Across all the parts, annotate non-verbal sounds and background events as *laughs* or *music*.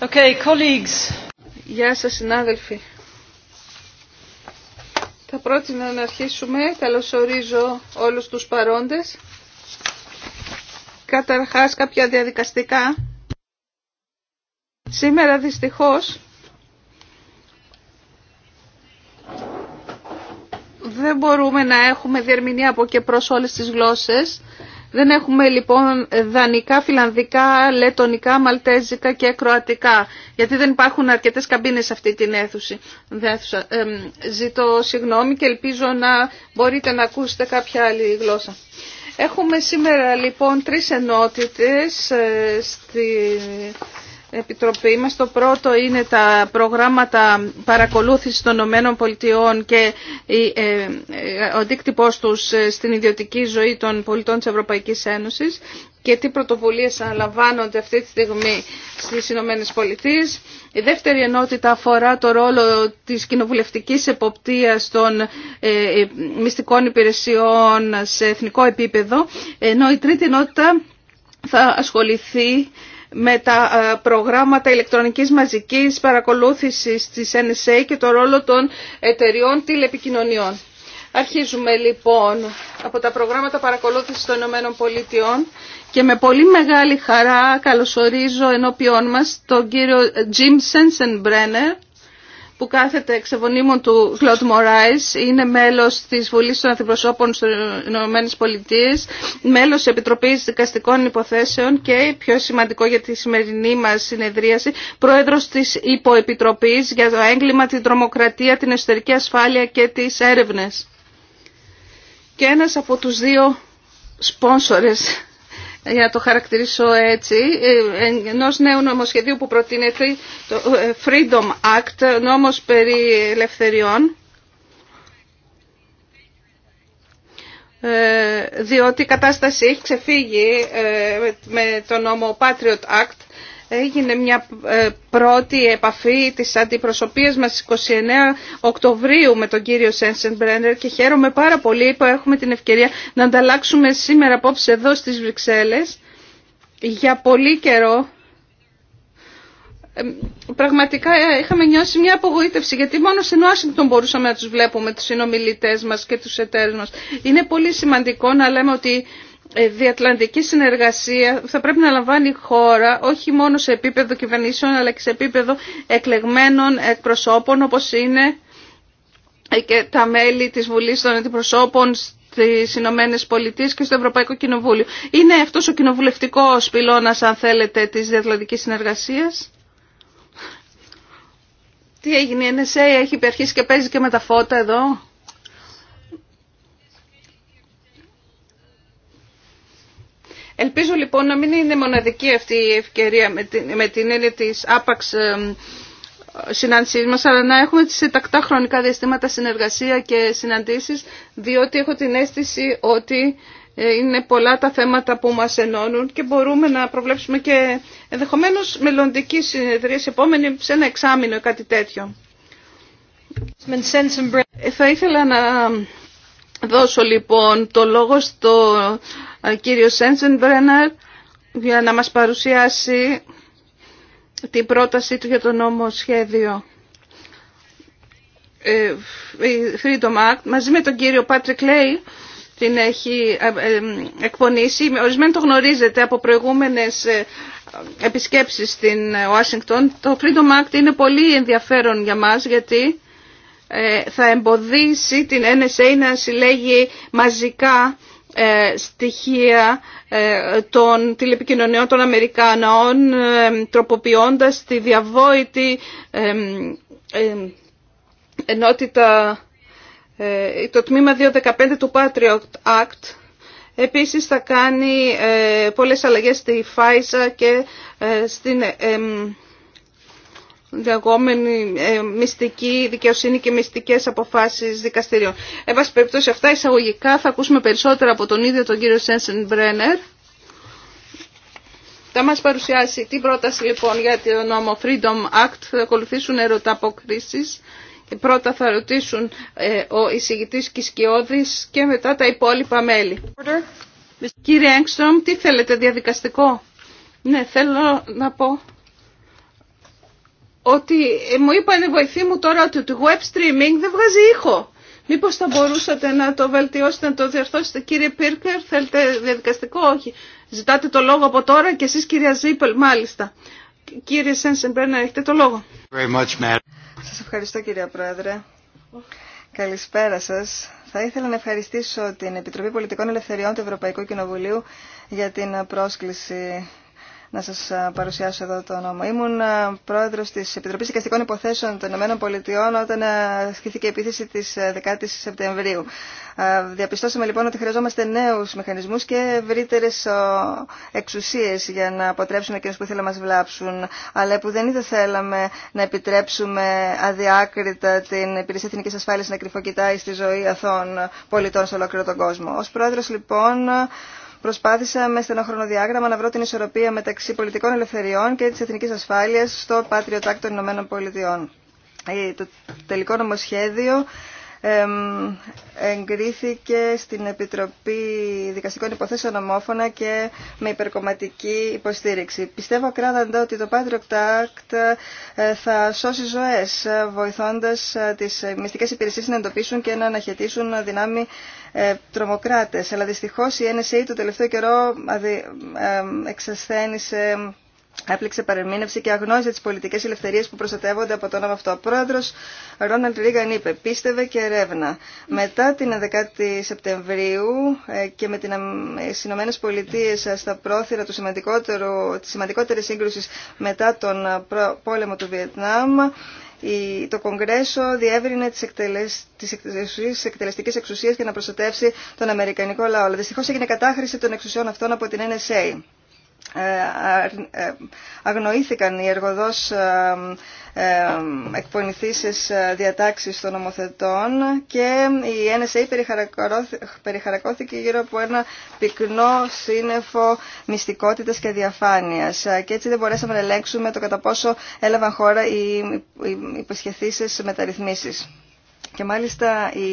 Okay, colleagues. Γεια σας συνάδελφοι. Θα πρότεινα να αρχίσουμε. Καλωσορίζω όλους τους παρόντες. Καταρχάς κάποια διαδικαστικά. Σήμερα δυστυχώς δεν μπορούμε να έχουμε διερμηνία από και προς όλες τις γλώσσες. Δεν έχουμε λοιπόν δανικά, φιλανδικά, λετονικά, μαλτέζικα και κροατικά, γιατί δεν υπάρχουν αρκετές καμπίνες σε αυτή την αίθουση. ζητώ συγγνώμη και ελπίζω να μπορείτε να ακούσετε κάποια άλλη γλώσσα. Έχουμε σήμερα λοιπόν τρεις ενότητες ε, στη Επιτροπή μας. Το πρώτο είναι τα προγράμματα παρακολούθησης των Ηνωμένων Πολιτειών και ε, ε, ο αντίκτυπός τους ε, στην ιδιωτική ζωή των πολιτών της Ευρωπαϊκής Ένωσης και τι πρωτοβουλίες αναλαμβάνονται αυτή τη στιγμή στις Ηνωμένε Πολιτείες. Η δεύτερη ενότητα αφορά το ρόλο της κοινοβουλευτικής εποπτείας των μυστικών υπηρεσιών σε εθνικό επίπεδο, ενώ η τρίτη ενότητα θα ασχοληθεί με τα ε, προγράμματα ηλεκτρονικής μαζικής παρακολούθησης της NSA και το ρόλο των εταιριών τηλεπικοινωνιών. Αρχίζουμε λοιπόν από τα προγράμματα παρακολούθησης των Ηνωμένων Πολιτειών και με πολύ μεγάλη χαρά καλωσορίζω ενώπιόν μας τον κύριο Jim Sensenbrenner, που κάθεται εξ ευωνίμων του Κλοντ Μωράη, είναι μέλο της Βουλή των Αντιπροσώπων στις ΗΠΑ, μέλο μέλος της Δικαστικών Υποθέσεων και, πιο σημαντικό για τη σημερινή μα συνεδρίαση, πρόεδρο της Υποεπιτροπής για το έγκλημα, την τρομοκρατία, την εσωτερική ασφάλεια και τι έρευνε. Και ένα από του δύο σπόνσορες για να το χαρακτηρίσω έτσι, ε, ενός νέου νομοσχεδίου που προτείνεται, το ε, Freedom Act, νόμος περί ελευθεριών, ε, διότι η κατάσταση έχει ξεφύγει με το νόμο Patriot Act έγινε μια ε, πρώτη επαφή της αντιπροσωπείας μας 29 Οκτωβρίου με τον κύριο Σένσεν Μπρένερ και χαίρομαι πάρα πολύ που έχουμε την ευκαιρία να ανταλλάξουμε σήμερα απόψε εδώ στις Βρυξέλλες για πολύ καιρό πραγματικά ε, είχαμε νιώσει μια απογοήτευση γιατί μόνο στην Ουάσιγκτον μπορούσαμε να τους βλέπουμε τους συνομιλητές μας και τους εταίρους Είναι πολύ σημαντικό να λέμε ότι ε, διατλαντική συνεργασία θα πρέπει να λαμβάνει η χώρα όχι μόνο σε επίπεδο κυβερνήσεων αλλά και σε επίπεδο εκλεγμένων εκπροσώπων όπως είναι ε, και τα μέλη της Βουλής των Αντιπροσώπων στις Ηνωμένε Πολιτείες και στο Ευρωπαϊκό Κοινοβούλιο. Είναι αυτός ο κοινοβουλευτικός πυλώνας, αν θέλετε, της διατλαντικής συνεργασίας. Τι έγινε, η NSA έχει υπερχίσει και παίζει και με τα φώτα εδώ. Ελπίζω λοιπόν να μην είναι μοναδική αυτή η ευκαιρία με την, έννοια της άπαξ ε, συνάντησή μας, αλλά να έχουμε σε τακτά χρονικά διαστήματα συνεργασία και συναντήσεις, διότι έχω την αίσθηση ότι ε, είναι πολλά τα θέματα που μας ενώνουν και μπορούμε να προβλέψουμε και ενδεχομένως μελλοντική συνεδρία σε επόμενη σε ένα εξάμεινο ή κάτι τέτοιο. Ε, θα ήθελα να δώσω λοιπόν το λόγο στο ε, κύριο Σέντζενμπρένερ για να μας παρουσιάσει την πρότασή του για το νόμο σχέδιο ε, Freedom Act μαζί με τον κύριο Πάτρικ Λέι την έχει ε, εκπονήσει. Ορισμένοι το γνωρίζετε από προηγούμενες επισκέψεις στην Ουάσιγκτον. Το Freedom Act είναι πολύ ενδιαφέρον για μας γιατί θα εμποδίσει την NSA να συλλέγει μαζικά ε, στοιχεία ε, των τηλεπικοινωνιών των Αμερικανών ε, τροποποιώντας τη διαβόητη ενότητα το τμήμα 215 του Patriot Act επίσης θα κάνει πολλές αλλαγές στη ΦΑΙΣΑ και στην διαγόμενη ε, μυστική δικαιοσύνη και μυστικές αποφάσεις δικαστηρίων. Εν πάση περιπτώσει αυτά εισαγωγικά θα ακούσουμε περισσότερα από τον ίδιο τον κύριο Σένσεν Μπρένερ. Θα μας παρουσιάσει την πρόταση λοιπόν για το νόμο Freedom Act. Θα ακολουθήσουν ερωταποκρίσεις. Πρώτα θα ρωτήσουν ε, ο εισηγητής Κισκιώδης και μετά τα υπόλοιπα μέλη. Κύριε Έγκστρομ, τι θέλετε διαδικαστικό. Ναι, θέλω να πω ότι μου είπαν οι βοηθοί μου τώρα ότι το web streaming δεν βγάζει ήχο. Μήπως θα μπορούσατε να το βελτιώσετε, να το διορθώσετε κύριε Πίρκερ, θέλετε διαδικαστικό, όχι. Ζητάτε το λόγο από τώρα και εσείς κυρία Ζήπελ, μάλιστα. Κύριε Σένσεμπέρνα, έχετε το λόγο. Very much, σας ευχαριστώ κύριε Πρόεδρε. Καλησπέρα σας. Θα ήθελα να ευχαριστήσω την Επιτροπή Πολιτικών Ελευθεριών του Ευρωπαϊκού Κοινοβουλίου για την πρόσκληση να σας ε, παρουσιάσω εδώ το νόμο. Ήμουν ε, πρόεδρος της Επιτροπής Δικαστικών Υποθέσεων των Ηνωμένων Πολιτειών όταν ε, ασκήθηκε η επίθεση της 10ης Σεπτεμβρίου. Διαπιστώσαμε λοιπόν ότι χρειαζόμαστε νέους μηχανισμούς και ευρύτερε εξουσίες για να αποτρέψουμε εκείνους που ήθελαν να μας βλάψουν, αλλά που δεν ήθελαμε θέλαμε να επιτρέψουμε αδιάκριτα την Υπηρεσία Εθνικής Ασφάλειας να κρυφοκοιτάει στη ζωή αθών πολιτών σε ολόκληρο τον κόσμο. Ως πρόεδρος λοιπόν Προσπάθησα με στενοχρονοδιάγραμμα να βρω την ισορροπία μεταξύ πολιτικών ελευθεριών και της εθνικής ασφάλειας στο πάτριο τάκτο των Ηνωμένων Πολιτειών. Ε, το τελικό νομοσχέδιο εγκρίθηκε στην Επιτροπή Δικαστικών Υποθέσεων Ομόφωνα και με υπερκομματική υποστήριξη. Πιστεύω ακράδαντα ότι το Patriot Act ε, θα σώσει ζωές, ε, βοηθώντας ε, τις μυστικές υπηρεσίες να εντοπίσουν και να αναχαιτήσουν δυνάμει τρομοκράτες. Αλλά δυστυχώς η NSA το τελευταίο καιρό εξασθένησε Έπληξε παρεμήνευση και αγνώριζε τι πολιτικέ ελευθερίε που προστατεύονται από το όνομα αυτό. Ο πρόεδρο Ρόναλτ Ρίγαν είπε: Πίστευε και ερεύνα. Μετά την 11η Σεπτεμβρίου ε, και με ε, τι Ηνωμένε Πολιτείε ε, στα πρόθυρα του τη σημαντικότερη σύγκρουση μετά τον πόλεμο του Βιετνάμ, το Κογκρέσο διεύρυνε τις, εκτελεσ... τις εκτελεστικές εξουσίες για να προστατεύσει τον Αμερικανικό λαό. Αλλά δυστυχώς έγινε κατάχρηση των εξουσιών αυτών από την NSA. Ε, ε, αγνοήθηκαν οι εργοδός ε, εκπονηθήσεις διατάξεις των νομοθετών και η NSA περιχαρακώθηκε γύρω από ένα πυκνό σύννεφο μυστικότητας και διαφάνειας και έτσι δεν μπορέσαμε να ελέγξουμε το κατά πόσο έλαβαν χώρα οι υποσχεθήσεις μεταρρυθμίσεις. Και μάλιστα η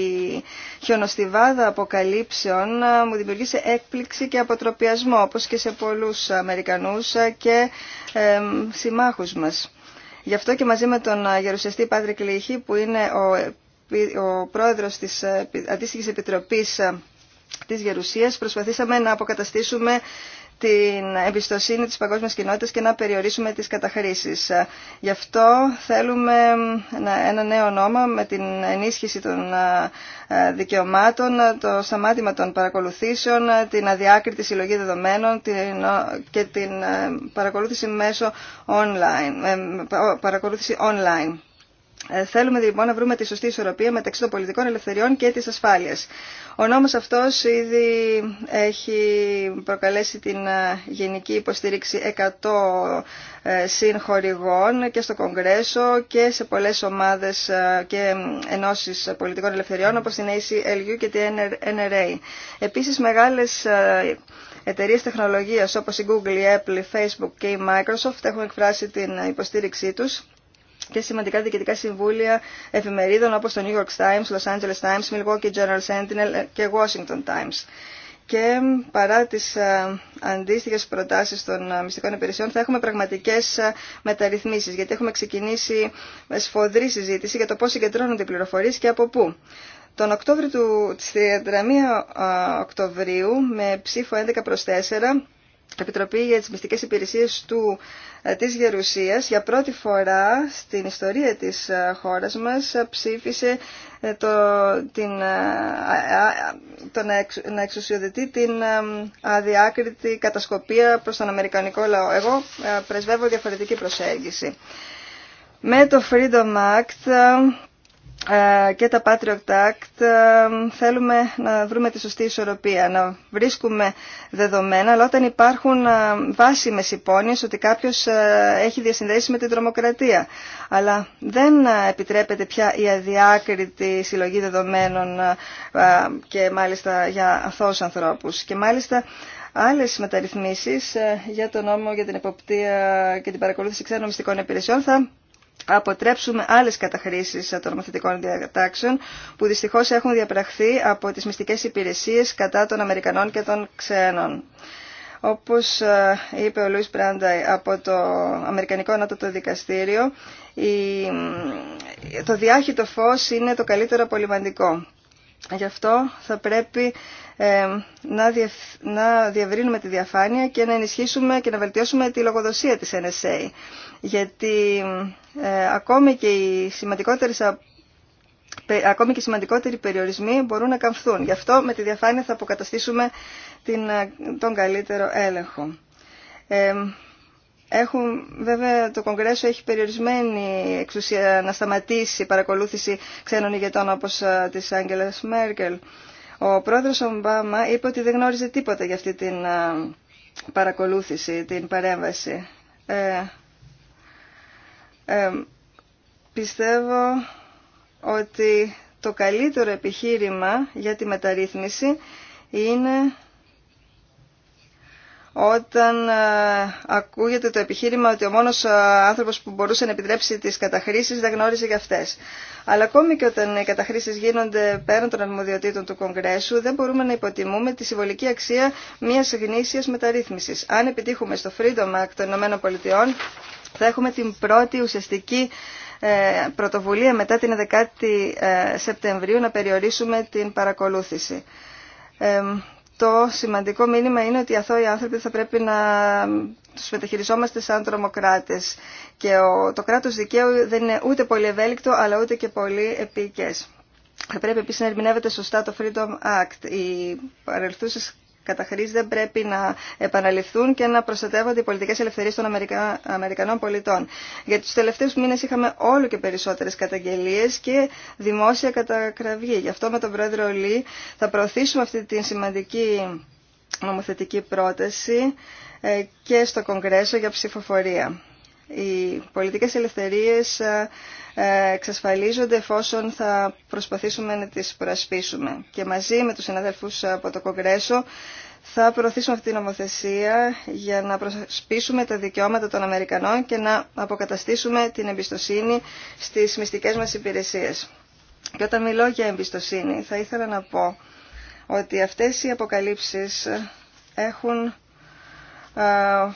χιονοστιβάδα αποκαλύψεων ε, μου δημιουργήσε έκπληξη και αποτροπιασμό, όπως και σε πολλούς Αμερικανούς και ε, συμμάχους μας. Γι' αυτό και μαζί με τον ε, γερουσιαστή Πάτρικ Κλήχη, που είναι ο, ο πρόεδρος της ε, αντίστοιχης επιτροπής της Γερουσίας προσπαθήσαμε να αποκαταστήσουμε την εμπιστοσύνη της παγκόσμιας κοινότητας και να περιορίσουμε τις καταχρήσεις. Γι' αυτό θέλουμε ένα νέο νόμο με την ενίσχυση των δικαιωμάτων, το σταμάτημα των παρακολουθήσεων, την αδιάκριτη συλλογή δεδομένων και την παρακολούθηση μέσω online, ε, παρακολούθηση online. Ε, θέλουμε λοιπόν να βρούμε τη σωστή ισορροπία μεταξύ των πολιτικών ελευθεριών και της ασφάλειας. Ο νόμος αυτός ήδη έχει προκαλέσει την ε, γενική υποστήριξη 100 ε, συγχορηγών και στο Κογκρέσο και σε πολλές ομάδες και ενώσεις πολιτικών ελευθεριών όπως την ACLU και την NRA. Επίσης μεγάλες εταιρείες τεχνολογίας όπως η Google, η Apple, η Facebook και η Microsoft έχουν εκφράσει την υποστήριξή τους και σημαντικά διοικητικά συμβούλια εφημερίδων όπως το New York Times, Los Angeles Times, Milwaukee Journal Sentinel και Washington Times. Και παρά τις ε, αντίστοιχες προτάσεις των ε, μυστικών υπηρεσιών θα έχουμε πραγματικές ε, μεταρρυθμίσεις γιατί έχουμε ξεκινήσει με σφοδρή συζήτηση για το πώς συγκεντρώνονται οι πληροφορίες και από πού. Τον Οκτώβριο του, της 31 Οκτωβρίου με ψήφο 11 προς 4 Επιτροπή για τις Μυστικές Υπηρεσίες του ε, της Γερουσίας για πρώτη φορά στην ιστορία της ε, χώρας μας ε, ψήφισε το, την, το να, εξουσιοδετεί την αδιάκριτη κατασκοπία προς τον Αμερικανικό λαό. Εγώ πρεσβεύω διαφορετική προσέγγιση. Με το Freedom Act ε, και τα Patriot Act ε, θέλουμε να βρούμε τη σωστή ισορροπία, να βρίσκουμε δεδομένα, αλλά όταν υπάρχουν ε, βάσιμες υπόνοιες ότι κάποιος έχει διασυνδέσει με την τρομοκρατία. Αλλά δεν επιτρέπεται πια η αδιάκριτη συλλογή δεδομένων και μάλιστα για αθώους ανθρώπους. Και μάλιστα άλλες μεταρρυθμίσεις για τον νόμο για την εποπτεία και την παρακολούθηση ξένων μυστικών υπηρεσιών θα αποτρέψουμε άλλες καταχρήσεις των νομοθετικών διατάξεων που δυστυχώς έχουν διαπραχθεί από τις μυστικές υπηρεσίες κατά των Αμερικανών και των ξένων. Όπως ε, είπε ο Λουίς Πράντα από το Αμερικανικό Ανώτατο Δικαστήριο, το διάχυτο φως είναι το καλύτερο απολυμαντικό. Γι' αυτό θα πρέπει ε, να διευρύνουμε τη διαφάνεια και να ενισχύσουμε και να βελτιώσουμε τη λογοδοσία της NSA. Γιατί ε, ακόμη και οι σημαντικότερες ακόμη και σημαντικότεροι περιορισμοί μπορούν να καμφθούν. Γι' αυτό με τη διαφάνεια θα αποκαταστήσουμε την, ε, τον καλύτερο έλεγχο. έχουν, βέβαια το Κογκρέσο έχει περιορισμένη εξουσία να σταματήσει η παρακολούθηση ξένων ηγετών όπως της Άγγελας Μέρκελ. Ο πρόεδρος Ομπάμα είπε ότι δεν γνώριζε τίποτα για αυτή την παρακολούθηση, την παρέμβαση. Ε, ε, πιστεύω ότι το καλύτερο επιχείρημα για τη μεταρρύθμιση είναι όταν ε, ακούγεται το επιχείρημα ότι ο μόνος ε, άνθρωπος που μπορούσε να επιτρέψει τις καταχρήσεις δεν γνώριζε για αυτές. Αλλά ακόμη και όταν οι καταχρήσεις γίνονται πέραν των αρμοδιοτήτων του Κογκρέσου, δεν μπορούμε να υποτιμούμε τη συμβολική αξία μιας γνήσιας μεταρρύθμισης. Αν επιτύχουμε στο Freedom Act των ΗΠΑ, θα έχουμε την πρώτη ουσιαστική ε, πρωτοβουλία μετά την 10η Σεπτεμβρίου να περιορίσουμε την παρακολούθηση το σημαντικό μήνυμα είναι ότι οι αθώοι άνθρωποι θα πρέπει να τους μεταχειριζόμαστε σαν τρομοκράτες και το κράτος δικαίου δεν είναι ούτε πολύ ευέλικτο αλλά ούτε και πολύ επίκες. Θα πρέπει επίσης να ερμηνεύεται σωστά το Freedom Act. Οι παρελθούσες καταχρήσει δεν πρέπει να επαναληφθούν και να προστατεύονται οι πολιτικές ελευθερίες των Αμερικανών πολιτών. Γιατί τους τελευταίους μήνες είχαμε όλο και περισσότερες καταγγελίες και δημόσια κατακραυγή. Γι' αυτό με τον Πρόεδρο Λί θα προωθήσουμε αυτή τη σημαντική νομοθετική πρόταση ε, και στο Κογκρέσο για ψηφοφορία οι πολιτικές ελευθερίες ε, ε, εξασφαλίζονται εφόσον θα προσπαθήσουμε να τις προασπίσουμε. Και μαζί με τους συναδέλφους από το Κογκρέσο θα προωθήσουμε αυτή την νομοθεσία για να προσπίσουμε τα δικαιώματα των Αμερικανών και να αποκαταστήσουμε την εμπιστοσύνη στις μυστικές μας υπηρεσίες. Και όταν μιλώ για εμπιστοσύνη θα ήθελα να πω ότι αυτές οι αποκαλύψεις έχουν ε,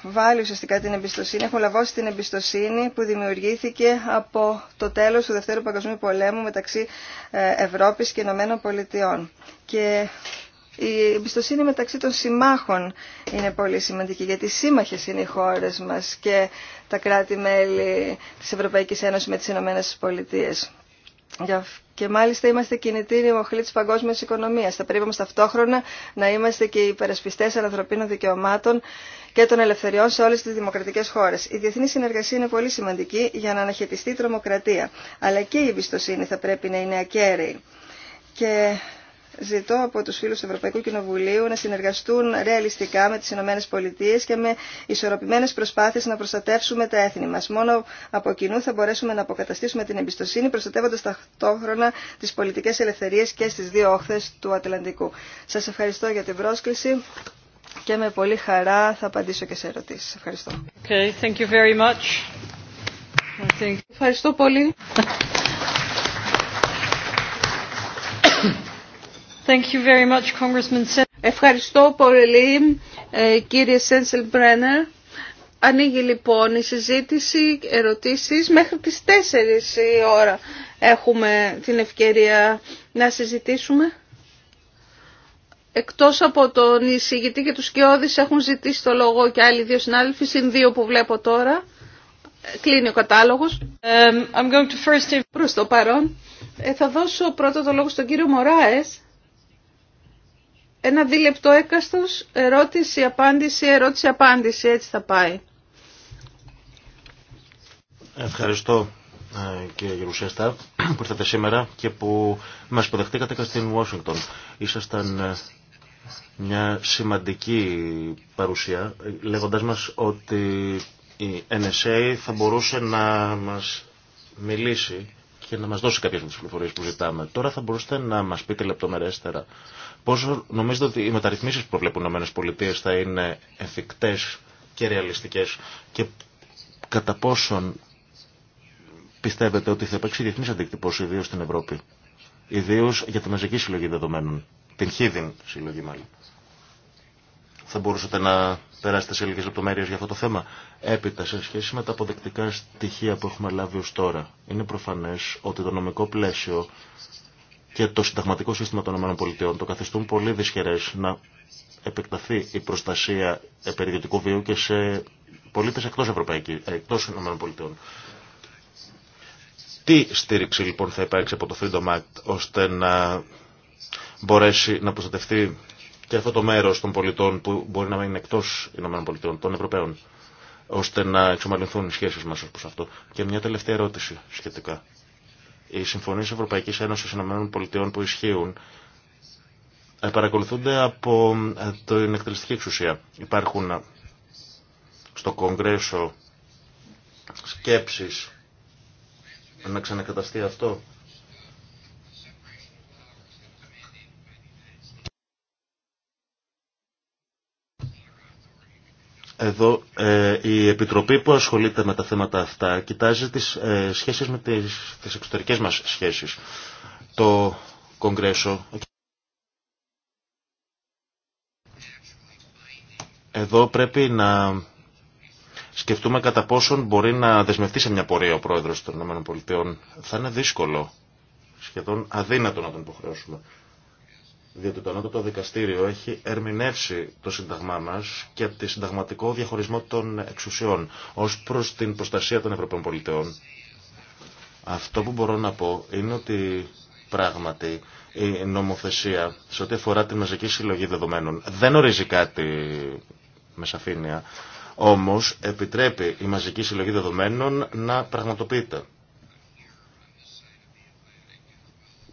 βάλει ουσιαστικά την εμπιστοσύνη, έχουν λαβώσει την εμπιστοσύνη που δημιουργήθηκε από το τέλος του Δευτέρου Παγκοσμίου Πολέμου μεταξύ ε, Ευρώπης και Ηνωμένων Πολιτειών. Και η εμπιστοσύνη μεταξύ των συμμάχων είναι πολύ σημαντική, γιατί σύμμαχες είναι οι χώρες μας και τα κράτη-μέλη της Ευρωπαϊκής Ένωσης με τις Ηνωμένες Πολιτείες. Και μάλιστα είμαστε κινητήριοι μοχλή τη παγκόσμια οικονομία. Θα πρέπει όμω ταυτόχρονα να είμαστε και υπερασπιστέ ανθρωπίνων δικαιωμάτων και των ελευθεριών σε όλε τι δημοκρατικέ χώρε. Η διεθνή συνεργασία είναι πολύ σημαντική για να αναχαιτιστεί η τρομοκρατία. Αλλά και η εμπιστοσύνη θα πρέπει να είναι ακέραιη. Και ζητώ από τους φίλους του Ευρωπαϊκού Κοινοβουλίου να συνεργαστούν ρεαλιστικά με τις Ηνωμένες Πολιτείες και με ισορροπημένες προσπάθειες να προστατεύσουμε τα έθνη μας. Μόνο από κοινού θα μπορέσουμε να αποκαταστήσουμε την εμπιστοσύνη προστατεύοντας ταυτόχρονα τις πολιτικές ελευθερίες και στις δύο όχθες του Ατλαντικού. Σας ευχαριστώ για την πρόσκληση και με πολύ χαρά θα απαντήσω και σε ερωτήσεις. Ευχαριστώ. thank you very much. Ευχαριστώ πολύ. Ευχαριστώ πολύ ε, κύριε Σένσελ Μπρένερ. Ανοίγει λοιπόν η συζήτηση, ερωτήσεις. Μέχρι τις 4 η ώρα έχουμε την ευκαιρία να συζητήσουμε. Εκτός από τον εισηγητή και τους κοιόδης έχουν ζητήσει το λόγο και άλλοι δύο συνάδελφοι, συν δύο που βλέπω τώρα. Κλείνει ο κατάλογος. Um, I'm going to first... Προς το παρόν. Ε, θα δώσω πρώτα το λόγο στον κύριο Μωράες ένα δίλεπτο έκαστος, ερώτηση, απάντηση, ερώτηση, απάντηση, έτσι θα πάει. Ευχαριστώ ε, κύριε Γερουσιαστά που ήρθατε σήμερα και που μας υποδεχτήκατε και στην Ουάσιγκτον. Ήσασταν ε, μια σημαντική παρουσία λέγοντάς μας ότι η NSA θα μπορούσε να μας μιλήσει και να μας δώσει κάποιες με τις πληροφορίες που ζητάμε. Τώρα θα μπορούσατε να μας πείτε λεπτομερέστερα Πόσο νομίζετε ότι οι μεταρρυθμίσεις που προβλέπουν οι ΗΠΑ θα είναι εφικτές και ρεαλιστικές και κατά πόσον πιστεύετε ότι θα υπάρξει διεθνής αντίκτυπος ιδίως στην Ευρώπη, ιδίως για τη μαζική συλλογή δεδομένων, την χίδιν συλλογή μάλλον. Θα μπορούσατε να περάσετε σε λίγες λεπτομέρειες για αυτό το θέμα. Έπειτα, σε σχέση με τα αποδεκτικά στοιχεία που έχουμε λάβει ως τώρα, είναι προφανές ότι το νομικό πλαίσιο και το συνταγματικό σύστημα των ΗΠΑ το καθιστούν πολύ δυσχερέ να επεκταθεί η προστασία περιοδικού βίου και σε πολίτε εκτό Ευρωπαϊκή, εκτός ΗΠΑ. Τι στήριξη λοιπόν θα υπάρξει από το Freedom Act ώστε να μπορέσει να προστατευτεί και αυτό το μέρο των πολιτών που μπορεί να μείνει εκτός ΗΠΑ, των Ευρωπαίων, ώστε να εξομαλυνθούν οι σχέσει μας προ αυτό. Και μια τελευταία ερώτηση σχετικά. Οι συμφωνίε Ευρωπαϊκή Ένωση ΗΠΑ που ισχύουν ε, παρακολουθούνται από ε, την εκτελεστική εξουσία. Υπάρχουν ε, στο Κογκρέσο σκέψεις να ξανακαταστεί αυτό Εδώ ε, η Επιτροπή που ασχολείται με τα θέματα αυτά κοιτάζει τις ε, σχέσεις με τις, τις εξωτερικές μας σχέσεις. Το Κογκρέσο... Εδώ πρέπει να σκεφτούμε κατά πόσον μπορεί να δεσμευτεί σε μια πορεία ο πρόεδρος των ΗΠΑ. Θα είναι δύσκολο, σχεδόν αδύνατο να τον υποχρεώσουμε διότι το Ανώτατο Δικαστήριο έχει ερμηνεύσει το Σύνταγμά μας και τη συνταγματικό διαχωρισμό των εξουσιών ως προς την προστασία των Ευρωπαίων πολιτεών. Αυτό που μπορώ να πω είναι ότι πράγματι η νομοθεσία σε ό,τι αφορά τη μαζική συλλογή δεδομένων δεν ορίζει κάτι με σαφήνεια, όμως επιτρέπει η μαζική συλλογή δεδομένων να πραγματοποιείται.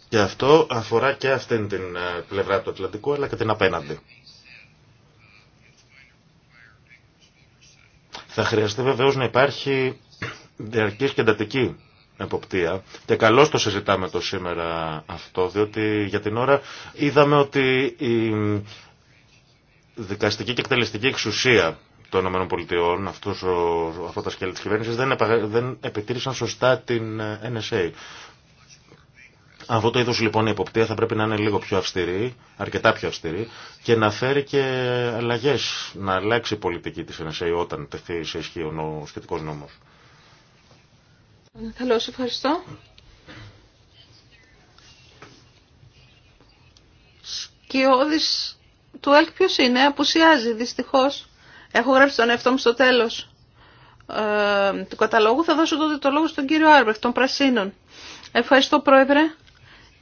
Και αυτό αφορά και αυτήν την ε, πλευρά του Ατλαντικού, αλλά και την απέναντι. Θα χρειαστεί βεβαίω να υπάρχει διαρκής και εντατική εποπτεία. Και καλώ το συζητάμε το σήμερα αυτό, διότι για την ώρα είδαμε ότι η δικαστική και εκτελεστική εξουσία των ΗΠΑ, αυτό αυτά τα σκέλη της κυβέρνησης, δεν, δεν επιτήρησαν σωστά την NSA. Ε, αυτό το είδο λοιπόν η εποπτεία θα πρέπει να είναι λίγο πιο αυστηρή, αρκετά πιο αυστηρή και να φέρει και αλλαγέ να αλλάξει η πολιτική τη NSA όταν τεθεί σε ισχύ ο σχετικό νόμος. Καλώ, ευχαριστώ. Σκιώδη του ΕΛΚ ποιο είναι, απουσιάζει Δυστυχώ. Έχω γράψει τον εαυτό μου στο τέλο ε, του καταλόγου. Θα δώσω τότε το λόγο στον κύριο Άρμπεχ των Πρασίνων. Ευχαριστώ πρόεδρε.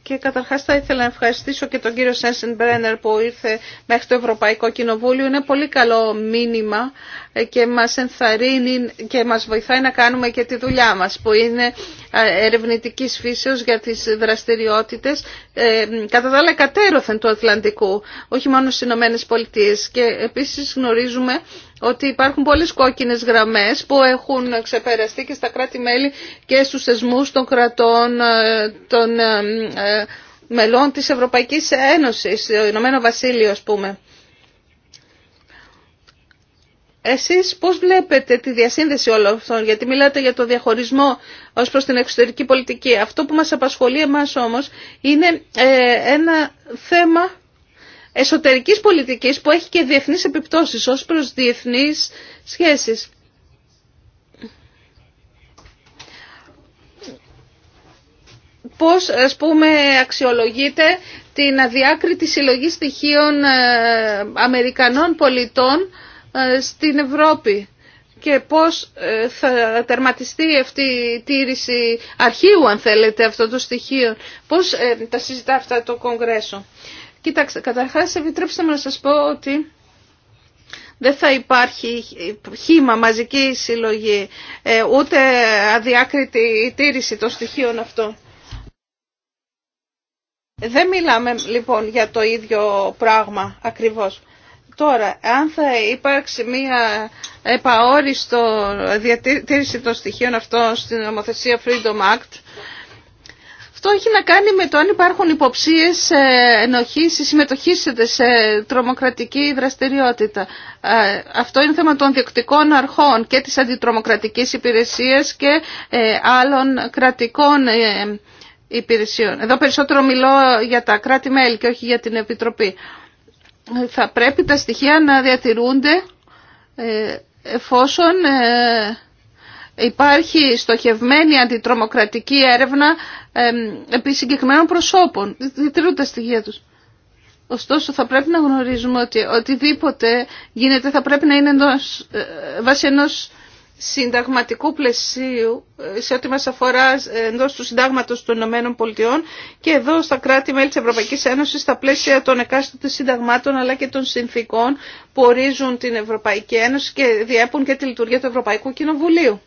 Και καταρχάς θα ήθελα να ευχαριστήσω και τον κύριο Σένσεν Μπρένερ που ήρθε μέχρι το Ευρωπαϊκό Κοινοβούλιο. Είναι πολύ καλό μήνυμα ε, και μας ενθαρρύνει και μας βοηθάει να κάνουμε και τη δουλειά μας που είναι ε, ερευνητικής φύσεως για τις δραστηριότητες ε, κατά τα άλλα κατέρωθεν του Ατλαντικού, όχι μόνο στις Ηνωμένε Πολιτείε. Και επίσης γνωρίζουμε ότι υπάρχουν πολλές κόκκινες γραμμές που έχουν ξεπεραστεί και στα κράτη-μέλη και στους θεσμούς των κρατών ε, των μελών της Ευρωπαϊκής Ένωσης, το Ηνωμένο Βασίλειο ας πούμε. Εσείς πώς βλέπετε τη διασύνδεση όλων αυτών, γιατί μιλάτε για το διαχωρισμό ως προς την εξωτερική πολιτική. Αυτό που μας απασχολεί εμάς όμως είναι ε, ένα θέμα εσωτερικής πολιτικής που έχει και διεθνείς επιπτώσεις ως προς διεθνείς σχέσεις. Πώς, ας πούμε, αξιολογείτε την αδιάκριτη συλλογή στοιχείων ε, Αμερικανών πολιτών ε, στην Ευρώπη και πώς ε, θα τερματιστεί αυτή η τήρηση αρχείου, αν θέλετε, αυτό το στοιχείο. Πώς ε, τα συζητά αυτά το Κογκρέσο. Κοιτάξτε, καταρχάς επιτρέψτε μου να σας πω ότι δεν θα υπάρχει χήμα μαζική συλλογή, ούτε αδιάκριτη τήρηση των στοιχείων αυτών. Δεν μιλάμε λοιπόν για το ίδιο πράγμα ακριβώς. Τώρα, αν θα υπάρξει μία επαόριστο διατήρηση των στοιχείων αυτών στην νομοθεσία Freedom Act, αυτό έχει να κάνει με το αν υπάρχουν υποψίες ε, ενοχής ή συμμετοχής σε τρομοκρατική δραστηριότητα. Ε, αυτό είναι θέμα των διοκτικών αρχών και της αντιτρομοκρατικής υπηρεσίας και ε, άλλων κρατικών υπηρεσιών. Εδώ περισσότερο μιλώ για τα κράτη-μέλη και όχι για την Επιτροπή θα πρέπει τα στοιχεία να διατηρούνται ε, εφόσον ε, υπάρχει στοχευμένη αντιτρομοκρατική έρευνα ε, επί συγκεκριμένων προσώπων. Διατηρούνται τα στοιχεία τους. Ωστόσο θα πρέπει να γνωρίζουμε ότι οτιδήποτε γίνεται θα πρέπει να είναι ενός, βάσει συνταγματικού πλαισίου ε, σε ό,τι μας αφορά ε, εντός του συντάγματος των Ηνωμένων Πολιτειών και εδώ στα κράτη-μέλη της Ευρωπαϊκής Ένωσης στα πλαίσια των εκάστοτε συνταγμάτων αλλά και των συνθήκων που ορίζουν την Ευρωπαϊκή Ένωση και διέπουν και τη λειτουργία του Ευρωπαϊκού Κοινοβουλίου.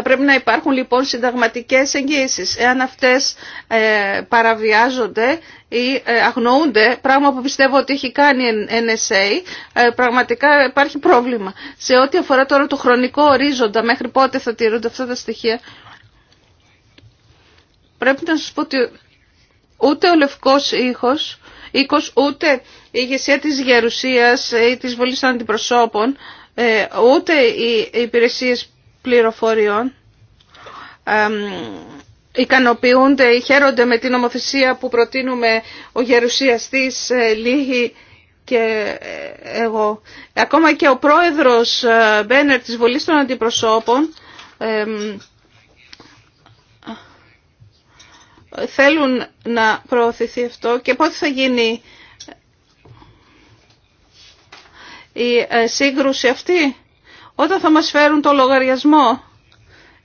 Θα πρέπει να υπάρχουν λοιπόν συνταγματικές εγγύησεις. Εάν αυτές ε, παραβιάζονται ή ε, αγνοούνται, πράγμα που πιστεύω ότι έχει κάνει η NSA, ε, πραγματικά υπάρχει πρόβλημα. Σε ό,τι αφορά τώρα το χρονικό ορίζοντα, μέχρι πότε θα τηρούνται αυτά τα στοιχεία, πρέπει να σας πω ότι ούτε ο λευκός ήχος, ήχος ούτε η ηγεσία της γερουσίας ή της βολής αντιπροσώπων, ούτε οι υπηρεσίες πληροφοριών ικανοποιούνται ή χαίρονται με την νομοθεσία που προτείνουμε ο γερουσιαστής ε, λίγη και ε, εγώ. Ακόμα και ο πρόεδρος ε, Μπένερ της Βουλής των Αντιπροσώπων θέλουν να προωθηθεί αυτό και πότε θα γίνει η σύγκρουση αυτή όταν θα μας φέρουν το λογαριασμό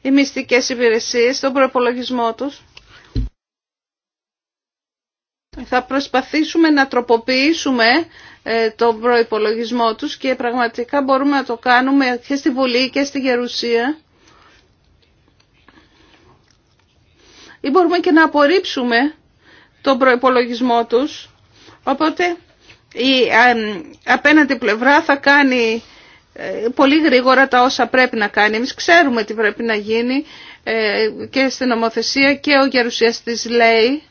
οι μυστικές υπηρεσίες, τον προπολογισμό τους, θα προσπαθήσουμε να τροποποιήσουμε ε, τον προϋπολογισμό τους και πραγματικά μπορούμε να το κάνουμε και στη Βουλή και στη Γερουσία. Ή μπορούμε και να απορρίψουμε τον προϋπολογισμό τους. Οπότε η ε, απέναντι πλευρά θα κάνει ε, πολύ γρήγορα τα όσα πρέπει να κάνει. Εμείς ξέρουμε τι πρέπει να γίνει ε, και στην νομοθεσία και ο γερουσιαστής λέει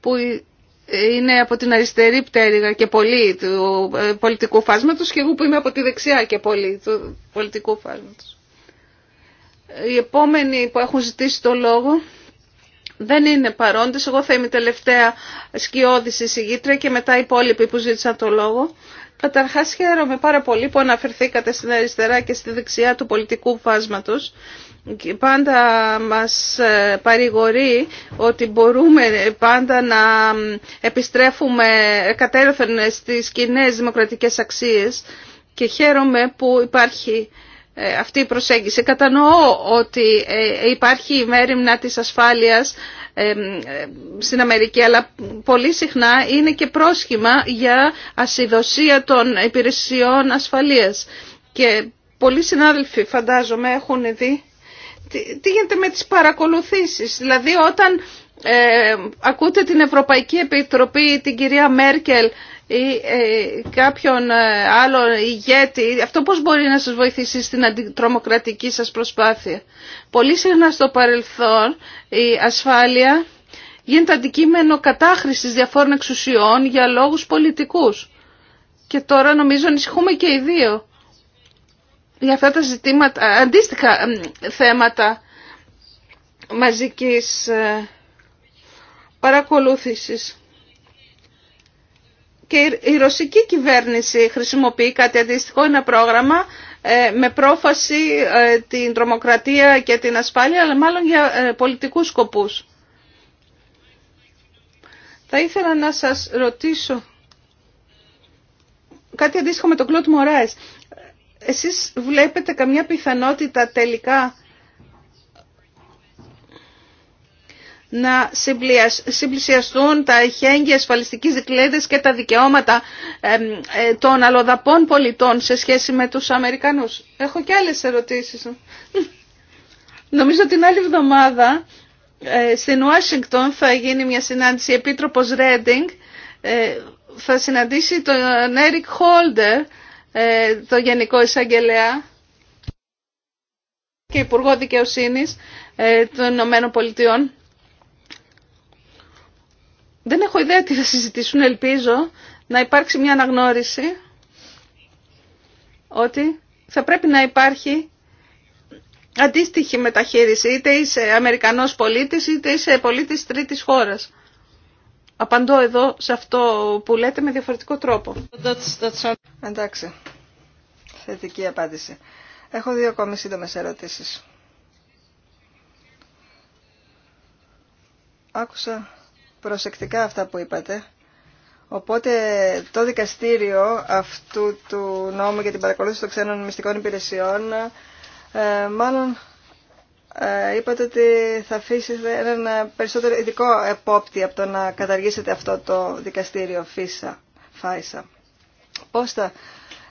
που είναι από την αριστερή πτέρυγα και πολύ του ε, πολιτικού φάσματος και εγώ που είμαι από τη δεξιά και πολύ του πολιτικού φάσματος. Οι επόμενοι που έχουν ζητήσει το λόγο δεν είναι παρόντες. Εγώ θα είμαι τελευταία σκιώδηση συγγήτρια και μετά οι υπόλοιποι που ζήτησαν το λόγο. Καταρχάς χαίρομαι πάρα πολύ που αναφερθήκατε στην αριστερά και στη δεξιά του πολιτικού φάσματο πάντα μας ε, παρηγορεί ότι μπορούμε πάντα να επιστρέφουμε κατέρωθεν στις κοινέ δημοκρατικές αξίες και χαίρομαι που υπάρχει ε, αυτή η προσέγγιση. Κατανοώ ότι ε, υπάρχει η μέρημνα της ασφάλειας στην Αμερική, αλλά πολύ συχνά είναι και πρόσχημα για ασυδοσία των υπηρεσιών ασφαλείας. Και πολλοί συνάδελφοι φαντάζομαι έχουν δει τι γίνεται με τις παρακολουθήσεις. Δηλαδή όταν ε, ακούτε την Ευρωπαϊκή Επιτροπή, την κυρία Μέρκελ ή ε, κάποιον ε, άλλον ηγέτη. Αυτό πώς μπορεί να σας βοηθήσει στην αντιτρομοκρατική σας προσπάθεια. Πολύ συχνά στο παρελθόν η ασφάλεια γίνεται αντικείμενο κατάχρησης διαφόρων εξουσιών για λόγους πολιτικούς. Και τώρα νομίζω ανησυχούμε και οι δύο για αυτά τα ζητήματα, αντίστοιχα θέματα μαζικής ε, παρακολούθησης. Και η ρωσική κυβέρνηση χρησιμοποιεί κάτι αντίστοιχο, ένα πρόγραμμα ε, με πρόφαση ε, την τρομοκρατία και την ασφάλεια, αλλά μάλλον για ε, πολιτικούς σκοπούς. Θα ήθελα να σας ρωτήσω κάτι αντίστοιχο με τον Κλώτ Μωράες. Εσείς βλέπετε καμιά πιθανότητα τελικά να συμπλησιαστούν τα εχέγγυα ασφαλιστικής δικλέδε και τα δικαιώματα ε, των αλλοδαπών πολιτών σε σχέση με τους Αμερικανούς. Έχω και άλλες ερωτήσεις. Νομίζω την άλλη εβδομάδα ε, στην Ουάσιγκτον θα γίνει μια συνάντηση. Η Επίτροπος Ρέντινγκ ε, θα συναντήσει τον Έρικ Χόλντερ, το Γενικό Εισαγγελέα και Υπουργό Δικαιοσύνης των Ηνωμένων Πολιτειών δεν έχω ιδέα τι θα συζητήσουν, ελπίζω να υπάρξει μια αναγνώριση ότι θα πρέπει να υπάρχει αντίστοιχη μεταχείριση, είτε είσαι Αμερικανός πολίτης, είτε είσαι πολίτης τρίτης χώρας. Απαντώ εδώ σε αυτό που λέτε με διαφορετικό τρόπο. That's, Εντάξει, θετική απάντηση. Έχω δύο ακόμη σύντομε ερωτήσεις. Άκουσα προσεκτικά αυτά που είπατε. Οπότε το δικαστήριο αυτού του νόμου για την παρακολούθηση των ξένων μυστικών υπηρεσιών ε, μάλλον ε, είπατε ότι θα αφήσετε έναν περισσότερο ειδικό επόπτη από το να καταργήσετε αυτό το δικαστήριο ΦΙΣΑ, ΦΑΙΣΑ. Πώς θα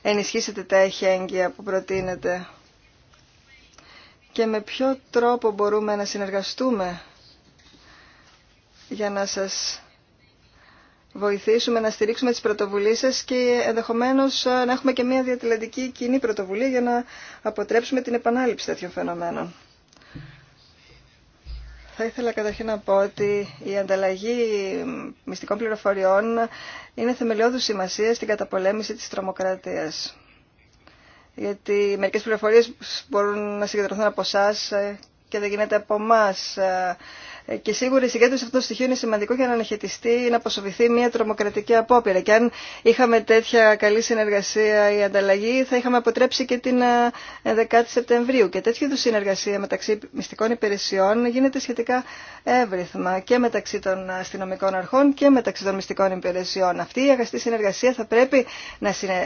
ενισχύσετε τα εχέγγυα που προτείνετε και με ποιο τρόπο μπορούμε να συνεργαστούμε για να σας βοηθήσουμε να στηρίξουμε τις πρωτοβουλίες σας και ενδεχομένως ε, να έχουμε και μια διατηλαντική κοινή πρωτοβουλία για να αποτρέψουμε την επανάληψη τέτοιων φαινομένων. Θα ήθελα καταρχήν να πω ότι η ανταλλαγή μυστικών πληροφοριών είναι θεμελιώδου σημασία στην καταπολέμηση της τρομοκρατίας. Γιατί μερικές πληροφορίες μπορούν να συγκεντρωθούν από εσά ε, και δεν γίνεται από εμά ε, ε, και σίγουρα η συγκέντρωση αυτών των στοιχείων είναι σημαντικό για να αναχαιτιστεί ή να αποσοβηθεί μια τρομοκρατική απόπειρα. Και αν είχαμε τέτοια καλή συνεργασία ή ανταλλαγή, θα είχαμε αποτρέψει και την 10η ε, Σεπτεμβρίου. Και τέτοιου είδου συνεργασία μεταξύ μυστικών υπηρεσιών γίνεται σχετικά εύρυθμα και μεταξύ των αστυνομικών αρχών και μεταξύ των μυστικών υπηρεσιών. Αυτή η αγαστή συνεργασία θα πρέπει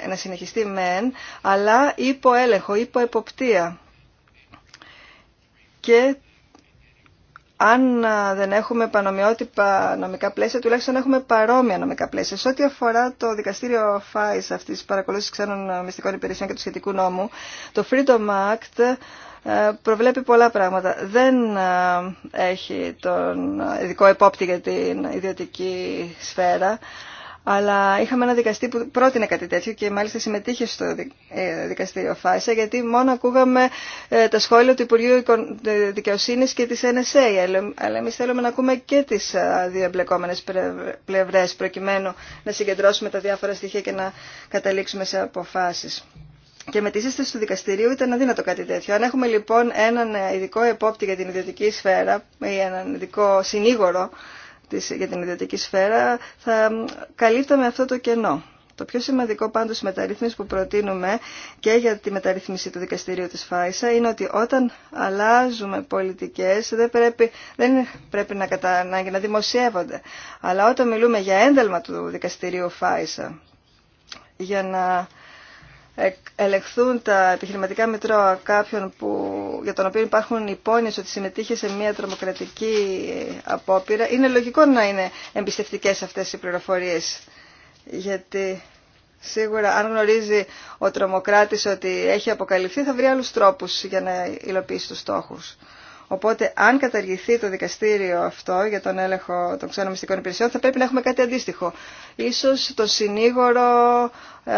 να συνεχιστεί μεν, αλλά υπό έλεγχο, υπό εποπτεία. Και αν δεν έχουμε πανομοιότυπα νομικά πλαίσια, τουλάχιστον έχουμε παρόμοια νομικά πλαίσια. Σε ό,τι αφορά το δικαστήριο ΦΑΙΣ αυτή τη παρακολούθηση ξένων μυστικών υπηρεσιών και του σχετικού νόμου, το Freedom Act προβλέπει πολλά πράγματα. Δεν έχει τον ειδικό επόπτη για την ιδιωτική σφαίρα, αλλά είχαμε ένα δικαστή που πρότεινε κάτι τέτοιο και μάλιστα συμμετείχε στο ε, δικαστήριο Φάσα γιατί μόνο ακούγαμε ε, τα σχόλια του Υπουργείου ε, Δικαιοσύνης και της NSA. Αλλά εμείς θέλουμε να ακούμε και τις δύο εμπλεκόμενε πλευρές προκειμένου να συγκεντρώσουμε τα διάφορα στοιχεία και να καταλήξουμε σε αποφάσεις. Και με τη σύσταση του δικαστηρίου ήταν αδύνατο κάτι τέτοιο. Αν έχουμε λοιπόν έναν ειδικό επόπτη για την ιδιωτική σφαίρα ή έναν ειδικό συνήγορο για την ιδιωτική σφαίρα θα καλύπταμε αυτό το κενό. Το πιο σημαντικό πάντως μεταρρυθμίσεις που προτείνουμε και για τη μεταρρύθμιση του δικαστηρίου της ΦΑΙΣΑ είναι ότι όταν αλλάζουμε πολιτικές δεν πρέπει, δεν πρέπει να, κατά, να, να δημοσιεύονται. Αλλά όταν μιλούμε για ένταλμα του δικαστηρίου ΦΑΙΣΑ για να ελεγχθούν τα επιχειρηματικά μητρώα κάποιων που, για τον οποίο υπάρχουν υπόνοιες ότι συμμετείχε σε μια τρομοκρατική απόπειρα, είναι λογικό να είναι εμπιστευτικές αυτές οι πληροφορίες. Γιατί σίγουρα αν γνωρίζει ο τρομοκράτης ότι έχει αποκαλυφθεί θα βρει άλλους τρόπους για να υλοποιήσει τους στόχους. Οπότε αν καταργηθεί το δικαστήριο αυτό για τον έλεγχο των ξένων μυστικών υπηρεσιών θα πρέπει να έχουμε κάτι αντίστοιχο. Ίσως το συνήγορο ε,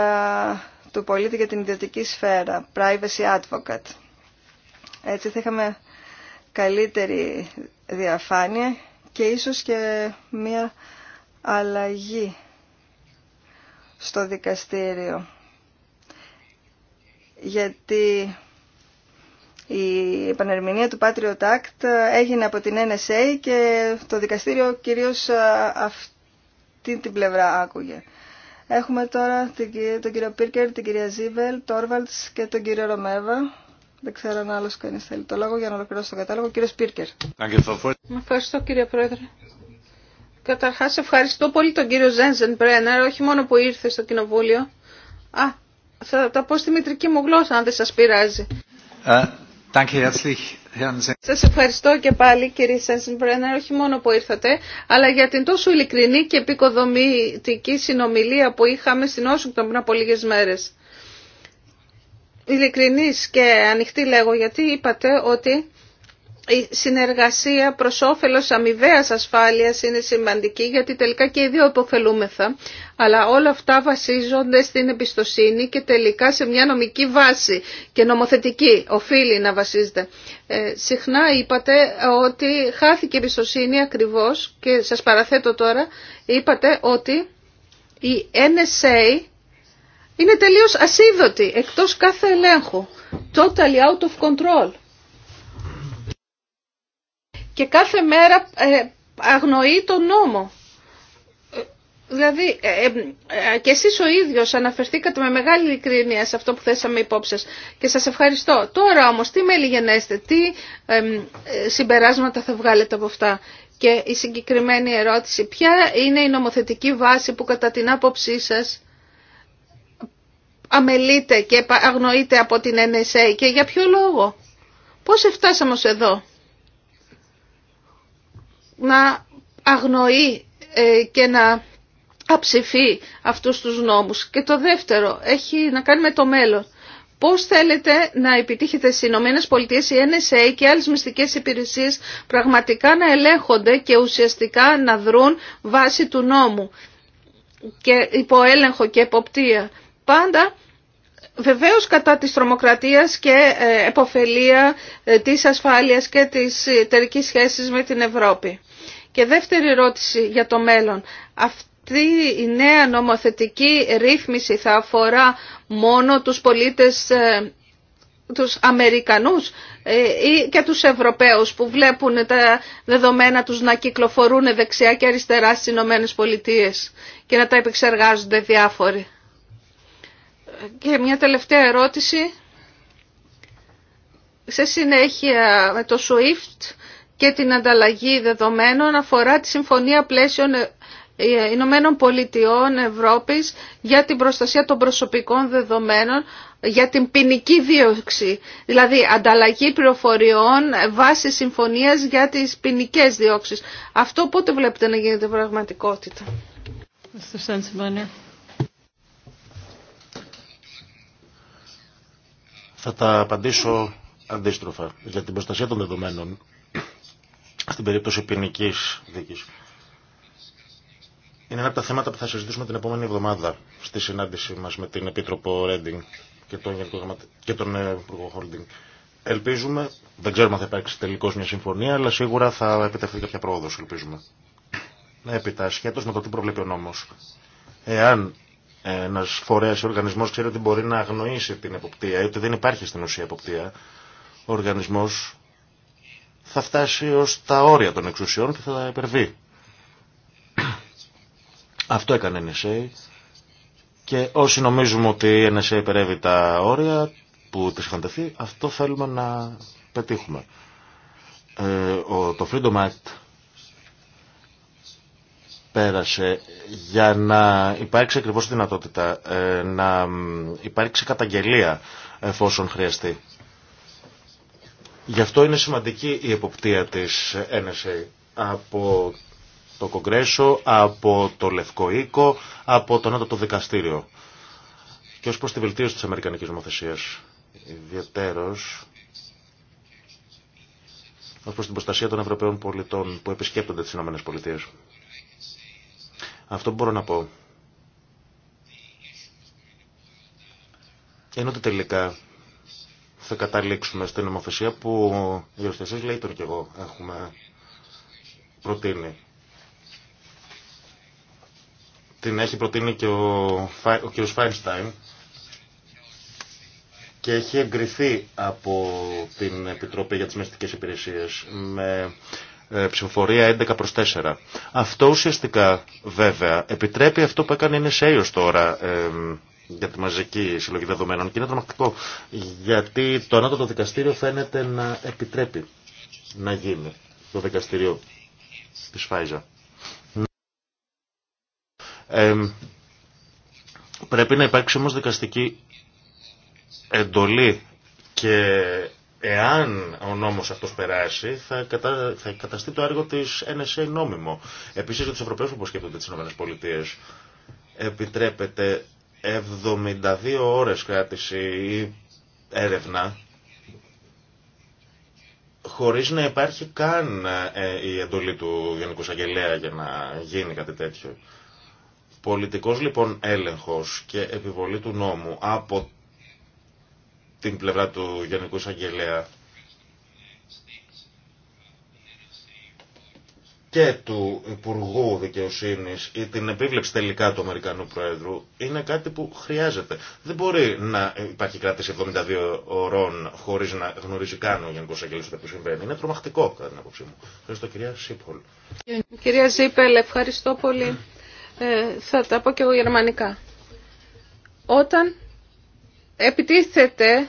του πολίτη για την ιδιωτική σφαίρα, Privacy Advocate. Έτσι θα είχαμε καλύτερη διαφάνεια και ίσως και μία αλλαγή στο δικαστήριο. Γιατί η επανερμηνία του Patriot Act έγινε από την NSA και το δικαστήριο κυρίως αυτή την πλευρά άκουγε. Έχουμε τώρα τον κύριο Πίρκερ, την κυρία Ζίβελ, Τόρβαλτς και τον κύριο Ρομέβα. Δεν ξέρω αν άλλο κάνει θέλει το λόγο για να ολοκληρώσω το κατάλογο. Ο κύριος Πίρκερ. ευχαριστώ κύριε Πρόεδρε. Καταρχάς ευχαριστώ πολύ τον κύριο Ζένζεν Μπρένερ, όχι μόνο που ήρθε στο κοινοβούλιο. Α, θα τα πω στη μητρική μου γλώσσα αν δεν σα πειράζει. Ε, σας ευχαριστώ και πάλι κύριε Σένσενμπρένερ, όχι μόνο που ήρθατε, αλλά για την τόσο ειλικρινή και επικοδομητική συνομιλία που είχαμε στην Όσουγκτον πριν από λίγες μέρες. Ειλικρινής και ανοιχτή λέγω, γιατί είπατε ότι η συνεργασία προ όφελο αμοιβαία ασφάλεια είναι σημαντική γιατί τελικά και οι δύο υποφελούμεθα. Αλλά όλα αυτά βασίζονται στην εμπιστοσύνη και τελικά σε μια νομική βάση και νομοθετική οφείλει να βασίζεται. Ε, συχνά είπατε ότι χάθηκε η εμπιστοσύνη ακριβώ και σα παραθέτω τώρα, είπατε ότι η NSA είναι τελείω ασίδωτη, εκτός κάθε ελέγχου. Totally out of control και κάθε μέρα ε, αγνοεί τον νόμο. Ε, δηλαδή, ε, και εσείς ο ίδιος αναφερθήκατε με μεγάλη ειλικρίνεια σε αυτό που θέσαμε υπόψη και σας ευχαριστώ. Τώρα όμως, τι μελιγενέστε, τι συμπεράσματα θα βγάλετε από αυτά. Και η συγκεκριμένη ερώτηση, ποια είναι η νομοθετική βάση που κατά την άποψή σας αμελείται και αγνοείται από την NSA και για ποιο λόγο. Πώς εφτάσαμε εδώ να αγνοεί ε, και να αψηφεί αυτούς τους νόμους. Και το δεύτερο έχει να κάνει με το μέλλον. Πώς θέλετε να επιτύχετε στι Ηνωμένες Πολιτείες, η NSA και άλλες μυστικές υπηρεσίες πραγματικά να ελέγχονται και ουσιαστικά να δρούν βάση του νόμου και υποέλεγχο και εποπτεία. Πάντα βεβαίως κατά της τρομοκρατίας και ε, εποφελία ε, της ασφάλειας και της εταιρικής σχέσης με την Ευρώπη. Και δεύτερη ερώτηση για το μέλλον. Αυτή η νέα νομοθετική ρύθμιση θα αφορά μόνο τους πολίτες ε, τους Αμερικανούς ε, ή και τους Ευρωπαίους που βλέπουν τα δεδομένα τους να κυκλοφορούν δεξιά και αριστερά στις Ηνωμένε Πολιτείες και να τα επεξεργάζονται διάφοροι. Και μια τελευταία ερώτηση. Σε συνέχεια με το SWIFT και την ανταλλαγή δεδομένων αφορά τη Συμφωνία Πλαίσιων ε, Ηνωμένων Πολιτειών Ευρώπης για την προστασία των προσωπικών δεδομένων για την ποινική δίωξη, δηλαδή ανταλλαγή πληροφοριών βάσει συμφωνίας για τις ποινικέ διώξεις. Αυτό πότε βλέπετε να γίνεται πραγματικότητα. Θα τα απαντήσω αντίστροφα για την προστασία των δεδομένων στην περίπτωση ποινική δική. Είναι ένα από τα θέματα που θα συζητήσουμε την επόμενη εβδομάδα στη συνάντησή μα με την Επίτροπο Ρέντινγκ και τον, και τον ε, Υπουργό Χόλντινγκ. Ελπίζουμε, δεν ξέρουμε αν θα υπάρξει τελικώ μια συμφωνία, αλλά σίγουρα θα επιτευχθεί κάποια πρόοδο, ελπίζουμε. Έπειτα, σχέτω με το τι προβλέπει ο νόμο. Εάν ένα φορέα ή οργανισμό ξέρει ότι μπορεί να αγνοήσει την εποπτεία ή ότι δεν υπάρχει στην ουσία εποπτεία, ο οργανισμό θα φτάσει ως τα όρια των εξουσιών και θα τα υπερβεί. *clears throat* Αυτό έκανε η NSA και όσοι νομίζουμε ότι η NSA υπερεύει τα όρια που της είχαν αυτό θέλουμε να πετύχουμε. Ε, ο, το Freedom Act πέρασε για να υπάρξει ακριβώς δυνατότητα ε, να υπάρξει καταγγελία εφόσον χρειαστεί. Γι' αυτό είναι σημαντική η εποπτεία της NSA από το Κογκρέσο, από το Λευκό Οίκο, από το το Δικαστήριο και ως προς τη βελτίωση της Αμερικανικής νομοθεσίας. Ιδιαίτερος ως προς την προστασία των Ευρωπαίων πολιτών που επισκέπτονται τις Ηνωμένες Πολιτείες. Αυτό που μπορώ να πω είναι ότι τελικά θα καταλήξουμε στην νομοθεσία που οι λέει τον και εγώ έχουμε προτείνει. Την έχει προτείνει και ο, ο κ. Φάινστάιν και έχει εγκριθεί από την Επιτροπή για τις Μεστικές Υπηρεσίες με ε, ψηφοφορία 11 προς 4. Αυτό ουσιαστικά βέβαια επιτρέπει αυτό που έκανε η Νησέιος τώρα ε, για τη μαζική συλλογή δεδομένων και είναι τρομακτικό γιατί το ανώτατο δικαστήριο φαίνεται να επιτρέπει να γίνει το δικαστήριο της Φάιζα. πρέπει να υπάρξει όμως δικαστική εντολή και εάν ο νόμος αυτός περάσει θα, καταστεί το έργο της NSA νόμιμο. Επίσης για τους Ευρωπαίους που σκέφτονται τις ΗΠΑ επιτρέπεται 72 ώρες κράτηση ή έρευνα χωρίς να υπάρχει καν ε, η εντολή του Γενικού Σαγγελέα για να γίνει κάτι τέτοιο. Πολιτικός λοιπόν έλεγχος και επιβολή του νόμου από την πλευρά του Γενικού Σαγγελέα και του Υπουργού Δικαιοσύνη ή την επίβλεψη τελικά του Αμερικανού Προέδρου είναι κάτι που χρειάζεται. Δεν μπορεί να υπάρχει κράτηση 72 ωρών χωρί να γνωρίζει καν ο Γενικό Αγγελέα ότι συμβαίνει. Είναι τρομακτικό κατά την άποψή μου. Ευχαριστώ κυρία Σίπολ. Κυρία Ζίπελ, ευχαριστώ πολύ. Ε, θα τα πω και εγώ γερμανικά. Όταν επιτίθεται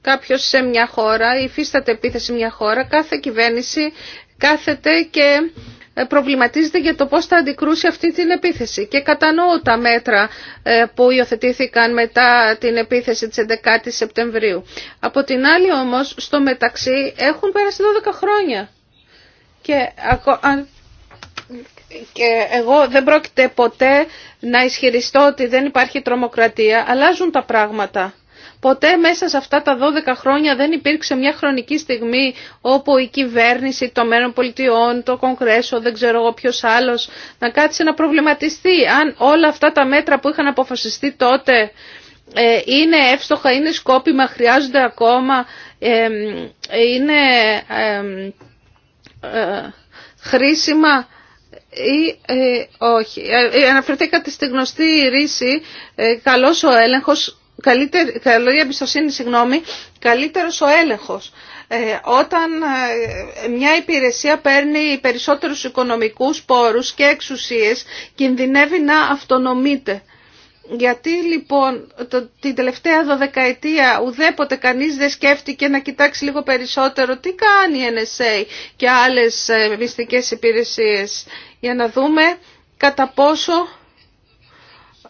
κάποιος σε μια χώρα, υφίσταται επίθεση μια χώρα, κάθε κυβέρνηση κάθεται και ε, προβληματίζεται για το πώς θα αντικρούσει αυτή την επίθεση. Και κατανοώ τα μέτρα ε, που υιοθετήθηκαν μετά την επίθεση της 11 η Σεπτεμβρίου. Από την άλλη όμως, στο μεταξύ έχουν πέρασει 12 χρόνια. Και, και εγώ δεν πρόκειται ποτέ να ισχυριστώ ότι δεν υπάρχει τρομοκρατία. Αλλάζουν τα πράγματα. Ποτέ μέσα σε αυτά τα 12 χρόνια δεν υπήρξε μια χρονική στιγμή όπου η κυβέρνηση των μέρων πολιτιών, το Κογκρέσο, δεν ξέρω εγώ ποιος άλλος, να κάτσει να προβληματιστεί αν όλα αυτά τα μέτρα που είχαν αποφασιστεί τότε ε, είναι εύστοχα, είναι σκόπιμα, χρειάζονται ακόμα, ε, είναι ε, χρήσιμα ή όχι. Αναφερθήκατε στη γνωστή ρίση «καλός ο έλεγχος, καλύτερη, η εμπιστοσύνη, συγγνώμη, καλύτερος ο έλεγχος. Ε, όταν ε, μια υπηρεσία παίρνει περισσότερους οικονομικούς πόρους και εξουσίες, κινδυνεύει να αυτονομείται. Γιατί λοιπόν την τελευταία δωδεκαετία ουδέποτε κανείς δεν σκέφτηκε να κοιτάξει λίγο περισσότερο τι κάνει η NSA και άλλες ε, μυστικές υπηρεσίες για να δούμε κατά πόσο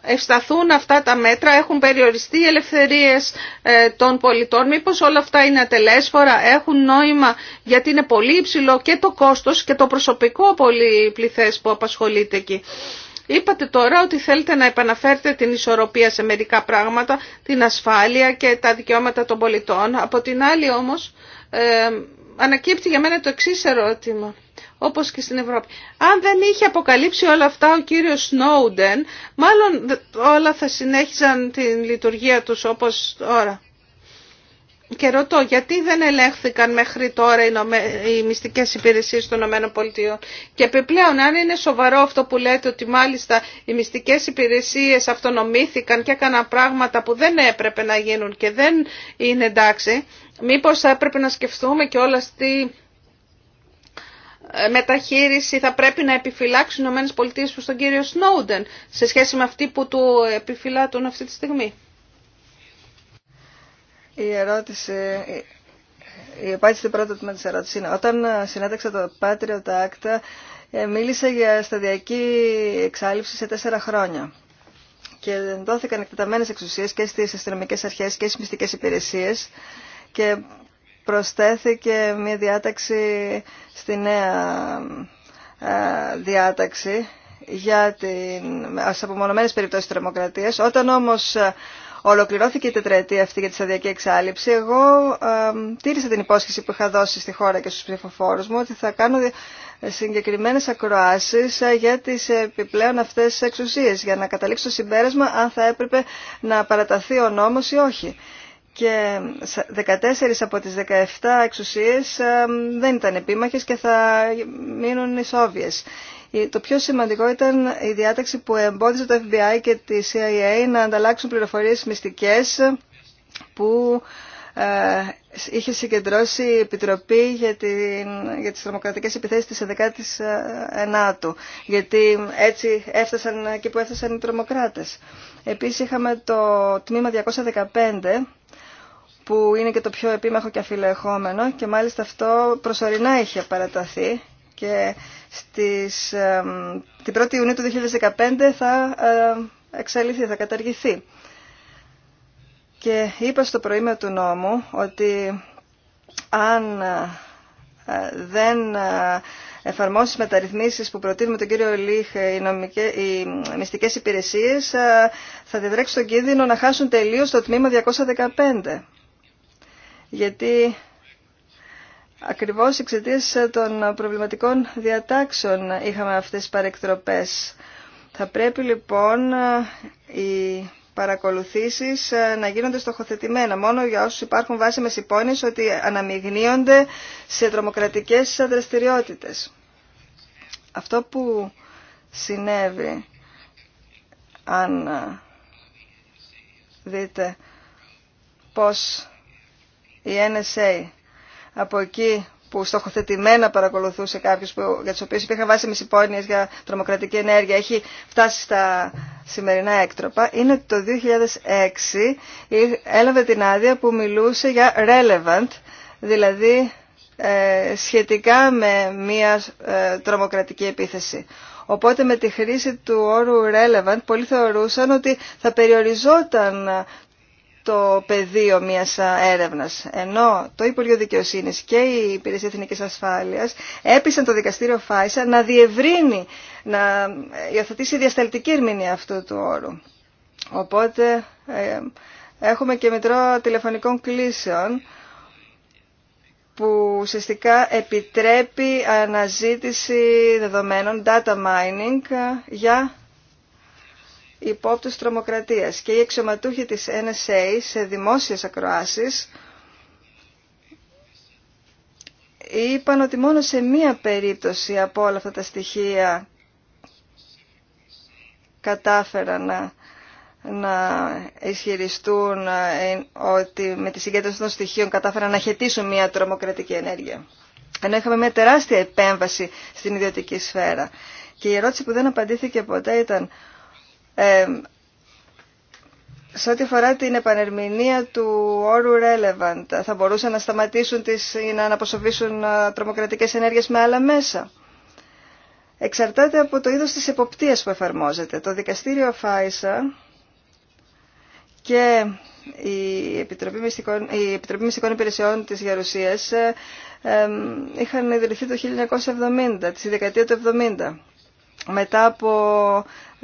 ευσταθούν αυτά τα μέτρα, έχουν περιοριστεί οι ελευθερίες ε, των πολιτών. Μήπως όλα αυτά είναι ατελέσφορα, έχουν νόημα γιατί είναι πολύ υψηλό και το κόστος και το προσωπικό πολύ πληθές που απασχολείται εκεί. Είπατε τώρα ότι θέλετε να επαναφέρετε την ισορροπία σε μερικά πράγματα, την ασφάλεια και τα δικαιώματα των πολιτών. Από την άλλη όμως ε, ανακύπτει για μένα το εξής ερώτημα όπως και στην Ευρώπη. Αν δεν είχε αποκαλύψει όλα αυτά ο κύριος Σνόουντεν, μάλλον όλα θα συνέχιζαν την λειτουργία τους όπως τώρα. Και ρωτώ, γιατί δεν ελέγχθηκαν μέχρι τώρα οι, νομε... οι μυστικές υπηρεσίες των ΗΠΑ. Και επιπλέον, αν είναι σοβαρό αυτό που λέτε ότι μάλιστα οι μυστικές υπηρεσίες αυτονομήθηκαν και έκαναν πράγματα που δεν έπρεπε να γίνουν και δεν είναι εντάξει, μήπως θα έπρεπε να σκεφτούμε και όλα στη μεταχείριση θα πρέπει να επιφυλάξει οι ΗΠΑ προς τον κύριο Σνόουντεν σε σχέση με αυτή που του επιφυλάτουν αυτή τη στιγμή. Η ερώτηση, η απάντηση στην με τη της είναι όταν συνέταξα το Πάτριο Τάκτα ε, μίλησε για σταδιακή εξάλληψη σε τέσσερα χρόνια και δόθηκαν εκτεταμένες εξουσίες και στις αστυνομικές αρχές και στις μυστικές υπηρεσίες και προσθέθηκε μια διάταξη στη νέα ε, διάταξη για την, απομονωμένες περιπτώσεις τρομοκρατίας. Όταν όμως ε, ολοκληρώθηκε η τετραετία αυτή για τη σταδιακή εξάλληψη, εγώ ε, τήρησα την υπόσχεση που είχα δώσει στη χώρα και στους ψηφοφόρους μου ότι θα κάνω συγκεκριμένες ακροάσεις για τις επιπλέον αυτές εξουσίες, για να καταλήξω το συμπέρασμα αν θα έπρεπε να παραταθεί ο νόμος ή όχι και 14 από τις 17 εξουσίες ε, δεν ήταν επίμαχες και θα μείνουν ισόβιες. Το πιο σημαντικό ήταν η διάταξη που εμπόδιζε το FBI και τη CIA να ανταλλάξουν πληροφορίες μυστικές που ε, είχε συγκεντρώσει η Επιτροπή για, την, για τις τρομοκρατικές επιθέσεις της 11ης Ενάτου, γιατί έτσι έφτασαν και που έφτασαν οι τρομοκράτες. Επίσης είχαμε το τμήμα 215 που είναι και το πιο επίμαχο και αφιλεχόμενο και μάλιστα αυτό προσωρινά είχε παραταθεί και στις, την 1η Ιουνίου του 2015 θα εξαλειφθεί, θα καταργηθεί. Και είπα στο με του νόμου ότι αν ε, δεν ε, εφαρμόσει μεταρρυθμίσεις που προτείνουμε τον κύριο Λίχ οι, νομικές, οι μυστικές υπηρεσίες ε, θα διδρέξει τον κίνδυνο να χάσουν τελείως το τμήμα 215 γιατί ακριβώς εξαιτία των προβληματικών διατάξεων είχαμε αυτές τις παρεκτροπές. Θα πρέπει λοιπόν οι παρακολουθήσεις να γίνονται στοχοθετημένα μόνο για όσους υπάρχουν βάσιμες υπόνοιες ότι αναμειγνύονται σε τρομοκρατικές δραστηριότητε. Αυτό που συνέβη αν δείτε πώς η NSA, από εκεί που στοχοθετημένα παρακολουθούσε κάποιους που, για τους οποίους υπήρχαν βάσει υπόνοιες για τρομοκρατική ενέργεια, έχει φτάσει στα σημερινά έκτροπα, είναι ότι το 2006 έλαβε την άδεια που μιλούσε για relevant, δηλαδή ε, σχετικά με μια ε, τρομοκρατική επίθεση. Οπότε με τη χρήση του όρου relevant πολλοί θεωρούσαν ότι θα περιοριζόταν το πεδίο μιας έρευνας. Ενώ το Υπουργείο Δικαιοσύνης και η Υπηρεσία Εθνικής Ασφάλειας έπεισαν το δικαστήριο Φάισα να διευρύνει, να υιοθετήσει διασταλτική ερμηνεία αυτού του όρου. Οπότε ε, έχουμε και μητρό τηλεφωνικών κλήσεων που ουσιαστικά επιτρέπει αναζήτηση δεδομένων, data mining, για υπόπτους τρομοκρατίας και οι εξωματούχοι της NSA σε δημόσιες ακροάσεις είπαν ότι μόνο σε μία περίπτωση από όλα αυτά τα στοιχεία κατάφεραν να, να ισχυριστούν ε, ότι με τη συγκέντρωση των στοιχείων κατάφεραν να χαιτήσουν μία τρομοκρατική ενέργεια. Ενώ είχαμε μία τεράστια επέμβαση στην ιδιωτική σφαίρα. Και η ερώτηση που δεν απαντήθηκε ποτέ ήταν ε, σε ό,τι αφορά την επανερμηνία του όρου relevant, θα μπορούσαν να σταματήσουν τις, ή να αναποσοβήσουν ε, τρομοκρατικές ενέργειες με άλλα μέσα. Εξαρτάται από το είδος της εποπτείας που εφαρμόζεται. Το δικαστήριο Φάισα και η Επιτροπή Μυστικών, η Επιτροπή Μυστικών Υπηρεσιών της Γερουσίας ε, είχαν ιδρυθεί το 1970, τη δεκαετία του 70 μετά από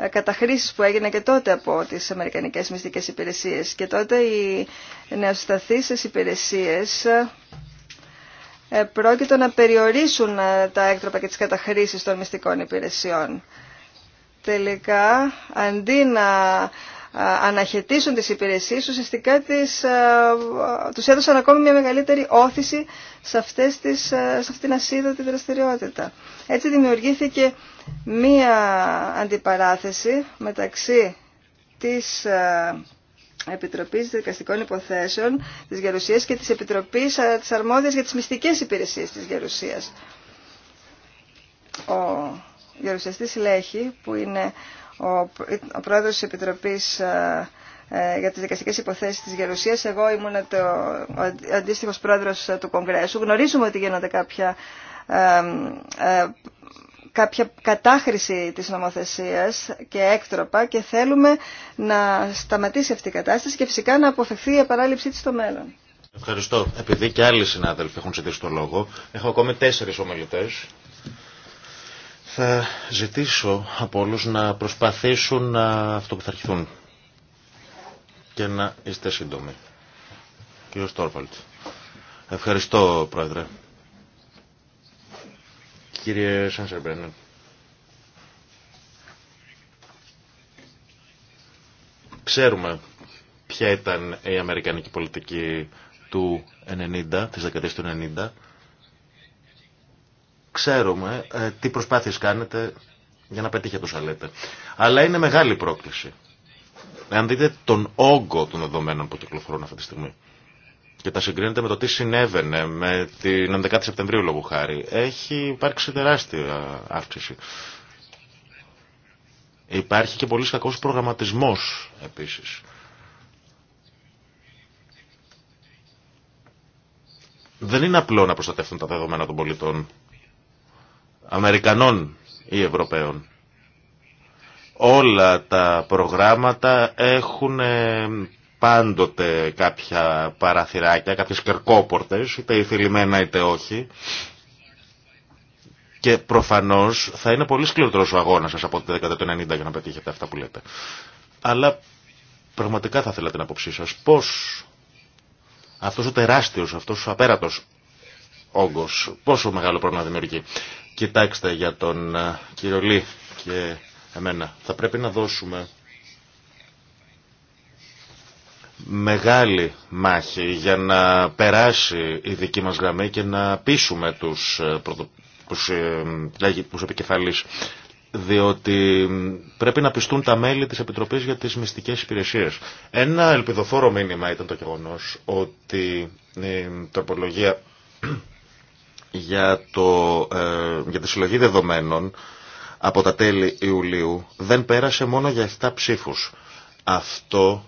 ε, καταχρήσεις που έγινε και τότε από τις Αμερικανικές Μυστικές Υπηρεσίες. Και τότε οι νεοσταθήσει υπηρεσίε ε, πρόκειτο να περιορίσουν ε, τα έκτροπα και τι καταχρήσει των μυστικών υπηρεσιών. Τελικά, αντί να αναχαιτήσουν τις υπηρεσίες, ουσιαστικά τις, τους έδωσαν ακόμη μια μεγαλύτερη όθηση σε, αυτές τις, σε αυτήν την ασίδωτη δραστηριότητα. Έτσι δημιουργήθηκε μια αντιπαράθεση μεταξύ της Επιτροπής Δικαστικών Υποθέσεων της Γερουσίας και της Επιτροπής της Αρμόδιας για τις Μυστικές Υπηρεσίες της Γερουσίας. Ο Γερουσιαστής Λέχη, που είναι ο πρόεδρος της Επιτροπής ε, ε, για τις δικαστικές υποθέσεις της Γερουσίας. Εγώ ήμουν το, ο αντίστοιχος πρόεδρος ε, του Κογκρέσου. Γνωρίζουμε ότι γίνονται κάποια, κάποια κατάχρηση της νομοθεσίας και έκτροπα και θέλουμε να σταματήσει αυτή η κατάσταση και φυσικά να αποφευθεί η επαράληψή της στο μέλλον. Ευχαριστώ. Επειδή και άλλοι συνάδελφοι έχουν ζητήσει το λόγο, έχω ακόμη τέσσερις ομιλητές θα ζητήσω από όλου να προσπαθήσουν να αυτοπιθαρχηθούν και να είστε σύντομοι. Κύριο Στόρβαλτ. Ευχαριστώ, Πρόεδρε. Κύριε Σάνσερμπρένερ. Ξέρουμε ποια ήταν η αμερικανική πολιτική του 90, της δεκαετίας του 90 Ξέρουμε ε, τι προσπάθειες κάνετε για να πετύχετε όσα λέτε. Αλλά είναι μεγάλη πρόκληση. Αν δείτε τον όγκο των δεδομένων που κυκλοφορούν αυτή τη στιγμή και τα συγκρίνετε με το τι συνέβαινε με την 11η Σεπτεμβρίου λόγου χάρη, έχει υπάρξει τεράστια αύξηση. Υπάρχει και πολύ κακός προγραμματισμός επίσης. Δεν είναι απλό να προστατεύσουν τα δεδομένα των πολιτών. Αμερικανών ή Ευρωπαίων. Όλα τα προγράμματα έχουν ε, πάντοτε κάποια παραθυράκια, κάποιες κερκόπορτες, είτε ηθελημένα είτε όχι. Και προφανώς θα είναι πολύ σκληρότερος ο αγώνας σας από τη δεκαετία του για να πετύχετε αυτά που λέτε. Αλλά πραγματικά θα ήθελα την άποψή σας. Πώς αυτός ο τεράστιος, αυτός ο απέρατος όγκος, πόσο μεγάλο πρόβλημα δημιουργεί. Κοιτάξτε για τον ε, κύριο και εμένα. Θα πρέπει να δώσουμε μεγάλη μάχη για να περάσει η δική μας γραμμή και να πείσουμε τους, ε, τους, πούς ε, επικεφαλείς διότι πρέπει να πιστούν τα μέλη της Επιτροπής για τις Μυστικές Υπηρεσίες. Ένα ελπιδοφόρο μήνυμα ήταν το γεγονός ότι η τροπολογία για, το, ε, για τη συλλογή δεδομένων από τα τέλη Ιουλίου δεν πέρασε μόνο για 7 ψήφους. Αυτό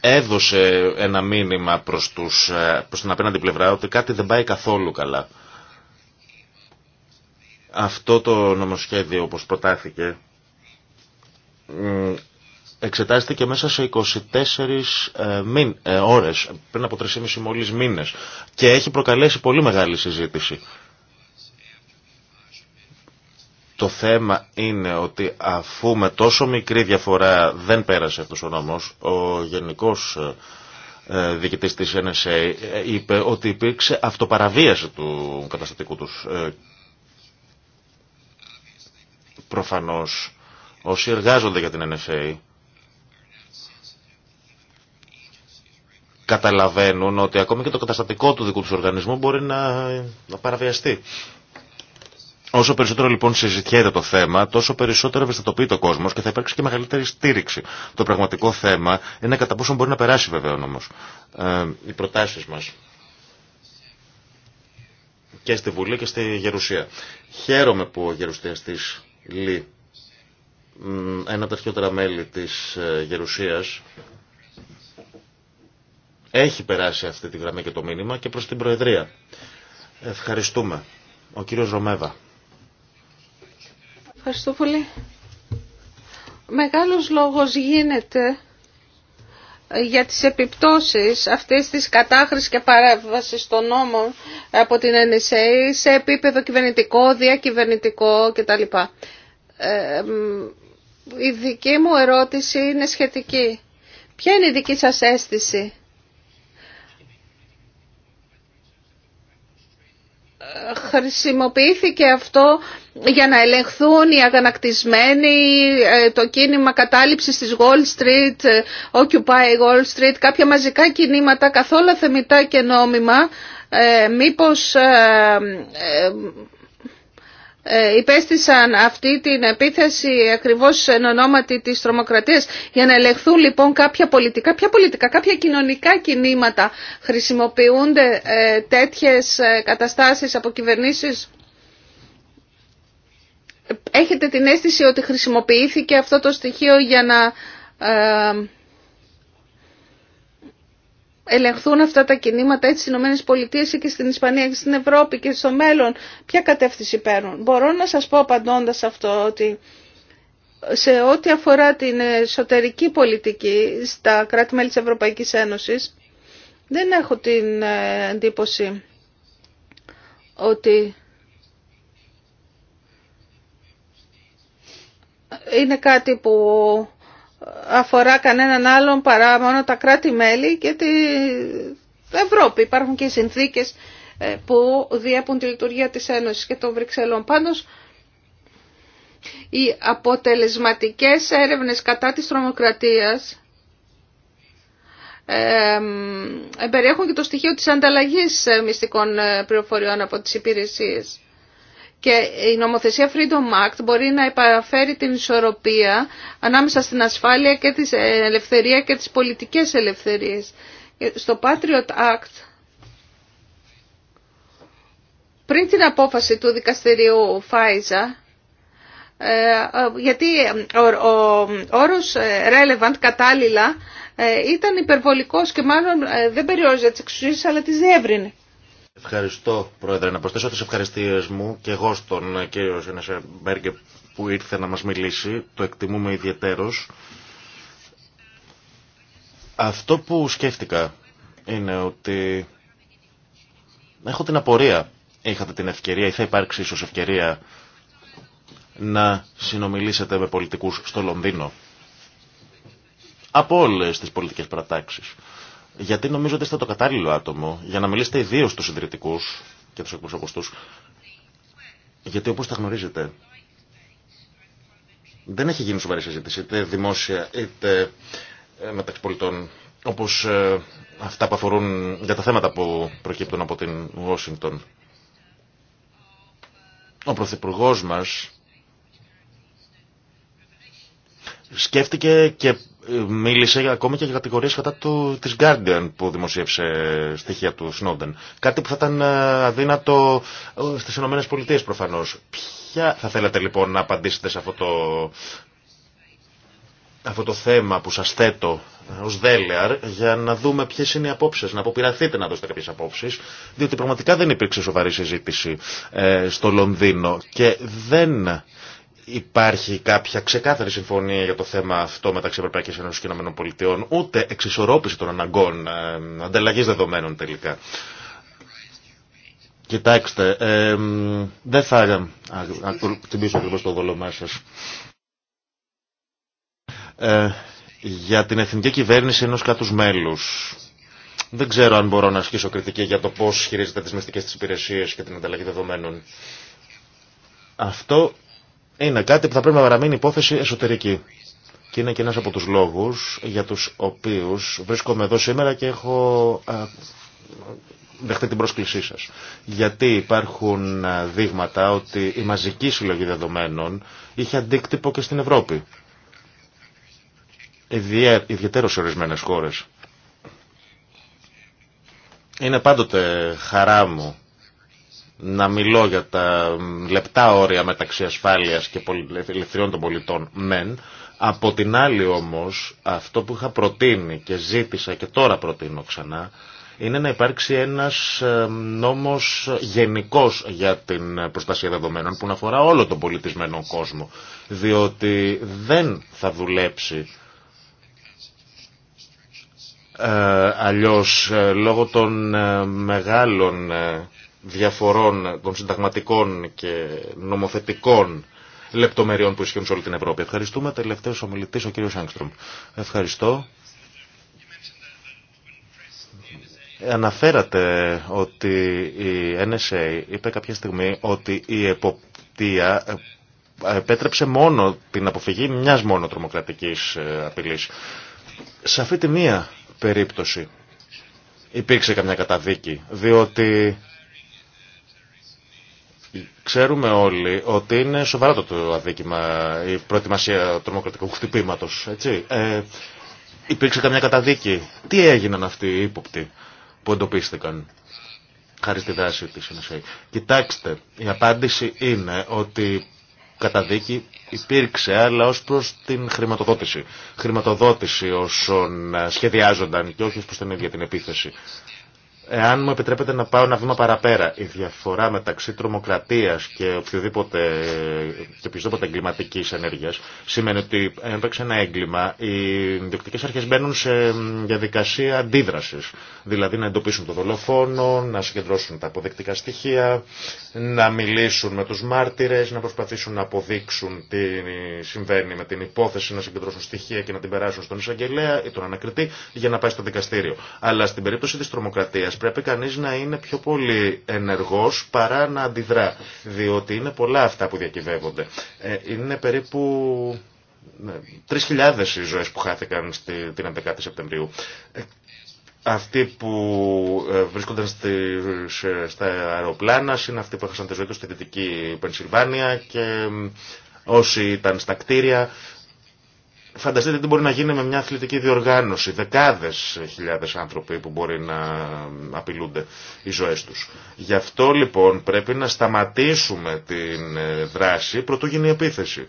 έδωσε ένα μήνυμα προς, τους, ε, προς την απέναντι πλευρά ότι κάτι δεν πάει καθόλου καλά. Αυτό το νομοσχέδιο όπως προτάθηκε εξετάστηκε μέσα σε 24 ε, μην, ε, ώρες, πριν από 3,5 μόλις μήνες και έχει προκαλέσει πολύ μεγάλη συζήτηση. Το θέμα είναι ότι αφού με τόσο μικρή διαφορά δεν πέρασε αυτός ο νόμος, ο γενικός ε, διοικητής της NSA είπε ότι υπήρξε αυτοπαραβίαση του καταστατικού τους. Προφανώς όσοι εργάζονται για την NSA καταλαβαίνουν ότι ακόμη και το καταστατικό του δικού του οργανισμού μπορεί να, να παραβιαστεί. Όσο περισσότερο λοιπόν συζητιέται το θέμα, τόσο περισσότερο ευαισθητοποιείται το κόσμο και θα υπάρξει και μεγαλύτερη στήριξη. Το πραγματικό θέμα είναι κατά πόσο μπορεί να περάσει βέβαια όμω ε, οι προτάσει μα. Και στη Βουλή και στη Γερουσία. Χαίρομαι που ο γερουσιαστή Λί, ένα από τα μέλη τη ε, Γερουσία, έχει περάσει αυτή τη γραμμή και το μήνυμα και προς την Προεδρία. Ευχαριστούμε. Ο κύριος Ρωμέβα. Ευχαριστώ πολύ. Μεγάλος λόγος γίνεται για τις επιπτώσεις αυτής της κατάχρησης και παρέμβασης των νόμων από την NSA σε επίπεδο κυβερνητικό, διακυβερνητικό κτλ. Ε, η δική μου ερώτηση είναι σχετική. Ποια είναι η δική σας αίσθηση χρησιμοποιήθηκε αυτό για να ελεγχθούν οι αγανακτισμένοι, ε, το κίνημα κατάληψης της Wall Street, ε, Occupy Wall Street, κάποια μαζικά κινήματα καθόλου θεμητά και νόμιμα. Ε, μήπως ε, υπέστησαν αυτή την επίθεση ακριβώς εν ονόματι της τρομοκρατίας για να ελεγχθούν λοιπόν κάποια πολιτικά, ποια πολιτικά, κάποια κοινωνικά κινήματα χρησιμοποιούνται ε, τέτοιες ε, καταστάσεις από κυβερνήσεις. Έχετε την αίσθηση ότι χρησιμοποιήθηκε αυτό το στοιχείο για να ελεγχθούν αυτά τα κινήματα έτσι Ηνωμένε Πολιτείε και στην Ισπανία και στην Ευρώπη και στο μέλλον, ποια κατεύθυνση παίρνουν. Μπορώ να σας πω απαντώντα αυτό ότι σε ό,τι αφορά την εσωτερική πολιτική στα κράτη-μέλη της Ευρωπαϊκής Ένωσης, δεν έχω την ε, εντύπωση ότι είναι κάτι που αφορά κανέναν άλλον παρά μόνο τα κράτη-μέλη και την Ευρώπη. Υπάρχουν και οι συνθήκες ε, που διέπουν τη λειτουργία της Ένωσης και των Βρυξελών. Πάντως, οι αποτελεσματικές έρευνες κατά της τρομοκρατίας ε, εμπεριέχουν και το στοιχείο της ανταλλαγής ε, μυστικών πληροφοριών από τις υπηρεσίες. Και η νομοθεσία Freedom Act μπορεί να επαφέρει την ισορροπία ανάμεσα στην ασφάλεια και την ε, ελευθερία και τις πολιτικές ελευθερίες. Ε, στο Patriot Act, πριν την απόφαση του δικαστηρίου Φάιζα, ε, γιατί ο όρος relevant κατάλληλα ήταν υπερβολικός και μάλλον δεν περιόριζε τις εξουσίες αλλά τις διεύρυνε. Ευχαριστώ, Πρόεδρε. Να προσθέσω τι ευχαριστίε μου και εγώ στον κύριο Σενεσέ Μπέργκε που ήρθε να μα μιλήσει. Το εκτιμούμε ιδιαιτέρω. Αυτό που σκέφτηκα είναι ότι έχω την απορία. Είχατε την ευκαιρία ή θα υπάρξει ίσως ευκαιρία να συνομιλήσετε με πολιτικούς στο Λονδίνο από όλε τις πολιτικές πρατάξεις γιατί νομίζω ότι είστε το κατάλληλο άτομο για να μιλήσετε ιδίω στους συντηρητικού και του εκπροσωπούς του. Γιατί όπως τα γνωρίζετε, δεν έχει γίνει σοβαρή συζήτηση, είτε δημόσια, είτε ε, μεταξύ πολιτών, όπως ε, αυτά που αφορούν για τα θέματα που προκύπτουν από την Ουάσιγκτον. Ο Πρωθυπουργό μας σκέφτηκε και μίλησε ακόμη και για κατηγορίες κατά του, της Guardian που δημοσίευσε στοιχεία του Snowden Κάτι που θα ήταν ε, αδύνατο ε, στις Ηνωμένες Πολιτείες προφανώς. Ποια θα θέλατε λοιπόν να απαντήσετε σε αυτό το, αυτό το θέμα που σας θέτω ε, ως δέλεαρ για να δούμε ποιες είναι οι απόψεις, να αποπειραθείτε να δώσετε κάποιες απόψεις διότι πραγματικά δεν υπήρξε σοβαρή συζήτηση στο Λονδίνο και δεν υπάρχει κάποια ξεκάθαρη συμφωνία για το θέμα αυτό μεταξύ Ευρωπαϊκής Ένωσης και ΗΠΑ, ούτε εξισορρόπηση των αναγκών, ε, ανταλλαγής δεδομένων τελικά. Κοιτάξτε, ε, δεν θα ε, τσιμπήσω ακριβώ το δόλωμά σα. Ε, για την εθνική κυβέρνηση ενό κράτου μέλου. Δεν ξέρω αν μπορώ να ασκήσω κριτική για το πώ χειρίζεται τι μυστικέ τη υπηρεσίε και την ανταλλαγή δεδομένων. Αυτό είναι κάτι που θα πρέπει να παραμείνει υπόθεση εσωτερική. Και είναι και ένας από τους λόγους για τους οποίους βρίσκομαι εδώ σήμερα και έχω δεχτεί την πρόσκλησή σας. Γιατί υπάρχουν δείγματα ότι η μαζική συλλογή δεδομένων είχε αντίκτυπο και στην Ευρώπη. Ιδιαίτερο σε ορισμένε χώρες. Είναι πάντοτε χαρά μου να μιλώ για τα λεπτά όρια μεταξύ ασφάλειας και ελευθεριών των πολιτών μεν. Από την άλλη όμως αυτό που είχα προτείνει και ζήτησα και τώρα προτείνω ξανά είναι να υπάρξει ένας ε, νόμος γενικός για την προστασία δεδομένων που να αφορά όλο τον πολιτισμένο κόσμο διότι δεν θα δουλέψει ε, αλλιώς ε, λόγω των ε, μεγάλων διαφορών των συνταγματικών και νομοθετικών λεπτομεριών που ισχύουν σε όλη την Ευρώπη. Ευχαριστούμε. Τελευταίο ομιλητή ο κύριο Άγκστρομ. Ευχαριστώ. Αναφέρατε ότι η NSA είπε κάποια στιγμή ότι η εποπτεία επέτρεψε μόνο την αποφυγή μιας μόνο τρομοκρατικής ε, απειλής. Σε αυτή τη μία περίπτωση υπήρξε καμιά καταδίκη, διότι Ξέρουμε όλοι ότι είναι σοβαρά το, αδίκημα η προετοιμασία τρομοκρατικού χτυπήματος, έτσι. Ε, υπήρξε καμιά καταδίκη. Τι έγιναν αυτοί οι ύποπτοι που εντοπίστηκαν χάρη στη δράση της NSA. Κοιτάξτε, η απάντηση είναι ότι καταδίκη υπήρξε, αλλά ως προς την χρηματοδότηση. Χρηματοδότηση όσων ε, σχεδιάζονταν και όχι ως προς ίδια την επίθεση. Εάν μου επιτρέπετε να πάω ένα βήμα παραπέρα, η διαφορά μεταξύ τρομοκρατία και οποιοδήποτε, και οποιοδήποτε εγκληματική ενέργεια σημαίνει ότι αν ένα έγκλημα, οι διοκτικέ αρχέ μπαίνουν σε διαδικασία αντίδραση. Δηλαδή να εντοπίσουν το δολοφόνο, να συγκεντρώσουν τα αποδεκτικά στοιχεία, να μιλήσουν με του μάρτυρε, να προσπαθήσουν να αποδείξουν τι συμβαίνει με την υπόθεση, να συγκεντρώσουν στοιχεία και να την περάσουν στον εισαγγελέα ή τον ανακριτή για να πάει στο δικαστήριο. Αλλά στην περίπτωση τη τρομοκρατία πρέπει κανείς να είναι πιο πολύ ενεργός παρά να αντιδρά. Διότι είναι πολλά αυτά που διακυβεύονται. Ε, είναι περίπου 3.000 ναι, οι ζωές που χάθηκαν την 11η Σεπτεμβρίου. Ε, αυτοί που ε, βρίσκονταν στα αεροπλάνα είναι αυτοί που έχασαν τη ζωή τους στη Δυτική Πενσιλβάνια και όσοι ήταν στα κτίρια. Φανταστείτε τι μπορεί να γίνει με μια αθλητική διοργάνωση. Δεκάδε χιλιάδε άνθρωποι που μπορεί να απειλούνται οι ζωέ του. Γι' αυτό λοιπόν πρέπει να σταματήσουμε την ε, δράση πρωτού γίνει η επίθεση.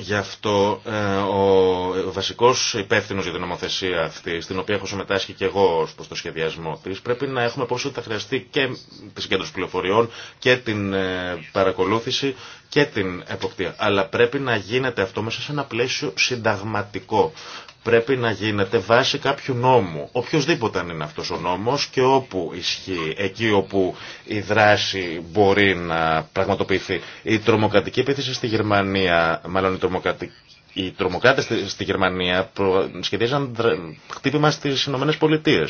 Γι' αυτό ε, ο βασικό υπεύθυνο για την νομοθεσία αυτή, στην οποία έχω συμμετάσχει και εγώ ω προ το σχεδιασμό τη, πρέπει να έχουμε πόσο θα χρειαστεί και τη συγκέντρωση πληροφοριών και την ε, παρακολούθηση και την εποπτεία. Αλλά πρέπει να γίνεται αυτό μέσα σε ένα πλαίσιο συνταγματικό πρέπει να γίνεται βάσει κάποιου νόμου, οποιοδήποτε αν είναι αυτός ο νόμος και όπου ισχύει, εκεί όπου η δράση μπορεί να πραγματοποιηθεί. Η τρομοκρατική επίθεση στη Γερμανία, μάλλον η τρομοκρατική οι τρομοκράτε στη Γερμανία σχεδίαζαν χτύπημα στι Ηνωμένε Πολιτείε.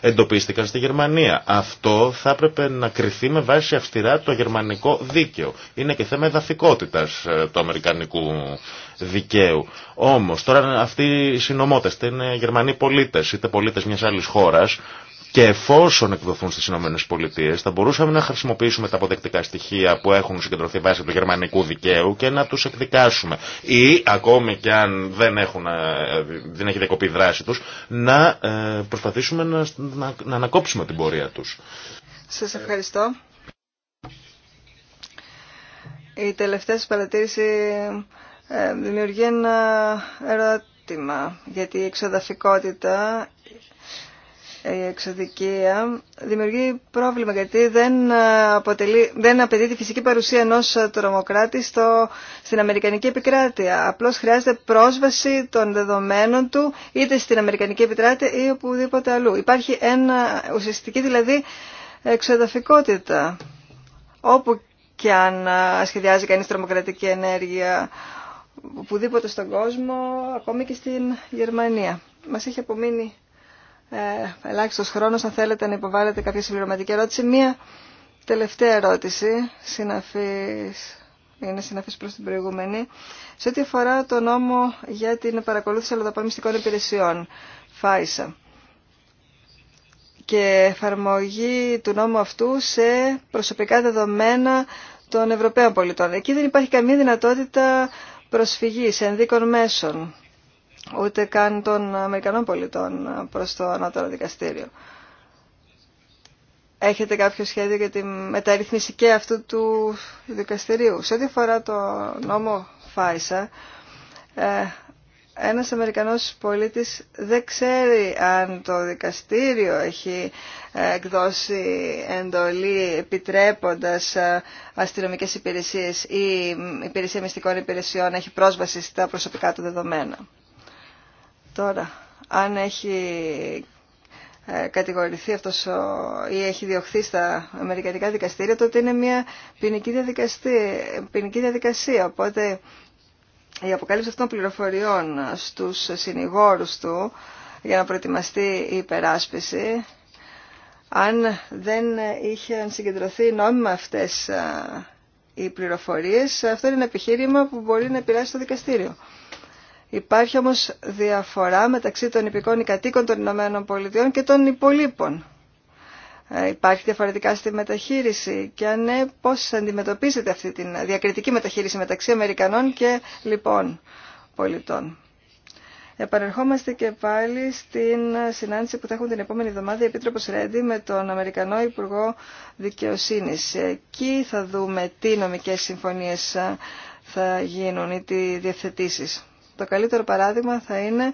Εντοπίστηκαν στη Γερμανία. Αυτό θα έπρεπε να κριθεί με βάση αυστηρά το γερμανικό δίκαιο. Είναι και θέμα εδαφικότητας ε, του αμερικανικού δικαίου. Όμως τώρα αυτοί οι συνομότες είτε είναι Γερμανοί πολίτες είτε πολίτες μιας άλλης χώρας και εφόσον εκδοθούν στις ΗΠΑ θα μπορούσαμε να χρησιμοποιήσουμε τα αποδεκτικά στοιχεία που έχουν συγκεντρωθεί βάσει του γερμανικού δικαίου και να τους εκδικάσουμε. Ή ακόμη και αν δεν, έχουν, ε, δεν έχει διακοπεί δράση τους να ε, προσπαθήσουμε να, να, να ανακόψουμε την πορεία τους. Σας ευχαριστώ. Η τελευταία σας παρατήρηση ε, δημιουργεί ένα ερώτημα, γιατί η εξοδαφικότητα η εξοδικία δημιουργεί πρόβλημα γιατί δεν, ε, αποτελεί, δεν απαιτεί τη φυσική παρουσία ενός ε, τρομοκράτη στο, στην Αμερικανική επικράτεια. Απλώς χρειάζεται πρόσβαση των δεδομένων του είτε στην Αμερικανική επικράτεια ή οπουδήποτε αλλού. Υπάρχει ένα ουσιαστική δηλαδή εξοδαφικότητα όπου και αν ε, σχεδιάζει κανείς τρομοκρατική ενέργεια οπουδήποτε στον κόσμο, ακόμη και στην Γερμανία. Μας έχει απομείνει ε, ελάχιστος χρόνος, αν θέλετε να υποβάλλετε κάποια συμπληρωματική ερώτηση. Μία τελευταία ερώτηση, συναφής, είναι συναφής προς την προηγούμενη, σε ό,τι αφορά το νόμο για την παρακολούθηση αλλοδαπών μυστικών υπηρεσιών, ΦΑΙΣΑ και εφαρμογή του νόμου αυτού σε προσωπικά δεδομένα των Ευρωπαίων πολιτών. Εκεί δεν υπάρχει καμία δυνατότητα προσφυγής ενδίκων μέσων ούτε καν των Αμερικανών πολιτών προς το Ανώτερο Δικαστήριο. Έχετε κάποιο σχέδιο για τη μεταρρύθμιση και αυτού του δικαστηρίου. Σε ό,τι αφορά το νόμο Φάισα, ε, ένας Αμερικανός πολίτης δεν ξέρει αν το δικαστήριο έχει ε, εκδώσει εντολή επιτρέποντας ε, αστυνομικές υπηρεσίες ή υπηρεσία μυστικών υπηρεσιών έχει πρόσβαση στα προσωπικά του δεδομένα. Τώρα, αν έχει ε, κατηγορηθεί αυτός η αποκάλυψη ποινικη διαδικασια ποινικη οποτε η αποκαλυψη αυτων των πληροφοριών στους συνηγόρους του για να προετοιμαστεί η υπεράσπιση, αν δεν είχε συγκεντρωθεί νόμιμα αυτές ε, οι πληροφορίες, αυτό είναι ένα επιχείρημα που μπορεί να επηρεάσει το δικαστήριο. Υπάρχει όμως διαφορά μεταξύ των υπηκών κατοίκων των Ηνωμένων Πολιτειών και των υπολείπων. Ε, υπάρχει διαφορετικά στη μεταχείριση και αν ναι, πώς αντιμετωπίζετε αυτή τη διακριτική μεταχείριση μεταξύ Αμερικανών και λοιπόν πολιτών. Επανερχόμαστε και πάλι στην συνάντηση που θα έχουν την επόμενη εβδομάδα η Επίτροπος Ρέντι με τον Αμερικανό Υπουργό Δικαιοσύνης. Εκεί θα δούμε τι νομικές συμφωνίες θα γίνουν ή τι διευθετήσεις. Το καλύτερο παράδειγμα θα είναι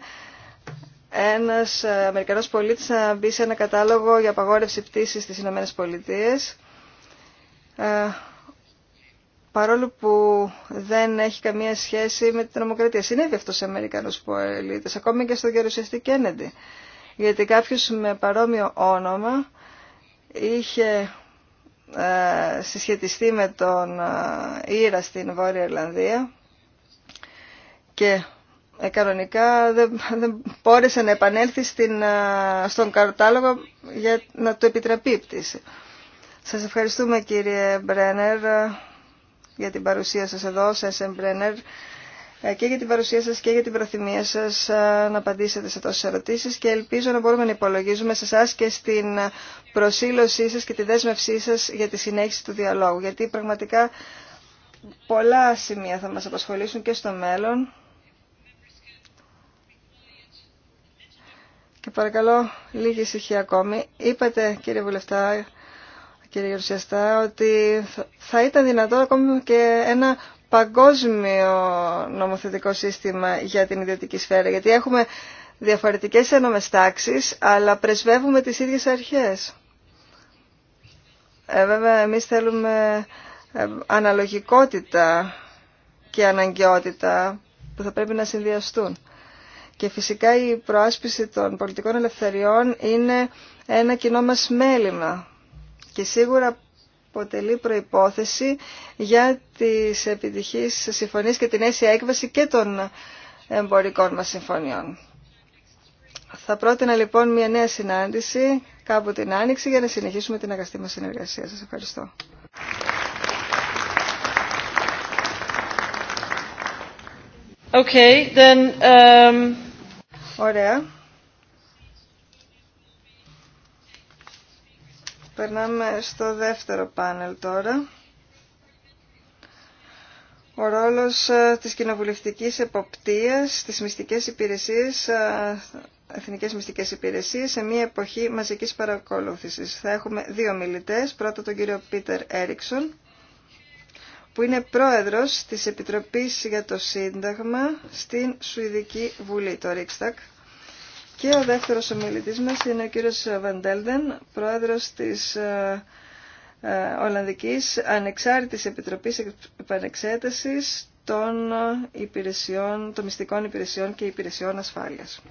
ένας ε, Αμερικανός πολίτης να μπει σε ένα κατάλογο για απαγόρευση πτήσης στις Ηνωμένες Πολιτείες ε, παρόλο που δεν έχει καμία σχέση με την νομοκρατία. Συνέβη αυτό σε Αμερικανός πολίτες, ακόμη και στον γερουσιαστή Κέννεντι. Γιατί κάποιος με παρόμοιο όνομα είχε ε, συσχετιστεί με τον Ήρα στην Βόρεια Ιρλανδία και ε, κανονικά δεν, δεν να επανέλθει στην, στον κατάλογο για να το επιτραπεί η πτήση. Σας ευχαριστούμε κύριε Μπρένερ για την παρουσία σας εδώ, Σέσεν Μπρένερ, ε, και για την παρουσία σας και για την προθυμία σας να απαντήσετε σε τόσες ερωτήσεις και ελπίζω να μπορούμε να υπολογίζουμε σε εσά και στην προσήλωσή σας και τη δέσμευσή σας για τη συνέχιση του διαλόγου, γιατί πραγματικά πολλά σημεία θα μας απασχολήσουν και στο μέλλον. Και παρακαλώ λίγη ησυχία ακόμη. Είπατε κύριε Βουλευτά, κύριε Γερουσιαστά, ότι θα ήταν δυνατό ακόμη και ένα παγκόσμιο νομοθετικό σύστημα για την ιδιωτική σφαίρα. Γιατί έχουμε διαφορετικές ένομες τάξεις, αλλά πρεσβεύουμε τις ίδιες αρχές. Ε, βέβαια, εμείς θέλουμε ε, αναλογικότητα και αναγκαιότητα που θα πρέπει να συνδυαστούν. Και φυσικά η προάσπιση των πολιτικών ελευθεριών είναι ένα κοινό μας μέλημα και σίγουρα αποτελεί προϋπόθεση για τις επιτυχείς συμφωνίες και την αίσια έκβαση και των εμπορικών μας συμφωνιών. Θα πρότεινα λοιπόν μια νέα συνάντηση κάπου την Άνοιξη για να συνεχίσουμε την αγαστή μας συνεργασία. Σας ευχαριστώ. Um, Ωραία. Περνάμε στο δεύτερο πάνελ τώρα. Ο ρόλος ε, της κοινοβουλευτικής εποπτείας στις μυστικές υπηρεσίες, ε, εθνικές μυστικές υπηρεσίες σε μια εποχή μαζικής παρακολούθησης. Θα έχουμε δύο μιλητές. Πρώτα τον κύριο Πίτερ Έριξον που είναι πρόεδρος της Επιτροπής για το Σύνταγμα στην Σουηδική Βουλή, το Ρίξτακ. Και ο δεύτερος ομιλητής μας είναι ο κύριος Βαντέλδεν, πρόεδρος της ε, ε, Ολλανδικής Ανεξάρτητης Επιτροπής Επανεξέτασης των, υπηρεσιών, των Μυστικών Υπηρεσιών και Υπηρεσιών Ασφάλειας.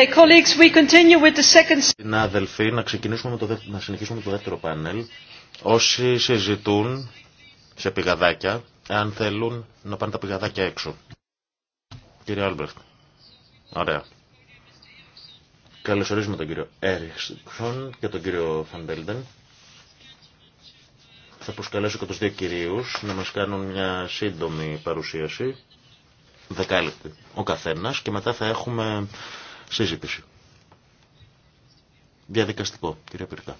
Okay, colleagues, we continue with the second... Συνάδελφοι, να, ξεκινήσουμε με το δεύτερο, να συνεχίσουμε με το δεύτερο πάνελ. Όσοι συζητούν σε πηγαδάκια, αν θέλουν να πάνε τα πηγαδάκια έξω. Κύριε Άλμπερτ. Ωραία. Καλωσορίζουμε τον κύριο Έριξον και τον κύριο Φαντέλντεν. Θα προσκαλέσω και τους δύο κυρίους να μας κάνουν μια σύντομη παρουσίαση. Δεκάλεπτη ο καθένας και μετά θα έχουμε Συζήτηση. Διαδικαστικό, κύριε Πυρκά.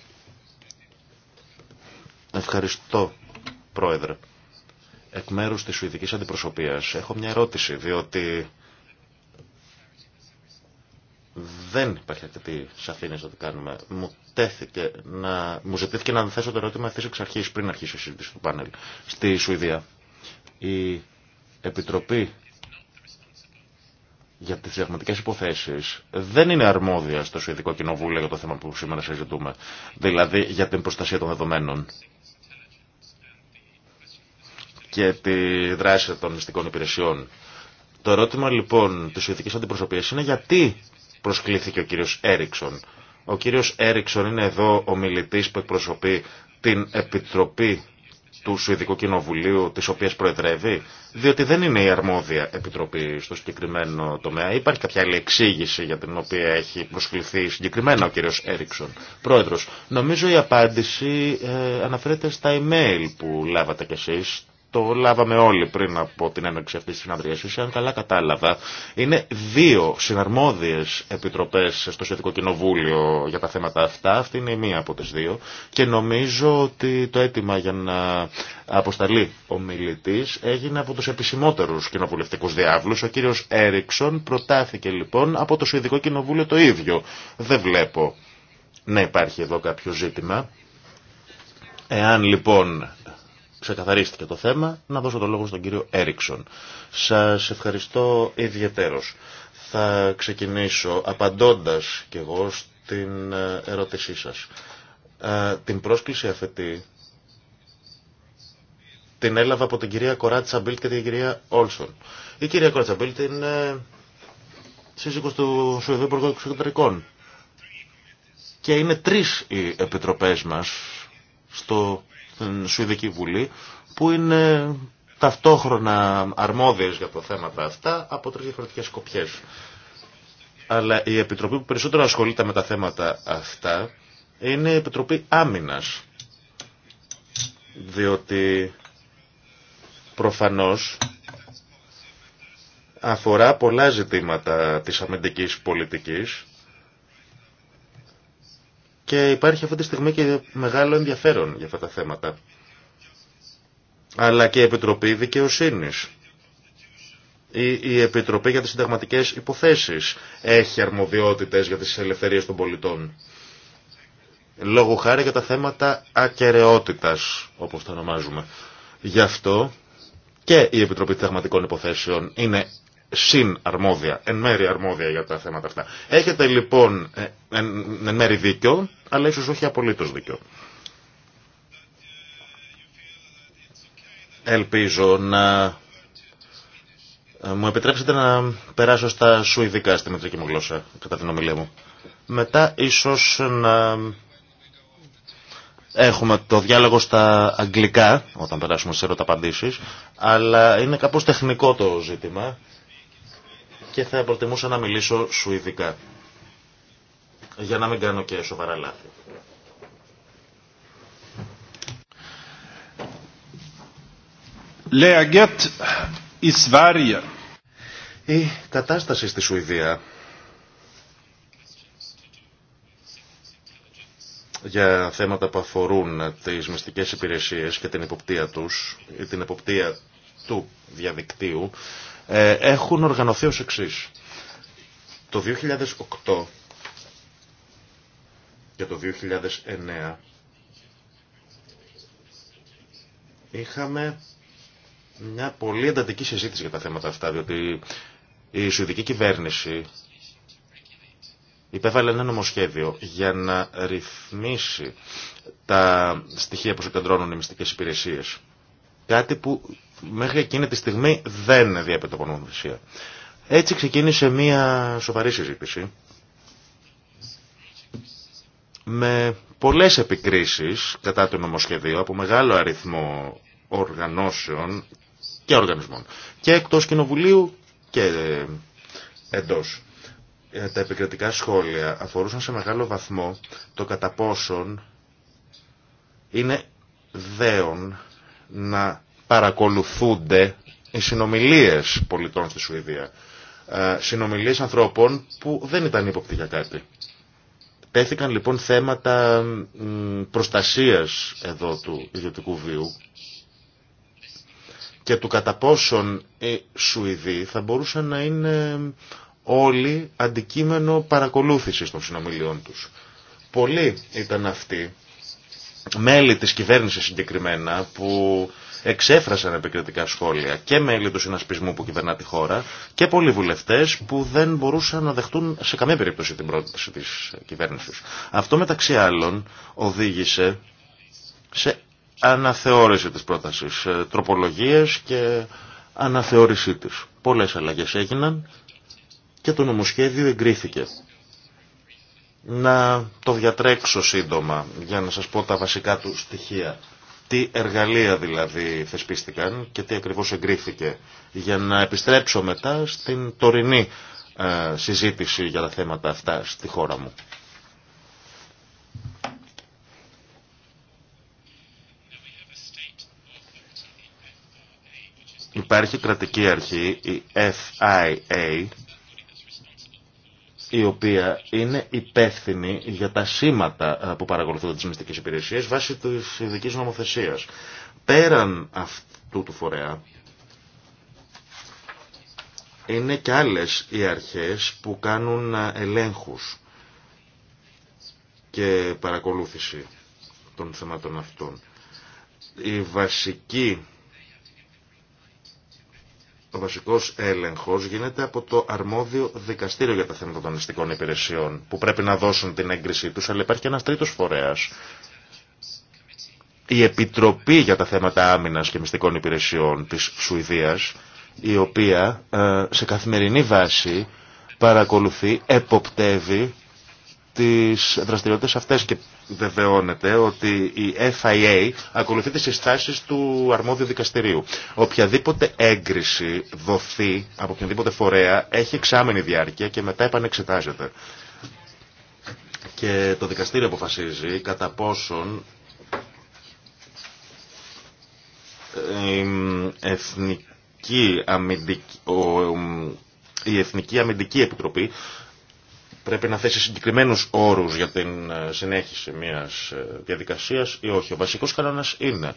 Ευχαριστώ, Πρόεδρε. Εκ μέρους της Σουηδικής Αντιπροσωπείας έχω μια ερώτηση, διότι δεν υπάρχει αρκετή σαφήνεια να το κάνουμε. Μου, τέθηκε να... μου ζητήθηκε να θέσω το ερώτημα αυτή εξ αρχή, πριν αρχίσει η συζήτηση του πάνελ. Στη Σουηδία, η Επιτροπή για τις διαγματικές υποθέσεις δεν είναι αρμόδια στο Σουηδικό Κοινοβούλιο για το θέμα που σήμερα συζητούμε, δηλαδή για την προστασία των δεδομένων και τη δράση των μυστικών υπηρεσιών. Το ερώτημα λοιπόν τη Σουηδική Αντιπροσωπείας είναι γιατί προσκλήθηκε ο κύριος Έριξον. Ο κύριος Έριξον είναι εδώ ο μιλητή που εκπροσωπεί την Επιτροπή του Σουηδικού Κοινοβουλίου, τις οποία προεδρεύει, διότι δεν είναι η αρμόδια επιτροπή στο συγκεκριμένο τομέα. Υπάρχει κάποια άλλη εξήγηση για την οποία έχει προσκληθεί συγκεκριμένα ο κύριος Έριξον, πρόεδρος. Νομίζω η απάντηση ε, αναφέρεται στα email που λάβατε κι εσείς, το λάβαμε όλοι πριν από την έναρξη αυτής της συναντρίασης, αν καλά κατάλαβα, είναι δύο συναρμόδιες επιτροπές στο Σχετικό Κοινοβούλιο για τα θέματα αυτά, αυτή είναι η μία από τις δύο, και νομίζω ότι το αίτημα για να αποσταλεί ο μιλητής έγινε από τους επισημότερους κοινοβουλευτικούς διάβλους, ο κύριος Έριξον προτάθηκε λοιπόν από το Σχετικό Κοινοβούλιο το ίδιο. Δεν βλέπω να υπάρχει εδώ κάποιο ζήτημα. Εάν λοιπόν ξεκαθαρίστηκε το θέμα, να δώσω το λόγο στον κύριο Έριξον. Σας ευχαριστώ ιδιαίτερος. Θα ξεκινήσω απαντώντας κι εγώ στην ε, ερώτησή σας. Ε, την πρόσκληση αφετή την έλαβα από την κυρία Κοράτσα Μπίλτ και την κυρία Όλσον. Η κυρία Κοράτσα Μπίλτ είναι σύζυγος του Σουηδού Υπουργού Εξωτερικών. Και είναι τρεις οι επιτροπές μας στο στην Σουηδική Βουλή, που είναι ταυτόχρονα αρμόδιες για τα θέματα αυτά από τρεις διαφορετικές σκοπιές. Αλλά η Επιτροπή που περισσότερο ασχολείται με τα θέματα αυτά είναι η Επιτροπή Άμυνας. Διότι προφανώς αφορά πολλά ζητήματα της αμυντικής πολιτικής και υπάρχει αυτή τη στιγμή και μεγάλο ενδιαφέρον για αυτά τα θέματα. Αλλά και η Επιτροπή Δικαιοσύνης. Η, Επιτροπή για τις Συνταγματικές Υποθέσεις έχει αρμοδιότητες για τις ελευθερίες των πολιτών. Λόγω χάρη για τα θέματα ακεραιότητας, όπως τα ονομάζουμε. Γι' αυτό και η Επιτροπή Συνταγματικών Υποθέσεων είναι είναι συν-αρμόδια, εν μέρη αρμόδια για τα θέματα αυτά. Έχετε λοιπόν ε, εν μέρη δίκιο, αλλά ίσως όχι απολύτως δίκιο. Ελπίζω να ε, μου επιτρέψετε να περάσω στα σουηδικά στη μετρική μου γλώσσα κατά την ομιλία μου. Μετά ίσως να έχουμε το διάλογο στα αγγλικά όταν περάσουμε σε ερωταπαντήσεις αλλά είναι κάπως τεχνικό το ζήτημα και θα προτιμούσα να μιλήσω σουηδικά για να μην κάνω και σοβαρά λάθη. Η κατάσταση στη Σουηδία για θέματα που αφορούν τις μυστικές υπηρεσίες και την υποπτία τους ή την υποπτία του διαδικτύου ε, έχουν οργανωθεί ως εξής. Το 2008 για το 2009 είχαμε μια πολύ εντατική συζήτηση για τα θέματα αυτά, διότι η Σουηδική κυβέρνηση υπέβαλε ένα νομοσχέδιο για να ρυθμίσει τα στοιχεία που συγκεντρώνουν οι μυστικές υπηρεσίες. Κάτι που μέχρι εκείνη τη στιγμή δεν διέπεται από νομοθεσία. Έτσι ξεκίνησε μια σοβαρή συζήτηση με πολλές επικρίσεις κατά το νομοσχεδίο από μεγάλο αριθμό οργανώσεων και οργανισμών και εκτός κοινοβουλίου και ε, εντός. Ε, τα επικριτικά σχόλια αφορούσαν σε μεγάλο βαθμό το κατά πόσον είναι δέον να παρακολουθούνται οι συνομιλίες πολιτών στη Σουηδία. Ε, συνομιλίες ανθρώπων που δεν ήταν ύποπτοι για κάτι. Πέθηκαν λοιπόν θέματα προστασίας εδώ του ιδιωτικού βίου και του κατά πόσον οι Σουηδοί θα μπορούσαν να είναι όλοι αντικείμενο παρακολούθησης των συνομιλιών τους. Πολλοί ήταν αυτοί μέλη της κυβέρνησης συγκεκριμένα που εξέφρασαν επικριτικά σχόλια και μέλη του συνασπισμού που κυβερνά τη χώρα και πολλοί βουλευτές που δεν μπορούσαν να δεχτούν σε καμία περίπτωση την πρόταση της κυβέρνηση. Αυτό μεταξύ άλλων οδήγησε σε αναθεώρηση της πρότασης, ε, τροπολογίες και αναθεώρησή της. Πολλές αλλαγές έγιναν και το νομοσχέδιο εγκρίθηκε να το διατρέξω σύντομα για να σας πω τα βασικά του στοιχεία. Τι εργαλεία δηλαδή θεσπίστηκαν και τι ακριβώς εγκρίθηκε για να επιστρέψω μετά στην τωρινή ε, συζήτηση για τα θέματα αυτά στη χώρα μου. Υπάρχει κρατική αρχή, η FIA, η οποία είναι υπεύθυνη για τα σήματα ε, που παρακολουθούνται τις μυστικές υπηρεσίες βάσει της ειδικής νομοθεσίας. Πέραν αυτού του φορέα, είναι και άλλες οι αρχές που κάνουν ε, ελέγχους και παρακολούθηση των θεμάτων αυτών. Η βασική ο βασικός έλεγχος γίνεται από το αρμόδιο δικαστήριο για τα θέματα των μυστικών υπηρεσιών που πρέπει να δώσουν την έγκρισή τους, αλλά υπάρχει και ένας τρίτος φορέας. Η Επιτροπή για τα θέματα άμυνας και μυστικών υπηρεσιών της Σουηδίας, η οποία ε, σε καθημερινή βάση παρακολουθεί, εποπτεύει τις δραστηριότητες αυτές και βεβαιώνεται ότι η FIA ακολουθεί τις συστάσεις του αρμόδιου δικαστηρίου. Οποιαδήποτε έγκριση δοθεί από οποιαδήποτε φορέα έχει εξάμενη διάρκεια και μετά επανεξετάζεται. Και το δικαστήριο αποφασίζει κατά πόσον εθνική αμυντική, η Εθνική Αμυντική Επιτροπή πρέπει να θέσει συγκεκριμένου όρου για την ε, συνέχιση μιας ε, διαδικασίας ή όχι. Ο βασικός κανόνας είναι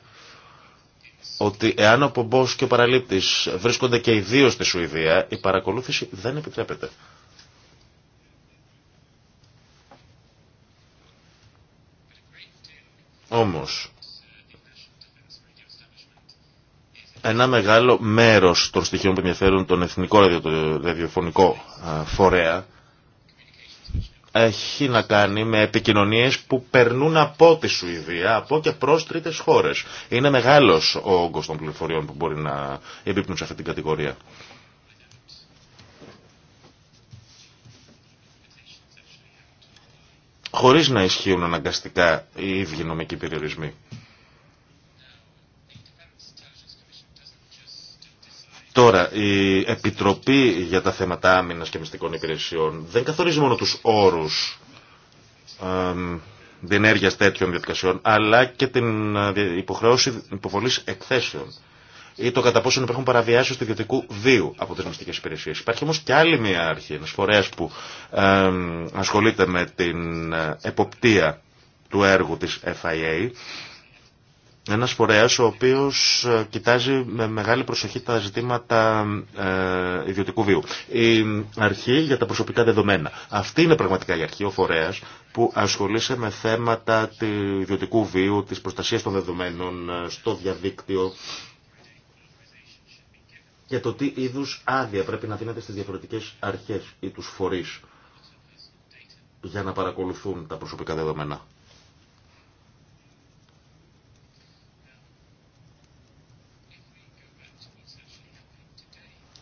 ότι εάν ο πομπός και ο παραλήπτης βρίσκονται και οι δύο στη Σουηδία, η παρακολούθηση δεν επιτρέπεται. Όμως, ένα μεγάλο μέρος των στοιχείων που ενδιαφέρουν τον Εθνικό Ραδιοφωνικό ε, Φορέα έχει να κάνει με επικοινωνίες που περνούν από τη Σουηδία, από και προς τρίτες χώρες. Είναι μεγάλος ο όγκος των πληροφοριών που μπορεί να εμπίπτουν σε αυτή την κατηγορία. Χωρίς να ισχύουν αναγκαστικά οι ίδιοι νομικοί περιορισμοί. Τώρα, η Επιτροπή για τα θέματα άμυνας και μυστικών υπηρεσιών δεν καθορίζει μόνο τους όρους διενέργειας τέτοιων διαδικασιών, αλλά και την ε, υποχρέωση υποβολής εκθέσεων ή το κατά πόσο υπάρχουν παραβιάσεις του ιδιωτικού βίου από τις μυστικέ υπηρεσίες. Υπάρχει όμω και άλλη μια αρχή, ένα φορέας που ε, ασχολείται με την ε, εποπτεία του έργου της FIA ένα φορέας ο οποίο ε, κοιτάζει με μεγάλη προσοχή τα ζητήματα ε, ιδιωτικού βίου. Η αρχή για τα προσωπικά δεδομένα. Αυτή είναι πραγματικά η αρχή, ο φορέα, που ασχολείσαι με θέματα του ιδιωτικού βίου, της προστασίας των δεδομένων ε, στο διαδίκτυο και το τι είδου άδεια πρέπει να δίνεται στι διαφορετικέ αρχέ ή του φορεί για να παρακολουθούν τα προσωπικά δεδομένα.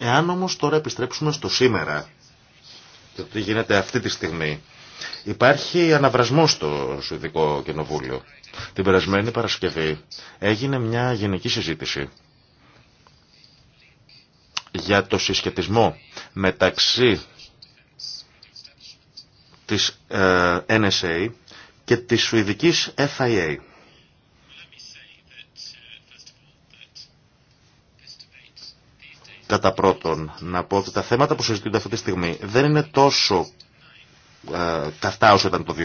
Εάν όμως τώρα επιστρέψουμε στο σήμερα και το τι γίνεται αυτή τη στιγμή, υπάρχει αναβρασμός στο Σουηδικό Κοινοβούλιο. Την περασμένη Παρασκευή έγινε μια γενική συζήτηση για το συσχετισμό μεταξύ της ε, NSA και της Σουηδικής FIA. Κατά πρώτον, να πω ότι τα θέματα που συζητούνται αυτή τη στιγμή δεν είναι τόσο ε, καυτά όσο ήταν το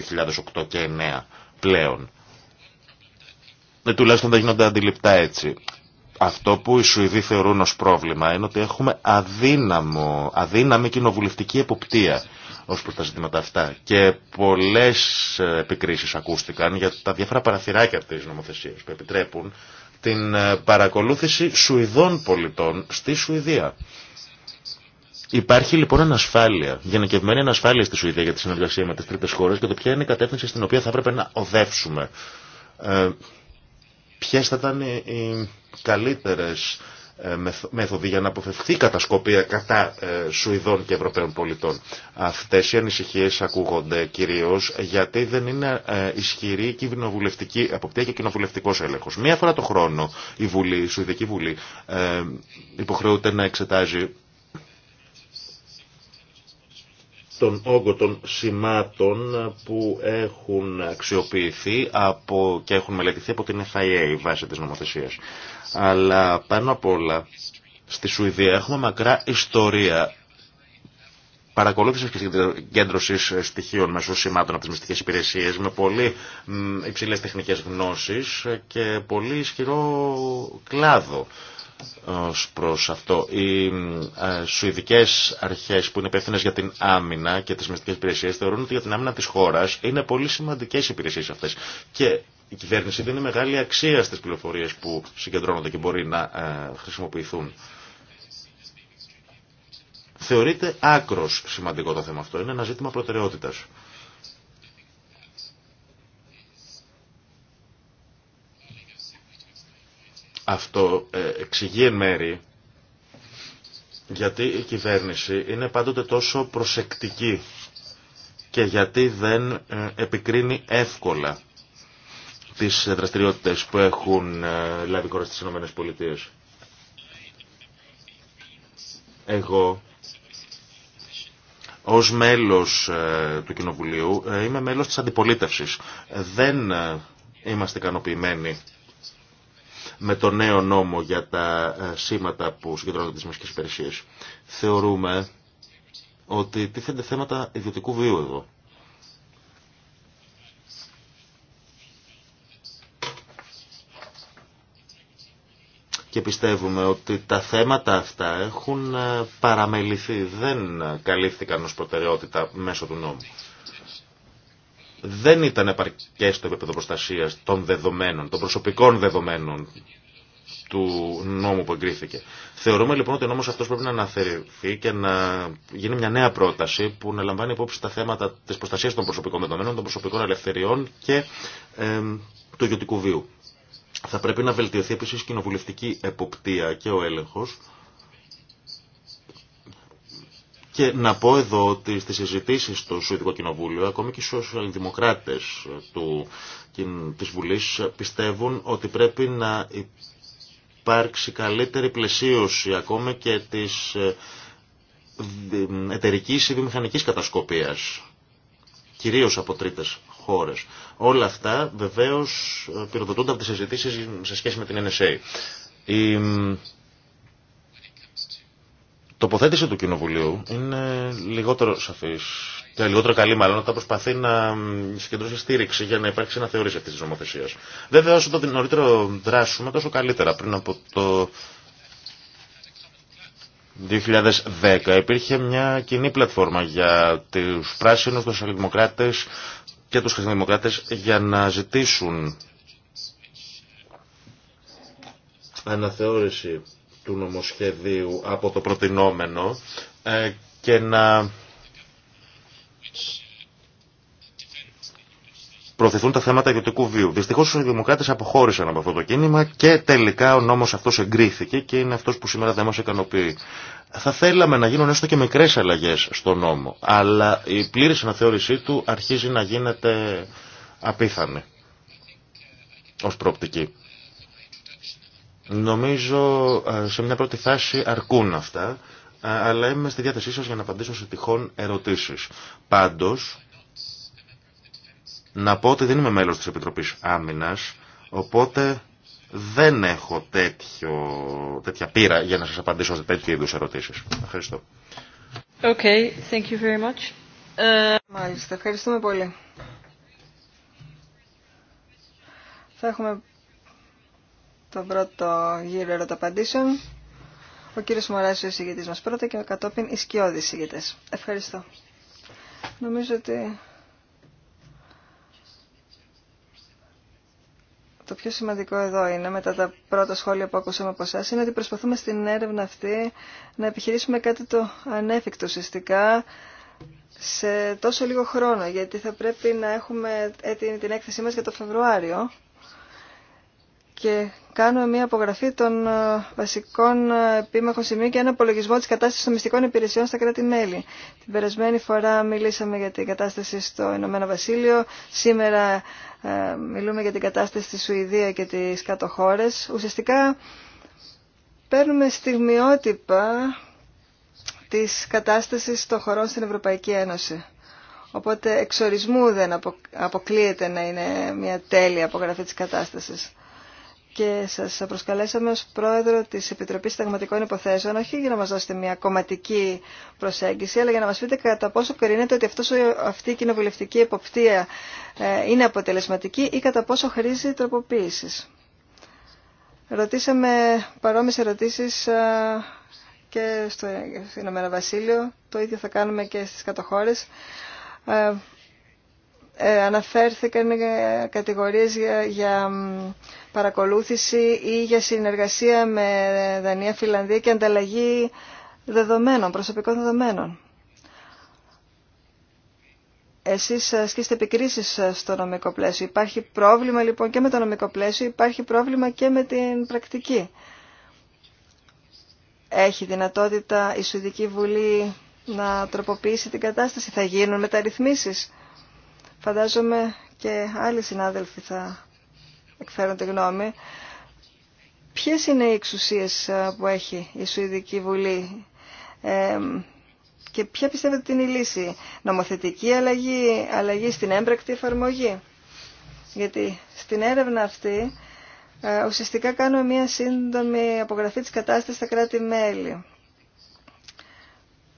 2008 και 2009 πλέον. Ε, τουλάχιστον δεν γίνονται αντιληπτά έτσι. Αυτό που οι Σουηδοί θεωρούν ως πρόβλημα είναι ότι έχουμε αδύναμο, αδύναμη κοινοβουλευτική εποπτεία ως προς τα ζητήματα αυτά. Και πολλές ε, επικρίσεις ακούστηκαν για τα διάφορα παραθυράκια της νομοθεσίας που επιτρέπουν την ε, παρακολούθηση Σουηδών πολιτών στη Σουηδία. Υπάρχει λοιπόν ανασφάλεια, γενικευμένη ανασφάλεια στη Σουηδία για τη συνεργασία με τις τρίτες χώρες και το ποια είναι η κατεύθυνση στην οποία θα έπρεπε να οδεύσουμε. Ε, Ποιε θα ήταν οι καλύτερες... Ε, μέθοδοι για να αποφευθεί κατασκοπία ε, κατά ε, Σουηδών και Ευρωπαίων πολιτών. Αυτές οι ανησυχίες ακούγονται κυρίως γιατί δεν είναι ισχυρή κοινοβουλευτική αποπτία και κοινοβουλευτικός έλεγχος. Μία φορά το χρόνο η, Βουλή, η Σουηδική Βουλή υποχρεούται να εξετάζει τον όγκο των σημάτων που έχουν αξιοποιηθεί από, και έχουν μελετηθεί από την FIA βάσει της νομοθεσίας. Αλλά πάνω απ' όλα στη Σουηδία έχουμε μακρά ιστορία παρακολούθησης και συγκέντρωσης στοιχείων μέσω σημάτων από τις μυστικές υπηρεσίες με πολύ υψηλές τεχνικές γνώσεις και πολύ ισχυρό κλάδο ως προς αυτό. Οι ε, σουηδικές αρχές που είναι υπεύθυνε για την άμυνα και τις μυστικές υπηρεσίες θεωρούν ότι για την άμυνα της χώρας είναι πολύ σημαντικές οι υπηρεσίες αυτές. Και η κυβέρνηση δίνει μεγάλη αξία στις πληροφορίες που συγκεντρώνονται και μπορεί να ε, χρησιμοποιηθούν. Θεωρείται άκρος σημαντικό το θέμα αυτό. Είναι ένα ζήτημα προτεραιότητας. Αυτό ε, εξηγεί εν μέρη γιατί η κυβέρνηση είναι πάντοτε τόσο προσεκτική και γιατί δεν ε, επικρίνει εύκολα τις δραστηριότητες που έχουν ε, λάβει χώρα στις ΗΠΑ. Εγώ, ως μέλος του Κοινοβουλίου, είμαι μέλος της αντιπολίτευσης. Δεν είμαστε ικανοποιημένοι με το νέο νόμο για τα ε, σήματα που συγκεντρώνονται τις μασικές υπηρεσίες. Θεωρούμε ότι τίθενται θέματα ιδιωτικού βίου εδώ. και πιστεύουμε ότι τα θέματα αυτά έχουν ε, παραμεληθεί, δεν ε, καλύφθηκαν ως προτεραιότητα μέσω του νόμου δεν ήταν επαρκέ το επίπεδο προστασία των δεδομένων, των προσωπικών δεδομένων του νόμου που εγκρίθηκε. Θεωρούμε λοιπόν ότι ο νόμος αυτός πρέπει να αναθεωρηθεί και να γίνει μια νέα πρόταση που να λαμβάνει υπόψη τα θέματα της προστασίας των προσωπικών δεδομένων, των προσωπικών ελευθεριών και του ιδιωτικού βίου. Θα πρέπει να βελτιωθεί επίσης η κοινοβουλευτική εποπτεία και ο έλεγχος και να πω εδώ ότι στις συζητήσεις στο Σουηδικό Κοινοβούλιο, ακόμη και οι σοσιαλδημοκράτε τη της Βουλής πιστεύουν ότι πρέπει να υπάρξει καλύτερη πλαισίωση ακόμη και της ε, εταιρική ή βιομηχανική κατασκοπία, κυρίως από τρίτε χώρε. Όλα αυτά βεβαίως ε, πυροδοτούνται από τι συζητήσει σε σχέση με την NSA. Η τοποθέτηση του Κοινοβουλίου είναι λιγότερο σαφής και λιγότερο καλή μάλλον όταν προσπαθεί να συγκεντρώσει στήριξη για να υπάρξει ένα θεωρήση αυτής της νομοθεσίας. Βέβαια όσο το νωρίτερο δράσουμε τόσο καλύτερα πριν από το 2010 υπήρχε μια κοινή πλατφόρμα για τους πράσινους, τους αλληλδημοκράτες και τους χριστιανοδημοκράτες για να ζητήσουν αναθεώρηση του νομοσχεδίου από το προτινόμενο ε, και να προωθηθούν τα θέματα ιδιωτικού βίου. Δυστυχώ οι Δημοκράτες αποχώρησαν από αυτό το κίνημα και τελικά ο νόμο αυτό εγκρίθηκε και είναι αυτό που σήμερα δεν μα ικανοποιεί. Θα θέλαμε να γίνουν έστω και μικρέ αλλαγέ στο νόμο, αλλά η πλήρη αναθεώρησή του αρχίζει να γίνεται απίθανη ω προοπτική. Νομίζω ε, σε μια πρώτη φάση αρκούν αυτά, ε, αλλά είμαι στη διάθεσή σας για να απαντήσω σε τυχόν ερωτήσεις. Πάντως, να πω ότι δεν είμαι μέλος της Επιτροπής Άμυνας, οπότε δεν έχω τέτοια πείρα για να σας απαντήσω σε τέτοιου είδους ερωτήσεις. Ευχαριστώ. Okay, thank you very much. Ε, Μάλιστα, ευχαριστούμε πολύ. Θα έχουμε το πρώτο γύρο ερωταπαντήσεων. Ο κύριο Μωράς, ο εισηγητής μας πρώτα και ο κατόπιν οι σκιώδης εισηγητές. Ευχαριστώ. Νομίζω ότι το πιο σημαντικό εδώ είναι, μετά τα πρώτα σχόλια που ακούσαμε από εσά, είναι ότι προσπαθούμε στην έρευνα αυτή να επιχειρήσουμε κάτι το ανέφικτο ουσιαστικά σε τόσο λίγο χρόνο, γιατί θα πρέπει να έχουμε την έκθεσή μας για το Φεβρουάριο και κάνουμε μια απογραφή των ε, βασικών ε, επίμαχων σημείων και ένα απολογισμό της κατάστασης των μυστικών υπηρεσιών στα κράτη-μέλη. Την περασμένη φορά μιλήσαμε για την κατάσταση στο Ηνωμένο Βασίλειο, σήμερα ε, μιλούμε για την κατάσταση στη Σουηδία και τις κάτω χώρες. Ουσιαστικά παίρνουμε στιγμιότυπα της κατάστασης των χωρών στην Ευρωπαϊκή Ένωση. Οπότε εξορισμού δεν αποκλείεται να είναι μια τέλεια απογραφή της κατάστασης και σας προσκαλέσαμε ως πρόεδρο της Επιτροπής Συνταγματικών Υποθέσεων όχι για να μας δώσετε μια κομματική προσέγγιση αλλά για να μας πείτε κατά πόσο κρίνετε ότι αυτός, αυτή η κοινοβουλευτική εποπτεία ε, είναι αποτελεσματική ή κατά πόσο χρήζει τροποποίησης. Ρωτήσαμε παρόμοιες ερωτήσεις ε, και στο Ηνωμένο Βασίλειο. Το ίδιο θα κάνουμε και στις κατοχώρες. Ε, ε, αναφέρθηκαν ε, κατηγορίες για, παρακολούθηση ή για συνεργασία με Δανία, Φιλανδία και ανταλλαγή δεδομένων, προσωπικών δεδομένων. Εσείς ασκήσετε επικρίσεις στο νομικό πλαίσιο. Υπάρχει πρόβλημα λοιπόν και με το νομικό πλαίσιο, υπάρχει πρόβλημα και με την πρακτική. Έχει δυνατότητα η Σουηδική Βουλή να τροποποιήσει την κατάσταση, θα γίνουν μεταρρυθμίσεις Φαντάζομαι και άλλοι συνάδελφοι θα εκφέρουν τη γνώμη. Ποιες είναι οι εξουσίες ε, που έχει η Σουηδική Βουλή ε, και ποια πιστεύετε την είναι η λύση. Νομοθετική αλλαγή, αλλαγή στην έμπρακτη εφαρμογή. Γιατί στην έρευνα αυτή ε, ουσιαστικά κάνουμε μια σύντομη απογραφή της κατάστασης στα κράτη-μέλη.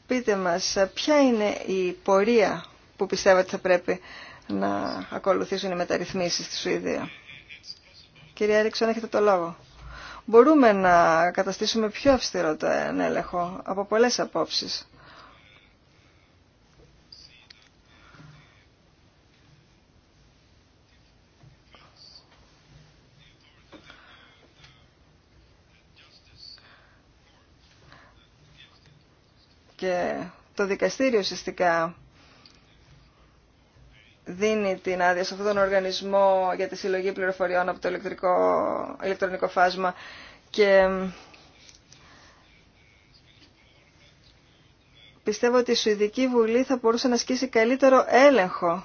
Πείτε μας, ποια είναι η πορεία που πιστεύετε θα πρέπει να ακολουθήσουν οι μεταρρυθμίσεις στη Σουηδία. Κυρία Έριξον, έχετε το λόγο. Μπορούμε να καταστήσουμε πιο αυστηρό το έλεγχο από πολλές απόψεις. Και το δικαστήριο ουσιαστικά δίνει την άδεια σε αυτόν τον οργανισμό για τη συλλογή πληροφοριών από το ηλεκτρονικό φάσμα και πιστεύω ότι η Σουηδική Βουλή θα μπορούσε να ασκήσει καλύτερο έλεγχο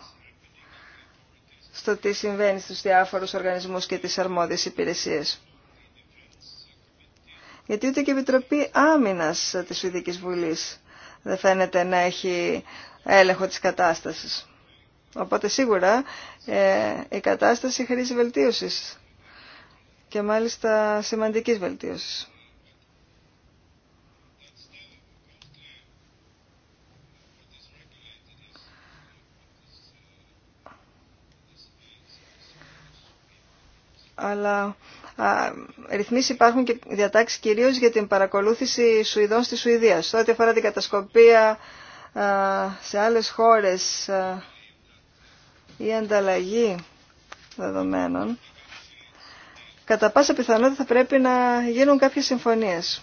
στο τι συμβαίνει στους διάφορους οργανισμούς και τις αρμόδιες υπηρεσίες. Γιατί ούτε και η Επιτροπή Άμυνας της Σουηδικής Βουλής δεν φαίνεται να έχει έλεγχο της κατάστασης. Οπότε σίγουρα ε, η κατάσταση χρήση βελτίωσης και μάλιστα σημαντικής βελτίωσης. αλλά α, ρυθμίσεις υπάρχουν και διατάξεις κυρίως για την παρακολούθηση Σουηδών στη Σουηδία. Σε ό,τι αφορά την κατασκοπία σε άλλες χώρες η ανταλλαγή δεδομένων, κατά πάσα πιθανότητα θα πρέπει να γίνουν κάποιες συμφωνίες.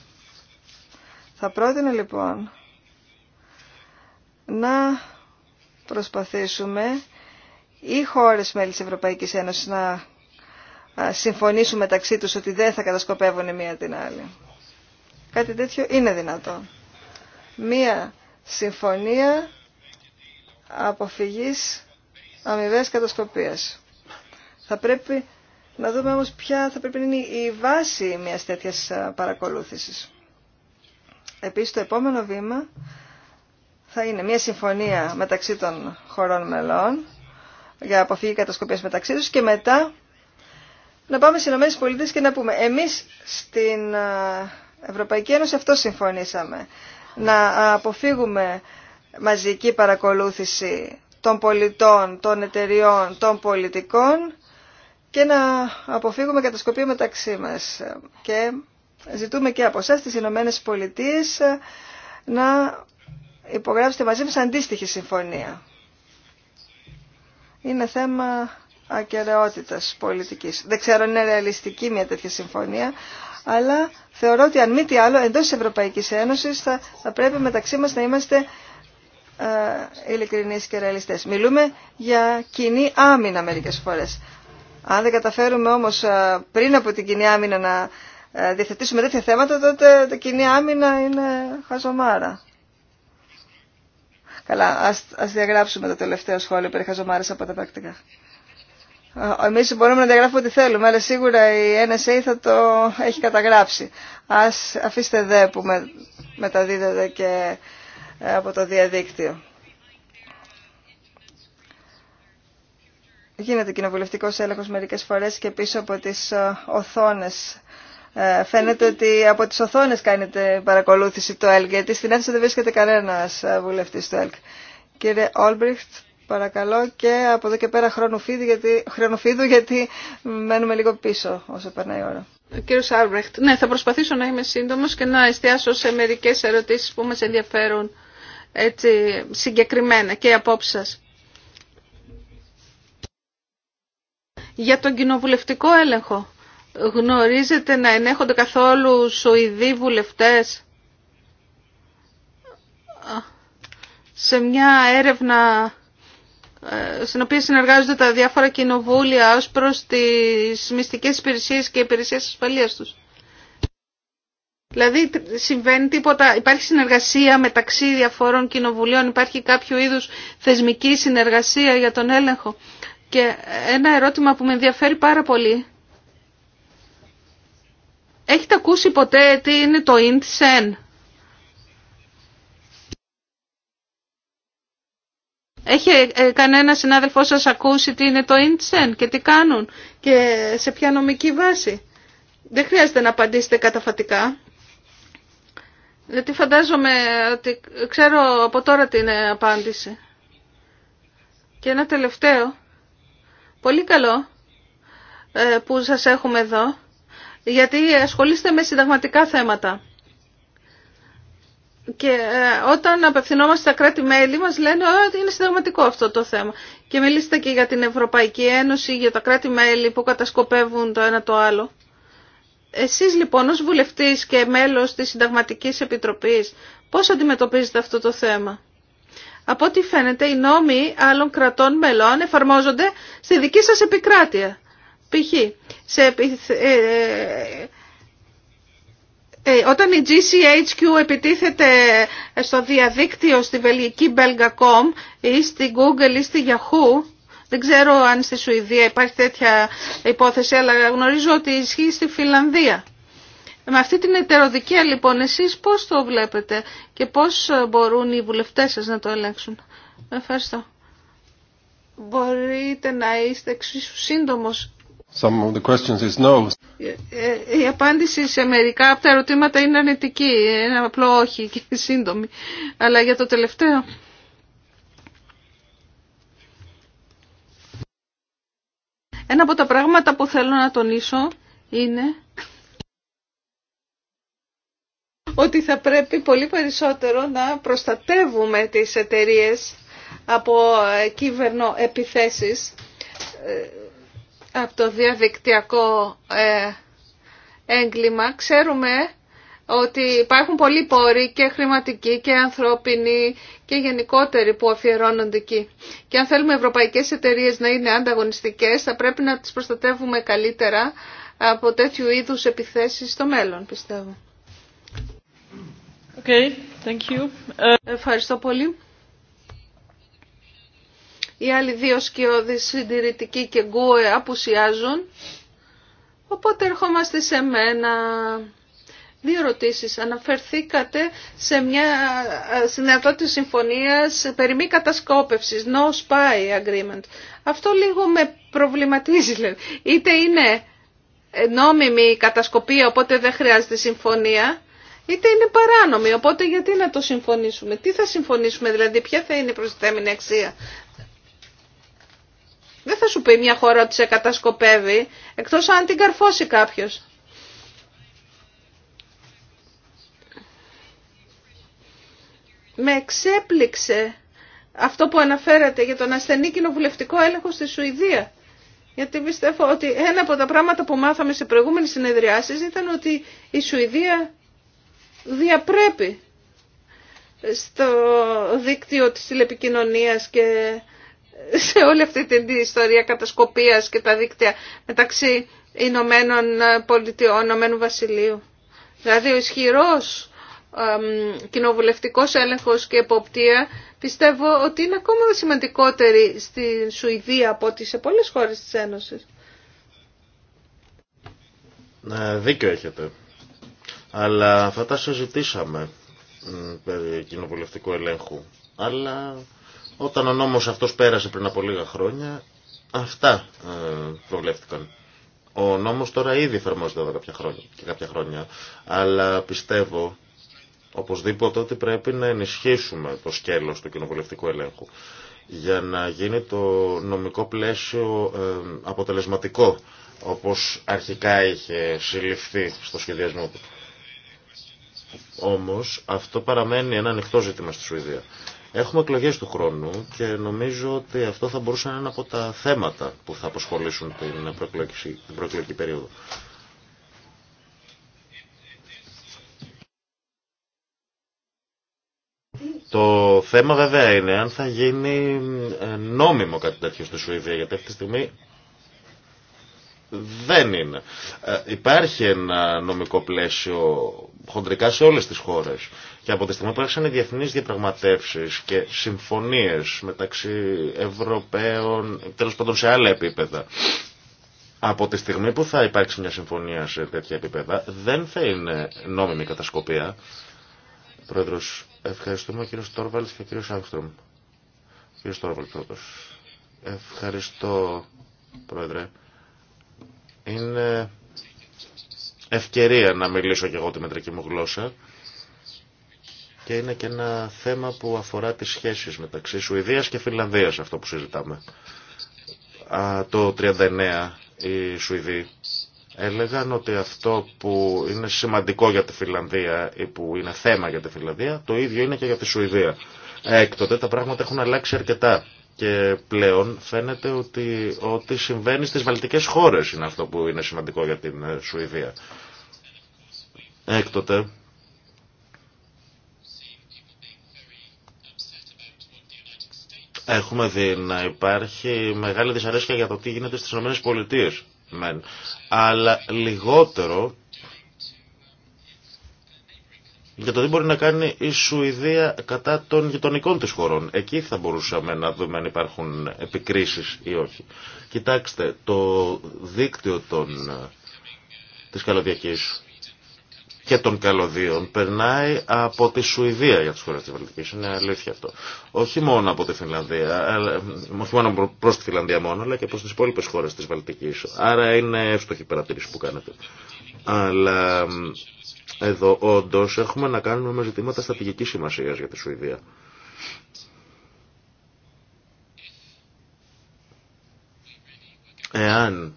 Θα πρότεινα λοιπόν να προσπαθήσουμε οι χώρες μέλη της Ευρωπαϊκής Ένωσης να συμφωνήσουν μεταξύ τους ότι δεν θα κατασκοπεύουν η μία την άλλη. Κάτι τέτοιο είναι δυνατό. Μία συμφωνία αποφυγής αμοιβέ κατασκοπίας. Θα πρέπει να δούμε όμως ποια θα πρέπει να είναι η βάση μιας τέτοιας παρακολούθησης. Επίσης το επόμενο βήμα θα είναι μια συμφωνία μεταξύ των χωρών μελών για αποφύγη κατασκοπίας μεταξύ τους και μετά να πάμε στις ΗΠΑ και να πούμε εμείς στην Ευρωπαϊκή Ένωση αυτό συμφωνήσαμε. Να αποφύγουμε μαζική παρακολούθηση των πολιτών, των εταιριών, των πολιτικών και να αποφύγουμε κατασκοπία μεταξύ μας. Και ζητούμε και από εσάς τις Ηνωμένε Πολιτείε να υπογράψετε μαζί μας αντίστοιχη συμφωνία. Είναι θέμα ακεραιότητας πολιτικής. Δεν ξέρω αν είναι ρεαλιστική μια τέτοια συμφωνία, αλλά θεωρώ ότι αν μη τι άλλο εντός της Ευρωπαϊκής Ένωσης θα, θα πρέπει μεταξύ μας να είμαστε ε, ειλικρινείς και ρεαλιστές. Μιλούμε για κοινή άμυνα μερικές φορές. Αν δεν καταφέρουμε όμως ε, πριν από την κοινή άμυνα να ε, διαθετήσουμε τέτοια θέματα, τότε τα κοινή άμυνα είναι χαζομάρα. Καλά, ας, διαγράψουμε το τελευταίο σχόλιο περί χαζομάρες από τα πρακτικά. Εμείς μπορούμε να διαγράφουμε ό,τι θέλουμε, αλλά σίγουρα η NSA θα το έχει καταγράψει. Ας αφήστε δε που με, μεταδίδεται και από το διαδίκτυο. Γίνεται κοινοβουλευτικό έλεγχος μερικές φορές και πίσω από τις ε, οθόνες. Ε, φαίνεται ότι από τις οθόνες κάνετε παρακολούθηση του ΕΛΚ, γιατί στην αίθουσα δεν βρίσκεται κανένας ε, βουλευτής του ΕΛΚ. Κύριε Όλμπριχτ, παρακαλώ και από εδώ και πέρα χρονοφίδου γιατί, γιατί μένουμε λίγο πίσω όσο περνάει η ώρα. Κύριο Άρμπρεχτ, ναι, θα προσπαθήσω να είμαι σύντομο και να εστιάσω σε μερικέ ερωτήσει που μα ενδιαφέρουν έτσι, συγκεκριμένα και οι απόψεις σας. Για τον κοινοβουλευτικό έλεγχο, γνωρίζετε να ενέχονται καθόλου σοηδοί βουλευτές σε μια έρευνα ε, στην οποία συνεργάζονται τα διάφορα κοινοβούλια ως προς τις μυστικές υπηρεσίες και υπηρεσίες ασφαλείας τους. Δηλαδή συμβαίνει τίποτα, υπάρχει συνεργασία μεταξύ διαφορών κοινοβουλίων, υπάρχει κάποιο είδους θεσμική συνεργασία για τον έλεγχο. Και ένα ερώτημα που με ενδιαφέρει πάρα πολύ. Έχετε ακούσει ποτέ τι είναι το INTSEN. Έχει ε, κανένα συνάδελφό σας ακούσει τι είναι το INTSEN και τι κάνουν και σε ποια νομική βάση. Δεν χρειάζεται να απαντήσετε καταφατικά. Γιατί φαντάζομαι ότι ξέρω από τώρα την απάντηση. Και ένα τελευταίο, πολύ καλό ε, που σας έχουμε εδώ, γιατί ασχολείστε με συνταγματικά θέματα. Και ε, όταν απευθυνόμαστε στα κράτη-μέλη μας λένε ότι είναι συνταγματικό αυτό το θέμα. Και μιλήστε και για την Ευρωπαϊκή Ένωση, για τα κράτη-μέλη που κατασκοπεύουν το ένα το άλλο. Εσείς λοιπόν ως βουλευτής και μέλος της Συνταγματικής Επιτροπής πώς αντιμετωπίζετε αυτό το θέμα. Από ό,τι φαίνεται οι νόμοι άλλων κρατών μελών εφαρμόζονται στη δική σας επικράτεια. Π.χ. Ε, ε, ε, όταν η GCHQ επιτίθεται στο διαδίκτυο στη βελγική Belgacom ή στη Google ή στη Yahoo δεν ξέρω αν στη Σουηδία υπάρχει τέτοια υπόθεση, αλλά γνωρίζω ότι ισχύει στη Φιλανδία. Με αυτή την ετεροδικία λοιπόν εσείς πώς το βλέπετε και πώς μπορούν οι βουλευτές σας να το ελέγξουν. Ευχαριστώ. Μπορείτε να είστε εξίσου σύντομος. Some of the questions is no. Ε, ε, η απάντηση σε μερικά από τα ερωτήματα είναι αρνητική, Είναι απλό όχι και σύντομη. Αλλά για το τελευταίο Ένα από τα πράγματα που θέλω να τονίσω είναι ότι θα πρέπει πολύ περισσότερο να προστατεύουμε τις εταιρείες από κυβερνό επιθέσεις ε, από το διαδικτυακό ε, έγκλημα. Ξέρουμε ότι υπάρχουν πολλοί πόροι και χρηματικοί και ανθρώπινοι και γενικότεροι που αφιερώνονται εκεί. Και αν θέλουμε ευρωπαϊκές εταιρείες να είναι ανταγωνιστικές θα πρέπει να τις προστατεύουμε καλύτερα από τέτοιου είδους επιθέσεις στο μέλλον πιστεύω. Okay, thank you. Ε, Ευχαριστώ πολύ. Οι άλλοι δύο σκιώδεις συντηρητικοί και γκουε απουσιάζουν. Οπότε ερχόμαστε σε μένα. Δύο ερωτήσεις. Αναφερθήκατε σε μια ε, της συμφωνίας περί μη κατασκόπευσης, no spy agreement. Αυτό λίγο με προβληματίζει. Είτε είναι νόμιμη κατασκοπία, οπότε δεν χρειάζεται συμφωνία, είτε είναι παράνομη, οπότε γιατί να το συμφωνήσουμε. Τι θα συμφωνήσουμε, δηλαδή ποια θα είναι η προσθέμενη αξία. Δεν θα σου πει μια χώρα ότι σε κατασκοπεύει, εκτός αν την καρφώσει κάποιος. με εξέπληξε αυτό που αναφέρατε για τον ασθενή κοινοβουλευτικό έλεγχο στη Σουηδία. Γιατί πιστεύω ότι ένα από τα πράγματα που μάθαμε σε προηγούμενες συνεδριάσεις ήταν ότι η Σουηδία διαπρέπει στο δίκτυο της τηλεπικοινωνίας και σε όλη αυτή την ιστορία κατασκοπίας και τα δίκτυα μεταξύ Ηνωμένων Πολιτειών, Ηνωμένου Βασιλείου. Δηλαδή ο ισχυρός κοινοβουλευτικός έλεγχος και εποπτεία πιστεύω ότι είναι ακόμα σημαντικότερη στη Σουηδία από ότι σε πολλές χώρες της Ένωσης. Ναι, δίκιο έχετε. Αλλά θα τα συζητήσαμε περί κοινοβουλευτικού ελέγχου. Αλλά όταν ο νόμος αυτός πέρασε πριν από λίγα χρόνια, αυτά ε, προβλέφθηκαν. Ο νόμος τώρα ήδη εφαρμόζεται εδώ και κάποια χρόνια. Αλλά πιστεύω Οπωσδήποτε ότι πρέπει να ενισχύσουμε το σκέλος του κοινοβουλευτικού ελέγχου για να γίνει το νομικό πλαίσιο ε, αποτελεσματικό όπως αρχικά είχε συλληφθεί στο σχεδιασμό του. Όμως αυτό παραμένει ένα ανοιχτό ζήτημα στη Σουηδία. Έχουμε εκλογές του χρόνου και νομίζω ότι αυτό θα μπορούσε να είναι ένα από τα θέματα που θα αποσχολήσουν την προεκλογική περίοδο. Το θέμα βέβαια είναι αν θα γίνει ε, νόμιμο κάτι τέτοιο στη Σουηδία, γιατί αυτή τη στιγμή δεν είναι. Ε, υπάρχει ένα νομικό πλαίσιο χοντρικά σε όλες τις χώρες και από τη στιγμή που έρχεσαν οι διεθνείς διαπραγματεύσεις και συμφωνίες μεταξύ Ευρωπαίων, τέλος πάντων σε άλλα επίπεδα, από τη στιγμή που θα υπάρξει μια συμφωνία σε τέτοια επίπεδα, δεν θα είναι νόμιμη κατασκοπία. Πρόεδρος, Ευχαριστούμε ο κύριος και ο κύριος Κύριε κύριος πρώτος. Ευχαριστώ, Πρόεδρε. Είναι ευκαιρία να μιλήσω και εγώ τη μετρική μου γλώσσα και είναι και ένα θέμα που αφορά τις σχέσεις μεταξύ Σουηδίας και Φιλανδίας αυτό που συζητάμε. το 39 οι Σουηδοί έλεγαν ότι αυτό που είναι σημαντικό για τη Φιλανδία ή που είναι θέμα για τη Φιλανδία, το ίδιο είναι και για τη Σουηδία. Έκτοτε τα πράγματα έχουν αλλάξει αρκετά και πλέον φαίνεται ότι ό,τι συμβαίνει στις βαλτικές χώρες είναι αυτό που είναι σημαντικό για την ε, Σουηδία. Έκτοτε έχουμε δει να υπάρχει μεγάλη δυσαρέσκεια για το τι γίνεται στις ΗΠΑ μεν, αλλά λιγότερο για το τι μπορεί να κάνει η Σουηδία κατά των γειτονικών της χωρών. Εκεί θα μπορούσαμε να δούμε αν υπάρχουν επικρίσεις ή όχι. Κοιτάξτε, το δίκτυο των, της καλωδιακής και των καλωδίων περνάει από τη Σουηδία για τις χώρες της Βαλτικής. Είναι αλήθεια αυτό. Όχι μόνο από τη Φιλανδία, αλλά, μόνο προς τη Φιλανδία μόνο, αλλά και προς τις υπόλοιπες χώρες της Βαλτικής. Άρα είναι εύστοχη η παρατήρηση που κάνετε. Αλλά εδώ όντω έχουμε να κάνουμε με ζητήματα στρατηγικής σημασίας για τη Σουηδία. Εάν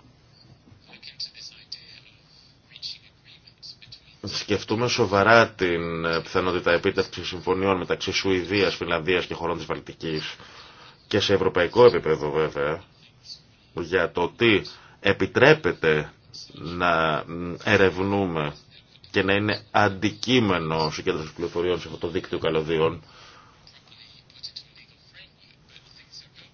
σκεφτούμε σοβαρά την ε, πιθανότητα επίτευξη συμφωνιών μεταξύ Σουηδίας, Φιλανδίας και χωρών της Βαλτικής και σε ευρωπαϊκό επίπεδο βέβαια για το τι επιτρέπεται να ερευνούμε και να είναι αντικείμενο συγκέντρωση πληροφοριών σε αυτό το δίκτυο καλωδίων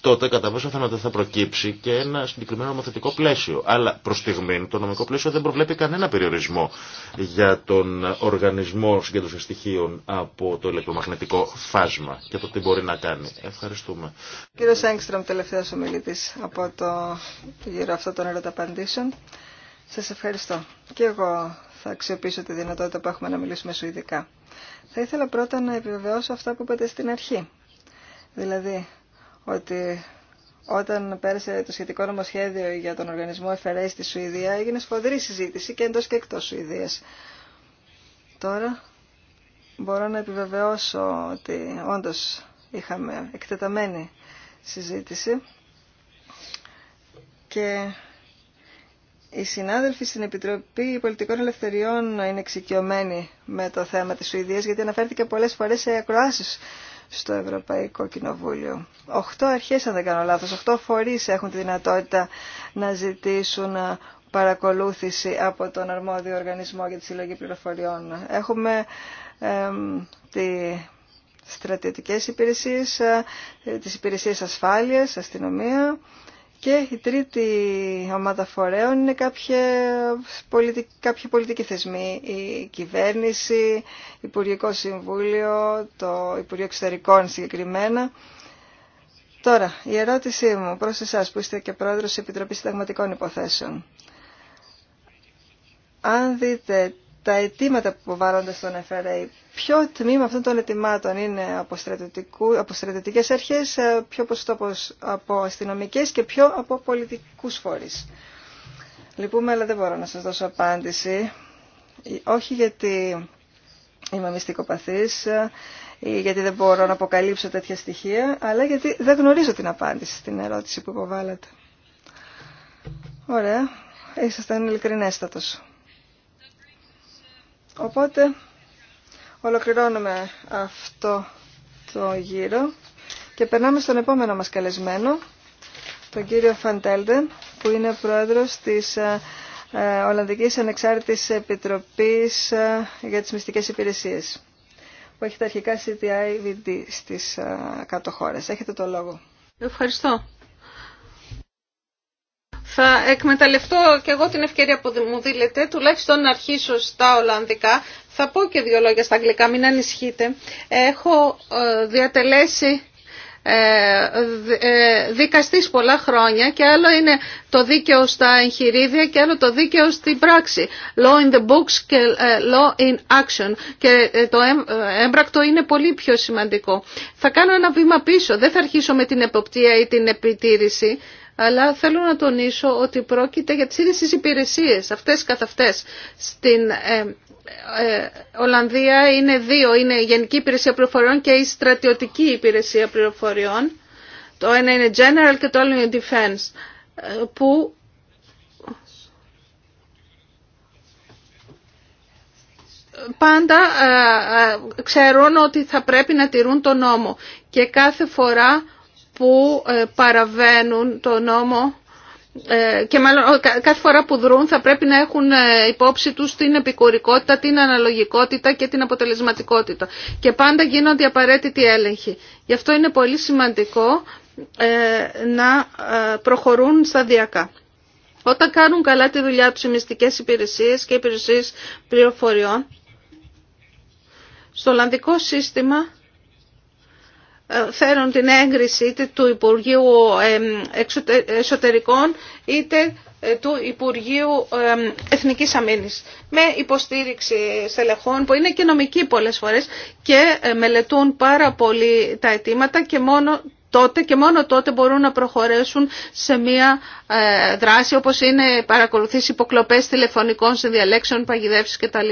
τότε κατά πόσο θα, θα προκύψει και ένα συγκεκριμένο νομοθετικό πλαίσιο. Αλλά προ στιγμή το νομικό πλαίσιο δεν προβλέπει κανένα περιορισμό για τον οργανισμό συγκέντρωση στοιχείων από το ηλεκτρομαγνητικό φάσμα και το τι μπορεί να κάνει. Ευχαριστούμε. Κύριο Σάγκστρομ, τελευταίο ομιλητή από το γύρο αυτό των ερωταπαντήσεων. Σα ευχαριστώ. Και εγώ θα αξιοποιήσω τη δυνατότητα που έχουμε να μιλήσουμε σου Θα ήθελα πρώτα να επιβεβαιώσω αυτά που είπατε στην αρχή. Δηλαδή, ότι όταν πέρασε το σχετικό νομοσχέδιο για τον οργανισμό FRA στη Σουηδία έγινε σφοδρή συζήτηση και εντός και εκτός Σουηδίας. Τώρα μπορώ να επιβεβαιώσω ότι όντως είχαμε εκτεταμένη συζήτηση και οι συνάδελφοι στην Επιτροπή Πολιτικών Ελευθεριών είναι εξοικειωμένοι με το θέμα της Σουηδίας γιατί αναφέρθηκε πολλές φορές σε ακροάσεις στο Ευρωπαϊκό Κοινοβούλιο. Οχτώ αρχές, αν δεν κάνω λάθος, οχτώ φορείς έχουν τη δυνατότητα να ζητήσουν ε, παρακολούθηση από τον αρμόδιο οργανισμό για τη συλλογή πληροφοριών. Έχουμε ε, τη στρατιωτικές υπηρεσίες, ε, τις υπηρεσίες ασφάλειας, αστυνομία, και η τρίτη ομάδα φορέων είναι κάποια πολιτική, κάποιοι πολιτικοί θεσμοί, η κυβέρνηση, Υπουργικό Συμβούλιο, το Υπουργείο Εξωτερικών συγκεκριμένα. Τώρα, η ερώτησή μου προς εσάς που είστε και πρόεδρος της Επιτροπής Συνταγματικών Υποθέσεων. Αν δείτε τα αιτήματα που βάλλονται στον FRA, ποιο τμήμα αυτών των αιτημάτων είναι από, από στρατιωτικές αρχές, ε, ποιο ποσοστό από, από αστυνομικές και ποιο από πολιτικούς φορείς. Λυπούμε, αλλά δεν μπορώ να σας δώσω απάντηση. Όχι γιατί είμαι μυστικοπαθής ε, ή γιατί δεν μπορώ να αποκαλύψω τέτοια στοιχεία, αλλά γιατί δεν γνωρίζω την απάντηση στην ερώτηση που υποβάλλατε. Ωραία, ήσασταν ειλικρινέστατος. Οπότε ολοκληρώνουμε αυτό το γύρο και περνάμε στον επόμενο μας καλεσμένο, τον κύριο Φαντέλντεν, που είναι πρόεδρος της ε, ε, Ολλανδικής Ανεξάρτητης Επιτροπής ε, για τις Μυστικές Υπηρεσίες, που έχει τα αρχικά CTIVD στις κάτω χώρες. Έχετε το λόγο. Ευχαριστώ θα εκμεταλλευτώ και εγώ την ευκαιρία που μου δίλετε, τουλάχιστον να αρχίσω στα Ολλανδικά. Θα πω και δύο λόγια στα Αγγλικά, μην ανησυχείτε. Έχω ε, διατελέσει ε, ε, δικαστής πολλά χρόνια και άλλο είναι το δίκαιο στα εγχειρίδια και άλλο το δίκαιο στην πράξη. Law in the books και law in action και το έμπρακτο είναι πολύ πιο σημαντικό. Θα κάνω ένα βήμα πίσω, δεν θα αρχίσω με την εποπτεία ή την επιτήρηση αλλά θέλω να τονίσω ότι πρόκειται για τις ίδιες τις υπηρεσίες, αυτές καθ' αυτές. Στην ε, ε, Ολλανδία είναι δύο, είναι η Γενική Υπηρεσία Πληροφοριών και η Στρατιωτική Υπηρεσία Πληροφοριών. Το ένα είναι General και το άλλο είναι Defense, ε, που πάντα ε, ξέρουν ότι θα πρέπει να τηρούν τον νόμο και κάθε φορά που ε, παραβαίνουν το νόμο ε, και μάλλον κάθε φορά που δρούν θα πρέπει να έχουν ε, υπόψη τους την επικουρικότητα, την αναλογικότητα και την αποτελεσματικότητα. Και πάντα γίνονται απαραίτητοι έλεγχοι. Γι' αυτό είναι πολύ σημαντικό να προχωρούν σταδιακά. Όταν κάνουν καλά τη δουλειά τους οι μυστικές υπηρεσίες και υπηρεσίε υπηρεσίες πληροφοριών, στο Ολλανδικό σύστημα θέλουν ε, την έγκριση είτε του Υπουργείου ε, Εσωτερικών είτε ε, του Υπουργείου Εθνικής Αμήνης με υποστήριξη στελεχών που είναι και νομικοί πολλές φορές και μελετούν πάρα πολύ τα αιτήματα και μόνο τότε και μόνο τότε μπορούν να προχωρέσουν σε μια δράση όπως είναι παρακολουθήσει υποκλοπές τηλεφωνικών συνδιαλέξεων, παγιδεύσεις κτλ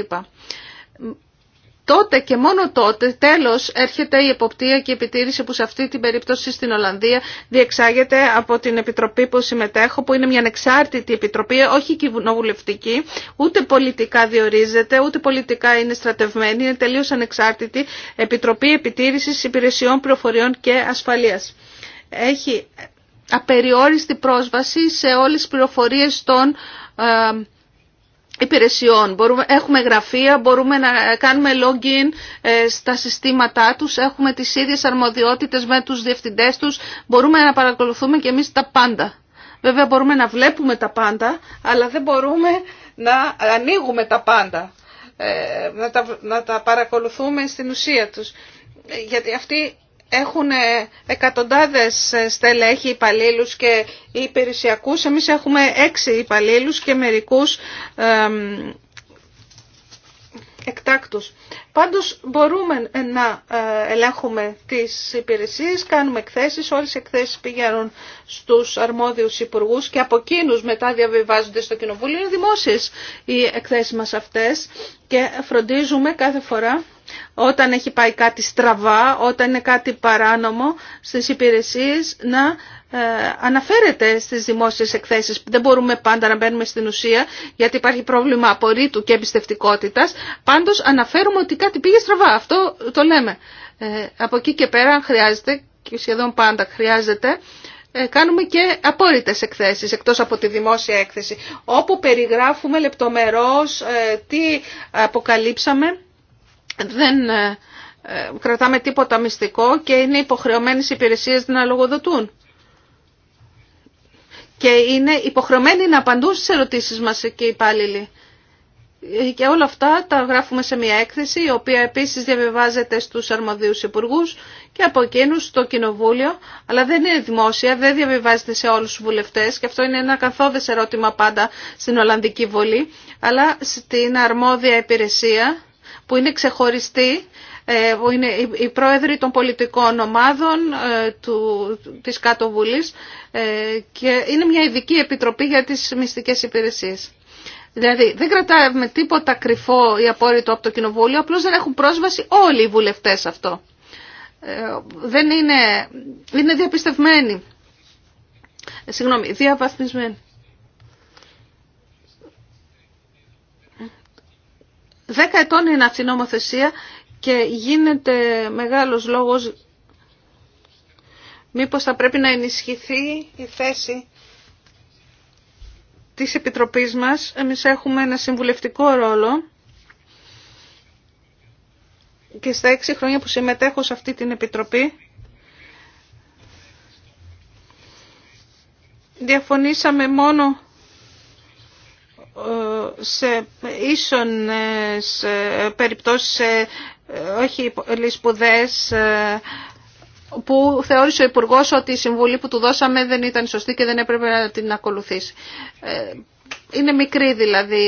τότε και μόνο τότε τέλος έρχεται η εποπτεία και η επιτήρηση που σε αυτή την περίπτωση στην Ολλανδία διεξάγεται από την Επιτροπή που συμμετέχω που είναι μια ανεξάρτητη επιτροπή, όχι κοινοβουλευτική, ούτε πολιτικά διορίζεται, ούτε πολιτικά είναι στρατευμένη, είναι τελείως ανεξάρτητη Επιτροπή Επιτήρησης Υπηρεσιών Πληροφοριών και Ασφαλείας. Έχει απεριόριστη πρόσβαση σε όλες τις πληροφορίες των ε, υπηρεσιών. Μπορούμε, έχουμε γραφεία, μπορούμε να κάνουμε login ε, στα συστήματά τους, έχουμε τις ίδιες αρμοδιότητες με τους διευθυντές τους, μπορούμε να παρακολουθούμε και εμείς τα πάντα. Βέβαια μπορούμε να βλέπουμε τα πάντα, αλλά δεν μπορούμε να ανοίγουμε τα πάντα, ε, να, τα, να παρακολουθούμε στην ουσία τους. Ε, γιατί αυτή έχουν ε, εκατοντάδες ε, στελέχη υπαλλήλους και υπηρεσιακούς. Εμείς έχουμε έξι υπαλλήλους και μερικούς εκτάκτους. Πάντως μπορούμε ε, να ελέγχουμε τις υπηρεσίες, κάνουμε εκθέσεις, όλες οι εκθέσεις πηγαίνουν στους αρμόδιους υπουργούς και από εκείνους μετά διαβιβάζονται στο Κοινοβούλιο. Είναι δημόσιες οι εκθέσεις μας αυτές και φροντίζουμε κάθε φορά όταν έχει πάει κάτι στραβά, όταν είναι κάτι παράνομο στις υπηρεσίες να ε, αναφέρεται στις δημόσιες εκθέσεις. Δεν μπορούμε πάντα να μπαίνουμε στην ουσία γιατί υπάρχει πρόβλημα απορρίτου και εμπιστευτικότητας. Πάντως αναφέρουμε ότι κάτι πήγε στραβά. Αυτό το λέμε. Ε, από εκεί και πέρα χρειάζεται και σχεδόν πάντα χρειάζεται ε, κάνουμε και απόρριτες εκθέσεις εκτός από τη δημόσια έκθεση όπου περιγράφουμε λεπτομερώς τι αποκαλύψαμε δεν ε, ε, κρατάμε τίποτα μυστικό και είναι υποχρεωμένες οι υπηρεσίες να λογοδοτούν. Και είναι υποχρεωμένοι να απαντούν στις ερωτήσεις μας και οι υπάλληλοι. Και όλα αυτά τα γράφουμε σε μια έκθεση, η οποία επίσης διαβιβάζεται στους αρμοδίους υπουργούς και από εκείνους στο κοινοβούλιο, αλλά δεν είναι δημόσια, δεν διαβιβάζεται σε όλους τους βουλευτές και αυτό είναι ένα καθόδες ερώτημα πάντα στην Ολλανδική Βολή, αλλά στην αρμόδια υπηρεσία που είναι ξεχωριστή, ε, που είναι η πρόεδροι των πολιτικών ομάδων ε, του, της Κάτω Βουλής ε, και είναι μια ειδική επιτροπή για τις μυστικές υπηρεσίες. Δηλαδή δεν κρατάμε τίποτα κρυφό ή απόρριτο από το Κοινοβούλιο, απλώς δεν έχουν πρόσβαση όλοι οι βουλευτές αυτό. δεν είναι, είναι διαπιστευμένοι. Συγγνώμη, διαβαθμισμένοι. Δέκα ετών είναι αυτή η νομοθεσία και γίνεται μεγάλος λόγος μήπως θα πρέπει να ενισχυθεί η θέση της Επιτροπής μας. Εμείς έχουμε ένα συμβουλευτικό ρόλο και στα έξι χρόνια που συμμετέχω σε αυτή την Επιτροπή διαφωνήσαμε μόνο σε ίσονες ε, περιπτώσεις, ε, όχι σπουδές ε, που θεώρησε ο υπουργό ότι η συμβουλή που του δώσαμε δεν ήταν σωστή και δεν έπρεπε να την ακολουθήσει. Είναι μικρή δηλαδή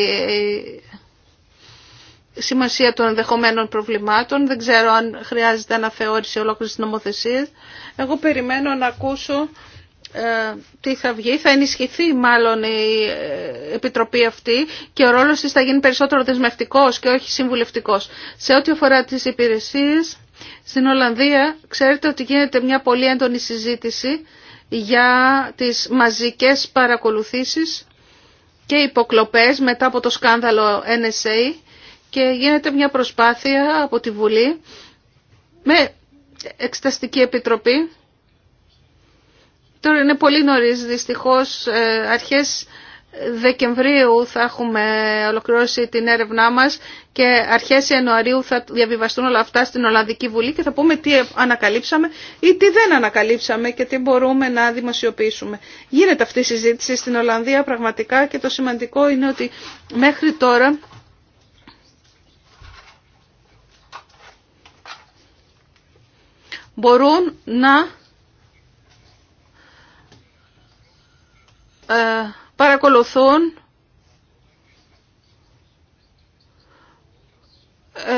η σημασία των ενδεχομένων προβλημάτων. Δεν ξέρω αν χρειάζεται αναθεώρηση ολόκληρη τη νομοθεσία. Εγώ περιμένω να ακούσω ε, τι θα βγει, θα ενισχυθεί μάλλον η ε, επιτροπή αυτή και ο ρόλος της θα γίνει περισσότερο δεσμευτικός και όχι συμβουλευτικός. Σε ό,τι αφορά τις υπηρεσίες, στην Ολλανδία ξέρετε ότι γίνεται μια πολύ έντονη συζήτηση για τις μαζικές παρακολουθήσεις και υποκλοπές μετά από το σκάνδαλο NSA και γίνεται μια προσπάθεια από τη Βουλή με εξεταστική επιτροπή Τώρα είναι πολύ νωρίς, δυστυχώς ε, αρχές Δεκεμβρίου θα έχουμε ολοκληρώσει την έρευνά μας και αρχές Ιανουαρίου θα διαβιβαστούν όλα αυτά στην Ολλανδική Βουλή και θα πούμε τι ανακαλύψαμε ή τι δεν ανακαλύψαμε και τι μπορούμε να δημοσιοποιήσουμε. Γίνεται αυτή η συζήτηση στην Ολλανδία πραγματικά και το σημαντικό είναι ότι μέχρι τώρα μπορούν να Ε, παρακολουθούν ε,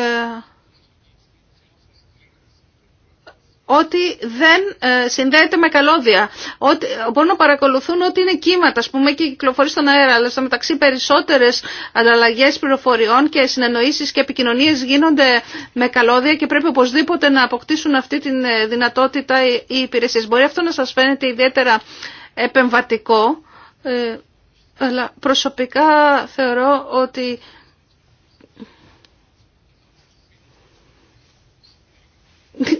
ότι δεν ε, συνδέεται με καλώδια. Ότι, μπορούν να παρακολουθούν ότι είναι κύματα, α πούμε, και κυκλοφορεί στον αέρα. Αλλά στα μεταξύ περισσότερε ανταλλαγέ πληροφοριών και συνεννοήσει και επικοινωνίε γίνονται με καλώδια και πρέπει οπωσδήποτε να αποκτήσουν αυτή τη δυνατότητα οι υπηρεσίε. Μπορεί αυτό να σα φαίνεται ιδιαίτερα επεμβατικό ε, αλλά προσωπικά θεωρώ ότι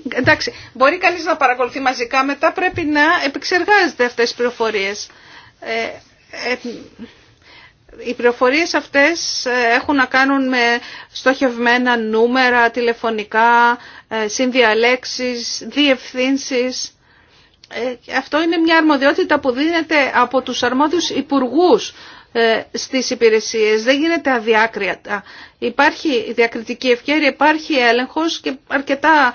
Εντάξει, μπορεί κανείς να παρακολουθεί μαζικά, μετά πρέπει να επεξεργάζεται αυτές τις πληροφορίες. Ε, ε οι πληροφορίες αυτές ε, έχουν να κάνουν με στοχευμένα νούμερα, τηλεφωνικά, ε, συνδιαλέξεις, διευθύνσεις ε, αυτό είναι μια αρμοδιότητα που δίνεται από τους αρμόδιους υπουργούς ε, στις υπηρεσίες. Δεν γίνεται αδιάκριτα. Υπάρχει διακριτική ευκαιρία, υπάρχει έλεγχος και αρκετά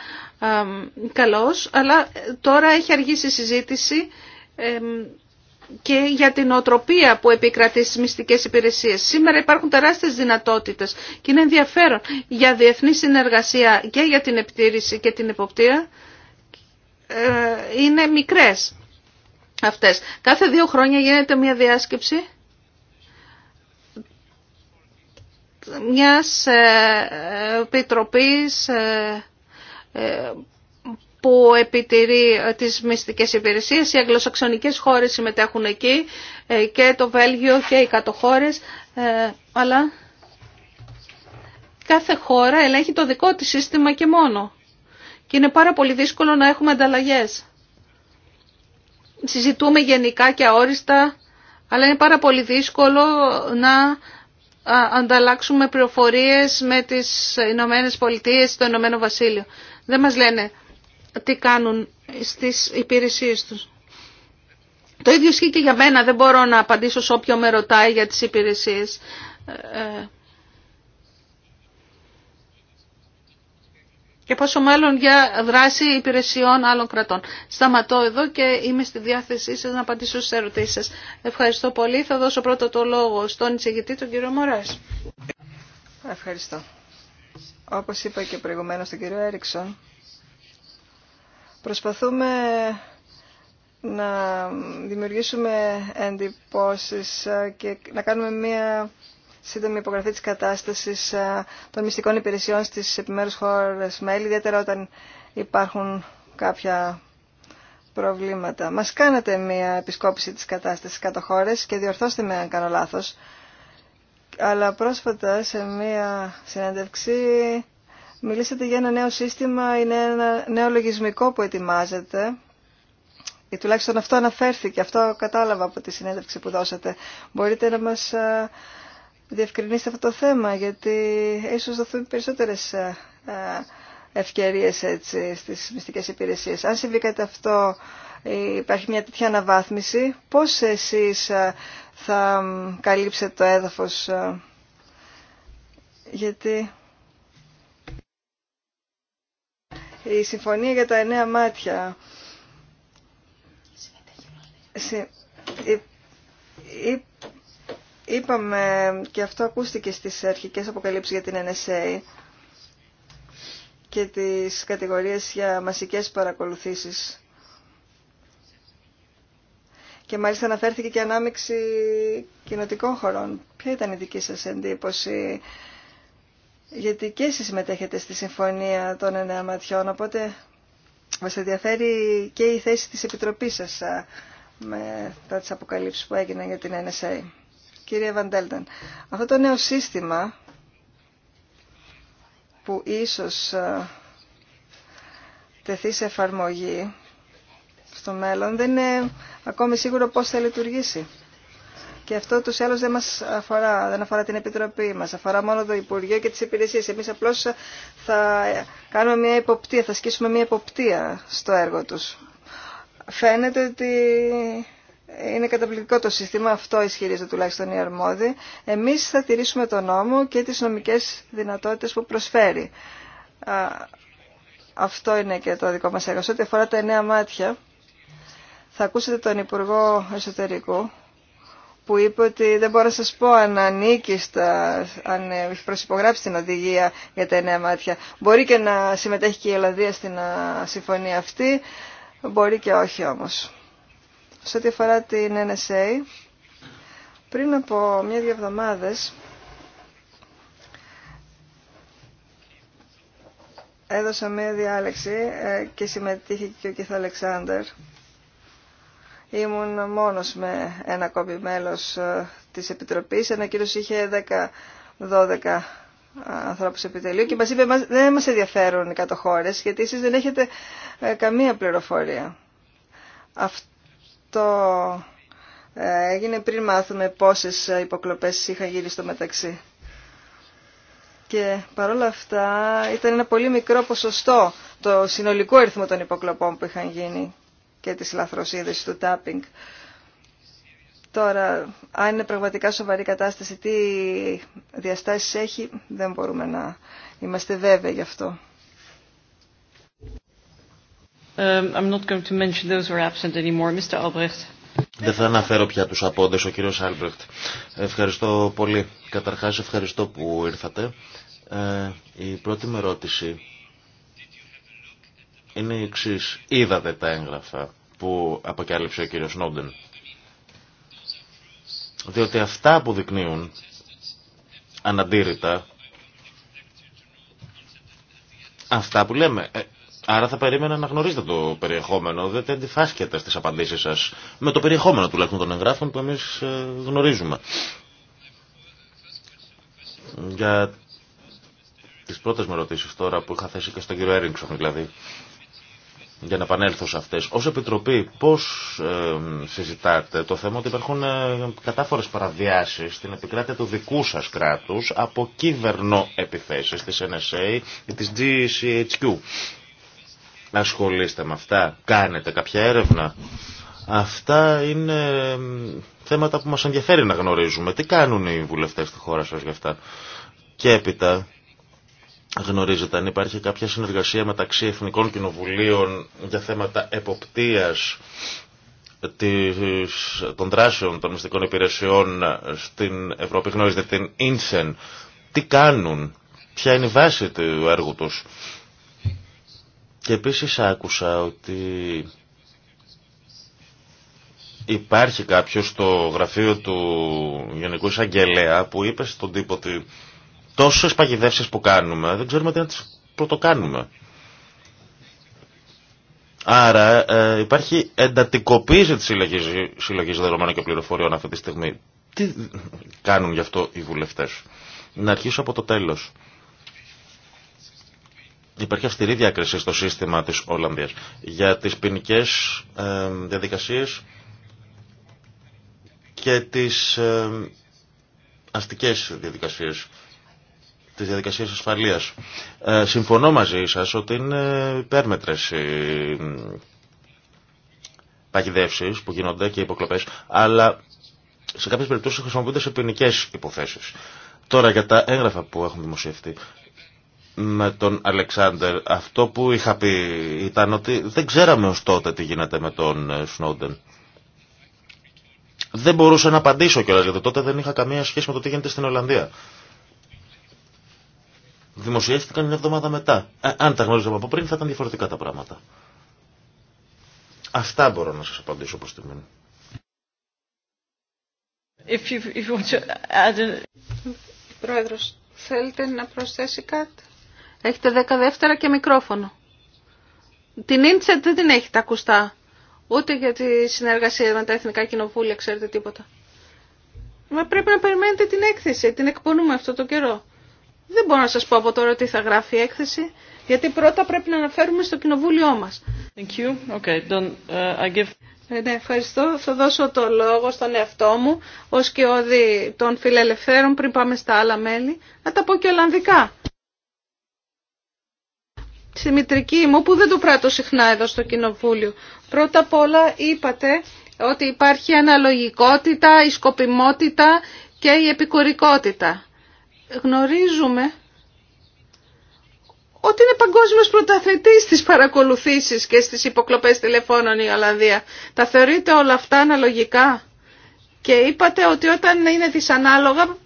καλός, αλλά τώρα έχει αργήσει η συζήτηση και για την οτροπία που επικρατεί στις μυστικές υπηρεσίες. Σήμερα υπάρχουν τεράστιες δυνατότητες και είναι ενδιαφέρον για διεθνή συνεργασία και για την επιτήρηση και την υποπτήρα, ε, είναι μικρές αυτές. Κάθε δύο χρόνια γίνεται μια διάσκεψη μιας ε, επιτροπής ε, που επιτηρεί τις μυστικές υπηρεσίες. Οι αγγλοσαξονικές χώρες συμμετέχουν εκεί και το Βέλγιο και οι κατοχώρες, αλλά κάθε χώρα ελέγχει το δικό της σύστημα και μόνο και είναι πάρα πολύ δύσκολο να έχουμε ανταλλαγές. Συζητούμε γενικά και αόριστα, αλλά είναι πάρα πολύ δύσκολο να ανταλλάξουμε πληροφορίες με τις Ηνωμένε Πολιτείε το Ηνωμένο Βασίλειο. Δεν μας λένε τι κάνουν στις υπηρεσίες τους. Το ίδιο ισχύει και για μένα, δεν μπορώ να απαντήσω σε όποιο με ρωτάει για τις υπηρεσίε ε, ε, Και πόσο μάλλον για δράση υπηρεσιών άλλων κρατών. Σταματώ εδώ και είμαι στη διάθεσή σας να απαντήσω στις ερωτήσεις σας. Ευχαριστώ πολύ. Θα δώσω πρώτα το λόγο στον εισηγητή, τον κύριο Μωράς. Ευχαριστώ. Όπως είπα και προηγουμένως τον κύριο Έριξον, προσπαθούμε να δημιουργήσουμε εντυπώσεις και να κάνουμε μια σύντομη υπογραφή της κατάστασης ε, των μυστικών υπηρεσιών στις επιμέρους χώρες μέλη, ιδιαίτερα όταν υπάρχουν κάποια προβλήματα. Μας κάνατε μια επισκόπηση της κατάστασης κάτω χώρες και διορθώστε με αν κάνω λάθος. Αλλά πρόσφατα σε μια συνέντευξη μιλήσατε για ένα νέο σύστημα, είναι ένα νέο λογισμικό που ετοιμάζεται ή τουλάχιστον αυτό αναφέρθηκε, αυτό κατάλαβα από τη συνέντευξη που δώσατε. Μπορείτε να μας ε, διευκρινίσετε αυτό το θέμα, γιατί ίσως δοθούν περισσότερες ε, ε, ευκαιρίες έτσι, στις μυστικές υπηρεσίες. Αν συμβεί κάτι αυτό, υπάρχει μια τέτοια αναβάθμιση, πώς εσείς ε, θα καλύψετε το έδαφος, γιατί... Η συμφωνία για τα εννέα μάτια Είπαμε και αυτό ακούστηκε στις αρχικές αποκαλύψεις για την NSA και τις κατηγορίες για μασικές παρακολουθήσεις. Και μάλιστα αναφέρθηκε και ανάμειξη κοινοτικών χωρών. Ποια ήταν η δική σας εντύπωση, γιατί και εσείς συμμετέχετε στη Συμφωνία των Εννέα Ματιών, οπότε μας ενδιαφέρει και η θέση της Επιτροπής σας με τα τις αποκαλύψεις που έγιναν για την NSA. Κύριε Βαντέλταν, αυτό το νέο σύστημα που ίσως ε, τεθεί σε εφαρμογή στο μέλλον δεν είναι ακόμη σίγουρο πώς θα λειτουργήσει. Και αυτό του άλλους δεν μας αφορά, δεν αφορά την Επιτροπή μας, αφορά μόνο το Υπουργείο και τις υπηρεσίες. Εμείς απλώς θα κάνουμε μια υποπτία, θα σκίσουμε μια υποπτία στο έργο τους. Φαίνεται ότι είναι καταπληκτικό το σύστημα, αυτό ισχυρίζεται τουλάχιστον η Αρμόδη. Εμείς θα τηρήσουμε τον νόμο και τις νομικές δυνατότητες που προσφέρει. Αυτό είναι και το δικό μας Σε Ό,τι αφορά τα εννέα μάτια, θα ακούσετε τον Υπουργό Εσωτερικού που είπε ότι δεν μπορώ να σας πω αν αν έχει προσυπογράψει την οδηγία για τα εννέα μάτια. Μπορεί και να συμμετέχει και η Ελλαδία στην συμφωνία αυτή, μπορεί και όχι όμως σε ό,τι αφορά την NSA, πριν από μια-δυο εβδομάδες έδωσα μια διάλεξη ε, και συμμετείχε και ο Κιθ Αλεξάνδερ. Ήμουν μόνος με ένα κόμπι μέλος ε, της Επιτροπής. Ένα κύριος είχε 10-12 ε, ανθρώπους επιτελείου και μας είπε δεν μας ενδιαφέρουν οι κατοχώρες γιατί εσείς δεν έχετε καμία πληροφορία. Αυτό το ε, έγινε πριν μάθουμε πόσες υποκλοπές είχα γίνει στο μεταξύ. Και παρόλα αυτά ήταν ένα πολύ μικρό ποσοστό το συνολικό αριθμό των υποκλοπών που είχαν γίνει και της λαθροσύνδεσης του tapping. Τώρα, αν είναι πραγματικά σοβαρή κατάσταση, τι διαστάσεις έχει, δεν μπορούμε να είμαστε βέβαιοι γι' αυτό. Δεν θα αναφέρω πια τους απόντες, ο κύριος Άλμπρεχτ. Ευχαριστώ πολύ. Καταρχάς ευχαριστώ που ήρθατε. Ε, η πρώτη μου ερώτηση είναι η εξή. Είδατε τα έγγραφα που αποκάλυψε ο κύριος Νόντεν. Διότι αυτά αποδεικνύουν αναντήρητα αυτά που λέμε. Ε, Άρα θα περίμενα να γνωρίζετε το περιεχόμενο, δεν αντιφάσκεται στις απαντήσεις σας με το περιεχόμενο τουλάχιστον των εγγράφων που εμείς ε, γνωρίζουμε. Για τις πρώτες με τώρα που είχα θέσει και στον κύριο Έριξον δηλαδή, για να επανέλθω σε αυτές. Ως Επιτροπή πώς ε, συζητάτε το θέμα ότι υπάρχουν ε, κατάφορες παραδιάσεις στην επικράτεια του δικού σας κράτους από κυβερνό επιθέσεις της NSA ή της GCHQ ασχολείστε με αυτά, κάνετε κάποια έρευνα. Αυτά είναι θέματα που μας ενδιαφέρει να γνωρίζουμε. Τι κάνουν οι βουλευτές στη χώρα σας γι' αυτά. Και έπειτα γνωρίζετε αν υπάρχει κάποια συνεργασία μεταξύ Εθνικών Κοινοβουλίων για θέματα εποπτείας της, των δράσεων των μυστικών υπηρεσιών στην Ευρώπη. Γνωρίζετε την Ίνσεν. Τι κάνουν, ποια είναι η βάση του έργου τους. Και επίσης άκουσα ότι υπάρχει κάποιος στο γραφείο του Γενικού Εισαγγελέα που είπε στον τύπο ότι τόσες παγιδεύσεις που κάνουμε δεν ξέρουμε τι να τις πρωτοκάνουμε. Άρα ε, υπάρχει εντατικοποίηση της συλλογής, συλλογής δεδομένων και πληροφοριών αυτή τη στιγμή. Τι κάνουν γι' αυτό οι βουλευτές. Να αρχίσω από το τέλος. Υπάρχει αυστηρή διάκριση στο σύστημα της Ολλανδίας. Για τις ποινικέ ε, διαδικασίες και τις ε, αστικές διαδικασίες τις διαδικασίες ασφαλείας. Ε, συμφωνώ μαζί σα ότι είναι υπέρμετρες οι παγιδεύσεις που γίνονται και οι υποκλοπές, αλλά σε κάποιες περιπτώσεις χρησιμοποιούνται σε ποινικέ υποθέσεις. Τώρα για τα έγγραφα που έχουν δημοσιευτεί με τον Αλεξάνδερ. Αυτό που είχα πει ήταν ότι δεν ξέραμε ως τότε τι γίνεται με τον ε, Σνόντεν. Δεν μπορούσα να απαντήσω κιόλας γιατί τότε δεν είχα καμία σχέση με το τι γίνεται στην Ολλανδία. Δημοσιεύτηκαν μια εβδομάδα μετά. Ε, αν τα γνώριζαμε από πριν θα ήταν διαφορετικά τα πράγματα. Αυτά μπορώ να σας απαντήσω προς τη μήνυ. If Πρόεδρος, θέλετε να προσθέσει κάτι. Έχετε δέκα δεύτερα και μικρόφωνο. Την ίντσετ δεν την έχετε ακουστά. Ούτε για τη συνεργασία με τα Εθνικά Κοινοβούλια ξέρετε τίποτα. Μα πρέπει να περιμένετε την έκθεση. Την εκπονούμε αυτό το καιρό. Δεν μπορώ να σας πω από τώρα τι θα γράφει η έκθεση, γιατί πρώτα πρέπει να αναφέρουμε στο κοινοβούλιο μας. Thank you. Okay. Don't, uh, I give... ε, ναι, ευχαριστώ. Θα δώσω το λόγο στον εαυτό μου, ως και όδη των φιλελευθέρων, πριν πάμε στα άλλα μέλη, να τα πω και ολλανδικά στη μητρική μου που δεν το πράττω συχνά εδώ στο Κοινοβούλιο. Πρώτα απ' όλα είπατε ότι υπάρχει αναλογικότητα, η σκοπιμότητα και η επικορικότητα. Γνωρίζουμε ότι είναι παγκόσμιο πρωταθλητής στις παρακολουθήσει και στις υποκλοπές τηλεφώνων η Ολλανδία. Τα θεωρείτε όλα αυτά αναλογικά. Και είπατε ότι όταν είναι δυσανάλογα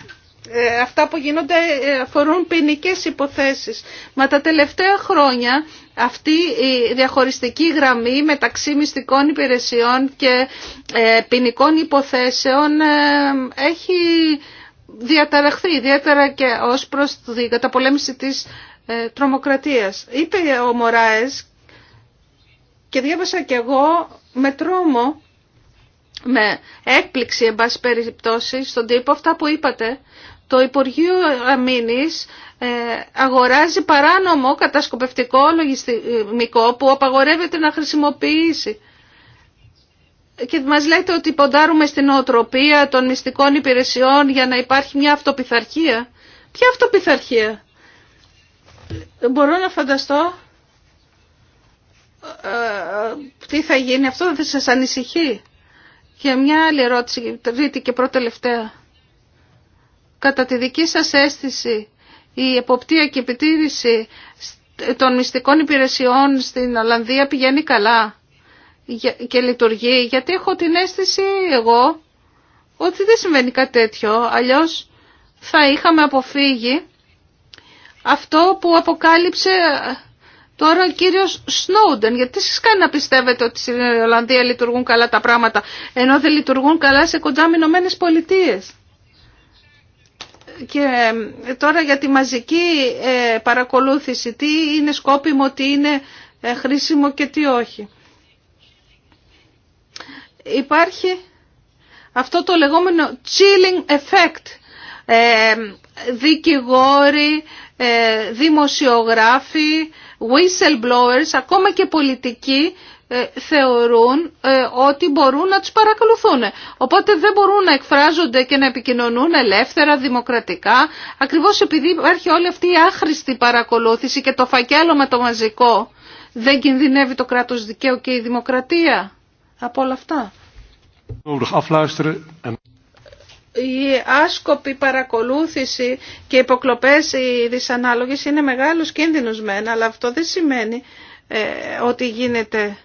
ε, αυτά που γίνονται ε, αφορούν ποινικέ υποθέσεις. Μα τα τελευταία χρόνια αυτή η διαχωριστική γραμμή μεταξύ μυστικών υπηρεσιών και ε, ποινικών υποθέσεων έχει διαταραχθεί, ιδιαίτερα και ως προς την καταπολέμηση της τρομοκρατίας. Είπε ο Μωράες και διάβασα κι εγώ με τρόμο με έκπληξη εν πάση περιπτώσει στον τύπο αυτά που είπατε το Υπουργείο Αμήνης ε, αγοράζει παράνομο κατασκοπευτικό λογισμικό που απαγορεύεται να χρησιμοποιήσει. Και μας λέτε ότι ποντάρουμε στην οτροπία των μυστικών υπηρεσιών για να υπάρχει μια αυτοπιθαρχία. Ποια αυτοπιθαρχία. Μπορώ να φανταστώ ε, τι θα γίνει. Αυτό δεν σας ανησυχεί. Και μια άλλη ερώτηση, τρίτη και προτελευταία κατά τη δική σας αίσθηση η εποπτεία και επιτήρηση των μυστικών υπηρεσιών στην Ολλανδία πηγαίνει καλά και λειτουργεί. Γιατί έχω την αίσθηση εγώ ότι δεν συμβαίνει κάτι τέτοιο. Αλλιώς θα είχαμε αποφύγει αυτό που αποκάλυψε τώρα ο κύριος Σνόουντεν. Γιατί σας κάνει να πιστεύετε ότι στην Ολλανδία λειτουργούν καλά τα πράγματα ενώ δεν λειτουργούν καλά σε κοντά πολιτείες. Και ε, τώρα για τη μαζική ε, παρακολούθηση, τι είναι σκόπιμο, τι είναι ε, χρήσιμο και τι όχι. Υπάρχει αυτό το λεγόμενο chilling effect. Δικηγόροι, δημοσιογράφοι, whistleblowers, ακόμα και πολιτικοί ε, θεωρούν ε, ότι μπορούν να τους παρακολουθούν. Οπότε δεν μπορούν να εκφράζονται και να επικοινωνούν ελεύθερα, δημοκρατικά, ακριβώς επειδή υπάρχει όλη αυτή η άχρηστη παρακολούθηση και το φακέλωμα το μαζικό. Δεν κινδυνεύει το κράτος δικαίου και η δημοκρατία από όλα αυτά. Η άσκοπη παρακολούθηση και οι υποκλοπές οι δυσανάλογες είναι μεγάλος κίνδυνος μεν, αλλά αυτό δεν σημαίνει ε, ότι γίνεται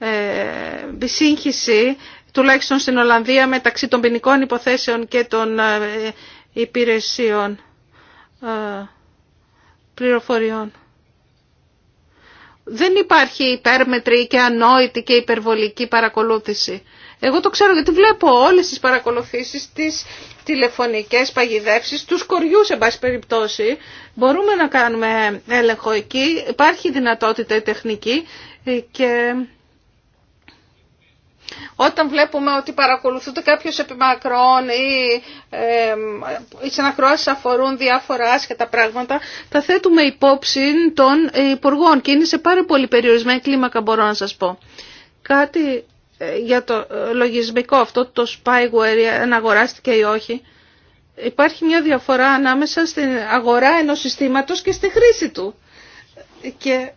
ε, σύγχυση, τουλάχιστον στην Ολλανδία, μεταξύ των ποινικών υποθέσεων και των ε, υπηρεσιών ε, πληροφοριών. Δεν υπάρχει υπέρμετρη και ανόητη και υπερβολική παρακολούθηση. Εγώ το ξέρω γιατί βλέπω όλες τις παρακολουθήσεις, τις τηλεφωνικές παγιδεύσεις, τους κοριούς, σε πάση περιπτώσει. Μπορούμε να κάνουμε έλεγχο εκεί, υπάρχει δυνατότητα τεχνική ε, και όταν βλέπουμε ότι παρακολουθούνται κάποιος μακρον ή ε, οι συνακροάσεις αφορούν διάφορα άσχετα πράγματα, τα θέτουμε υπόψη των υπουργών και είναι σε πάρα πολύ περιορισμένη κλίμακα μπορώ να σας πω. Κάτι ε, για το ε, λογισμικό αυτό, το spyware, ε, αν αγοράστηκε ή όχι, υπάρχει μια διαφορά ανάμεσα στην αγορά ενός συστήματος και στη χρήση του. Και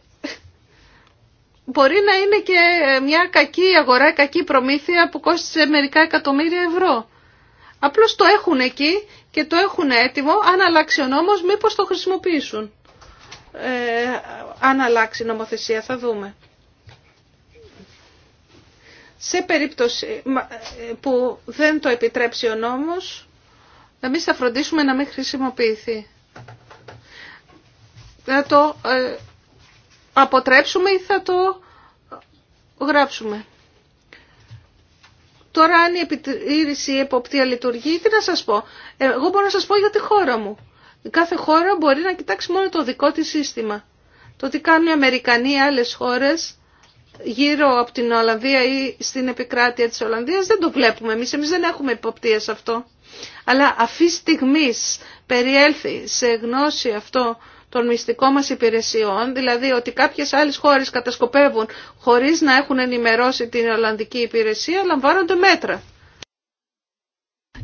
μπορεί να είναι και μια κακή αγορά, κακή προμήθεια που κόστισε μερικά εκατομμύρια ευρώ. Απλώς το έχουν εκεί και το έχουν έτοιμο, αν αλλάξει ο νόμος μήπως το χρησιμοποιήσουν. Ε, αν αλλάξει η νομοθεσία θα δούμε. Σε περίπτωση ε, που δεν το επιτρέψει ο νόμος, μην θα φροντίσουμε να μην χρησιμοποιηθεί. Να το ε, αποτρέψουμε ή θα το γράψουμε. Τώρα αν η επιτήρηση η εποπτεία λειτουργεί, τι να σας πω. Εγώ μπορώ να σας πω για τη χώρα μου. κάθε χώρα μπορεί να κοιτάξει μόνο το δικό της σύστημα. Το τι κάνουν οι Αμερικανοί ή άλλες χώρες γύρω από την Ολλανδία ή στην επικράτεια της Ολλανδίας δεν το βλέπουμε εμείς. Εμείς δεν έχουμε υποπτία σε αυτό. Αλλά αφή στιγμή περιέλθει σε γνώση αυτό των μυστικών μας υπηρεσιών, δηλαδή ότι κάποιες άλλες χώρες κατασκοπεύουν χωρίς να έχουν ενημερώσει την Ολλανδική υπηρεσία, λαμβάνονται μέτρα.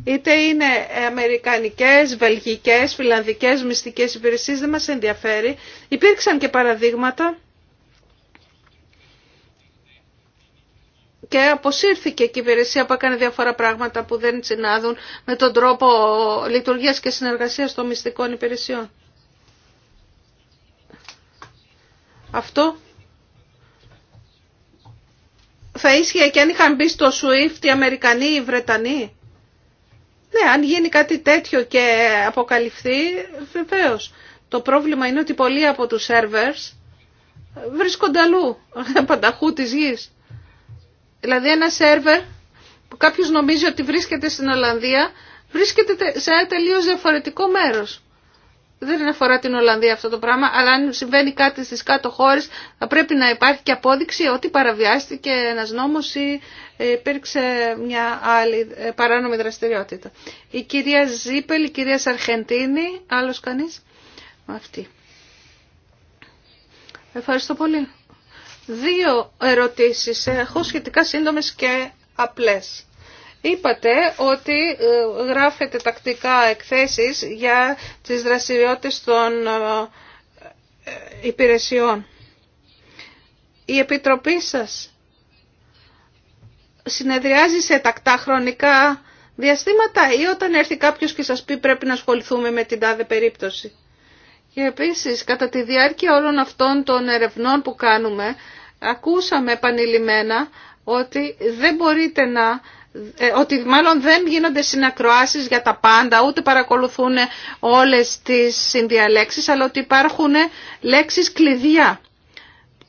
Είτε είναι αμερικανικές, βελγικές, φιλανδικές μυστικές υπηρεσίες, δεν μας ενδιαφέρει. Υπήρξαν και παραδείγματα και αποσύρθηκε και η υπηρεσία που έκανε διάφορα πράγματα που δεν συνάδουν με τον τρόπο λειτουργίας και συνεργασίας των μυστικών υπηρεσιών. Αυτό θα ίσχυε και αν είχαν μπει στο SWIFT οι Αμερικανοί ή οι Βρετανοί. Ναι, αν γίνει κάτι τέτοιο και αποκαλυφθεί, βεβαίω. Το πρόβλημα είναι ότι πολλοί από τους servers βρίσκονται αλλού, *laughs* πανταχού της γης. Δηλαδή ένα σερβερ που κάποιος νομίζει ότι βρίσκεται στην Ολλανδία, βρίσκεται σε ένα τελείως διαφορετικό μέρος δεν αφορά την Ολλανδία αυτό το πράγμα, αλλά αν συμβαίνει κάτι στις κάτω χώρες θα πρέπει να υπάρχει και απόδειξη ότι παραβιάστηκε ένας νόμος ή υπήρξε μια άλλη ε, παράνομη δραστηριότητα. Η κυρία Ζίπελ, η κυρία Σαρχεντίνη, άλλος κανείς, αυτή. Ευχαριστώ πολύ. Δύο ερωτήσεις, έχω σχετικά σύντομες και απλές. Είπατε ότι ε, γράφετε τακτικά εκθέσεις για τις δραστηριότητες των ε, ε, υπηρεσιών. Η Επιτροπή σας συνεδριάζει σε τακτά χρονικά διαστήματα ή όταν έρθει κάποιος και σας πει πρέπει να ασχοληθούμε με την τάδε περίπτωση. Και επίσης κατά τη διάρκεια όλων αυτών των ερευνών που κάνουμε ακούσαμε επανειλημμένα ότι δεν μπορείτε να ε, ότι μάλλον δεν γίνονται συνακροάσεις για τα πάντα, ούτε παρακολουθούν όλες τις συνδιαλέξεις, αλλά ότι υπάρχουν λέξεις κλειδιά.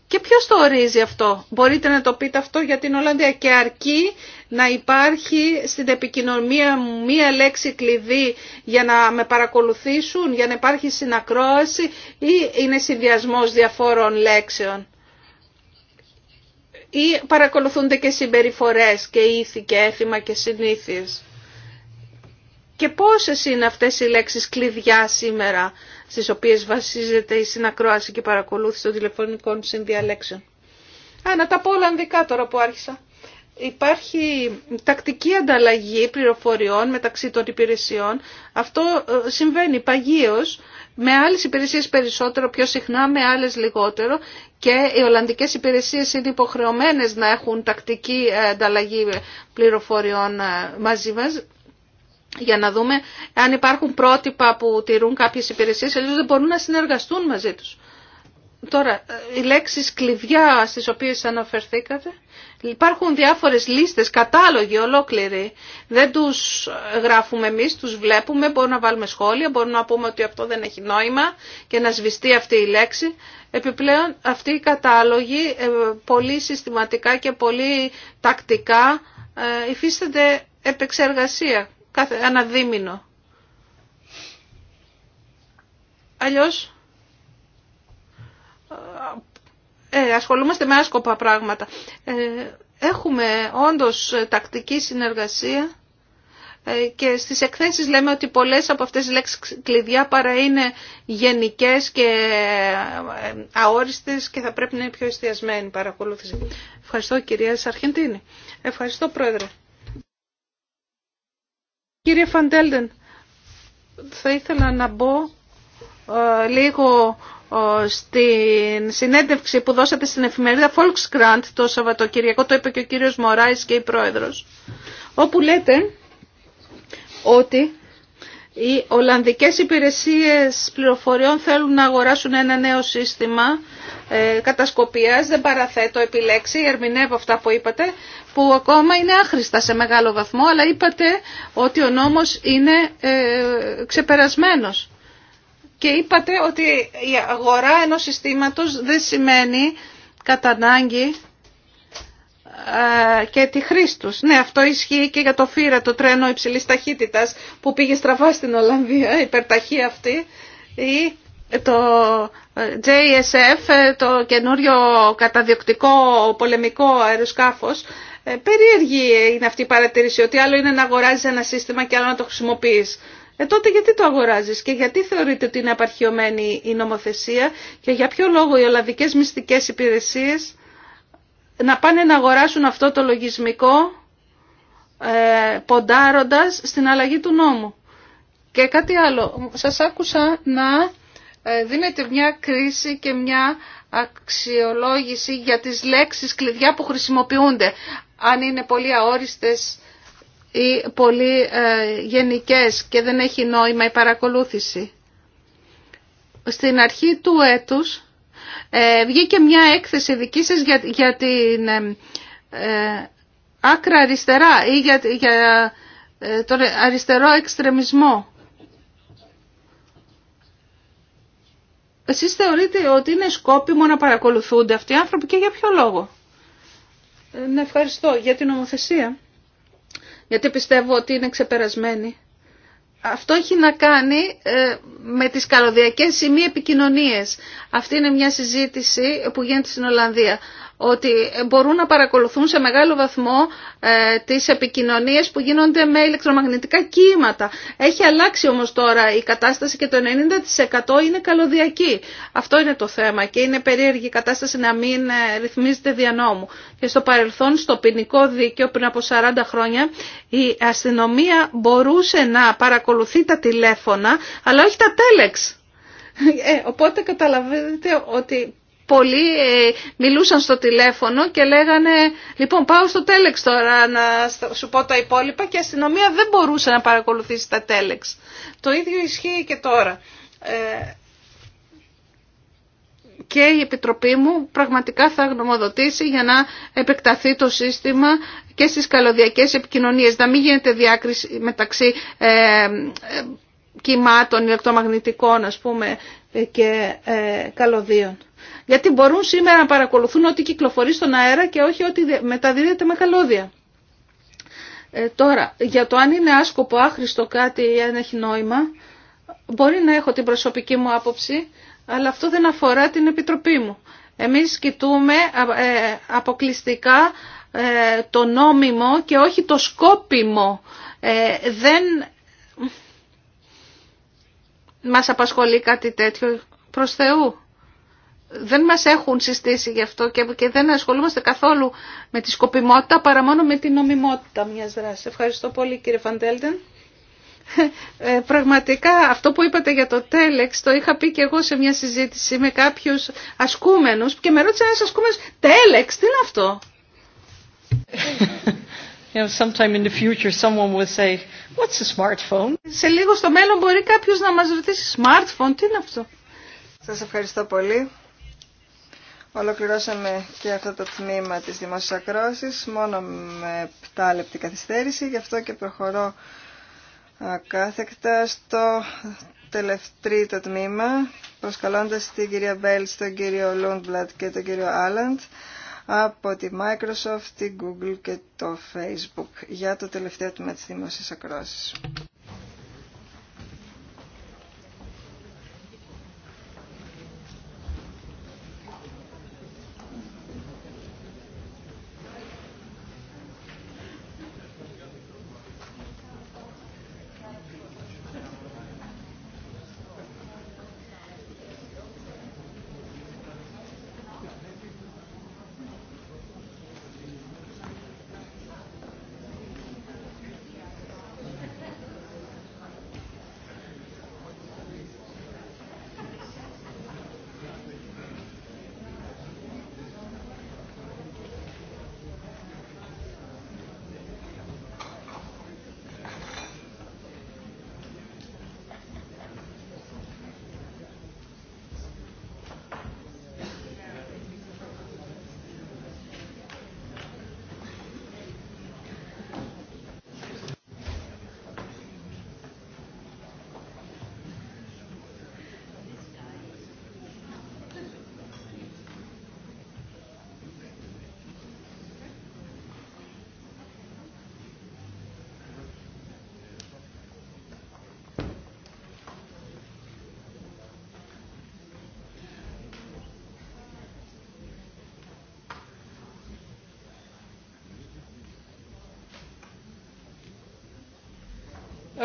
Και ποιος το ορίζει αυτό. Μπορείτε να το πείτε αυτό για την Ολλανδία και αρκεί να υπάρχει στην επικοινωνία μία λέξη κλειδί για να με παρακολουθήσουν, για να υπάρχει συνακρόαση ή είναι συνδυασμός διαφόρων λέξεων ή παρακολουθούνται και συμπεριφορές και ήθη και έθιμα και συνήθειες. Και πόσες είναι αυτές οι λέξεις κλειδιά σήμερα στις οποίες βασίζεται η συνακρόαση και παρακολούθηση των τηλεφωνικών συνδιαλέξεων. Α, να τα πω Ολλανδικά τώρα που άρχισα. Υπάρχει τακτική ανταλλαγή πληροφοριών μεταξύ των υπηρεσιών. Αυτό ε, συμβαίνει παγίως με άλλες υπηρεσίες περισσότερο, πιο συχνά με άλλες λιγότερο και οι Ολλανδικές υπηρεσίες είναι υποχρεωμένες να έχουν τακτική ε, ανταλλαγή πληροφοριών ε, μαζί μας για να δούμε αν υπάρχουν πρότυπα που τηρούν κάποιες υπηρεσίες, αλλιώς δεν μπορούν να συνεργαστούν μαζί τους. Τώρα, ε, οι λέξεις κλειδιά στις οποίες αναφερθήκατε Υπάρχουν διάφορες λίστες, κατάλογοι ολόκληροι. Δεν τους γράφουμε εμείς, τους βλέπουμε, μπορούμε να βάλουμε σχόλια, μπορούμε να πούμε ότι αυτό δεν έχει νόημα και να σβηστεί αυτή η λέξη. Επιπλέον αυτοί οι κατάλογοι ε, πολύ συστηματικά και πολύ τακτικά ε, υφίστανται επεξεργασία, κάθε αναδίμηνο. Αλλιώς ε, ασχολούμαστε με άσκοπα πράγματα. Ε, έχουμε όντως τακτική συνεργασία ε, και στις εκθέσεις λέμε ότι πολλές από αυτές τις λέξεις κλειδιά παρά είναι γενικές και ε, αόριστες και θα πρέπει να είναι πιο εστιασμένη παρακολούθηση. Ευχαριστώ κυρία Σαρχεντίνη. Ευχαριστώ πρόεδρε. Κύριε Φαντέλντεν, θα ήθελα να μπω ε, λίγο στην συνέντευξη που δώσατε στην εφημερίδα Volkskrant το Σαββατοκυριακό, το είπε και ο κύριος Μωράης και η πρόεδρος, όπου λέτε ότι οι Ολλανδικές υπηρεσίες πληροφοριών θέλουν να αγοράσουν ένα νέο σύστημα ε, κατασκοπίας, δεν παραθέτω επιλέξει, ερμηνεύω αυτά που είπατε, που ακόμα είναι άχρηστα σε μεγάλο βαθμό, αλλά είπατε ότι ο νόμος είναι ε, ξεπερασμένος και είπατε ότι η αγορά ενός συστήματος δεν σημαίνει κατά ανάγκη ε, και τη χρήση τους. Ναι, αυτό ισχύει και για το φύρα, το τρένο υψηλή ταχύτητας που πήγε στραβά στην Ολλανδία, η υπερταχή αυτή, ή το ε, JSF, ε, το καινούριο καταδιοκτικό πολεμικό αεροσκάφος, περίεργη είναι αυτή η παρατήρηση ότι άλλο είναι να αγοράζει ένα σύστημα και άλλο να το χρησιμοποιείς. Ε, τότε γιατί το αγοράζεις και γιατί θεωρείτε ότι είναι απαρχιωμένη η νομοθεσία και για ποιο λόγο οι ολλαδικές μυστικές υπηρεσίες να πάνε να αγοράσουν αυτό το λογισμικό ε, ποντάροντας στην αλλαγή του νόμου. Και κάτι άλλο, σας άκουσα να ε, δίνετε μια κρίση και μια αξιολόγηση για τις λέξεις κλειδιά που χρησιμοποιούνται, αν είναι πολύ αόριστες ή πολύ ε, γενικές και δεν έχει νόημα η παρακολούθηση. Στην αρχή του έτους ε, βγήκε μια έκθεση δική σας για την ε, άκρα αριστερά ή για τον αριστερό εξτρεμισμό. Εσείς θεωρείτε ότι είναι σκόπιμο να παρακολουθούνται αυτοί οι άνθρωποι και για ποιο λόγο. Ε, ευχαριστώ για την ομοθεσία γιατί πιστεύω ότι είναι ξεπερασμένη. Αυτό έχει να κάνει ε, με τις καλωδιακές σημείες επικοινωνίες. Αυτή είναι μια συζήτηση που γίνεται στην Ολλανδία ότι μπορούν να παρακολουθούν σε μεγάλο βαθμό ε, τις επικοινωνίες που γίνονται με ηλεκτρομαγνητικά κύματα. Έχει αλλάξει όμως τώρα η κατάσταση και το 90% είναι καλωδιακή. Αυτό είναι το θέμα και είναι περίεργη η κατάσταση να μην ε, ρυθμίζεται δια νόμου. Και στο παρελθόν, στο ποινικό δίκαιο πριν από 40 χρόνια, η αστυνομία μπορούσε να παρακολουθεί τα τηλέφωνα, αλλά όχι τα τέλεξ. Ε, οπότε καταλαβαίνετε ότι πολλοί ε, μιλούσαν στο τηλέφωνο και λέγανε «Λοιπόν, πάω στο τέλεξ τώρα να σου πω τα υπόλοιπα» και η αστυνομία δεν μπορούσε να παρακολουθήσει τα τέλεξ. Το ίδιο ισχύει και τώρα. Ε, και η Επιτροπή μου πραγματικά θα γνωμοδοτήσει για να επεκταθεί το σύστημα και στις καλωδιακές επικοινωνίες. Να μην γίνεται διάκριση μεταξύ ε, κυμάτων ηλεκτρομαγνητικών ας πούμε και καλωδίων γιατί μπορούν σήμερα να παρακολουθούν ό,τι κυκλοφορεί στον αέρα και όχι ό,τι μεταδίδεται με καλώδια. Ε, τώρα, για το αν είναι άσκοπο, άχρηστο κάτι ή αν έχει νόημα, μπορεί να έχω την προσωπική μου άποψη, αλλά αυτό δεν αφορά την Επιτροπή μου. Εμείς κοιτούμε ε, αποκλειστικά ε, το νόμιμο και όχι το σκόπιμο. Δεν μας απασχολεί κάτι τέτοιο προς Θεού δεν μας έχουν συστήσει γι' αυτό και δεν ασχολούμαστε καθόλου με τη σκοπιμότητα παρά μόνο με την νομιμότητα μιας δράσης. Ευχαριστώ πολύ κύριε Φαντέλτεν. Ε, πραγματικά αυτό που είπατε για το τέλεξ το είχα πει και εγώ σε μια συζήτηση με κάποιους ασκούμενους και με ρώτησε ένας ασκούμενος τέλεξ τι είναι αυτό. *laughs* You know, in the future someone will say, what's a smartphone? Σε λίγο στο μέλλον μπορεί κάποιος να μας ρωτήσει smartphone, τι είναι αυτό. Σας ευχαριστώ πολύ. Ολοκληρώσαμε και αυτό το τμήμα της δημόσιας ακρόσης, μόνο με 7 λεπτή καθυστέρηση, γι' αυτό και προχωρώ κάθεκτα στο τελευταίο τμήμα, προσκαλώντας την κυρία Μπέλ, τον κύριο Λούντμπλατ και τον κύριο Άλαντ από τη Microsoft, τη Google και το Facebook για το τελευταίο τμήμα της δημόσιας ακρόσης.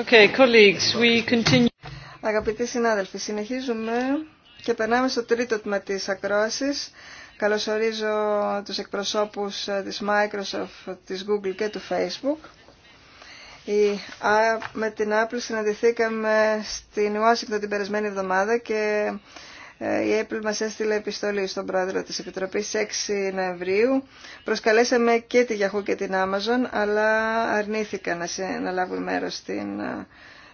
Okay, colleagues, we continue. Αγαπητοί συνάδελφοι, συνεχίζουμε και περνάμε στο τρίτο τμήμα της ακρόασης. Καλωσορίζω τους εκπροσώπους ε, της Microsoft, της Google και του Facebook. Η, με την Apple συναντηθήκαμε στην Ουάσιγκτον την περασμένη εβδομάδα και η Apple μας έστειλε επιστολή στον πρόεδρο της Επιτροπής 6 Νοεμβρίου. Προσκαλέσαμε και τη Yahoo και την Amazon, αλλά αρνήθηκαν να λάβουν μέρος στην ε,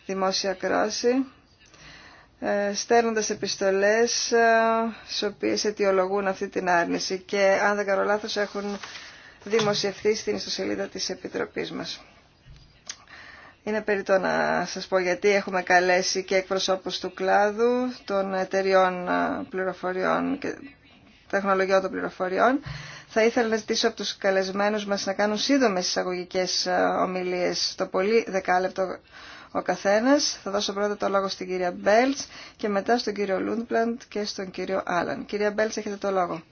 δημόσια κράση, ε, στέρνοντας επιστολές ε, στις οποίες αιτιολογούν αυτή την άρνηση και αν δεν κάνω λάθος έχουν δημοσιευθεί στην ιστοσελίδα της Επιτροπής μας. Είναι περίτω να σας πω γιατί έχουμε καλέσει και εκπροσώπους του κλάδου, των εταιριών ε, πληροφοριών και τεχνολογιών των πληροφοριών. Θα ήθελα να ζητήσω από τους καλεσμένους μας να κάνουν σύντομες εισαγωγικέ ε, ομιλίες, το πολύ δεκάλεπτο ο καθένας. Θα δώσω πρώτα το λόγο στην κυρία Μπέλτς και μετά στον κύριο Λούντπλαντ και στον κύριο Άλαν. Κυρία Μπέλτς, έχετε το λόγο.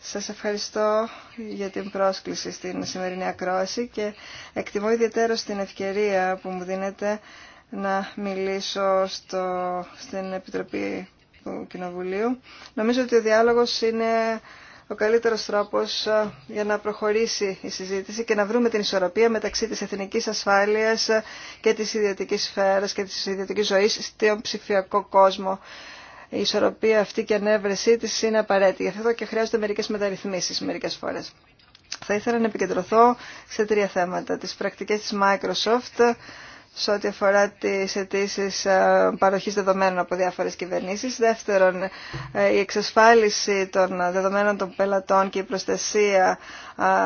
Σας ευχαριστώ για την πρόσκληση στην σημερινή ακρόαση και εκτιμώ ιδιαίτερα στην ευκαιρία που μου δίνετε να μιλήσω στο, στην Επιτροπή του Κοινοβουλίου. Νομίζω ότι ο διάλογος είναι ο καλύτερος τρόπος ε, για να προχωρήσει η συζήτηση και να βρούμε την ισορροπία μεταξύ της εθνικής ασφάλειας και της ιδιωτικής σφαίρας και της ιδιωτικής ζωής στον ψηφιακό κόσμο η ισορροπία αυτή και η ανέβρεσή τη είναι απαραίτητη. Γι' αυτό και χρειάζονται μερικέ μεταρρυθμίσει μερικέ φορέ. Θα ήθελα να επικεντρωθώ σε τρία θέματα. τι πρακτικέ τη Microsoft, σε ό,τι αφορά τις αιτήσει ε, παροχής δεδομένων από διάφορες κυβερνήσεις. Δεύτερον, ε, η εξασφάλιση των δεδομένων των πελατών και η προστασία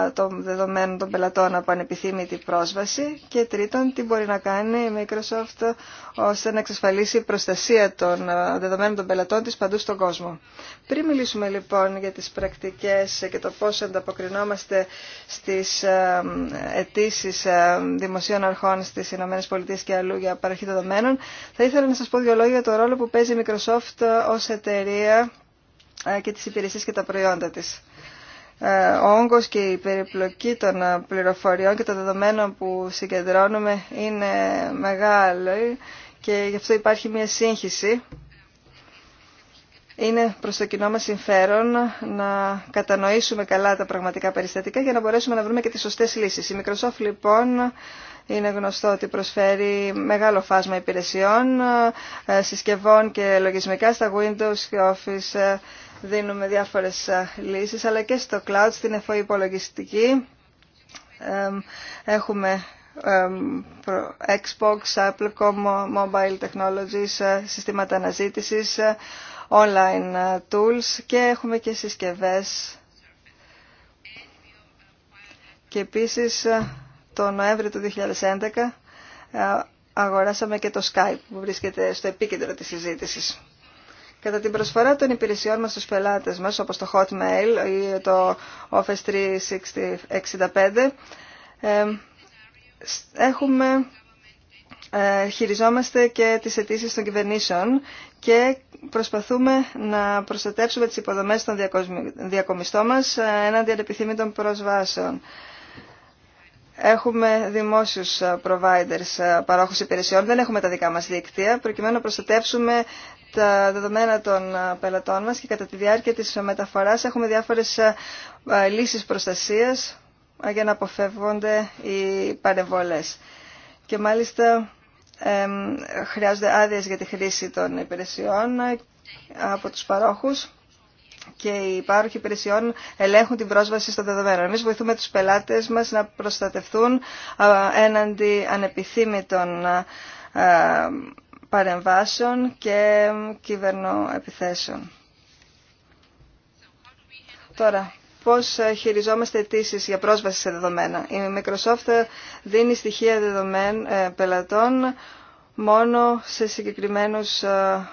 ε, των δεδομένων των πελατών από ανεπιθύμητη πρόσβαση. Και τρίτον, τι μπορεί να κάνει η Microsoft ώστε να εξασφαλίσει η προστασία των δεδομένων των πελατών της παντού στον κόσμο. Πριν μιλήσουμε λοιπόν για τις πρακτικές και το πώς ανταποκρινόμαστε στις αιτήσει δημοσίων αρχών στις ΗΠΑ, ΗΠΑ και αλλού για δεδομένων. Θα ήθελα να σα πω δύο λόγια για το ρόλο που παίζει η Microsoft ε, ω εταιρεία ε, και τι υπηρεσίε και τα προϊόντα τη. Ε, ο όγκος και η περιπλοκή των πληροφοριών και των δεδομένων που συγκεντρώνουμε είναι μεγάλο και γι' αυτό υπάρχει μια σύγχυση είναι προς το κοινό μας συμφέρον να κατανοήσουμε καλά τα πραγματικά περιστατικά για να μπορέσουμε να βρούμε και τις σωστές λύσεις. Η Microsoft λοιπόν είναι γνωστό ότι προσφέρει μεγάλο φάσμα υπηρεσιών, ε, συσκευών και λογισμικά στα Windows και Office ε, δίνουμε διάφορες ε, λύσεις, αλλά και στο cloud, στην εφοή υπολογιστική. Έχουμε Xbox, Apple, Mobile Technologies, συστήματα αναζήτησης, online ε, tools και έχουμε και συσκευές. Και επίσης ε, το Νοέμβριο του 2011 ε, αγοράσαμε και το Skype που βρίσκεται στο επίκεντρο της συζήτησης. Κατά την προσφορά των υπηρεσιών μας στους πελάτες μας, όπως το Hotmail ή το Office 365, έχουμε, χειριζόμαστε και τις αιτήσει των κυβερνήσεων και προσπαθούμε να προστατεύσουμε τις υποδομές των διακομιστών μας ε, έναντι ανεπιθύμητων προσβάσεων. Έχουμε δημόσιους ε, providers, ε, παρόχους υπηρεσιών, δεν έχουμε τα δικά μας δίκτυα, προκειμένου να προστατεύσουμε τα δεδομένα των πελατών μας και κατά τη διάρκεια της μεταφοράς έχουμε διάφορες λύσεις προστασίας για να αποφεύγονται οι παρεμβολές. Και μάλιστα χρειάζονται άδειες για τη χρήση των υπηρεσιών ε, από τους παρόχους και οι πάροχοι υπηρεσιών ελέγχουν την πρόσβαση στα δεδομένα. Εμείς βοηθούμε τους πελάτες μας να προστατευτούν ε, έναντι ανεπιθύμητων ε, παρεμβάσεων και κυβερνοεπιθέσεων. Τώρα, πώς ε, χειριζόμαστε αιτήσει για πρόσβαση σε δεδομένα. Η Microsoft ε, δίνει στοιχεία δεδομένων ε, πελατών μόνο σε συγκεκριμένους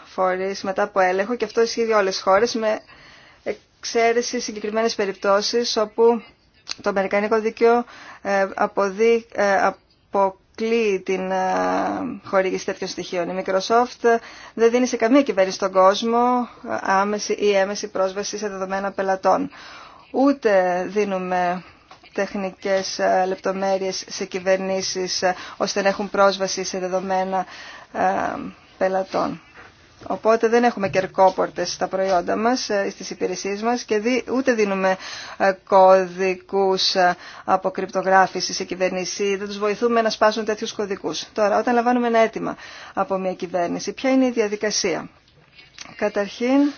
φορείς μετά από έλεγχο και αυτό ισχύει για όλες τις χώρες με εξαίρεση συγκεκριμένες περιπτώσεις όπου το Αμερικανικό Δίκαιο αποδεί, αποκλείει την χορήγηση τέτοιων στοιχείων. Η Microsoft δεν δίνει σε καμία κυβέρνηση στον κόσμο άμεση ή έμεση πρόσβαση σε δεδομένα πελατών ούτε δίνουμε τεχνικές ε, λεπτομέρειες σε κυβερνήσεις ε, ώστε να έχουν πρόσβαση σε δεδομένα ε, πελατών. Οπότε δεν έχουμε κερκόπορτες στα προϊόντα μας, στις υπηρεσίες μας και ούτε δίνουμε κωδικούς κρυπτογράφηση σε κυβέρνηση. Δεν τους βοηθούμε να σπάσουν τέτοιους κωδικούς. Τώρα, όταν λαμβάνουμε ένα αίτημα από μια κυβέρνηση, ποια είναι η διαδικασία. Καταρχήν,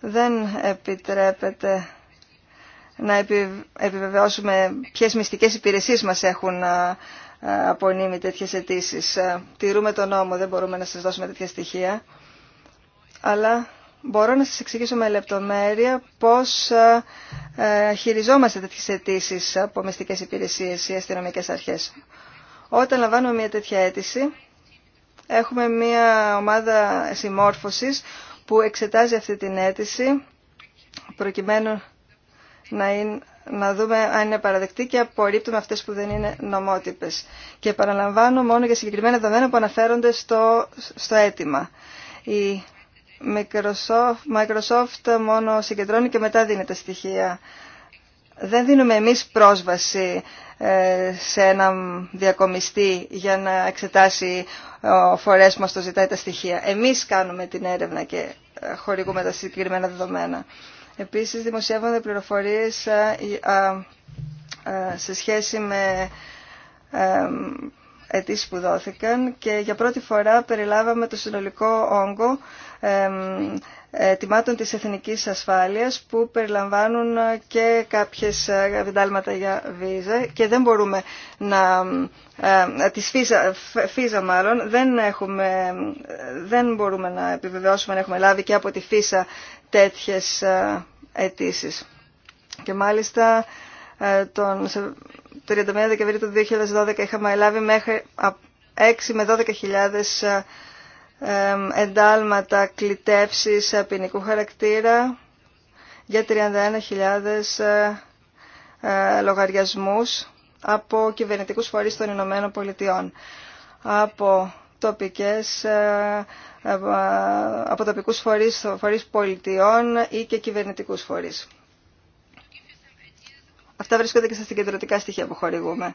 δεν επιτρέπεται να επιβεβαιώσουμε ποιες μυστικές υπηρεσίες μας έχουν απονείμει τέτοιες αιτήσει. Ε, τηρούμε τον νόμο, δεν μπορούμε να σας δώσουμε τέτοια στοιχεία. Αλλά μπορώ να σας εξηγήσω με λεπτομέρεια πώς ε, ε, χειριζόμαστε τέτοιες αιτήσει από μυστικές υπηρεσίες ή αστυνομικέ αρχές. Όταν λαμβάνουμε μια τέτοια αίτηση, έχουμε μια ομάδα συμμόρφωσης που εξετάζει αυτή την αίτηση προκειμένου να, είναι, να δούμε αν είναι παραδεκτή και απορρίπτουμε αυτές που δεν είναι νομότυπες. Και παραλαμβάνω μόνο για συγκεκριμένα δεδομένα που αναφέρονται στο, στο αίτημα. Η Microsoft, Microsoft μόνο συγκεντρώνει και μετά δίνει τα στοιχεία δεν δίνουμε εμείς πρόσβαση ε, σε έναν διακομιστή για να εξετάσει ε, ο φορές που το ζητάει τα στοιχεία. Εμείς κάνουμε την έρευνα και ε, χορηγούμε τα συγκεκριμένα δεδομένα. Επίσης δημοσιεύονται πληροφορίες σε σχέση με αιτήσει που δόθηκαν και για πρώτη φορά περιλάβαμε το συνολικό όγκο ετοιμάτων της εθνικής ασφάλειας που περιλαμβάνουν και κάποιες ε, βιντάλματα για βίζα και δεν μπορούμε να ε, ε, τις μάλλον δεν, έχουμε, δεν μπορούμε να επιβεβαιώσουμε να έχουμε λάβει και από τη φύσα τέτοιες αιτήσει. Και μάλιστα τον 31 Δεκεμβρίου του 2012 είχαμε λάβει μέχρι 6 με χιλιάδες εντάλματα κλητεύσεις ε, ποινικού χαρακτήρα για 31.000 ε, ε, λογαριασμούς από κυβερνητικούς φορείς των Ηνωμένων Πολιτειών, από, τοπικές, από τοπικούς φορείς, φορείς πολιτιών ή και κυβερνητικούς φορείς. Αυτά βρίσκονται και στα συγκεντρωτικά στοιχεία που χορηγούμε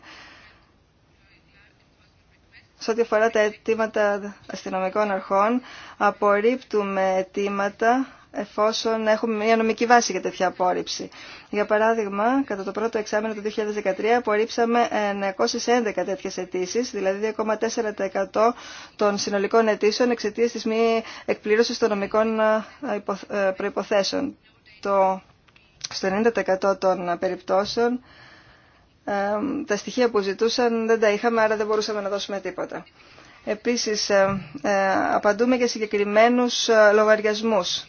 σε ό,τι αφορά τα αιτήματα αστυνομικών αρχών, απορρίπτουμε αιτήματα εφόσον έχουμε μια νομική βάση για τέτοια απόρριψη. Για παράδειγμα, κατά το πρώτο εξάμεινο του 2013 απορρίψαμε 911 τέτοιε αιτήσει, δηλαδή 2,4% των συνολικών αιτήσεων εξαιτία τη μη εκπλήρωση των νομικών ε, ε, προϋποθέσεων. Το, στο 90% των περιπτώσεων τα στοιχεία που ζητούσαν δεν τα είχαμε, άρα δεν μπορούσαμε να δώσουμε τίποτα. Επίσης, ε, απαντούμε για συγκεκριμένους ε, λογαριασμούς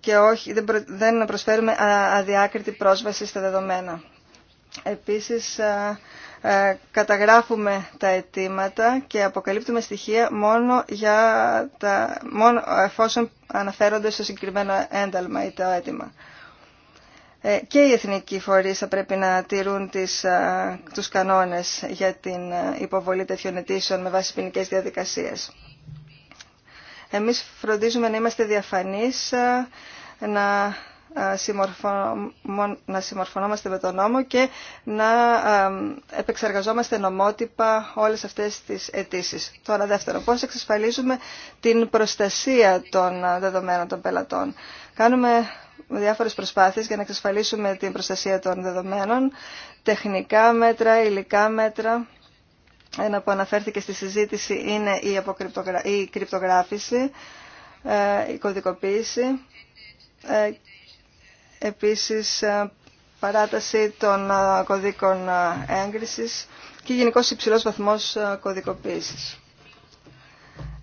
και όχι, δεν προσφέρουμε αδιάκριτη πρόσβαση στα δεδομένα. Επίσης, ε, καταγράφουμε τα αιτήματα και αποκαλύπτουμε στοιχεία μόνο, για τα, μόνο εφόσον αναφέρονται στο συγκεκριμένο ένταλμα ή το αίτημα. Ε, και οι εθνικοί φορείς θα πρέπει να τηρούν τις, τους κανόνες για την υποβολή τέτοιων αιτήσεων με βάση ποινικές διαδικασίες. Εμείς φροντίζουμε να είμαστε διαφανείς, να, να συμμορφωνόμαστε με τον νόμο και να επεξεργαζόμαστε νομότυπα όλες αυτές τις αιτήσει. Τώρα δεύτερον, πώς εξασφαλίζουμε την προστασία των δεδομένων των πελατών. Κάνουμε διάφορες προσπάθειες για να εξασφαλίσουμε την προστασία των δεδομένων, τεχνικά μέτρα, υλικά μέτρα. Ένα που αναφέρθηκε στη συζήτηση είναι η, η κρυπτογράφηση, ε, η κωδικοποίηση. Ε, επίσης, ε, παράταση των κωδίκων έγκρισης και γενικώ υψηλό βαθμός κωδικοποίησης.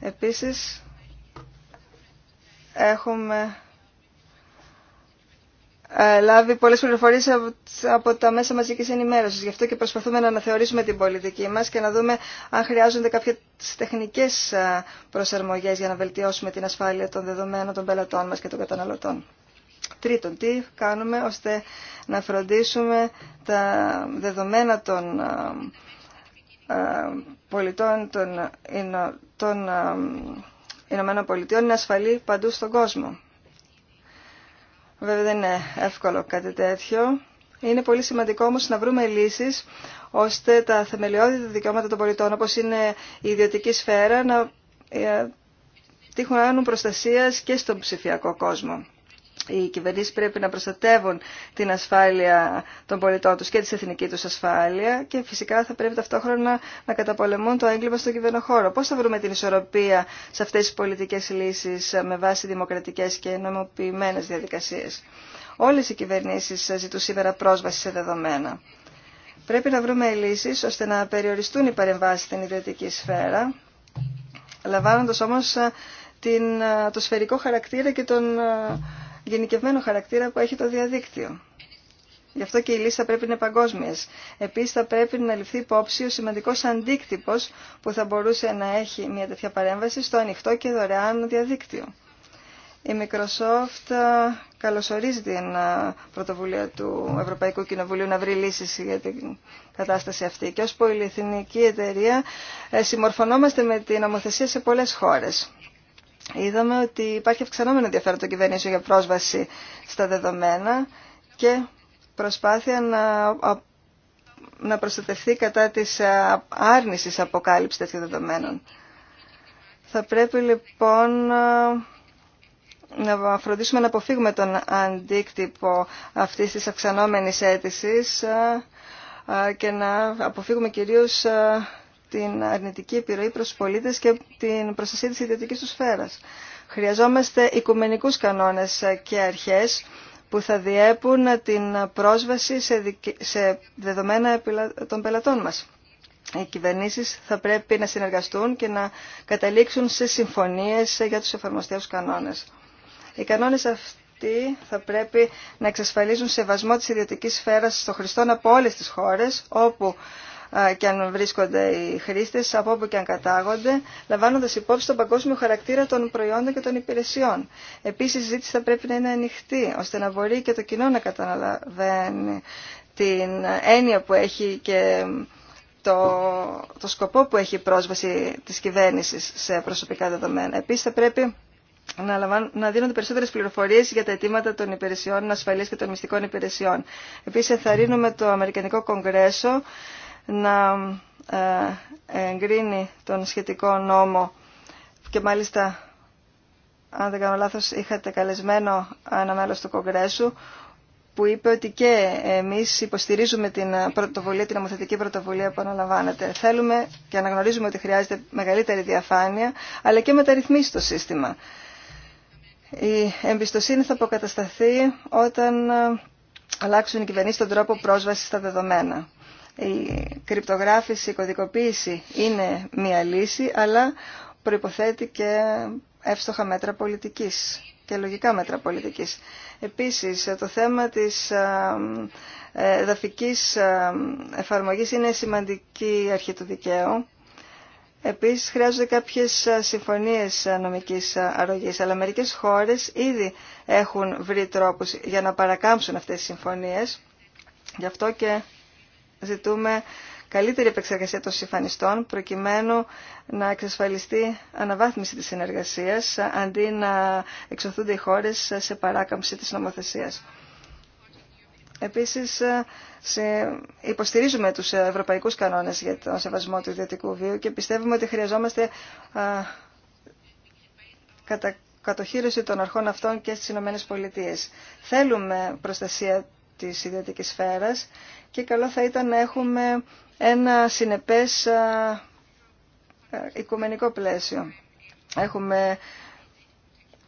Επίσης, έχουμε ε, λάβει πολλέ πληροφορίες από τα μέσα μαζική ενημέρωση, Γι' αυτό και προσπαθούμε να αναθεωρήσουμε την πολιτική μας και να δούμε αν χρειάζονται κάποιες τεχνικές ε, προσαρμογέ για να βελτιώσουμε την ασφάλεια των δεδομένων των πελατών μας και των καταναλωτών. Τρίτον, τι κάνουμε ώστε να φροντίσουμε τα δεδομένα των ε, πολιτών των Ηνωμένων Πολιτειών είναι ασφαλή παντού στον κόσμο. Βέβαια δεν είναι εύκολο κάτι τέτοιο. Είναι πολύ σημαντικό όμως να βρούμε λύσεις ώστε τα θεμελιώδη δικαιώματα των πολιτών όπως είναι η ιδιωτική σφαίρα να ε, τύχουν προστασίας και στον ψηφιακό κόσμο οι κυβερνήσει πρέπει να προστατεύουν την ασφάλεια των πολιτών του και τη εθνική του ασφάλεια και φυσικά θα πρέπει ταυτόχρονα να καταπολεμούν το έγκλημα στον κυβερνοχώρο. Πώ θα βρούμε την ισορροπία σε αυτέ τι πολιτικέ λύσει με βάση δημοκρατικέ και νομοποιημένε διαδικασίε. Όλε οι κυβερνήσει ζητούν σήμερα πρόσβαση σε δεδομένα. Πρέπει να βρούμε λύσει ώστε να περιοριστούν οι παρεμβάσει στην ιδιωτική σφαίρα, λαμβάνοντα όμω το σφαιρικό χαρακτήρα και τον γενικευμένο χαρακτήρα που έχει το διαδίκτυο. Γι' αυτό και οι λύσει θα πρέπει να είναι παγκόσμιε. Επίση, θα πρέπει να ληφθεί υπόψη ο σημαντικό αντίκτυπο που θα μπορούσε να έχει μια τέτοια παρέμβαση στο ανοιχτό και δωρεάν διαδίκτυο. Η Microsoft ε, καλωσορίζει την ε, πρωτοβουλία του Ευρωπαϊκού Κοινοβουλίου να βρει λύσει για την κατάσταση αυτή. Και ω πολυεθνική εταιρεία ε, συμμορφωνόμαστε με την νομοθεσία σε πολλέ χώρε είδαμε ότι υπάρχει αυξανόμενο ενδιαφέρον των κυβερνήσεων για πρόσβαση στα δεδομένα και προσπάθεια να, να προστατευτεί κατά της άρνησης αποκάλυψης τέτοιων δεδομένων. Θα πρέπει λοιπόν να φροντίσουμε να αποφύγουμε τον αντίκτυπο αυτής της αυξανόμενης αίτησης και να αποφύγουμε κυρίως την αρνητική επιρροή προς πολίτες και την προστασία της ιδιωτικής του σφαίρας. Χρειαζόμαστε οικουμενικούς κανόνες και αρχές που θα διέπουν την πρόσβαση σε δεδομένα των πελατών μας. Οι κυβερνήσεις θα πρέπει να συνεργαστούν και να καταλήξουν σε συμφωνίες για τους εφαρμοστέους κανόνες. Οι κανόνες αυτοί θα πρέπει να εξασφαλίζουν σεβασμό της ιδιωτικής σφαίρας στο χρηστών από όλες τις χώρες, όπου και αν βρίσκονται οι χρήστε από όπου και αν κατάγονται, λαμβάνοντα υπόψη τον παγκόσμιο χαρακτήρα των προϊόντων και των υπηρεσιών. Επίση, η συζήτηση θα πρέπει να είναι ανοιχτή, ώστε να μπορεί και το κοινό να καταλαβαίνει την έννοια που έχει και το, το σκοπό που έχει η πρόσβαση τη κυβέρνηση σε προσωπικά δεδομένα. Επίση θα πρέπει να, δίνονται περισσότερε πληροφορίε για τα αιτήματα των υπηρεσιών ασφαλεία και των μυστικών υπηρεσιών. Επίση ενθαρρύνουμε το Αμερικανικό Κογκρέσο να ε, εγκρίνει τον σχετικό νόμο και μάλιστα αν δεν κάνω λάθος είχατε καλεσμένο ένα μέλος του Κογκρέσου που είπε ότι και εμείς υποστηρίζουμε την πρωτοβουλία, την νομοθετική πρωτοβουλία που αναλαμβάνεται. Θέλουμε και αναγνωρίζουμε ότι χρειάζεται μεγαλύτερη διαφάνεια, αλλά και μεταρρυθμίσει στο σύστημα. Η εμπιστοσύνη θα αποκατασταθεί όταν ε, αλλάξουν οι κυβερνήσεις τον τρόπο πρόσβαση στα δεδομένα η κρυπτογράφηση, η κωδικοποίηση είναι μία λύση, αλλά προϋποθέτει και εύστοχα μέτρα πολιτικής και λογικά μέτρα πολιτικής. Επίσης, το θέμα της ε, εδαφικής εφαρμογής είναι σημαντική αρχή του δικαίου. Επίσης, χρειάζονται κάποιες συμφωνίες νομικής αρρωγής, αλλά μερικές χώρες ήδη έχουν βρει τρόπους για να παρακάμψουν αυτές τις συμφωνίες. Γι' αυτό και ζητούμε καλύτερη επεξεργασία των συμφανιστών προκειμένου να εξασφαλιστεί αναβάθμιση της συνεργασίας αντί να εξωθούνται οι χώρες σε παράκαμψη της νομοθεσίας. Επίσης, υποστηρίζουμε τους ευρωπαϊκούς κανόνες για τον σεβασμό του ιδιωτικού βίου και πιστεύουμε ότι χρειαζόμαστε κατοχήρωση των αρχών αυτών και στις ΗΠΑ. Θέλουμε προστασία της ιδιωτικής σφαίρας και καλό θα ήταν να έχουμε ένα συνεπές ε, οικουμενικό πλαίσιο. Έχουμε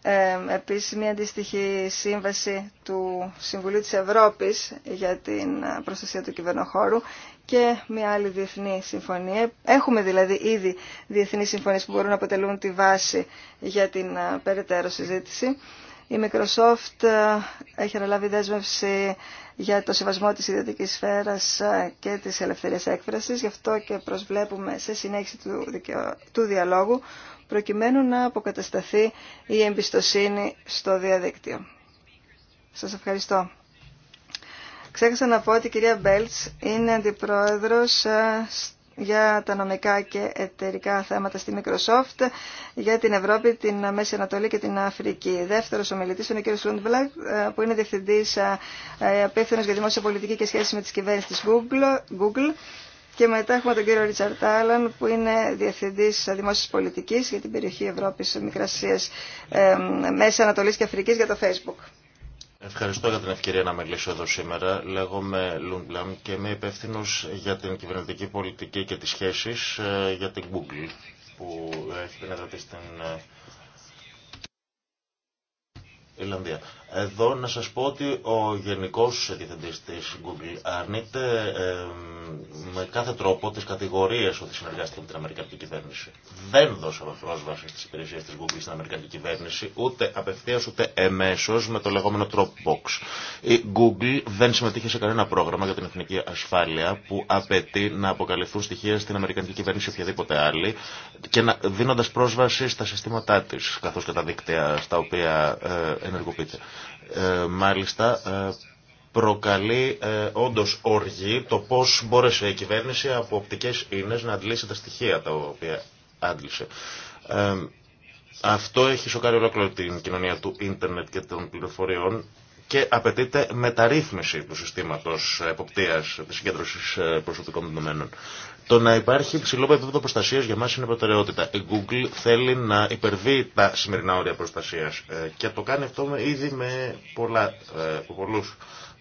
ε, επίσης μια αντίστοιχη σύμβαση του Συμβουλίου της Ευρώπης για την προστασία του κυβερνοχώρου και μια άλλη διεθνή συμφωνία. Έχουμε δηλαδή ήδη διεθνείς συμφωνίες που μπορούν να αποτελούν τη βάση για την περαιτέρω συζήτηση. Η Microsoft ε, έχει αναλάβει δέσμευση για το σεβασμό της ιδιωτικής σφαίρας ε, και της ελευθερίας έκφρασης. Γι' αυτό και προσβλέπουμε σε συνέχιση του, διαλόγου προκειμένου να αποκατασταθεί η εμπιστοσύνη στο διαδίκτυο. Σας ευχαριστώ. Ξέχασα να πω ότι η κυρία Μπέλτς είναι αντιπρόεδρος ε, για τα νομικά και εταιρικά θέματα στη Microsoft για την Ευρώπη, την Μέση Ανατολή και την Αφρική. Δεύτερος ομιλητής είναι ο κ. Λούντμπλακ, που είναι διευθυντής ε, απίθυνος για δημόσια πολιτική και σχέση με τις κυβέρνηση της Google. Και μετά έχουμε τον κύριο Ρίτσαρ Τάλλαν, που είναι διευθυντή δημόσια πολιτική για την περιοχή Ευρώπη, Μικρασία, ε, Μέση Ανατολή και Αφρική για το Facebook. Ευχαριστώ για την ευκαιρία να μιλήσω εδώ σήμερα. Λέγομαι Λούντλαμ και είμαι υπεύθυνο για την κυβερνητική πολιτική και τις σχέσεις ε, για την Google που έχει την στην ε, Ιρλανδία. Εδώ να σας πω ότι ο γενικός διευθυντής της Google αρνείται ε, με κάθε τρόπο τις κατηγορίες ότι συνεργάστηκε με την Αμερικανική κυβέρνηση. Δεν δώσαμε πρόσβαση στις υπηρεσίες της Google στην Αμερικανική κυβέρνηση, ούτε απευθείας ούτε εμέσως με το λεγόμενο Dropbox. Η Google δεν συμμετείχε σε κανένα πρόγραμμα για την εθνική ασφάλεια που απαιτεί να αποκαλυφθούν στοιχεία στην Αμερικανική κυβέρνηση ή οποιαδήποτε άλλη και να, δίνοντας πρόσβαση στα συστήματά της, καθώς και τα δίκτυα στα οποία ε, ενεργοποιείται. Ε, μάλιστα ε, προκαλεί ε, όντω όργη το πώς μπόρεσε η κυβέρνηση από οπτικέ ίνες να αντλήσει τα στοιχεία τα οποία άντλησε. Ε, αυτό έχει σοκάρει ολόκληρη την κοινωνία του ίντερνετ και των πληροφοριών και απαιτείται μεταρρύθμιση του συστήματος εποπτείας της συγκέντρωσης προσωπικών δεδομένων. Το να υπάρχει υψηλό επίπεδο προστασία για μα είναι προτεραιότητα. Η Google θέλει να υπερβεί τα σημερινά όρια προστασία ε, και το κάνει αυτό ήδη με ε, πολλού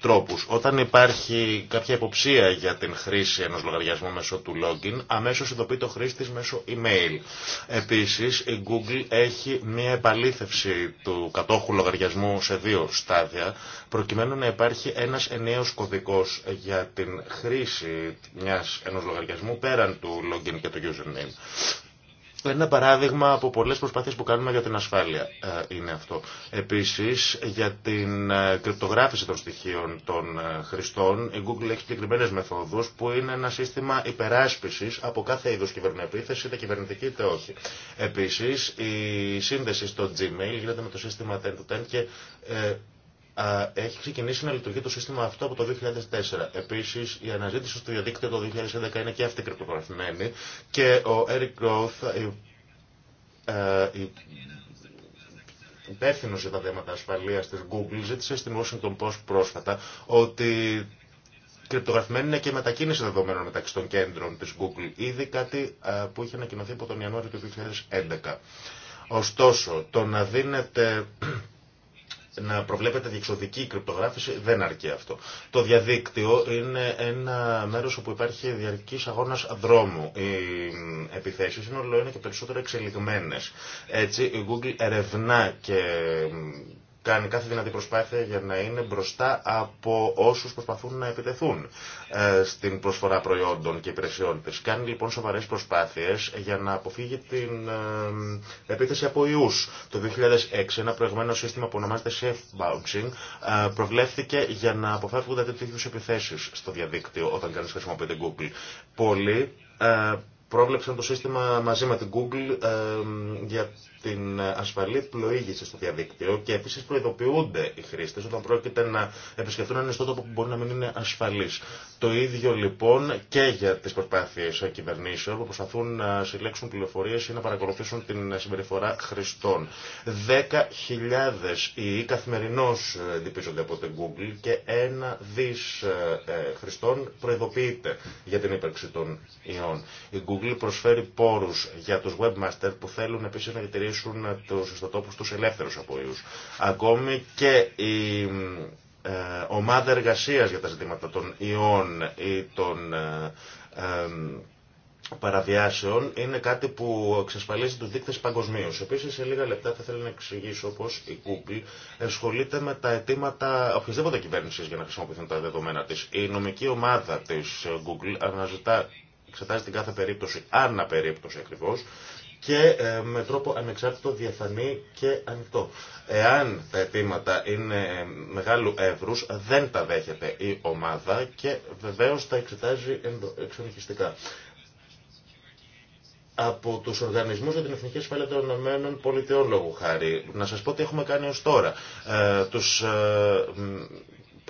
τρόπους. Όταν υπάρχει κάποια υποψία για την χρήση ενός λογαριασμού μέσω του login, αμέσως ειδοποιεί το χρήστη μέσω email. Επίσης, η Google έχει μια επαλήθευση του κατόχου λογαριασμού σε δύο στάδια, προκειμένου να υπάρχει ένας ενιαίος κωδικός για την χρήση μιας, ενός λογαριασμού πέραν του login και του username. Ένα παράδειγμα από πολλές προσπάθειες που κάνουμε για την ασφάλεια ε, είναι αυτό. Επίσης, για την ε, κρυπτογράφηση των στοιχείων των ε, χρηστών, η Google έχει συγκεκριμένε μεθόδους που είναι ένα σύστημα υπεράσπισης από κάθε είδους κυβερνοεπίθεση, είτε κυβερνητική είτε όχι. Επίσης, η σύνδεση στο Gmail γίνεται με το σύστημα 10 10 και έχει ξεκινήσει να λειτουργεί το σύστημα αυτό από το 2004. Επίση, η αναζήτηση στο διαδίκτυο το 2011 είναι και αυτή κρυπτογραφημένη και ο Eric Roth, ε, ε, υπεύθυνο για τα θέματα ασφαλεία τη Google, ζήτησε στην Washington Post πρόσφατα ότι κρυπτογραφημένη είναι και η μετακίνηση δεδομένων μεταξύ των κέντρων τη Google. Ήδη κάτι ε, που είχε ανακοινωθεί από τον Ιανουάριο του 2011. Ωστόσο, το να δίνεται να προβλέπετε διεξοδική κρυπτογράφηση δεν αρκεί αυτό. Το διαδίκτυο είναι ένα μέρος όπου υπάρχει διαρκής αγώνας δρόμου. Οι επιθέσεις είναι όλο και περισσότερο εξελιγμένες. Έτσι η Google ερευνά και κάνει κάθε δυνατή προσπάθεια για να είναι μπροστά από όσους προσπαθούν να επιτεθούν ε, στην προσφορά προϊόντων και υπηρεσιών της. Κάνει λοιπόν σοβαρές προσπάθειες για να αποφύγει την ε, επίθεση από ιούς. Το 2006 ένα προηγμένο σύστημα που ονομάζεται Safe Bouncing ε, προβλέφθηκε για να αποφεύγονται είδους επιθέσεις στο διαδίκτυο όταν κανείς χρησιμοποιεί Google. Πολλοί πρόβλεψαν το σύστημα μαζί με την Google για την ασφαλή πλοήγηση στο διαδίκτυο και επίση προειδοποιούνται οι χρήστε όταν πρόκειται να επισκεφθούν έναν ιστότοπο που μπορεί να μην είναι ασφαλή. Το ίδιο λοιπόν και για τι προσπάθειε κυβερνήσεων που προσπαθούν να συλλέξουν πληροφορίε ή να παρακολουθήσουν την συμπεριφορά χρηστών. 10.000 οι καθημερινώ ε, εντυπίζονται από την Google και ένα δι ε, ε, χρηστών προειδοποιείται για την ύπαρξη των ιών. Η Google προσφέρει πόρου για του webmaster που θέλουν επίση να αφήσουν τους ιστοτόπους τους ελεύθερους από ιούς. Ακόμη και η ε, ομάδα εργασίας για τα ζητήματα των ιών ή των ε, ε, παραβιάσεων είναι κάτι που εξασφαλίζει τους δείκτες παγκοσμίω. Επίσης σε λίγα λεπτά θα θέλω να εξηγήσω πως η Google ασχολείται με τα αιτήματα οποιασδήποτε κυβέρνησης για να χρησιμοποιηθούν τα δεδομένα της. Η νομική ομάδα της Google αναζητά εξετάζει την κάθε περίπτωση, ανά περίπτωση ακριβώ, και ε, με τρόπο ανεξάρτητο, διαφανή και ανοιχτό. Εάν τα αιτήματα είναι μεγάλου εύρου, δεν τα δέχεται η ομάδα και βεβαίω τα εξετάζει εξονυχιστικά. Από του οργανισμού για την Εθνική Ασφάλεια των Ηνωμένων Πολιτειών, λόγου χάρη, να σα πω τι έχουμε κάνει ω τώρα. Ε, ε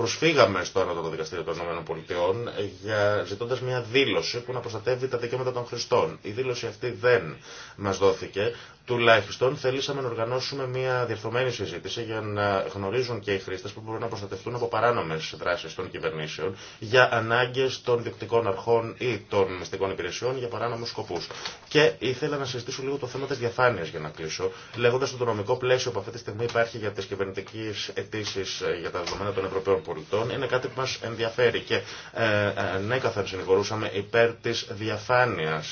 Προσφύγαμε στο Ανώτατο Δικαστήριο των ΗΠΑ για, ζητώντας μια δήλωση που να προστατεύει τα δικαιώματα των χρηστών. Η δήλωση αυτή δεν μα δόθηκε, Τουλάχιστον θέλησαμε να οργανώσουμε μια διερθωμένη συζήτηση για να γνωρίζουν και οι χρήστε που μπορούν να προστατευτούν από παράνομε δράσει των κυβερνήσεων για ανάγκε των διεκτικών αρχών ή των μυστικών υπηρεσιών για παράνομου σκοπού. Και ήθελα να συζητήσω λίγο το θέμα τη διαφάνεια για να κλείσω, λέγοντα ότι το νομικό πλαίσιο που αυτή τη στιγμή υπάρχει για τι κυβερνητικέ αιτήσει ε, για τα δεδομένα των Ευρωπαίων πολιτών είναι κάτι που μα ενδιαφέρει και ε, ε, ναι, συνηγορούσαμε υπέρ τη διαφάνεια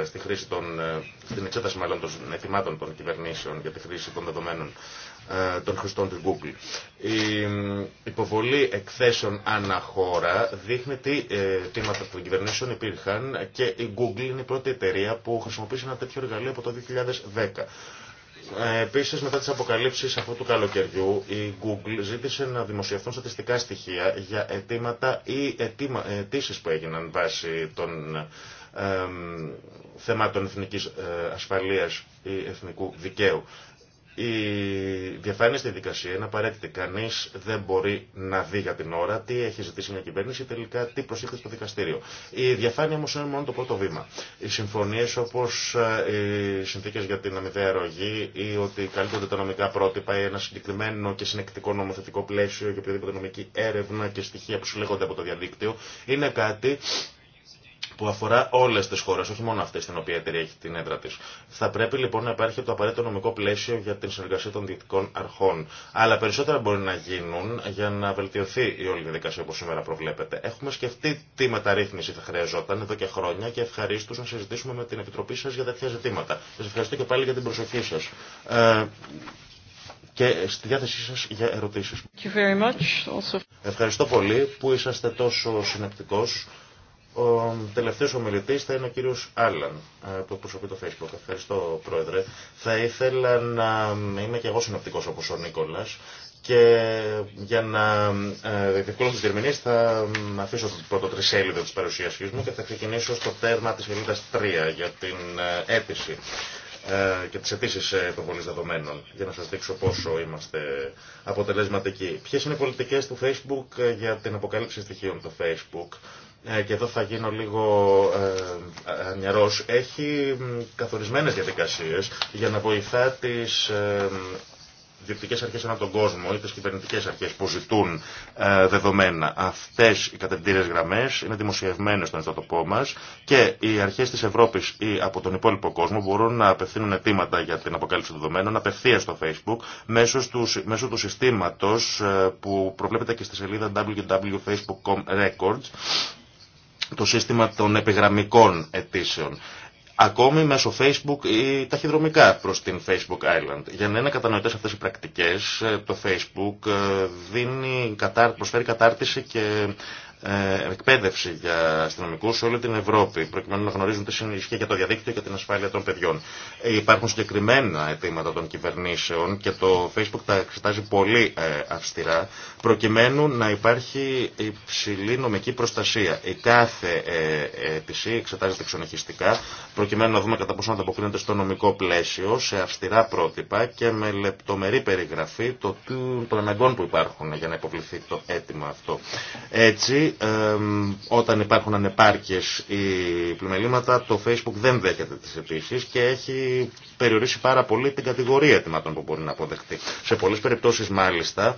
ε, στη χρήση των ε, την εξέταση μάλλον των ετοιμάτων των κυβερνήσεων για τη χρήση των δεδομένων ε, των χρηστών της Google. Η υποβολή εκθέσεων αναχώρα δείχνει τι ε, αιτήματα των κυβερνήσεων υπήρχαν και η Google είναι η πρώτη εταιρεία που χρησιμοποίησε ένα τέτοιο εργαλείο από το 2010. Ε, Επίση, μετά τι αποκαλύψει αυτού του καλοκαιριού, η Google ζήτησε να δημοσιευθούν στατιστικά στοιχεία για αιτήματα ή αιτήσει που έγιναν βάσει των θεμάτων εθνικής ε, ασφαλείας ή εθνικού δικαίου. Η διαφάνεια στη δικασία είναι απαραίτητη. Κανεί δεν μπορεί να δει για την ώρα τι έχει ζητήσει μια κυβέρνηση ή τελικά τι προσήλθε στο δικαστήριο. Η διαφάνεια όμω είναι μόνο το πρώτο βήμα. Οι συμφωνίε όπω ε, οι συνθήκε για την αμοιβαία αρρωγή ή ότι καλύπτονται τα νομικά πρότυπα ή ένα συγκεκριμένο και συνεκτικό νομοθετικό πλαίσιο για οποιαδήποτε νομική έρευνα και στοιχεία που συλλέγονται από το διαδίκτυο είναι κάτι που αφορά όλε τι χώρε, όχι μόνο αυτέ στην οποία η εταιρεία έχει την έδρα τη. Θα πρέπει λοιπόν να υπάρχει το απαραίτητο νομικό πλαίσιο για την συνεργασία των διοικητικών αρχών. Αλλά περισσότερα μπορεί να γίνουν για να βελτιωθεί η όλη διαδικασία όπω σήμερα προβλέπετε. Έχουμε σκεφτεί τι μεταρρύθμιση θα χρειαζόταν εδώ και χρόνια και ευχαρίστω να συζητήσουμε με την Επιτροπή σα για τέτοια ζητήματα. Σα ευχαριστώ και πάλι για την προσοχή σα. Ε, και στη διάθεσή σας για ερωτήσεις. Ευχαριστώ πολύ που είσαστε τόσο συνεπτικός ο τελευταίος ομιλητή θα είναι ο κύριος Άλλαν, ε, που εκπροσωπεί το Facebook. Ευχαριστώ, Πρόεδρε. Θα ήθελα να είμαι και εγώ συνοπτικό όπως ο Νίκολας και για να ε, διευκολύνω τις διερμηνίες θα αφήσω το πρώτο τρισέλιδο της παρουσίασής μου και θα ξεκινήσω στο τέρμα της σελίδα 3 για την ε, αίτηση και τις αιτήσει υποβολής δεδομένων για να σας δείξω πόσο είμαστε αποτελεσματικοί. Ποιες είναι οι πολιτικές του Facebook για την αποκάλυψη στοιχείων του Facebook ε, και εδώ θα γίνω λίγο ε, ε έχει καθορισμένες διαδικασίες για να βοηθά τις ε, αρχέ αρχές ανά τον κόσμο ή τις κυβερνητικές αρχές που ζητούν ε, δεδομένα. Αυτές οι κατευθυντήρες γραμμές είναι δημοσιευμένες στον ιστοτοπό μας και οι αρχές της Ευρώπης ή από τον υπόλοιπο κόσμο μπορούν να απευθύνουν αιτήματα για την αποκάλυψη των δεδομένων απευθείας στο Facebook μέσω του, μέσω του συστήματος που προβλέπεται και στη σελίδα www.facebook.com records το σύστημα των επιγραμμικών αιτήσεων ακόμη μέσω Facebook ή ταχυδρομικά προς την Facebook Island. Για να είναι κατανοητές αυτές οι πρακτικές, ε, το Facebook ε, δίνει, προσφέρει κατάρτιση και ε, εκπαίδευση για αστυνομικού σε όλη την Ευρώπη, προκειμένου να γνωρίζουν τι ισχύει για το διαδίκτυο και την ασφάλεια των παιδιών. Ε, υπάρχουν συγκεκριμένα αιτήματα των κυβερνήσεων και το Facebook τα εξετάζει πολύ ε, αυστηρά, προκειμένου να υπάρχει υψηλή νομική προστασία. Η κάθε αίτηση εξετάζεται ξενοχιστικά, προκειμένου να δούμε κατά πόσο ανταποκρίνεται στο νομικό πλαίσιο, σε αυστηρά πρότυπα και με λεπτομερή περιγραφή των αναγκών που υπάρχουν για να υποβληθεί το αίτημα αυτό. Έτσι, όταν υπάρχουν ανεπάρκειες ή πλημελήματα το Facebook δεν δέχεται τις επίσης και έχει περιορίσει πάρα πολύ την κατηγορία αιτημάτων που μπορεί να αποδεχτεί. Σε πολλές περιπτώσεις μάλιστα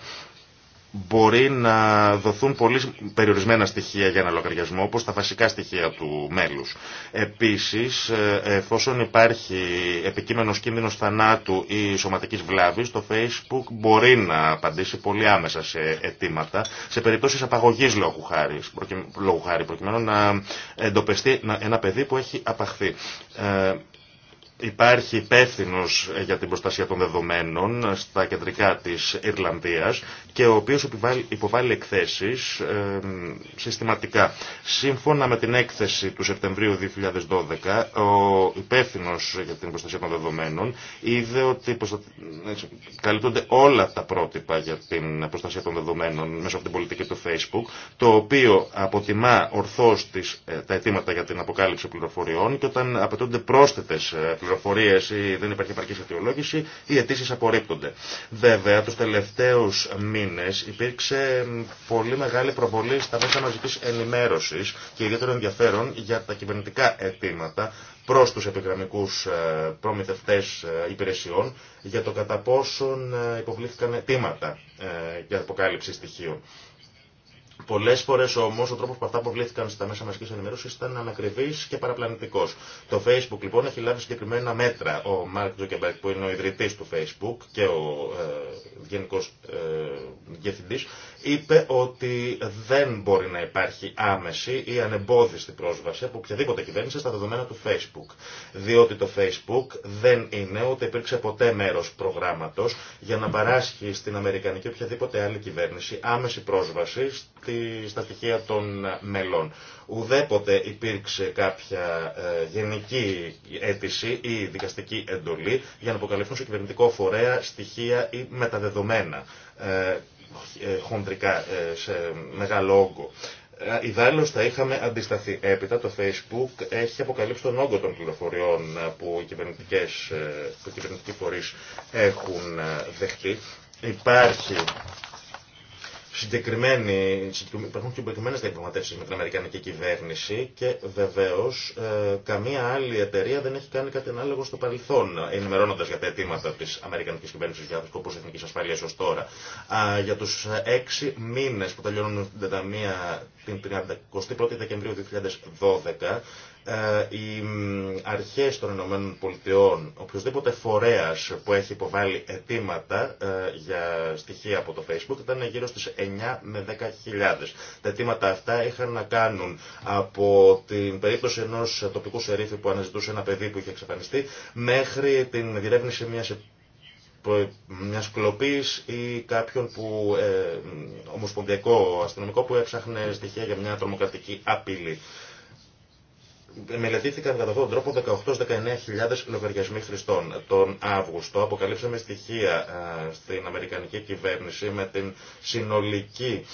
μπορεί να δοθούν πολύ περιορισμένα στοιχεία για ένα λογαριασμό, όπως τα βασικά στοιχεία του μέλους. Επίσης, ε, εφόσον υπάρχει επικείμενος κίνδυνος θανάτου ή σωματικής βλάβης, το Facebook μπορεί να απαντήσει πολύ άμεσα σε αιτήματα, σε περιπτώσεις απαγωγής λόγου χάρη, προκειμένου να εντοπιστεί ένα παιδί που έχει απαχθεί. Ε, υπάρχει υπεύθυνο ε, για την προστασία των δεδομένων στα κεντρικά της Ιρλανδίας και ο οποίος υποβάλλει εκθέσεις ε, συστηματικά. Σύμφωνα με την έκθεση του Σεπτεμβρίου 2012, ο υπεύθυνο για την προστασία των δεδομένων είδε ότι ε, καλύπτονται όλα τα πρότυπα για την προστασία των δεδομένων μέσω από την πολιτική του Facebook, το οποίο αποτιμά ορθώς τις, τα αιτήματα για την αποκάλυψη πληροφοριών και όταν απαιτούνται πρόσθετες πληροφορίες πληροφορίε ή δεν υπάρχει επαρκή αιτιολόγηση, οι αιτήσει απορρίπτονται. Βέβαια, του τελευταίου μήνε υπήρξε πολύ μεγάλη προβολή στα μέσα μαζική ενημέρωση και ιδιαίτερο ενδιαφέρον για τα κυβερνητικά αιτήματα προ του επιγραμμικού ε, προμηθευτέ ε, υπηρεσιών για το κατά πόσον ε, υποβλήθηκαν αιτήματα για αποκάλυψη στοιχείων. Πολλέ φορέ όμω ο τρόπο που αυτά αποβλήθηκαν στα μέσα μαζική ενημέρωση ήταν ανακριβή και παραπλανητικό. Το Facebook λοιπόν έχει λάβει συγκεκριμένα μέτρα. Ο Μάρκ Τζοκεμπέρκ που είναι ο ιδρυτή του Facebook και ο ε, γενικό ε, διευθυντή είπε ότι δεν μπορεί να υπάρχει άμεση ή ανεμπόδιστη πρόσβαση από οποιαδήποτε κυβέρνηση στα δεδομένα του Facebook. Διότι το Facebook δεν είναι ούτε υπήρξε ποτέ μέρος προγράμματος για να παράσχει στην Αμερικανική οποιαδήποτε άλλη κυβέρνηση άμεση πρόσβαση στη, στα στοιχεία των μελών. Ουδέποτε υπήρξε κάποια ε, γενική αίτηση ή δικαστική εντολή για να αποκαλυφθούν σε κυβερνητικό φορέα στοιχεία ή μεταδεδομένα. Ε, ε, χοντρικά ε, σε μεγάλο όγκο. Ε, Ιδάλλω θα είχαμε αντισταθεί. Έπειτα το Facebook έχει αποκαλύψει τον όγκο των πληροφοριών που οι κυβερνητικές, που οι κυβερνητικοί φορείς έχουν δεχτεί. Υπάρχει συγκεκριμένη, υπάρχουν συγκεκριμένε διαπραγματεύσει με την Αμερικανική κυβέρνηση και βεβαίω ε, καμία άλλη εταιρεία δεν έχει κάνει κάτι ανάλογο στο παρελθόν, ενημερώνοντα για τα αιτήματα τη Αμερικανική κυβέρνηση για σκοπού εθνική ασφαλεία ω τώρα. Α, για του ε, έξι μήνε που τελειώνουν την 31η Δεκεμβρίου 2012, ε, οι αρχές των Ηνωμένων Πολιτειών, οποιοδήποτε φορέας που έχει υποβάλει αιτήματα ε, για στοιχεία από το Facebook ήταν γύρω στις 9 με 10 Τα αιτήματα αυτά είχαν να κάνουν από την περίπτωση ενός τοπικού σερίφη που αναζητούσε ένα παιδί που είχε εξαφανιστεί μέχρι την διερεύνηση μιας μιας κλοπής ή κάποιον που, ε, ομοσπονδιακό αστυνομικό που έψαχνε στοιχεία για μια τρομοκρατική απειλή μελετήθηκαν κατά αυτόν τον τρόπο 18-19.000 λογαριασμοί χρηστών. Τον Αύγουστο αποκαλύψαμε στοιχεία ε, στην Αμερικανική κυβέρνηση με την συνολική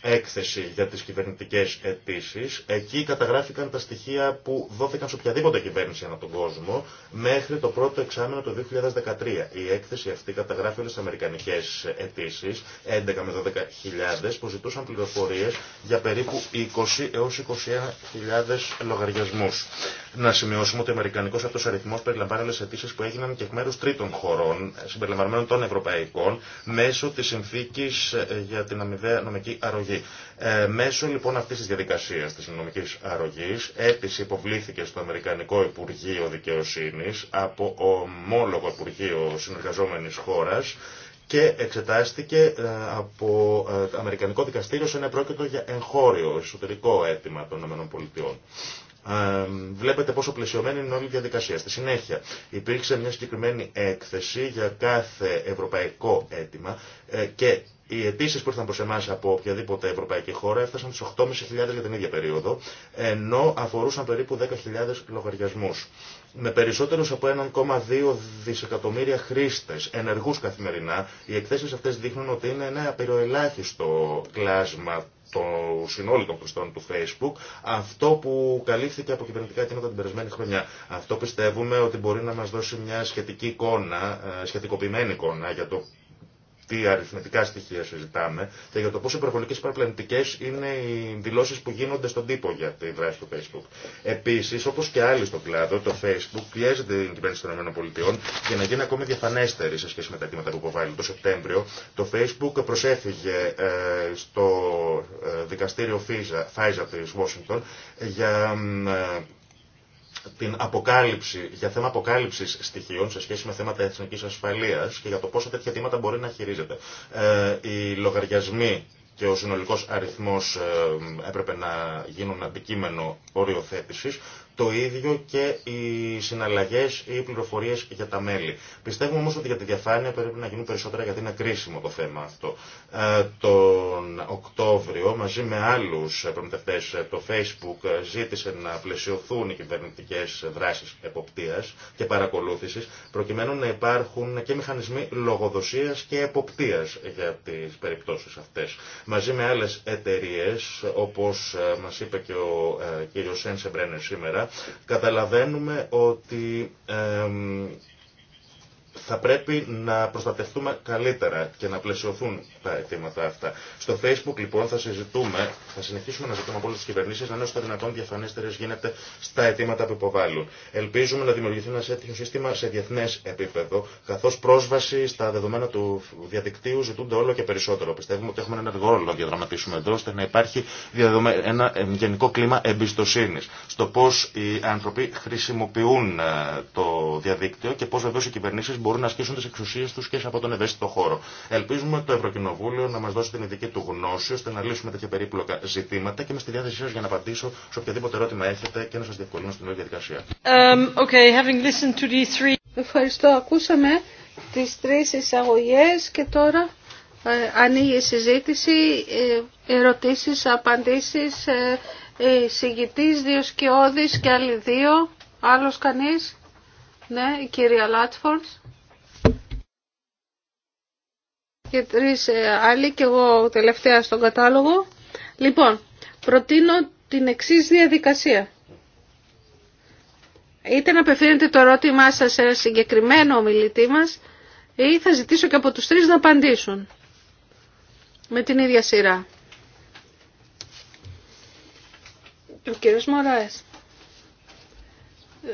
έκθεση για τις κυβερνητικές αιτήσει. Εκεί καταγράφηκαν τα στοιχεία που δόθηκαν σε οποιαδήποτε κυβέρνηση ανά τον κόσμο μέχρι το πρώτο εξάμεινο του 2013. Η έκθεση αυτή καταγράφει όλες τις αμερικανικές αιτήσει, 11 με 12 που ζητούσαν πληροφορίες για περίπου 20 έως 21.000 λογαριασμούς. Να σημειώσουμε ότι ο αμερικανικός αυτό αριθμός περιλαμβάνει όλες τις αιτήσει που έγιναν και εκ μέρους τρίτων χωρών, συμπεριλαμβανομένων των ευρωπαϊκών, μέσω τη συνθήκη ε, για την αμοιβή νομική αρρωγή. Ε, μέσω λοιπόν αυτή τη διαδικασία τη νομική αρρωγή, αίτηση υποβλήθηκε στο Αμερικανικό Υπουργείο Δικαιοσύνη από ομόλογο Υπουργείο Συνεργαζόμενη Χώρα και εξετάστηκε ε, από ε, το Αμερικανικό Δικαστήριο σε ένα πρόκειτο για εγχώριο, εσωτερικό αίτημα των ΗΠΑ. Ε, βλέπετε πόσο πλαισιωμένη είναι όλη η διαδικασία. Στη συνέχεια υπήρξε μια συγκεκριμένη έκθεση για κάθε ευρωπαϊκό αίτημα και οι αιτήσει που ήρθαν προ εμά από οποιαδήποτε ευρωπαϊκή χώρα έφτασαν στι 8.500 για την ίδια περίοδο, ενώ αφορούσαν περίπου 10.000 λογαριασμού. Με περισσότερου από 1,2 δισεκατομμύρια χρήστε ενεργού καθημερινά, οι εκθέσει αυτέ δείχνουν ότι είναι ένα απειροελάχιστο κλάσμα των συνόλου των χρηστών του Facebook, αυτό που καλύφθηκε από κυβερνητικά κίνητα την περασμένη χρονιά. Αυτό πιστεύουμε ότι μπορεί να μας δώσει μια σχετική εικόνα, ε, σχετικοποιημένη εικόνα για το τι αριθμητικά στοιχεία συζητάμε και για το πόσο υπερβολικέ παραπλανητικέ είναι οι δηλώσει που γίνονται στον τύπο για τη δράση του Facebook. Επίση, όπω και άλλοι στον κλάδο, το Facebook πιέζεται την κυβέρνηση των ΗΠΑ για να γίνει ακόμη διαφανέστερη σε σχέση με τα αιτήματα που υποβάλλει. Το Σεπτέμβριο το Facebook προσέφυγε ε, στο ε, δικαστήριο FISA, Φάιζα τη Washington για ε, την αποκάλυψη, για θέμα αποκάλυψης στοιχείων σε σχέση με θέματα εθνικής ασφαλείας και για το πόσο τέτοια θέματα μπορεί να χειρίζεται. Ε, οι λογαριασμοί και ο συνολικός αριθμός ε, έπρεπε να γίνουν αντικείμενο οριοθέτησης, το ίδιο και οι συναλλαγέ ή οι πληροφορίε για τα μέλη. Πιστεύουμε όμω ότι για τη διαφάνεια πρέπει να γίνουν περισσότερα γιατί είναι κρίσιμο το θέμα αυτό. Ε, τον Οκτώβριο μαζί με άλλου προμηθευτέ ε, το Facebook ζήτησε να πλαισιωθούν οι κυβερνητικέ δράσει εποπτεία και παρακολούθηση προκειμένου να υπάρχουν και μηχανισμοί λογοδοσία και εποπτεία για τι περιπτώσει αυτέ. Μαζί με άλλε εταιρείε όπω ε, μα είπε και ο ε, κύριο Σένσεμπρένερ σήμερα Καταλαβαίνουμε ότι θα πρέπει να προστατευτούμε καλύτερα και να πλαισιωθούν τα αιτήματα αυτά. Στο Facebook λοιπόν θα συζητούμε, θα συνεχίσουμε να ζητούμε από όλε τι κυβερνήσει να είναι όσο το δυνατόν διαφανέστερε γίνεται στα αιτήματα που υποβάλλουν. Ελπίζουμε να δημιουργηθεί ένα τέτοιο σύστημα σε διεθνέ επίπεδο, καθώ πρόσβαση στα δεδομένα του διαδικτύου ζητούνται όλο και περισσότερο. Πιστεύουμε ότι έχουμε ένα ρόλο να διαδραματίσουμε εδώ, ώστε να υπάρχει ένα ε, γενικό κλίμα εμπιστοσύνη στο πώ οι άνθρωποι χρησιμοποιούν ε, το διαδίκτυο και πώ βεβαίω οι κυβερνήσει μπορούν μπορούν να ασκήσουν τι εξουσίε του και από τον ευαίσθητο χώρο. Ελπίζουμε το Ευρωκοινοβούλιο να μα δώσει την ειδική του γνώση ώστε να λύσουμε τέτοια περίπλοκα ζητήματα και με στη διάθεσή σα για να απαντήσω σε οποιαδήποτε ερώτημα έχετε και να σα διευκολύνω στην όλη διαδικασία. Um, okay, having listened to these three... Ευχαριστώ. Ακούσαμε τι τρει εισαγωγέ και τώρα ε, ανοίγει η συζήτηση, ε, ερωτήσει, απαντήσεις, ε, ε, συγητής, δύο σκιώδης και άλλοι δύο, άλλο κανεί, ναι, η κυρία Λάτσφορντς. και τρεις ε, άλλοι και εγώ τελευταία στον κατάλογο. Λοιπόν, προτείνω την εξής διαδικασία. Είτε να απευθύνετε το ερώτημά σας σε ένα συγκεκριμένο ομιλητή μας ή θα ζητήσω και από τους τρεις να απαντήσουν με την ίδια σειρά. Ο κύριος Μωράες.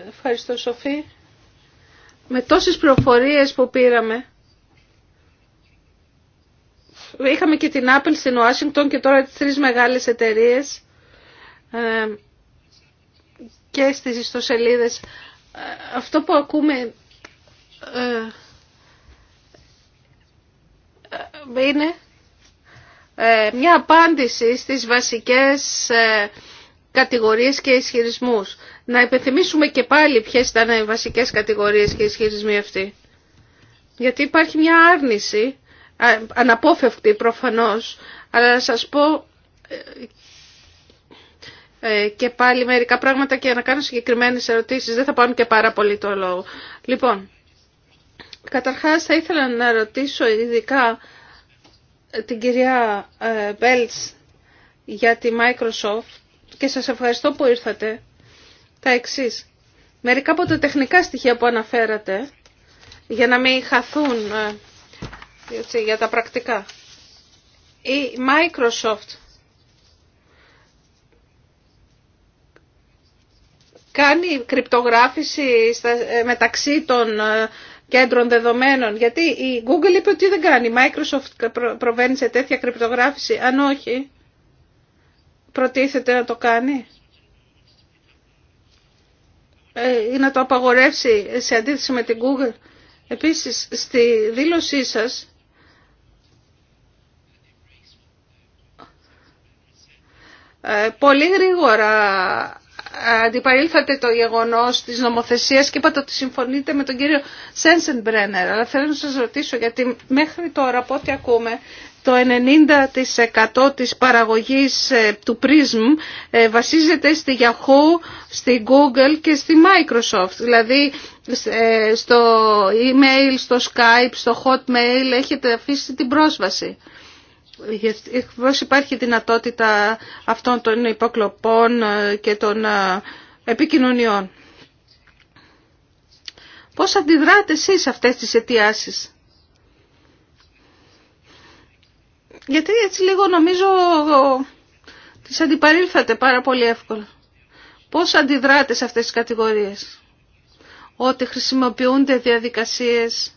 Ευχαριστώ Σοφή. Με τόσες προφορίες που πήραμε Είχαμε και την Apple στην Ουάσιγκτον και τώρα τις τρεις μεγάλες εταιρείες ε, και στις ιστοσελίδες. Ε, αυτό που ακούμε ε, είναι μια απάντηση στις βασικές κατηγορίες και ισχυρισμούς. Να υπενθυμίσουμε και πάλι ποιες ήταν οι βασικές κατηγορίες και ισχυρισμοί αυτοί. Γιατί υπάρχει μια άρνηση αναπόφευκτη προφανώς, αλλά να σας πω ε, ε, και πάλι μερικά πράγματα και να κάνω συγκεκριμένες ερωτήσεις. Δεν θα πάρουν και πάρα πολύ το λόγο. Λοιπόν, καταρχάς θα ήθελα να ρωτήσω ειδικά ε, την κυρία Μπέλτς για τη Microsoft και σας ευχαριστώ που ήρθατε. Τα εξής. Μερικά από τα τεχνικά στοιχεία που αναφέρατε, για να μην χαθούν για τα πρακτικά. Η Microsoft κάνει κρυπτογράφηση στα, ε, μεταξύ των ε, κέντρων δεδομένων. Γιατί η Google είπε ότι δεν κάνει. Η Microsoft προβαίνει σε τέτοια κρυπτογράφηση. Αν όχι, προτίθεται να το κάνει. Ε, ή να το απαγορεύσει σε αντίθεση με την Google. Επίσης, στη δήλωσή σας Ε, πολύ γρήγορα ε, αντιπαρήλθατε το γεγονός της νομοθεσίας και είπατε ότι συμφωνείτε με τον κύριο Σένσενμπρένερ. Αλλά θέλω να σας ρωτήσω γιατί μέχρι τώρα από ό,τι ακούμε το 90% της παραγωγής ε, του Prism βασίζεται στη Yahoo, στη Google και στη Microsoft. Δηλαδή στο email, στο Skype, στο Hotmail έχετε αφήσει την πρόσβαση. Πώς υπάρχει δυνατότητα αυτών των υποκλοπών ε, και των ε, επικοινωνιών. Πώς αντιδράτε εσείς αυτές τις αιτιάσεις. Γιατί έτσι λίγο νομίζω ε, τις αντιπαρήλθατε πάρα πολύ εύκολα. Πώς αντιδράτε σε αυτές τις κατηγορίες. Ότι χρησιμοποιούνται διαδικασίες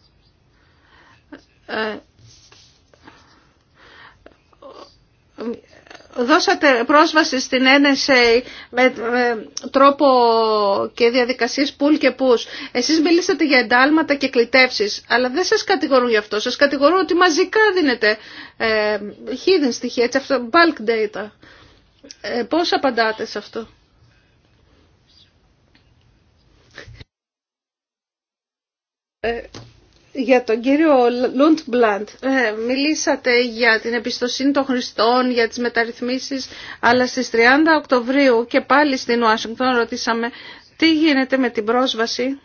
δώσατε πρόσβαση στην NSA με, τρόπο και διαδικασίες πουλ και πους. Εσείς μιλήσατε για εντάλματα και κλητεύσεις, αλλά δεν σας κατηγορούν γι' αυτό. Σας κατηγορούν ότι μαζικά δίνετε ε, hidden στοιχεία, αυτό, bulk data. Ε, πώς απαντάτε σε αυτό. Ε, για τον κύριο Λούντμπλαντ. Ε, μιλήσατε για την εμπιστοσύνη των χρηστών, για τις μεταρρυθμίσεις, αλλά στις 30 Οκτωβρίου και πάλι στην Ουάσιγκτον ρωτήσαμε τι γίνεται με την πρόσβαση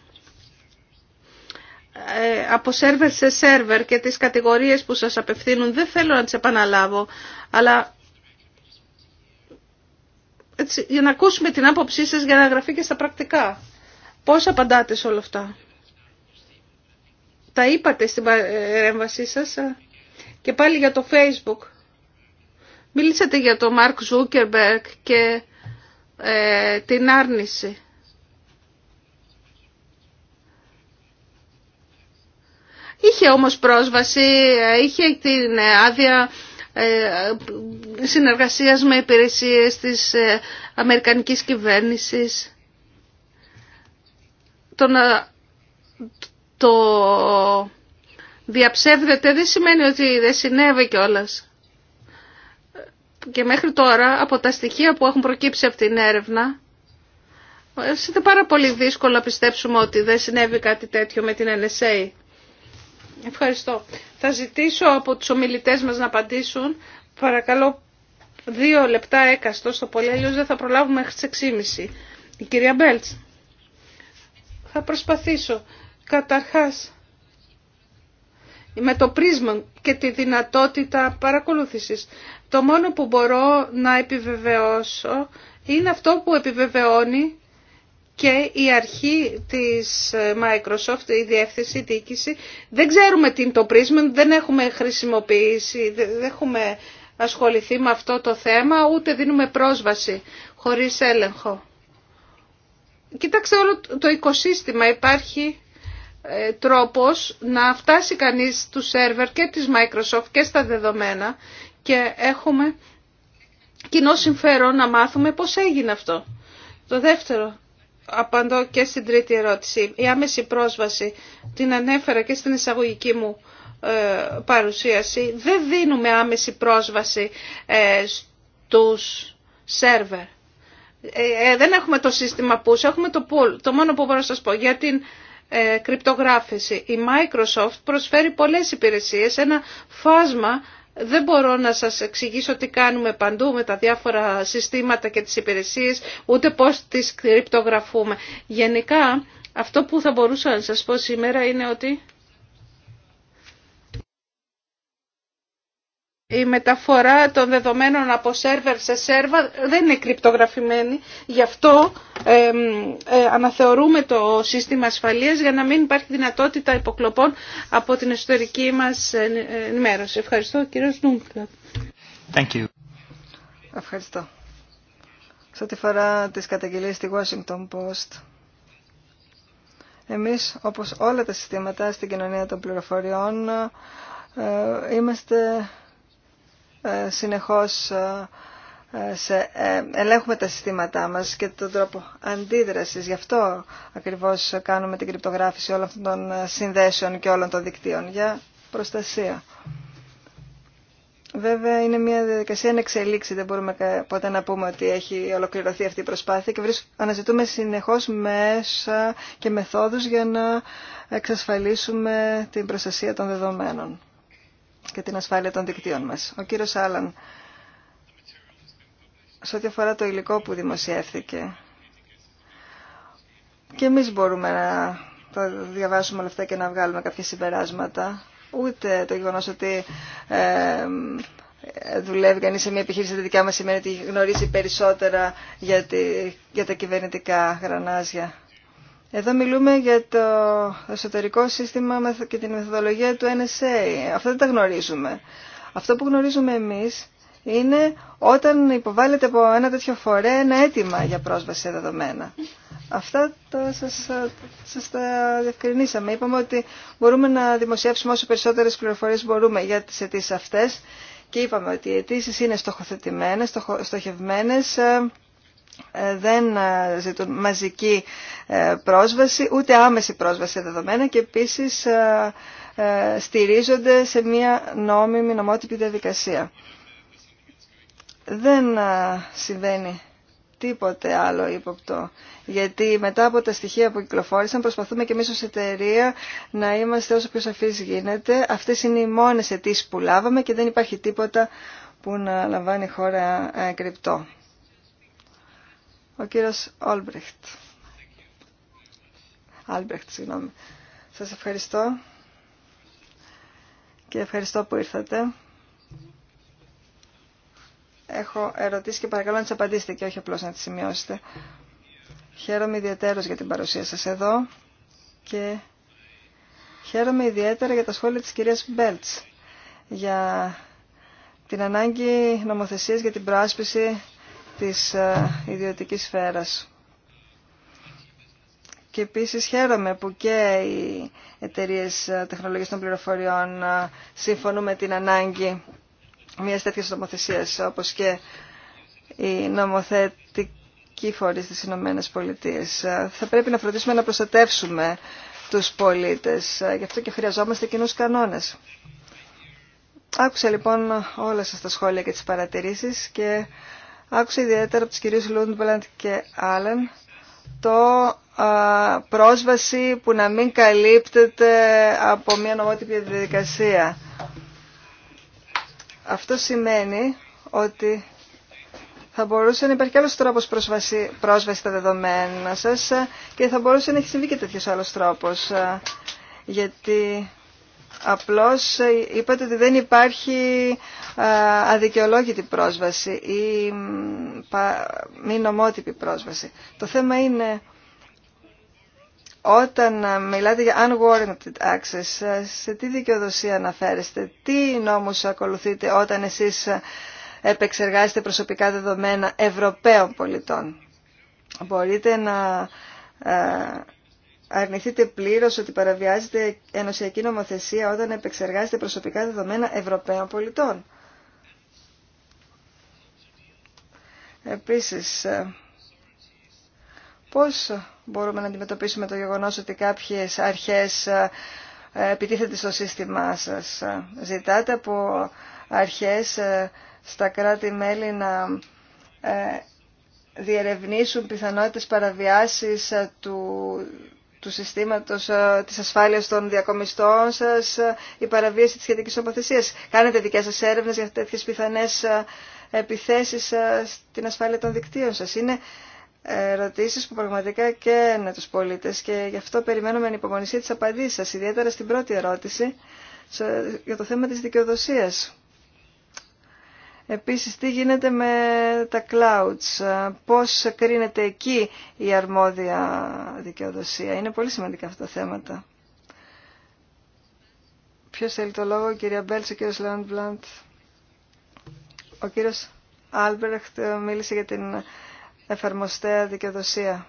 ε, από σερβερ σε σερβερ και τις κατηγορίες που σας απευθύνουν. Δεν θέλω να τις επαναλάβω, αλλά έτσι, για να ακούσουμε την άποψή σας για να γραφεί και στα πρακτικά. Πώς απαντάτε σε όλα αυτά. Τα είπατε στην παρέμβασή σας ε, και πάλι για το Facebook. Μίλησατε για το Mark Zuckerberg και ε, την άρνηση. Είχε όμως πρόσβαση, ε, είχε την άδεια συνεργασίας με υπηρεσίες της Αμερικανικής κυβέρνησης. Το το διαψεύδεται δεν σημαίνει ότι δεν συνέβη κιόλα. Και μέχρι τώρα από τα στοιχεία που έχουν προκύψει από την έρευνα είναι πάρα πολύ δύσκολο να πιστέψουμε ότι δεν συνέβη κάτι τέτοιο με την NSA. Ευχαριστώ. Θα ζητήσω από τους ομιλητές μας να απαντήσουν. Παρακαλώ δύο λεπτά έκαστο στο πολύ, αλλιώς δεν θα προλάβουμε μέχρι τις 6.30. Η κυρία Μπέλτς. Θα προσπαθήσω. Καταρχάς, με το πρίσμα και τη δυνατότητα παρακολούθησης. Το μόνο που μπορώ να επιβεβαιώσω είναι αυτό που επιβεβαιώνει και η αρχή της Microsoft, η διεύθυνση, η διοίκηση. Δεν ξέρουμε τι είναι το πρίσμα, δεν έχουμε χρησιμοποιήσει, δεν έχουμε ασχοληθεί με αυτό το θέμα, ούτε δίνουμε πρόσβαση χωρίς έλεγχο. Κοίταξε όλο το οικοσύστημα, υπάρχει ε, τρόπος να φτάσει κανείς του σερβερ και της Microsoft και στα δεδομένα και έχουμε κοινό συμφέρον να μάθουμε πώς έγινε αυτό. Το δεύτερο, απαντώ και στην τρίτη ερώτηση, η άμεση πρόσβαση, την ανέφερα και στην εισαγωγική μου ε, παρουσίαση, δεν δίνουμε άμεση πρόσβαση ε, στους σερβερ. δεν έχουμε το σύστημα push, έχουμε το pull. Το μόνο που μπορώ να σας πω για την ε, κρυπτογράφηση. Η Microsoft προσφέρει πολλές υπηρεσίες, ένα φάσμα δεν μπορώ να σας εξηγήσω τι κάνουμε παντού με τα διάφορα συστήματα και τις υπηρεσίες, ούτε πώς τις κρυπτογραφούμε. Γενικά, αυτό που θα μπορούσα να σας πω σήμερα είναι ότι η μεταφορά των δεδομένων από σερβερ σε σερβα δεν είναι κρυπτογραφημένη. Γι' αυτό ε, αναθεωρούμε το σύστημα ασφαλείας για να μην υπάρχει δυνατότητα υποκλοπών από την εσωτερική μας ενημέρωση. Ευχαριστώ κύριε Νούμπλα. Thank you. Ευχαριστώ. Σε τη φορά της καταγγελίας στη Washington Post, εμείς όπως όλα τα συστήματα στην κοινωνία των πληροφοριών ε, είμαστε ε, συνεχώς ε, ε, σε, ελέγχουμε τα συστήματά μας και τον τρόπο αντίδρασης. Γι' αυτό ακριβώς κάνουμε την κρυπτογράφηση όλων των συνδέσεων και όλων των δικτύων για προστασία. Βέβαια είναι μια διαδικασία να εξελίξει, δεν μπορούμε ποτέ να πούμε ότι έχει ολοκληρωθεί αυτή η προσπάθεια και αναζητούμε συνεχώς μέσα και μεθόδους για να εξασφαλίσουμε την προστασία των δεδομένων και την ασφάλεια των δικτύων μας. Ο κύριος Άλαν, σε ό,τι αφορά το υλικό που δημοσιεύθηκε, και εμείς μπορούμε να τα διαβάσουμε όλα αυτά και να βγάλουμε κάποια συμπεράσματα, ούτε το γεγονός ότι... Ε, δουλεύει κανείς σε μια επιχείρηση τη δικιά μας σημαίνει ότι γνωρίζει περισσότερα για, τη, για τα κυβερνητικά γρανάζια. Εδώ μιλούμε για το εσωτερικό σύστημα και την μεθοδολογία του NSA. Αυτά δεν τα γνωρίζουμε. Αυτό που γνωρίζουμε εμείς είναι όταν υποβάλλεται από ένα τέτοιο φορέα ένα αίτημα για πρόσβαση σε δεδομένα. Αυτά τα σας, σας τα διευκρινίσαμε. Είπαμε ότι μπορούμε να δημοσιεύσουμε όσο περισσότερες πληροφορίες μπορούμε για τις αιτήσει αυτές και είπαμε ότι οι αιτήσει είναι στοχοθετημένες, στοχευμένες, ε, ε, δεν ε, ζητούν μαζική ε, πρόσβαση, ούτε άμεση πρόσβαση σε δεδομένα και επίσης στηρίζονται σε μια νόμιμη νομότυπη διαδικασία. Δεν συμβαίνει τίποτε άλλο ύποπτο. Γιατί μετά από τα στοιχεία που κυκλοφόρησαν προσπαθούμε και εμείς ως εταιρεία να είμαστε όσο πιο σαφείς γίνεται. Αυτές είναι οι μόνες αιτήσει που λάβαμε και δεν υπάρχει τίποτα που να λαμβάνει χώρα κρυπτό. Ο κύριος Όλμπρεχτ. Άλμπρεχτ, συγγνώμη. Σας ευχαριστώ και ευχαριστώ που ήρθατε. Έχω ερωτήσει και παρακαλώ να τις απαντήσετε και όχι απλώς να τις σημειώσετε. Χαίρομαι ιδιαίτερος για την παρουσία σας εδώ και χαίρομαι ιδιαίτερα για τα σχόλια της κυρίας Μπέλτς για την ανάγκη νομοθεσίας για την προάσπιση της ε, ιδιωτικής σφαίρας. Και επίσης χαίρομαι που και οι εταιρείε ε, τεχνολογίας των πληροφοριών ε, συμφωνούν με την ανάγκη μιας τέτοιας νομοθεσίας, όπως και οι νομοθετικοί φορείς της Ηνωμένε Πολιτείε. Θα πρέπει να φροντίσουμε να προστατεύσουμε τους πολίτες. Γι' αυτό και χρειαζόμαστε κοινού κανόνες. Άκουσα λοιπόν όλα σας τα σχόλια και τις παρατηρήσεις και Άκουσα ιδιαίτερα από τις κυρίες Λούντμπλαντ και Άλεν το πρόσβαση που να μην καλύπτεται από μια νομότυπη διαδικασία. Αυτό σημαίνει ότι θα μπορούσε να υπάρχει άλλος τρόπος πρόσβαση, πρόσβαση στα δεδομένα σας και θα μπορούσε να έχει συμβεί και τέτοιος άλλος τρόπος. Γιατί Απλώς ε, είπατε ότι δεν υπάρχει ε, αδικαιολόγητη πρόσβαση ή μη νομότυπη πρόσβαση. Το θέμα είναι όταν ε, μιλάτε για unwarranted access, σε τι δικαιοδοσία αναφέρεστε, τι νόμους ακολουθείτε όταν εσείς επεξεργάζεστε προσωπικά δεδομένα Ευρωπαίων πολιτών. Μπορείτε να αρνηθείτε πλήρως ότι παραβιάζετε ενωσιακή νομοθεσία όταν επεξεργάζετε προσωπικά δεδομένα Ευρωπαίων πολιτών. Επίσης, ε, πώς μπορούμε να αντιμετωπίσουμε το γεγονός ότι κάποιες αρχές ε, επιτίθεται στο σύστημά σας. Ζητάτε από αρχές ε, στα κράτη-μέλη να διερευνήσουν πιθανότητες παραβιάσεις του του συστήματος ε, της ασφάλειας των διακομιστών σας, ε, η παραβίαση της σχετικής νομοθεσίας. Κάνετε δικές σας έρευνες για τέτοιες πιθανές ε, επιθέσεις στην ασφάλεια των δικτύων σας. Είναι ερωτήσεις που πραγματικά και είναι τους πολίτες και γι' αυτό περιμένουμε υπομονησία της απαντήσεις σας, ιδιαίτερα στην πρώτη ερώτηση για το θέμα της δικαιοδοσίας. Επίσης, τι γίνεται με τα clouds, ε, πώς κρίνεται εκεί η αρμόδια δικαιοδοσία. Είναι πολύ σημαντικά αυτά τα θέματα. Ποιος θέλει το λόγο, κυρία Μπέλτς, ο κύριος Ο κύριος Άλμπερχτ μίλησε για την εφαρμοστέα δικαιοδοσία.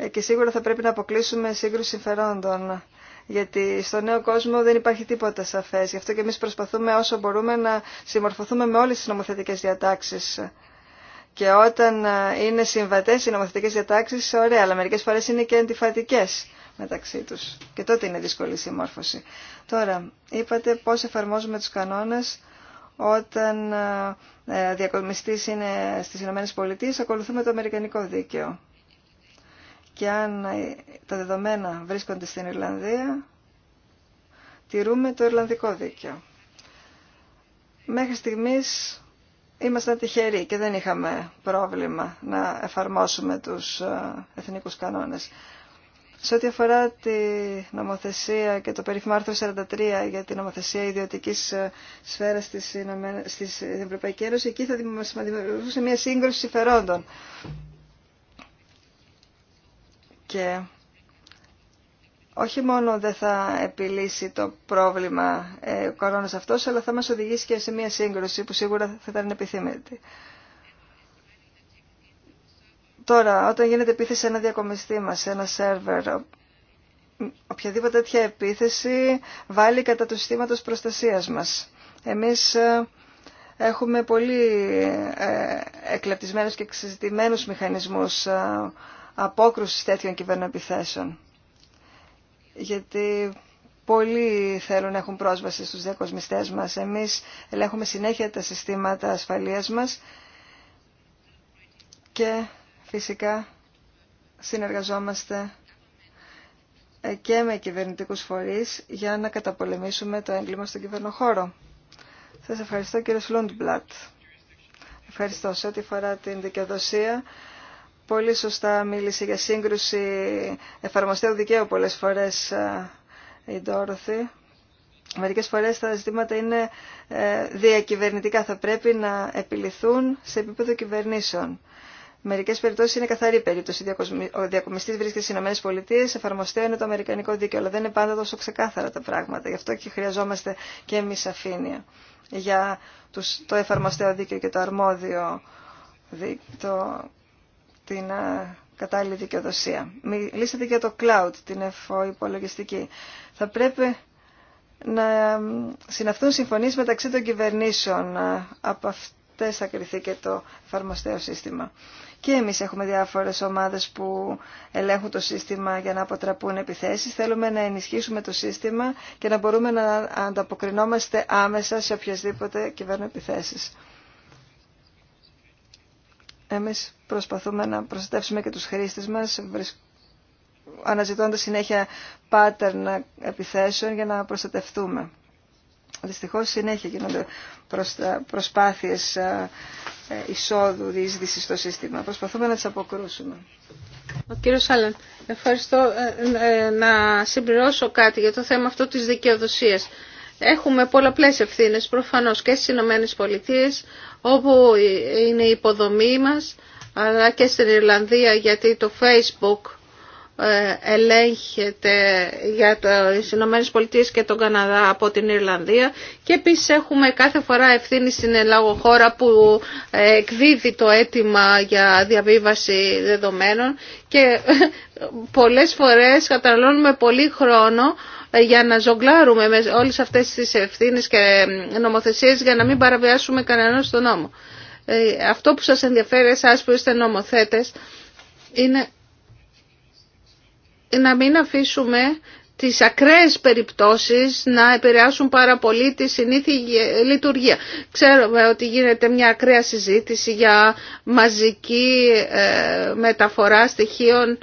Ε, και σίγουρα θα πρέπει να αποκλείσουμε σύγκρουση συμφερόντων γιατί στο νέο κόσμο δεν υπάρχει τίποτα σαφές. Γι' αυτό και εμείς προσπαθούμε όσο μπορούμε να συμμορφωθούμε με όλες τις νομοθετικές διατάξεις. Και όταν ε, είναι συμβατές οι νομοθετικές διατάξεις, ωραία, αλλά μερικές φορές είναι και αντιφατικές μεταξύ τους. Και τότε είναι δύσκολη η συμμόρφωση. Τώρα, είπατε πώς εφαρμόζουμε τους κανόνες όταν ε, ε, διακομιστής είναι στις ΗΠΑ. ακολουθούμε το Αμερικανικό Δίκαιο και αν τα δεδομένα βρίσκονται στην Ιρλανδία, τηρούμε το Ιρλανδικό δίκαιο. Μέχρι στιγμής ήμασταν τυχεροί και δεν είχαμε πρόβλημα να εφαρμόσουμε τους ε, εθνικούς κανόνες. Σε ό,τι αφορά τη νομοθεσία και το περίφημο άρθρο 43 για τη νομοθεσία ιδιωτική ε, σφαίρα στην ε, Ευρωπαϊκή Ένωση, εκεί θα δημιουργούσε μια σύγκρουση συμφερόντων και όχι μόνο δεν θα επιλύσει το πρόβλημα ε, ο κορώνας αυτός, αλλά θα μας οδηγήσει και σε μια σύγκρουση που σίγουρα θα ήταν επιθυμητή. Τώρα, όταν γίνεται επίθεση σε ένα διακομιστή μας, σε ένα σερβερ, οποιαδήποτε τέτοια επίθεση βάλει κατά του συστήματος προστασίας μας. Εμείς ε, έχουμε πολύ ε, εκλεπτισμένους και εξεζητημένους μηχανισμούς ε, απόκρουσης τέτοιων κυβερνοεπιθέσεων. Γιατί πολλοί θέλουν να έχουν πρόσβαση στους διακοσμιστές μας. Εμείς ελέγχουμε συνέχεια τα συστήματα ασφαλείας μας και φυσικά συνεργαζόμαστε και με κυβερνητικούς φορείς για να καταπολεμήσουμε το έγκλημα στον κυβερνοχώρο. Σας ευχαριστώ κύριε Σλούντμπλατ. Ευχαριστώ σε ό,τι φορά την δικαιοδοσία πολύ σωστά μίλησε για σύγκρουση εφαρμοστέου δικαίου πολλές φορές ε, η Ντόρθη. Μερικές φορές τα ζητήματα είναι ε, διακυβερνητικά, θα πρέπει να επιληθούν σε επίπεδο κυβερνήσεων. Μερικέ περιπτώσει είναι καθαρή περίπτωση. Ο διακομιστή βρίσκεται στι ΗΠΑ, εφαρμοστέο είναι το Αμερικανικό δίκαιο, αλλά δεν είναι πάντα τόσο ξεκάθαρα τα πράγματα. Γι' αυτό και χρειαζόμαστε και εμεί αφήνεια για το εφαρμοστέο δίκαιο και το αρμόδιο το την κατάλληλη δικαιοδοσία. Μιλήσατε για το cloud, την εφοϋπολογιστική. Θα πρέπει να συναυθούν συμφωνίες μεταξύ των κυβερνήσεων. Από αυτές θα κριθεί και το εφαρμοστέο σύστημα. Και εμείς έχουμε διάφορες ομάδες που ελέγχουν το σύστημα για να αποτραπούν επιθέσεις. Θέλουμε να ενισχύσουμε το σύστημα και να μπορούμε να ανταποκρινόμαστε άμεσα σε οποιασδήποτε κυβέρνο επιθέσεις. Εμείς προσπαθούμε να προστατεύσουμε και τους χρήστες μας, αναζητώντας συνέχεια pattern επιθέσεων για να προστατευτούμε. Δυστυχώς συνέχεια γίνονται προσπάθειες ε, εισόδου, διείσδησης στο σύστημα. Προσπαθούμε να τις αποκρούσουμε. Ο κύριος Σάλλαν, ευχαριστώ ε, ε, να συμπληρώσω κάτι για το θέμα αυτό της δικαιοδοσίας. Έχουμε πολλαπλές ευθύνες προφανώς και στις Ηνωμένες Πολιτείες όπου είναι η υποδομή μας αλλά και στην Ιρλανδία γιατί το Facebook ε, ελέγχεται για τις Ηνωμένες Πολιτείες και τον Καναδά από την Ιρλανδία και επίσης έχουμε κάθε φορά ευθύνη στην Ελλάδα χώρα που ε, εκδίδει το αίτημα για διαβίβαση δεδομένων και ε, πολλές φορές καταναλώνουμε πολύ χρόνο για να ζογκλάρουμε με όλες αυτές τις ευθύνες και νομοθεσίες για να μην παραβιάσουμε κανέναν στον νόμο. Ε, αυτό που σας ενδιαφέρει εσάς που είστε νομοθέτες είναι να μην αφήσουμε τις ακραίες περιπτώσεις να επηρεάσουν πάρα πολύ τη συνήθη λειτουργία. Ξέρουμε ότι γίνεται μια ακραία συζήτηση για μαζική ε, μεταφορά στοιχείων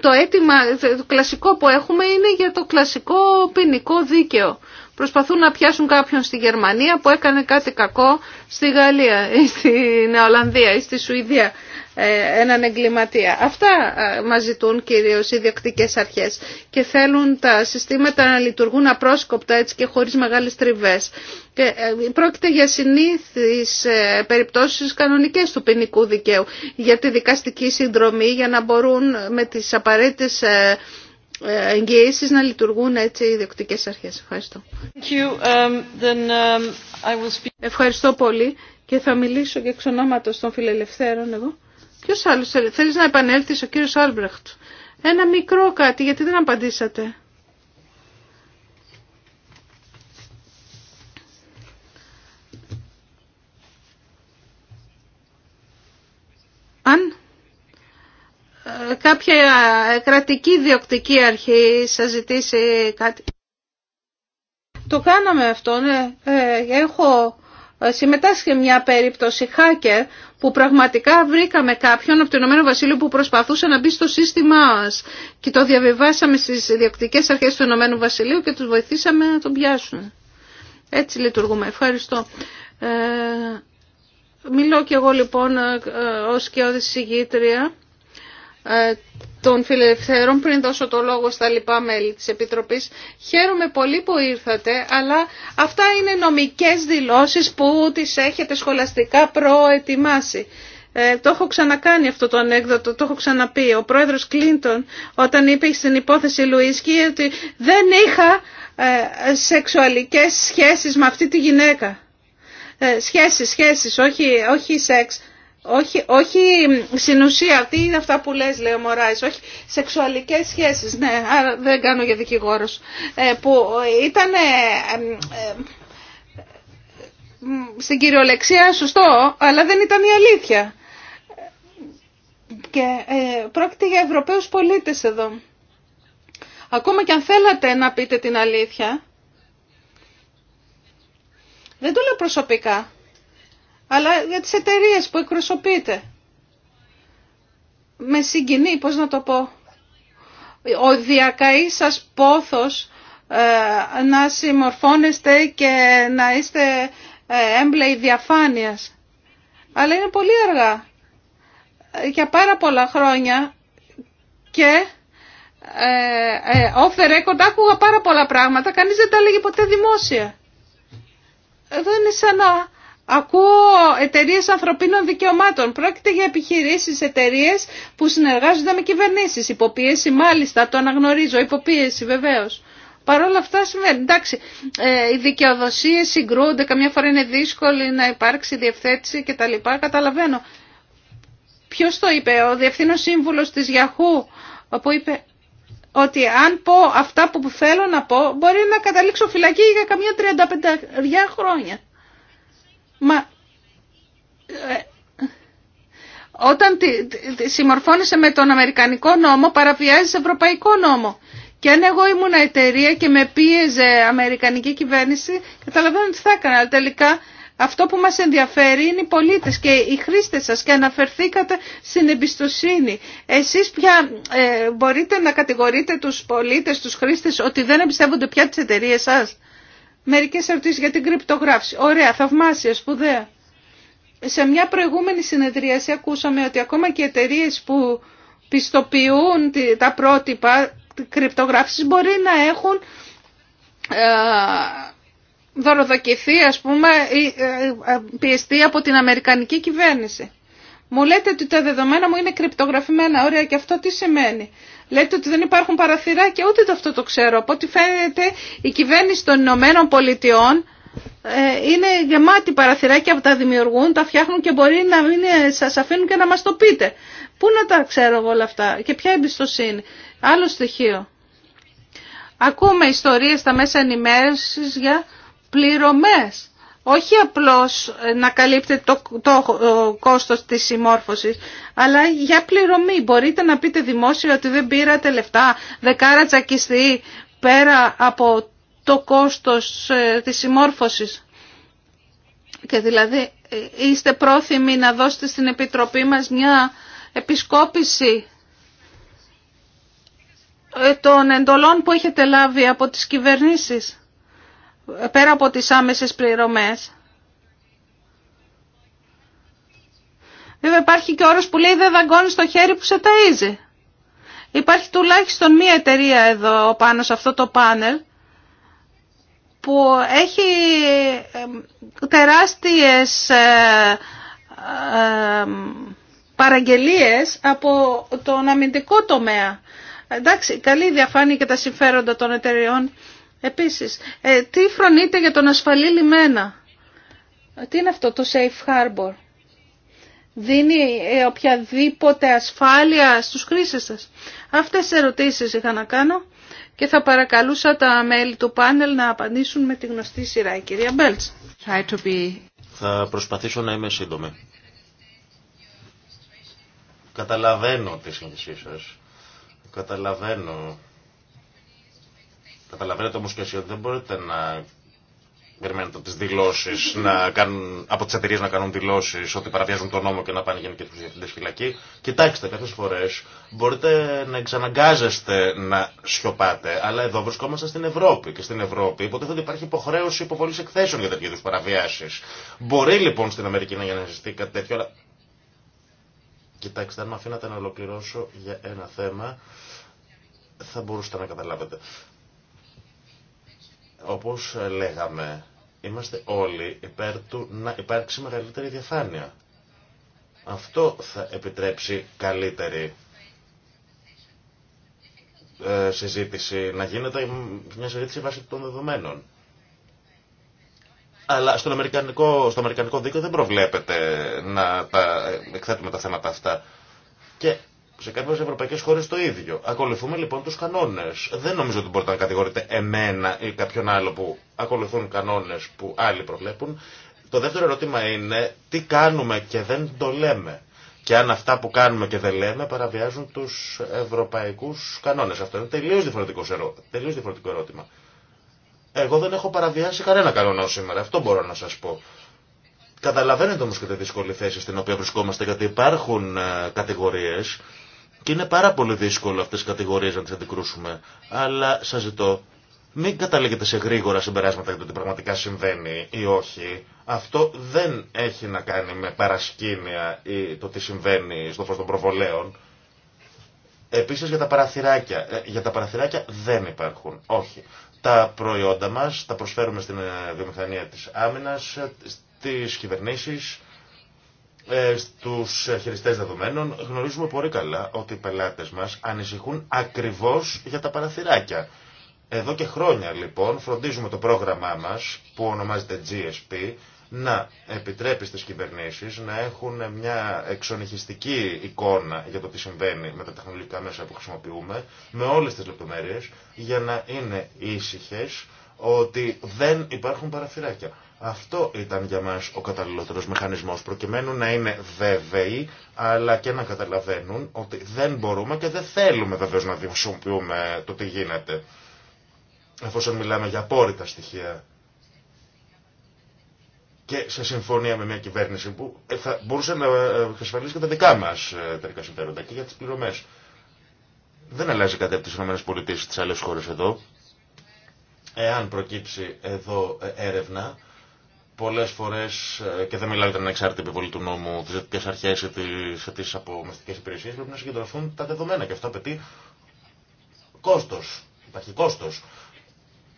το αίτημα, το κλασικό που έχουμε είναι για το κλασικό ποινικό δίκαιο. Προσπαθούν να πιάσουν κάποιον στη Γερμανία που έκανε κάτι κακό στη Γαλλία ή στην Ολλανδία ή στη Σουηδία. Ε, έναν εγκληματία. Αυτά ε, μας ζητούν κυρίως οι διεκτικές αρχές και θέλουν τα συστήματα να λειτουργούν απρόσκοπτα έτσι και χωρίς μεγάλες τριβές. Ε, πρόκειται για συνήθεις περιπτώσεις κανονικές του ποινικού δικαίου για τη δικαστική συνδρομή για να μπορούν με τις απαραίτητες εγγυήσεις να λειτουργούν έτσι οι διοκτικές αρχές. Ευχαριστώ. Um, um, Ευχαριστώ πολύ και θα μιλήσω και εξ ονόματος των φιλελευθέρων εγώ. Ποιο άλλος θέλει, θέλεις να επανέλθει ο κύριο Άλμπρεχτ. Ένα μικρό κάτι, γιατί δεν απαντήσατε. Αν ε, κάποια ε, κρατική διοκτική αρχή σα ζητήσει κάτι. Το κάναμε αυτό, ναι. Ε, έχω ε, συμμετάσχε μια περίπτωση hacker που πραγματικά βρήκαμε κάποιον από το Ηνωμένο Βασίλειο που προσπαθούσε να μπει στο σύστημά μας και το διαβιβάσαμε στις ιδιοκτικές αρχές του Ηνωμένου Βασιλείου και τους βοηθήσαμε να τον πιάσουν. Έτσι λειτουργούμε. Ευχαριστώ. Ε, μιλώ και εγώ λοιπόν ε, ως και όδηση ε, των φιλελευθέρων πριν δώσω το λόγο στα λοιπά μέλη της Επιτροπής. Χαίρομαι πολύ που ήρθατε, αλλά αυτά είναι νομικές δηλώσεις που τις έχετε σχολαστικά προετοιμάσει. Ε, το έχω ξανακάνει αυτό το ανέκδοτο, το έχω ξαναπεί. Ο πρόεδρος Κλίντον όταν είπε στην υπόθεση Λουίσκη ότι δεν είχα ε, σεξουαλικές σχέσεις με αυτή τη γυναίκα. Ε, σχέσεις, σχέσεις, όχι, όχι σεξ. Όχι, όχι στην ουσία, τι είναι αυτά που λες λέει ο Μωράης, όχι σεξουαλικές σχέσεις, ναι, άρα δεν κάνω για δικηγόρος, ε, που ήταν στην κυριολεξία σωστό, αλλά δεν ήταν η αλήθεια. Και ε, πρόκειται για Ευρωπαίους πολίτες εδώ. Ακόμα και αν θέλατε να πείτε την αλήθεια, δεν το λέω προσωπικά αλλά για τις εταιρείε που εκπροσωπείτε. Με συγκινεί, πώς να το πω, ο διακαής σας πόθος ε, να συμμορφώνεστε και να είστε ε, έμπλεοι διαφάνειας. Αλλά είναι πολύ αργά. Για πάρα πολλά χρόνια και ε, ε, off άκουγα πάρα πολλά πράγματα, κανείς δεν τα έλεγε ποτέ δημόσια. Δεν είναι σαν να Ακούω εταιρείε ανθρωπίνων δικαιωμάτων. Πρόκειται για επιχειρήσει, εταιρείε που συνεργάζονται με κυβερνήσει. Υποπίεση μάλιστα, το αναγνωρίζω. Υποπίεση βεβαίω. Παρ' όλα αυτά συμβαίνει. Εντάξει, ε, οι δικαιοδοσίε συγκρούνται, καμιά φορά είναι δύσκολη να υπάρξει διευθέτηση κτλ. Καταλαβαίνω. Ποιο το είπε, ο Διευθύνων Σύμβουλο τη Γιαχού, που είπε ότι αν πω αυτά που θέλω να πω, μπορεί να καταλήξω φυλακή για καμιά 35 χρόνια. Μα ε, όταν τη, συμμορφώνεσαι με τον Αμερικανικό νόμο παραβιάζεις Ευρωπαϊκό νόμο. Και αν εγώ ήμουν εταιρεία και με πίεζε Αμερικανική κυβέρνηση, καταλαβαίνω τι θα έκανα. Αλλά τελικά αυτό που μας ενδιαφέρει είναι οι πολίτες και οι χρήστες σας και αναφερθήκατε στην εμπιστοσύνη. Εσείς πια ε, μπορείτε να κατηγορείτε τους πολίτες, τους χρήστες ότι δεν εμπιστεύονται πια τις εταιρείες σας. Μερικές ερωτήσεις για την κρυπτογράφηση. Ωραία, θαυμάσια, σπουδαία. Σε μια προηγούμενη συνεδρίαση ακούσαμε ότι ακόμα και εταιρείε που πιστοποιούν τα πρότυπα κρυπτογράφησης μπορεί να έχουν ε, δωροδοκηθεί, α πούμε, ή ε, πιεστεί από την Αμερικανική κυβέρνηση. Μου λέτε ότι τα δεδομένα μου είναι κρυπτογραφημένα. Ωραία, και αυτό τι σημαίνει. Λέτε ότι δεν υπάρχουν παραθυράκια, ούτε το αυτό το ξέρω. Από ό,τι φαίνεται η κυβέρνηση των Ηνωμένων Πολιτειών ε, είναι γεμάτη παραθυράκια που τα δημιουργούν, τα φτιάχνουν και μπορεί να μην σας αφήνουν και να μας το πείτε. Πού να τα ξέρω όλα αυτά και ποια εμπιστοσύνη. Άλλο στοιχείο. Ακούμε ιστορίες στα μέσα ενημέρωσης για πληρωμές όχι απλώς ε, να καλύπτεται το, το ε, κόστος της συμμόρφωσης, αλλά για πληρωμή. Μπορείτε να πείτε δημόσια ότι δεν πήρατε λεφτά, δεκάρα τσακιστή πέρα από το κόστος ε, της συμμόρφωσης. Και δηλαδή είστε πρόθυμοι να δώσετε στην Επιτροπή μας μια επισκόπηση των εντολών που έχετε λάβει από τις κυβερνήσεις πέρα από τις άμεσες πληρωμές. Βέβαια υπάρχει και όρος που λέει δεν δαγκώνει το χέρι που σε ταΐζει. Υπάρχει τουλάχιστον μία εταιρεία εδώ πάνω σε αυτό το πάνελ που έχει τεράστιες ε, ε, παραγγελίες από τον αμυντικό τομέα. Εντάξει, καλή διαφάνεια και τα συμφέροντα των εταιρεών Επίσης, ε, τι φρονείτε για τον ασφαλή λιμένα. Τι είναι αυτό το safe harbor. Δίνει ε, οποιαδήποτε ασφάλεια στους χρήστες σας. Αυτές τις ερωτήσεις είχα να κάνω και θα παρακαλούσα τα μέλη του πάνελ να απαντήσουν με τη γνωστή σειρά. Η κυρία Μπέλτς. Θα προσπαθήσω να είμαι σύντομη. Καταλαβαίνω τη σύγχυσή σας. Καταλαβαίνω Καταλαβαίνετε όμω και εσύ ότι δεν μπορείτε να περιμένετε τι δηλώσει από τι εταιρείε να κάνουν δηλώσει ότι παραβιάζουν τον νόμο και να πάνε γενικέ διευθυντέ φυλακή. Κοιτάξτε, κάποιε φορέ μπορείτε να εξαναγκάζεστε να σιωπάτε, αλλά εδώ βρισκόμαστε στην Ευρώπη και στην Ευρώπη υποτίθεται ότι υπάρχει υποχρέωση υποβολής εκθέσεων για τέτοιου παραβιάσει. παραβιάσεις. Μπορεί λοιπόν στην Αμερική να γεννηθεί κάτι τέτοιο, αλλά... Κοιτάξτε, αν με αφήνατε να ολοκληρώσω για ένα θέμα, θα μπορούσατε να καταλάβετε. Όπως λέγαμε, είμαστε όλοι υπέρ του να υπάρξει μεγαλύτερη διαφάνεια. Αυτό θα επιτρέψει καλύτερη ε, συζήτηση, να γίνεται μια συζήτηση βάσει των δεδομένων. Αλλά στον αμερικανικό, στο αμερικανικό δίκαιο δεν προβλέπεται να τα ε, εκθέτουμε τα θέματα αυτά. Και σε κάποιε ευρωπαϊκέ χώρε το ίδιο. Ακολουθούμε λοιπόν του κανόνε. Δεν νομίζω ότι μπορείτε να κατηγορείτε εμένα ή κάποιον άλλο που ακολουθούν κανόνε που άλλοι προβλέπουν. Το δεύτερο ερώτημα είναι τι κάνουμε και δεν το λέμε. Και αν αυτά που κάνουμε και δεν λέμε παραβιάζουν του ευρωπαϊκού κανόνε. Αυτό είναι τελείω διαφορετικό ερώτημα. Εγώ δεν έχω παραβιάσει κανένα κανόνα σήμερα. Αυτό μπορώ να σα πω. Καταλαβαίνετε όμω και τη δύσκολη θέση στην οποία βρισκόμαστε, γιατί υπάρχουν ε, κατηγορίε και είναι πάρα πολύ δύσκολο αυτές τις κατηγορίες να τις αντικρούσουμε. Αλλά σας ζητώ, μην καταλήγετε σε γρήγορα συμπεράσματα για το τι πραγματικά συμβαίνει ή όχι. Αυτό δεν έχει να κάνει με παρασκήνια ή το τι συμβαίνει στο φως των προβολέων. Επίσης για τα παραθυράκια. Ε, για τα παραθυράκια δεν υπάρχουν. Όχι. Τα προϊόντα μας τα προσφέρουμε στην ε, βιομηχανία της άμυνας, ε, στις κυβερνήσεις, ε, στους χειριστές δεδομένων γνωρίζουμε πολύ καλά ότι οι πελάτες μας ανησυχούν ακριβώς για τα παραθυράκια. Εδώ και χρόνια λοιπόν φροντίζουμε το πρόγραμμά μας που ονομάζεται GSP να επιτρέπει στις κυβερνήσεις να έχουν μια εξονυχιστική εικόνα για το τι συμβαίνει με τα τεχνολογικά μέσα που χρησιμοποιούμε με όλες τις λεπτομέρειες για να είναι ήσυχε ότι δεν υπάρχουν παραθυράκια. Αυτό ήταν για μας ο καταλληλότερος μηχανισμός, προκειμένου να είναι βέβαιοι, αλλά και να καταλαβαίνουν ότι δεν μπορούμε και δεν θέλουμε βεβαίω να δημοσιοποιούμε το τι γίνεται, εφόσον μιλάμε για απόρριτα στοιχεία. Και σε συμφωνία με μια κυβέρνηση που ε, θα μπορούσε να εξασφαλίσει και τα δικά μας ε, τελικά συμφέροντα και για τις πληρωμές. Δεν αλλάζει κάτι από τις ΗΠΑ στις άλλες χώρες εδώ. Εάν προκύψει εδώ ε, έρευνα, πολλέ φορέ, ε, και δεν μιλάω για την εξάρτητη επιβολή του νόμου, τι δυτικέ αρχέ ή τι αιτήσει ε, από υπηρεσίε, πρέπει να συγκεντρωθούν τα δεδομένα και αυτό απαιτεί κόστο. Υπάρχει κόστο.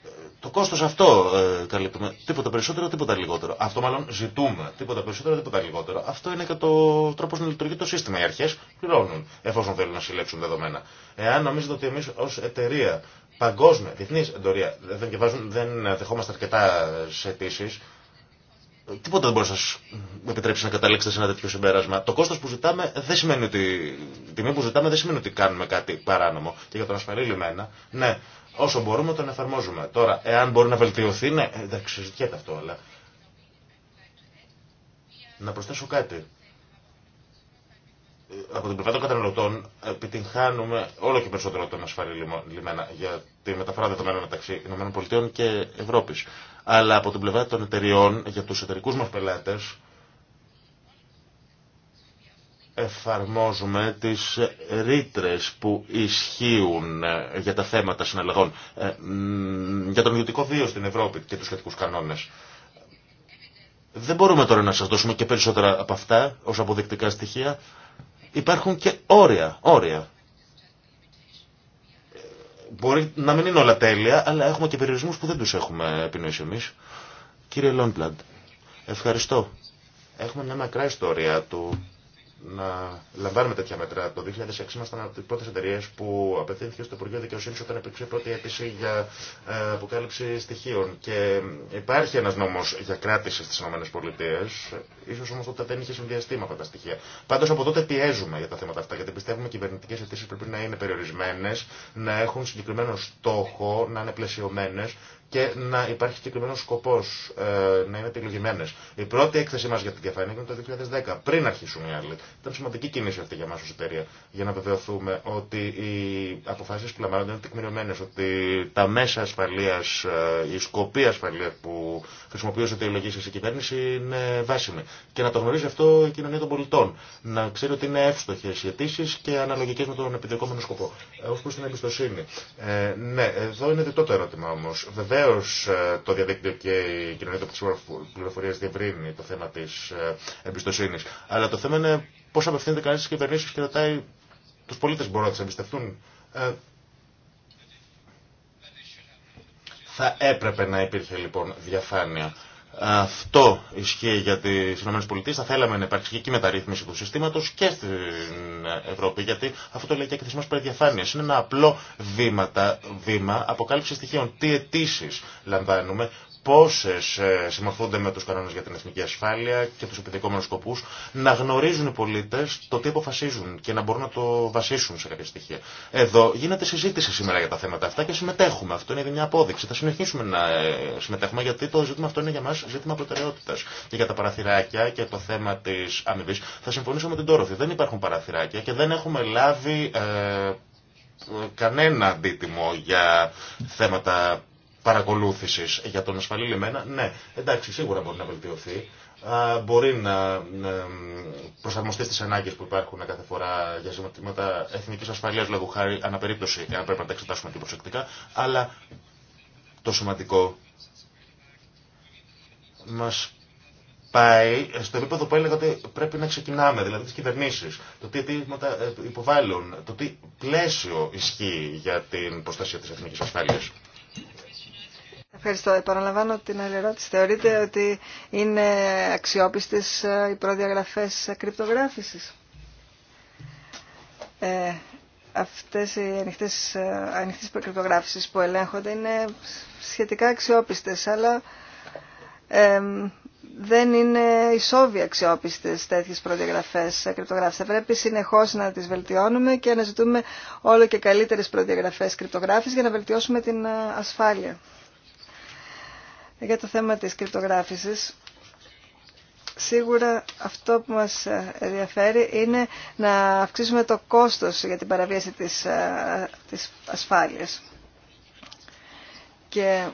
Ε, το κόστο αυτό ε, καλύπτουμε. Τίποτα περισσότερο, τίποτα λιγότερο. Αυτό μάλλον ζητούμε. Τίποτα περισσότερο, τίποτα λιγότερο. Αυτό είναι και το τρόπο να λειτουργεί το σύστημα. Οι αρχέ πληρώνουν εφόσον θέλουν να συλλέξουν δεδομένα. Εάν νομίζετε ότι εμεί ω εταιρεία παγκόσμια, διεθνή εντορία, δεν, δεν δεχόμαστε αρκετά σε αιτήσει, Τίποτα δεν μπορεί να σα επιτρέψει να καταλήξετε σε ένα τέτοιο συμπέρασμα. Το κόστο που ζητάμε δεν σημαίνει ότι. τιμή που ζητάμε δεν σημαίνει ότι κάνουμε κάτι παράνομο. Και για τον ασφαλή λιμένα, ναι, όσο μπορούμε τον εφαρμόζουμε. Τώρα, εάν μπορεί να βελτιωθεί, ναι, ε, εντάξει, συζητιέται αυτό, αλλά. Να προσθέσω κάτι. Ε, από την πλευρά των καταναλωτών επιτυγχάνουμε όλο και περισσότερο τον ασφαλή λιμένα για τη μεταφορά δεδομένων μεταξύ ΗΠΑ και Ευρώπη αλλά από την πλευρά των εταιριών για τους εταιρικούς μας πελάτες εφαρμόζουμε τις ρήτρε που ισχύουν ε, για τα θέματα συναλλαγών ε, για τον ιδιωτικό βίο στην Ευρώπη και τους σχετικούς κανόνες. Δεν μπορούμε τώρα να σας δώσουμε και περισσότερα από αυτά ως αποδεικτικά στοιχεία. Υπάρχουν και όρια, όρια Μπορεί να μην είναι όλα τέλεια, αλλά έχουμε και περιορισμού που δεν του έχουμε επινοήσει εμεί. Κύριε Λόντλαντ, ευχαριστώ. Έχουμε μια μακρά ιστορία του να λαμβάνουμε τέτοια μέτρα. Το 2006 ήμασταν από τι πρώτε εταιρείε που απευθύνθηκε στο Υπουργείο Δικαιοσύνη όταν υπήρξε η πρώτη αίτηση για ε, αποκάλυψη στοιχείων. Και υπάρχει ένα νόμο για κράτηση στι ΗΠΑ, ίσω όμω τότε δεν είχε συνδυαστεί με αυτά τα στοιχεία. Πάντω από τότε πιέζουμε για τα θέματα αυτά, γιατί πιστεύουμε ότι οι κυβερνητικέ αιτήσει πρέπει να είναι περιορισμένε, να έχουν συγκεκριμένο στόχο, να είναι πλαισιωμένε και να υπάρχει συγκεκριμένο σκοπό, ε, να είναι επιλογημένε. Η πρώτη έκθεση μα για την διαφάνεια ήταν το 2010, πριν αρχίσουν οι άλλοι. Ήταν σημαντική κίνηση αυτή για εμά ω εταιρεία, για να βεβαιωθούμε ότι οι αποφάσει που λαμβάνονται είναι τεκμηριωμένε, ότι τα μέσα ασφαλεία, ε, η σκοπή ασφαλεία που χρησιμοποιούσε ιδεολογίε η κυβέρνηση είναι βάσιμη. Και να το γνωρίζει αυτό η κοινωνία των πολιτών. Να ξέρει ότι είναι εύστοχε οι αιτήσει και αναλογικέ με τον επιδιωκόμενο σκοπό. Ε, Ω προ την εμπιστοσύνη. Ε, ναι, εδώ είναι διτό το ερώτημα όμω. Βεβαίω ε, το διαδίκτυο και η κοινωνία των πληροφορία διευρύνει το θέμα τη ε, εμπιστοσύνη. Αλλά το θέμα είναι πώ απευθύνεται κανεί στι κυβερνήσει και ρωτάει του πολίτε μπορούν να τι εμπιστευτούν. Ε, Θα έπρεπε να υπήρχε λοιπόν διαφάνεια. Αυτό ισχύει για τι ΗΠΑ. Θα θέλαμε να υπάρξει και μεταρρύθμιση του συστήματο και στην Ευρώπη, γιατί αυτό το λέει και η θεσμό περί διαφάνεια. Είναι ένα απλό βήματα, βήμα αποκάλυψη στοιχείων. Τι αιτήσει λαμβάνουμε, πόσε ε, συμμορφούνται με του κανόνε για την εθνική ασφάλεια και του επιδικόμενου σκοπού, να γνωρίζουν οι πολίτε το τι αποφασίζουν και να μπορούν να το βασίσουν σε κάποια στοιχεία. Εδώ γίνεται συζήτηση σήμερα για τα θέματα αυτά και συμμετέχουμε. Αυτό είναι μια απόδειξη. Θα συνεχίσουμε να ε, συμμετέχουμε γιατί το ζήτημα αυτό είναι για μα ζήτημα προτεραιότητα. Και για τα παραθυράκια και το θέμα τη αμοιβή θα συμφωνήσω με την Τόροφη. Δεν υπάρχουν παραθυράκια και δεν έχουμε λάβει. Ε, κανένα αντίτιμο για θέματα παρακολούθηση για τον ασφαλή λιμένα, ναι, εντάξει, σίγουρα μπορεί να βελτιωθεί. Μπορεί να προσαρμοστεί στι ανάγκε που υπάρχουν κάθε φορά για ζητήματα εθνική ασφαλεία, λόγω χάρη αναπερίπτωση, αν πρέπει να τα εξετάσουμε και προσεκτικά, αλλά το σημαντικό μα πάει στο επίπεδο που έλεγα ότι πρέπει να ξεκινάμε, δηλαδή τι κυβερνήσει, το τι αιτήματα ε, υποβάλλουν, το τι πλαίσιο ισχύει για την προστασία τη εθνική ασφάλεια. Ευχαριστώ. Επαναλαμβάνω την άλλη ερώτηση. Θεωρείτε ότι είναι αξιόπιστες ε, οι προδιαγραφές κρυπτογράφησης. Ε, αυτές οι ανοιχτές, ε, ανοιχτές που ελέγχονται είναι σχετικά αξιόπιστες, αλλά δεν είναι ισόβια αξιόπιστες τέτοιες προδιαγραφές κρυπτογράφησης. Θα πρέπει συνεχώς να τις βελτιώνουμε και να ζητούμε όλο και καλύτερες προδιαγραφές κρυπτογράφησης για να βελτιώσουμε την ε, ασφάλεια για το θέμα της κρυπτογράφησης. Σίγουρα αυτό που μας ενδιαφέρει είναι να αυξήσουμε το κόστος για την παραβίαση της, της ασφάλειας. Και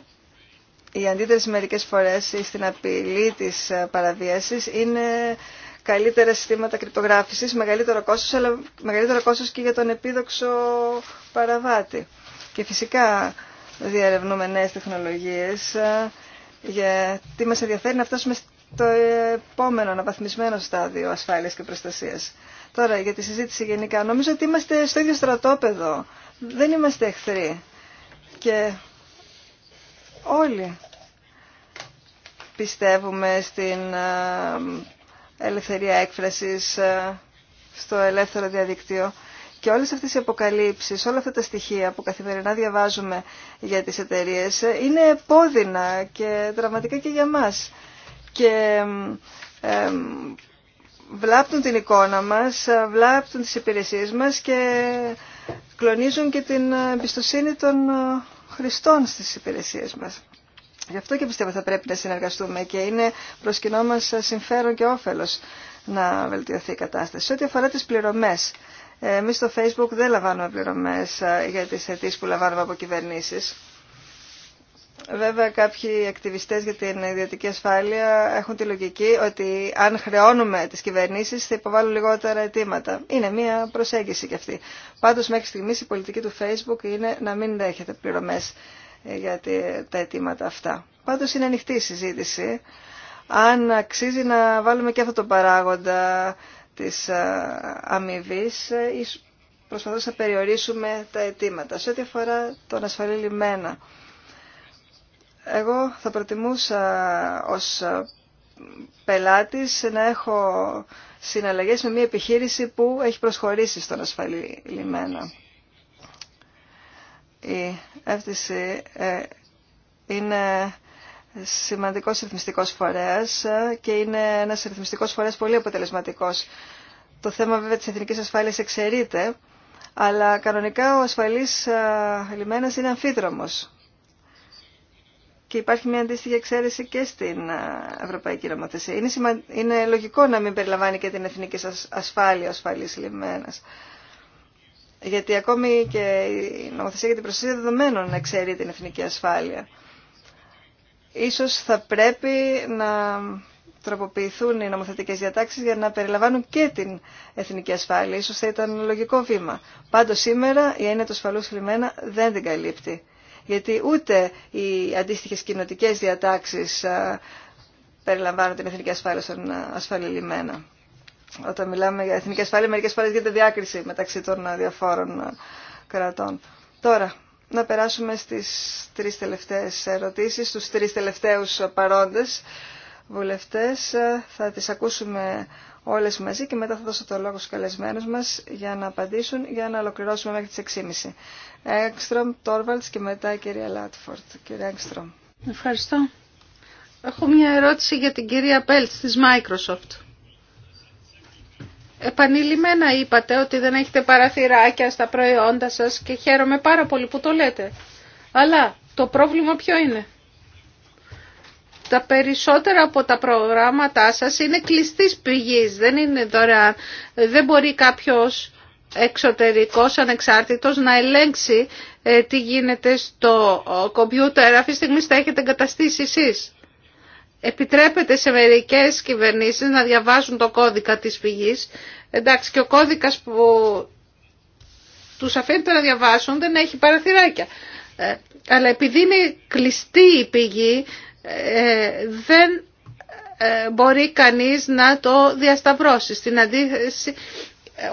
η αντίδραση μερικές φορές στην απειλή της παραβίασης είναι καλύτερα συστήματα κρυπτογράφησης, μεγαλύτερο κόστος, αλλά μεγαλύτερο κόστος και για τον επίδοξο παραβάτη. Και φυσικά διαρευνούμε νέες τεχνολογίες γιατί μας ενδιαφέρει να φτάσουμε στο επόμενο αναβαθμισμένο στάδιο ασφάλειας και προστασίας. Τώρα για τη συζήτηση γενικά. Νομίζω ότι είμαστε στο ίδιο στρατόπεδο. Δεν είμαστε εχθροί. Και όλοι πιστεύουμε στην ε, ελευθερία έκφρασης, ε, στο ελεύθερο διαδικτύο. Και όλες αυτές οι αποκαλύψεις, όλα αυτά τα στοιχεία που καθημερινά διαβάζουμε για τις εταιρείες είναι πόδινα και δραματικά και για μας. Και ε, βλάπτουν την εικόνα μας, βλάπτουν τις υπηρεσίες μας και κλονίζουν και την εμπιστοσύνη των ε, χρηστών στις υπηρεσίες μας. Γι' αυτό και πιστεύω θα πρέπει να συνεργαστούμε και είναι προς κοινό μας συμφέρον και όφελος να βελτιωθεί η κατάσταση. ό,τι αφορά τις πληρωμές, Εμεί στο Facebook δεν λαμβάνουμε πληρωμές ε, για τις αιτήσει που λαμβάνουμε από κυβερνήσεις. Βέβαια, κάποιοι ακτιβιστές για την ιδιωτική ασφάλεια έχουν τη λογική ότι αν χρεώνουμε τις κυβερνήσεις θα υποβάλουν λιγότερα αιτήματα. Είναι μια προσέγγιση κι αυτή. Πάντως, μέχρι στιγμής η πολιτική του Facebook είναι να μην δέχεται πληρωμές ε, για τα αιτήματα αυτά. Πάντως, είναι ανοιχτή η συζήτηση. Αν αξίζει να βάλουμε και αυτό το παράγοντα της ε, αμοιβή ή ε, να περιορίσουμε τα αιτήματα. Σε ό,τι αφορά τον ασφαλή λιμένα, εγώ θα προτιμούσα ως ε, πελάτης να έχω συναλλαγές με μια επιχείρηση που έχει προσχωρήσει στον ασφαλή λιμένα. Η ε, είναι σημαντικός ρυθμιστικός φορέας ε, και είναι ένας ρυθμιστικός φορέας πολύ αποτελεσματικός. Το θέμα βέβαια της εθνικής ασφάλειας εξαιρείται, αλλά κανονικά ο ασφαλής ε, λιμένας είναι αμφίδρομος. Και υπάρχει μια αντίστοιχη εξαίρεση και στην ε, Ευρωπαϊκή Νομοθεσία. Είναι, είναι λογικό να μην περιλαμβάνει και την εθνική ασφάλεια ο ασφαλής λιμένας. Γιατί ακόμη και η νομοθεσία για την προστασία δεδομένων εξαιρεί την εθνική ασφάλεια ίσως θα πρέπει να τροποποιηθούν οι νομοθετικές διατάξεις για να περιλαμβάνουν και την εθνική ασφάλεια. Ίσως θα ήταν λογικό βήμα. Πάντως σήμερα η έννοια του ασφαλούς λιμένα δεν την καλύπτει. Γιατί ούτε οι αντίστοιχες κοινοτικέ διατάξεις περιλαμβάνουν την εθνική ασφάλεια στον ασφαλή λιμένα. Όταν μιλάμε για εθνική ασφάλεια, μερικές φορές γίνεται διάκριση μεταξύ των διαφόρων κρατών. Τώρα, να περάσουμε στις τρεις τελευταίες ερωτήσεις, στους τρεις τελευταίους παρόντες βουλευτές. Θα τις ακούσουμε όλες μαζί και μετά θα δώσω το λόγο στους καλεσμένους μας για να απαντήσουν, για να ολοκληρώσουμε μέχρι τις 6.30. Έγκστρομ, Τόρβαλτς και μετά η κυρία Λάτφορτ. Κύριε Έγκστρομ. Ευχαριστώ. Έχω μια ερώτηση για την κυρία Πέλτς της Microsoft. Επανειλημμένα είπατε ότι δεν έχετε παραθυράκια στα προϊόντα σας και χαίρομαι πάρα πολύ που το λέτε. Αλλά το πρόβλημα ποιο είναι. Τα περισσότερα από τα προγράμματά σας είναι κλειστής πηγής, δεν είναι δωρεάν. Δεν μπορεί κάποιος εξωτερικός, ανεξάρτητος, να ελέγξει ε, τι γίνεται στο ε, κομπιούτερ. Αυτή τη στιγμή τα έχετε εγκαταστήσει εσείς επιτρέπεται σε μερικές κυβερνήσεις να διαβάζουν το κώδικα της πηγής. Εντάξει, και ο κώδικας που τους αφήνεται να διαβάσουν δεν έχει παραθυράκια. Ε, αλλά επειδή είναι κλειστή η πηγή, ε, δεν ε, μπορεί κανείς να το διασταυρώσει. Στην αντίθεση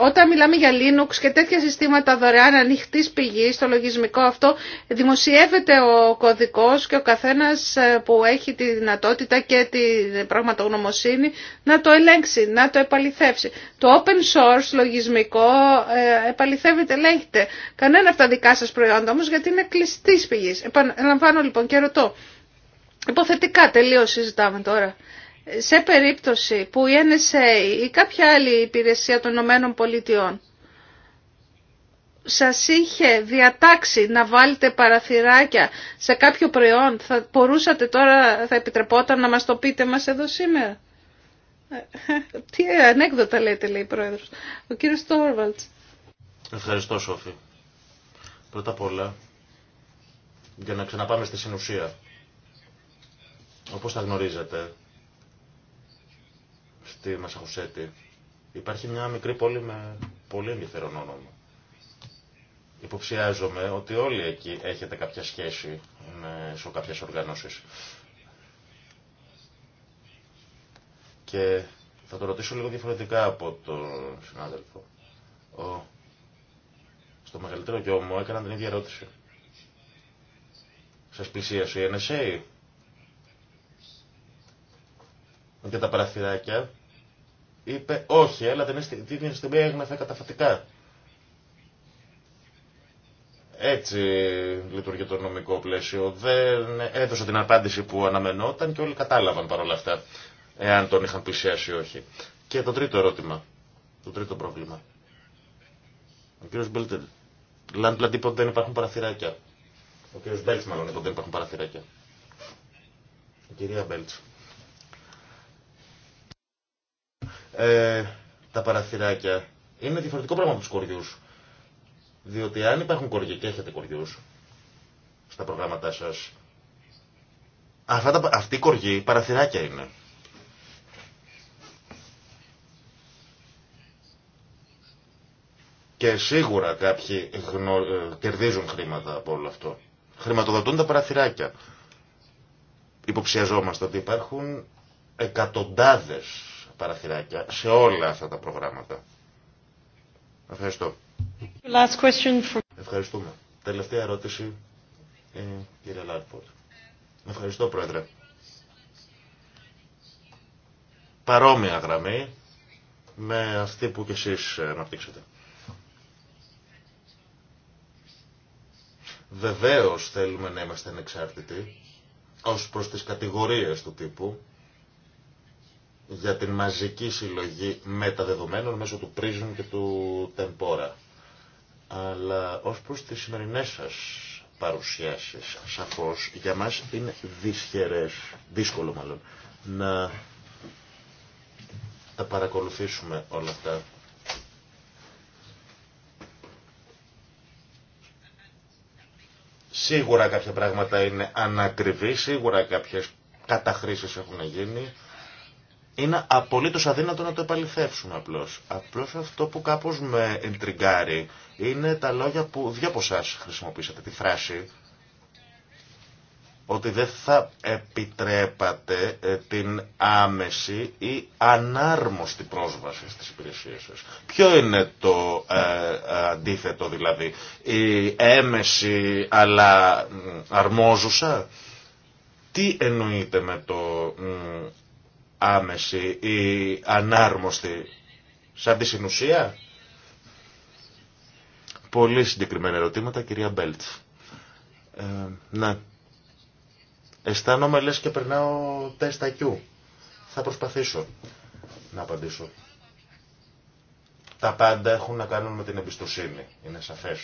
όταν μιλάμε για Linux και τέτοια συστήματα δωρεάν ανοιχτή πηγή στο λογισμικό αυτό, δημοσιεύεται ο κωδικός και ο καθένας ε, που έχει τη δυνατότητα και την πραγματογνωμοσύνη να το ελέγξει, να το επαληθεύσει. Το open source λογισμικό ε, επαληθεύεται, ελέγχεται. Κανένα από τα δικά σας προϊόντα όμως γιατί είναι κλειστή πηγή. Επαναλαμβάνω λοιπόν και ρωτώ. Υποθετικά τελείω συζητάμε τώρα σε περίπτωση που η NSA ή κάποια άλλη υπηρεσία των Ηνωμένων Πολιτειών σας είχε διατάξει να βάλετε παραθυράκια σε κάποιο προϊόν, θα μπορούσατε τώρα, θα επιτρεπόταν να μας το πείτε μας εδώ σήμερα. *laughs* Τι ανέκδοτα λέτε, λέει η Πρόεδρος. Ο κύριος Τόρβαλτς. Ευχαριστώ, Σόφη. Πρώτα απ' όλα, για να ξαναπάμε στη συνουσία. Όπως τα γνωρίζετε, στη Μασαχουσέτη. Υπάρχει μια μικρή πόλη με πολύ ενδιαφέρον όνομα. Υποψιάζομαι ότι όλοι εκεί έχετε κάποια σχέση με σε κάποιες οργανώσεις. Και θα το ρωτήσω λίγο διαφορετικά από τον συνάδελφο. Ο... Στο μεγαλύτερο γιο μου έκαναν την ίδια ερώτηση. Σας πλησίασε η NSA. Για τα παραθυράκια είπε όχι, αλλά δεν την ίδια στιγμή έγινε καταφατικά. Έτσι λειτουργεί το νομικό πλαίσιο. Δεν έδωσε την απάντηση που αναμενόταν και όλοι κατάλαβαν παρόλα αυτά, εάν τον είχαν πλησιάσει ή όχι. Και το τρίτο ερώτημα, το τρίτο πρόβλημα. Ο κύριος Μπέλτερ, Λάντλαντ είπε δεν υπάρχουν παραθυράκια. Ο κύριος Μπέλτς μάλλον είπε ότι δεν υπάρχουν παραθυράκια. Η κυρία Μπέλτς. Ε, τα παραθυράκια. Είναι διαφορετικό πράγμα από του κοριού. Διότι αν υπάρχουν κοριοί και έχετε κοριού στα προγράμματά σα, Αυτή η αυτοί οι παραθυράκια είναι. Και σίγουρα κάποιοι γνω, ε, κερδίζουν χρήματα από όλο αυτό. Χρηματοδοτούν τα παραθυράκια. Υποψιαζόμαστε ότι υπάρχουν εκατοντάδες παραθυράκια σε όλα αυτά τα προγράμματα. Ευχαριστώ. Ευχαριστούμε. Τελευταία ερώτηση, ε, κύριε Λάρπορτ. Ευχαριστώ, Πρόεδρε. Παρόμοια γραμμή με αυτή που κι εσείς αναπτύξετε. Βεβαίως θέλουμε να είμαστε ανεξάρτητοι ως προς τις κατηγορίες του τύπου για την μαζική συλλογή μεταδεδομένων μέσω του Prism και του Tempora. Αλλά ως προς τις σημερινές σας παρουσιάσεις, σαφώς, για μας είναι δυσχερές, δύσκολο μάλλον, να τα παρακολουθήσουμε όλα αυτά. Σίγουρα κάποια πράγματα είναι ανακριβή, σίγουρα κάποιες καταχρήσεις έχουν γίνει, είναι απολύτως αδύνατο να το επαληθεύσουμε απλώς. Απλώ αυτό που κάπως με εντριγκάρει είναι τα λόγια που δύο από εσά χρησιμοποίησατε, τη φράση ότι δεν θα επιτρέπατε ε, την άμεση ή ανάρμοστη πρόσβαση στις υπηρεσίες σας. Ποιο είναι το ε, ε, αντίθετο δηλαδή, η έμεση αλλά αρμόζουσα. Τι εννοείται με το άμεση ή ανάρμοστη σαν τη συνουσία. Πολύ συγκεκριμένα ερωτήματα, κυρία Μπέλτ. Ε, ναι. Αισθάνομαι λες και περνάω τεστ IQ. Θα προσπαθήσω να απαντήσω. Τα πάντα έχουν να κάνουν με την εμπιστοσύνη, είναι σαφές.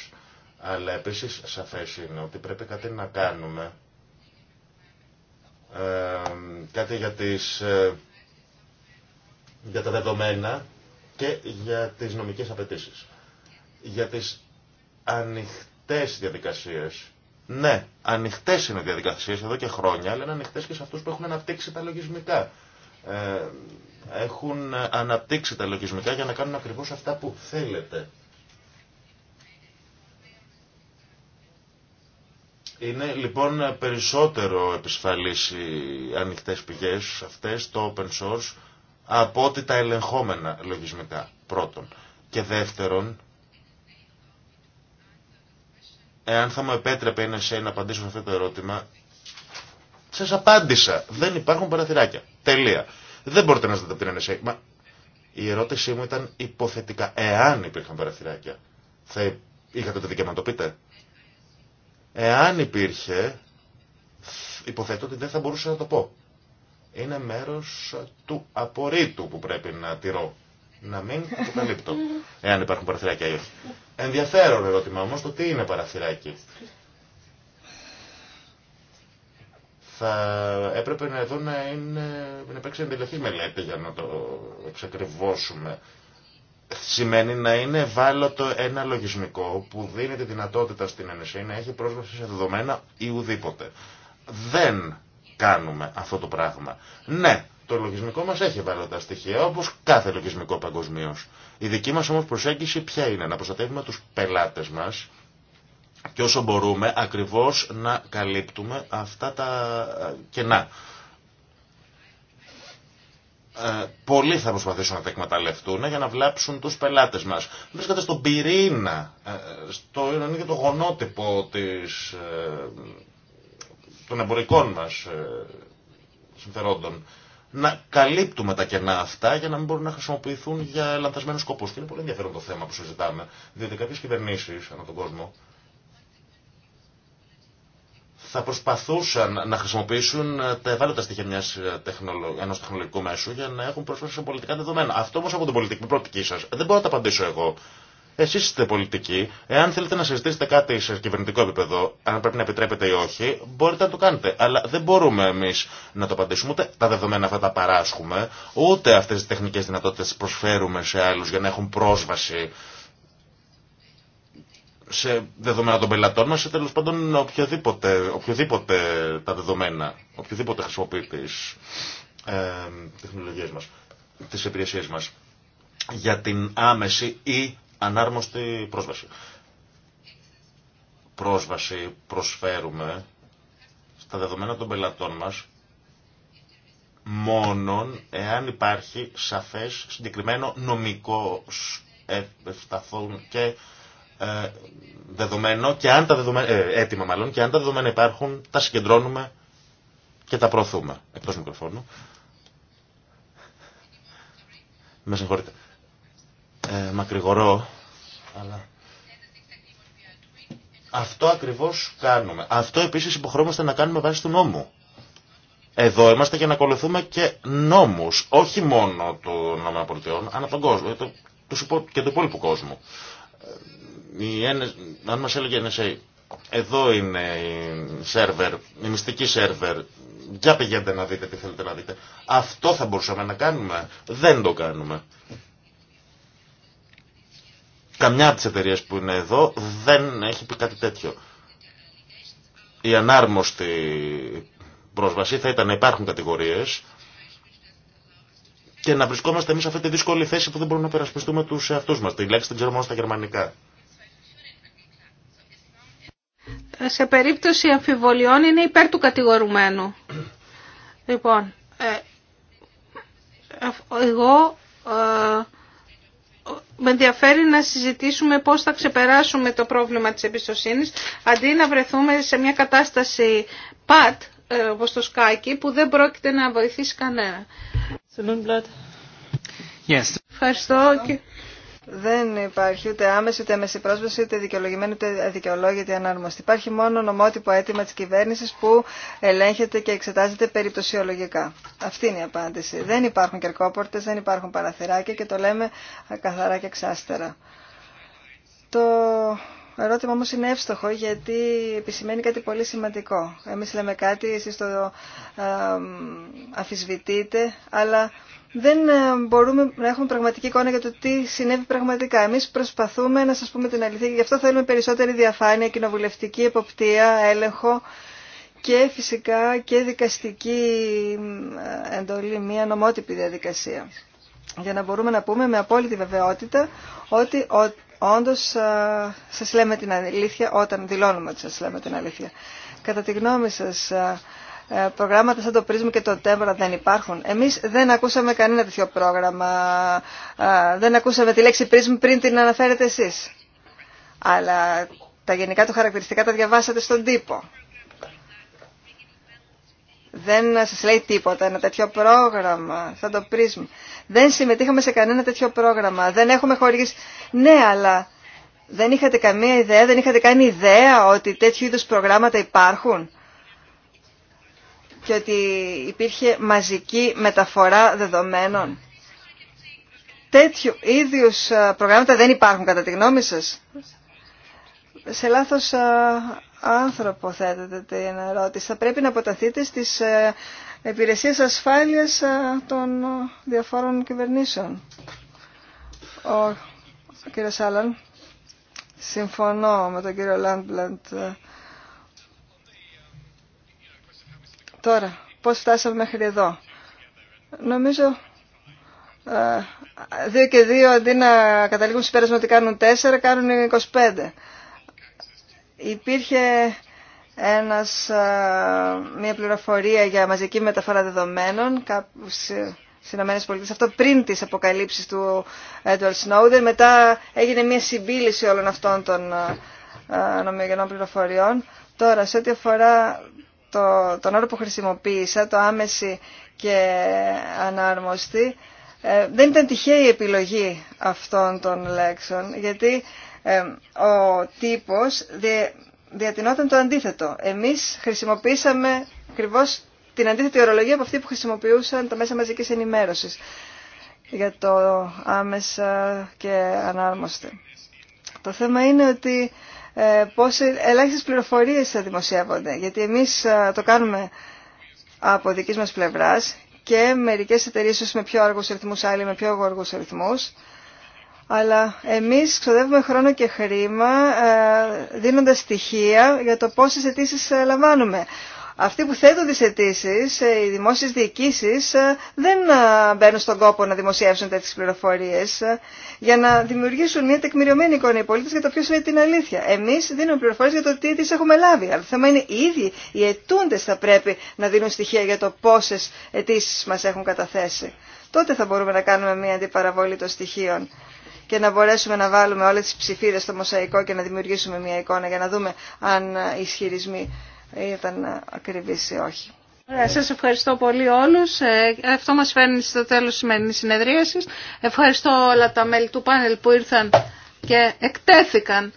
Αλλά επίσης σαφές είναι ότι πρέπει κάτι να κάνουμε. Ε, κάτι για τις... Ε, για τα δεδομένα και για τις νομικές απαιτήσεις Για τις ανοιχτές διαδικασίες. Ναι, ανοιχτές είναι οι διαδικασίες εδώ και χρόνια, αλλά είναι ανοιχτές και σε αυτούς που έχουν αναπτύξει τα λογισμικά. Ε, έχουν αναπτύξει τα λογισμικά για να κάνουν ακριβώς αυτά που θέλετε. Είναι λοιπόν περισσότερο επισφαλής οι ανοιχτές πηγές αυτές, το open source, από ότι τα ελεγχόμενα λογισμικά πρώτον. Και δεύτερον, εάν θα μου επέτρεπε ένα σε να απαντήσω σε αυτό το ερώτημα, σας απάντησα. Δεν υπάρχουν παραθυράκια. Τελεία. Δεν μπορείτε να ζητάτε από την NSA. Μα η ερώτησή μου ήταν υποθετικά. Εάν υπήρχαν παραθυράκια, θα είχατε το δικαίωμα να το πείτε. Εάν υπήρχε, υποθέτω ότι δεν θα μπορούσα να το πω είναι μέρος του απορρίτου που πρέπει να τηρώ. Να μην αποκαλύπτω, εάν υπάρχουν παραθυράκια ή όχι. Ενδιαφέρον ερώτημα όμως το τι είναι παραθυράκι. θα έπρεπε εδώ να, είναι, να υπάρξει εντελεχή μελέτη για να το εξακριβώσουμε. Σημαίνει να είναι ευάλωτο ένα λογισμικό που δίνει τη δυνατότητα στην NSA να έχει πρόσβαση σε δεδομένα ή ουδήποτε. Δεν κάνουμε αυτό το πράγμα. Ναι, το λογισμικό μας έχει τα στοιχεία, όπως κάθε λογισμικό παγκοσμίω. Η δική μας όμως προσέγγιση ποια είναι, να προστατεύουμε τους πελάτες μας και όσο μπορούμε ακριβώς να καλύπτουμε αυτά τα ε, κενά. Ε, πολλοί θα προσπαθήσουν να τα εκμεταλλευτούν για να βλάψουν τους πελάτες μας. Βρίσκεται στον πυρήνα, ε, ε, στο είναι το γονότυπο της των εμπορικών μας ε, συμφερόντων να καλύπτουμε τα κενά αυτά για να μην μπορούν να χρησιμοποιηθούν για λανθασμένους σκοπούς. Και είναι πολύ ενδιαφέρον το θέμα που συζητάμε, διότι κάποιες κυβερνήσεις ανά τον κόσμο θα προσπαθούσαν να χρησιμοποιήσουν ε, τα ευάλωτα στοιχεία μιας ε, τεχνολο... ενός τεχνολογικού μέσου για να έχουν πρόσβαση σε πολιτικά δεδομένα. Αυτό όμως από την πολιτική πρόπτικη σας δεν μπορώ να τα απαντήσω εγώ. Εσεί είστε πολιτικοί. Εάν θέλετε να συζητήσετε κάτι σε κυβερνητικό επίπεδο, αν πρέπει να επιτρέπετε ή όχι, μπορείτε να το κάνετε. Αλλά δεν μπορούμε εμεί να το απαντήσουμε. Ούτε τα δεδομένα αυτά τα παράσχουμε, ούτε αυτέ τι τεχνικέ δυνατότητε προσφέρουμε σε άλλου για να έχουν πρόσβαση σε δεδομένα των πελατών μα σε τέλο πάντων οποιοδήποτε, οποιοδήποτε τα δεδομένα, οποιοδήποτε χρησιμοποιεί τι ε, τεχνολογίες μας, τις υπηρεσίες μας για την άμεση ή ανάρμοστη πρόσβαση. Πρόσβαση προσφέρουμε στα δεδομένα των πελατών μας μόνον εάν υπάρχει σαφές συγκεκριμένο νομικό ευσταθόν και ε, δεδομένο και αν τα δεδομένα, ε, έτοιμα μάλλον και αν τα δεδομένα υπάρχουν τα συγκεντρώνουμε και τα προωθούμε. Εκτός μικροφώνου. Με συγχωρείτε ε, αλλά αυτό ακριβώς κάνουμε. Αυτό επίσης υποχρεώμαστε να κάνουμε βάσει του νόμου. Εδώ είμαστε για να ακολουθούμε και νόμους, όχι μόνο των ΗΠΑ, αλλά τον κόσμο, το, και του υπόλοιπου κόσμου. Ε, η, αν μας έλεγε η NSA, εδώ είναι η σερβερ, η μυστική σερβερ, για πηγαίνετε να δείτε τι θέλετε να δείτε. Αυτό θα μπορούσαμε να κάνουμε. Δεν το κάνουμε. Καμιά από τι εταιρείε που είναι εδώ δεν έχει πει κάτι τέτοιο. Η ανάρμοστη πρόσβαση θα ήταν να υπάρχουν κατηγορίες και να βρισκόμαστε εμεί σε αυτή τη δύσκολη θέση που δεν μπορούμε να περασπιστούμε του εαυτού μα. Τη λέξη την ξέρω μόνο στα γερμανικά. Σε περίπτωση αμφιβολιών είναι υπέρ του κατηγορουμένου. Λοιπόν, ε, ε, εγώ ε, με ενδιαφέρει να συζητήσουμε πώς θα ξεπεράσουμε το πρόβλημα της εμπιστοσύνης αντί να βρεθούμε σε μια κατάσταση πατ, ε, όπως το σκάκι, που δεν πρόκειται να βοηθήσει κανένα. Yes. Ευχαριστώ. Ευχαριστώ. Δεν υπάρχει ούτε άμεση ούτε άμεση πρόσβαση, ούτε δικαιολογημένη ούτε αδικαιολόγητη ανάρμοστη. Υπάρχει μόνο νομότυπο αίτημα τη κυβέρνηση που ελέγχεται και εξετάζεται περιπτωσιολογικά. Αυτή είναι η απάντηση. Δεν υπάρχουν κερκόπορτε, δεν υπάρχουν παραθυράκια και το λέμε καθαρά και εξάστερα. Το ερώτημα όμω είναι εύστοχο γιατί επισημαίνει κάτι πολύ σημαντικό. Εμεί λέμε κάτι, εσεί το ε, αφισβητείτε, αλλά δεν ε, μπορούμε να έχουμε πραγματική εικόνα για το τι συνέβη πραγματικά. Εμείς προσπαθούμε να σας πούμε την αλήθεια. Γι' αυτό θέλουμε περισσότερη διαφάνεια, κοινοβουλευτική εποπτεία, έλεγχο και φυσικά και δικαστική ε, εντολή, μια νομότυπη διαδικασία. Για να μπορούμε να πούμε με απόλυτη βεβαιότητα ότι όντως ε, σας λέμε την αλήθεια όταν δηλώνουμε ότι σας λέμε την αλήθεια. Κατά τη γνώμη σας, ε, προγράμματα σαν το πρίσμα και το τέμπρα δεν υπάρχουν. Εμείς δεν ακούσαμε κανένα τέτοιο πρόγραμμα, ε, δεν ακούσαμε τη λέξη πρίσμα πριν την αναφέρετε εσείς. Αλλά τα γενικά του χαρακτηριστικά τα διαβάσατε στον τύπο. Δεν σας λέει τίποτα ένα τέτοιο πρόγραμμα, σαν το πρίσμα. Δεν συμμετείχαμε σε κανένα τέτοιο πρόγραμμα, δεν έχουμε χορηγήσει. Ναι, αλλά δεν είχατε καμία ιδέα, δεν είχατε καν ιδέα ότι τέτοιου είδους προγράμματα υπάρχουν και ότι υπήρχε μαζική μεταφορά δεδομένων. Τέτοιου ίδιου ε, προγράμματα δεν υπάρχουν κατά τη γνώμη σας. Σε λάθος ε, άνθρωπο θέτετε την ερώτηση. Θα πρέπει να αποταθείτε στις ε, υπηρεσίες ασφάλειας των διαφόρων κυβερνήσεων. Ο κύριος Άλλαν, συμφωνώ με τον κύριο Λάντμπλαντ Τώρα, πώς φτάσαμε μέχρι εδώ. Νομίζω ε, Δύο και δύο, αντί να καταλήγουν συμπέρασμα ότι κάνουν τέσσερα, κάνουν 25. Υπήρχε ένας, ε, μια πληροφορία για μαζική μεταφορά δεδομένων κάπου στι ΗΠΑ, Αυτό πριν τι αποκαλύψει του Edward Snowden Μετά έγινε μια συμπίληση όλων αυτών των ε, νομιογενών πληροφοριών. Τώρα, σε ό,τι αφορά το, τον όρο που χρησιμοποίησα, το άμεση και ανάρμοστη, ε, δεν ήταν τυχαία η επιλογή αυτών των λέξεων, γιατί ε, ο τύπος διατηνόταν το αντίθετο. Εμείς χρησιμοποίησαμε ακριβώ την αντίθετη ορολογία από αυτή που χρησιμοποιούσαν τα μέσα μαζικής ενημέρωσης για το άμεσα και ανάρμοστη. Το θέμα είναι ότι πόσε ε, ελάχιστες πληροφορίες θα δημοσιεύονται. Γιατί εμείς ε, το κάνουμε από δικής μας πλευράς και μερικές εταιρείε με πιο αργούς ρυθμούς, άλλοι με πιο αργούς ρυθμούς. Αλλά εμείς ξοδεύουμε χρόνο και χρήμα ε, δίνοντας στοιχεία για το πόσες αιτήσει λαμβάνουμε αυτοί που θέτουν τις αιτήσει, ε, οι δημόσιες διοικήσεις, ε, δεν ε, μπαίνουν στον κόπο να δημοσιεύσουν τέτοιες πληροφορίες για να δημιουργήσουν μια τεκμηριωμένη εικόνα οι πολίτες για το ποιος είναι την αλήθεια. Εμείς δίνουμε πληροφορίες για το τι αιτήσεις έχουμε λάβει, αλλά το θέμα είναι οι ίδιοι οι αιτούντες θα πρέπει να δίνουν στοιχεία για το πόσες αιτήσει μας έχουν καταθέσει. Τότε θα μπορούμε να κάνουμε μια αντιπαραβολή των στοιχείων και να μπορέσουμε να βάλουμε όλες τις ψηφίδες στο μοσαϊκό και να δημιουργήσουμε μια εικόνα για να δούμε αν οι ισχυρισμοί ήταν ακριβή ή όχι. Σα σας ευχαριστώ πολύ όλους. Ε, αυτό μας φέρνει στο τέλο τη σημερινή συνεδρίασης. Ευχαριστώ όλα τα μέλη του πάνελ που ήρθαν και εκτέθηκαν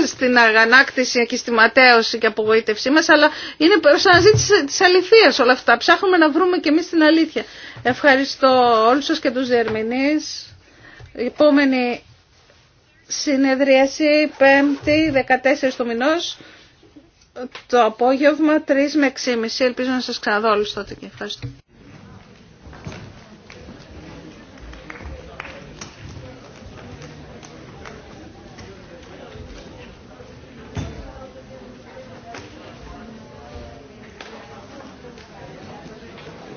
ε, στην αγανάκτηση και στη ματέωση και απογοήτευσή μας, αλλά είναι προς αναζήτηση της αληθείας όλα αυτά. Ψάχνουμε να βρούμε και εμείς την αλήθεια. Ευχαριστώ όλους σας και τους διερμηνείς. Η επόμενη συνεδρίαση, 5η, 14 του μηνός το απόγευμα 3 με 6.30. Ελπίζω να σας ξαναδώ όλους τότε και ευχαριστώ.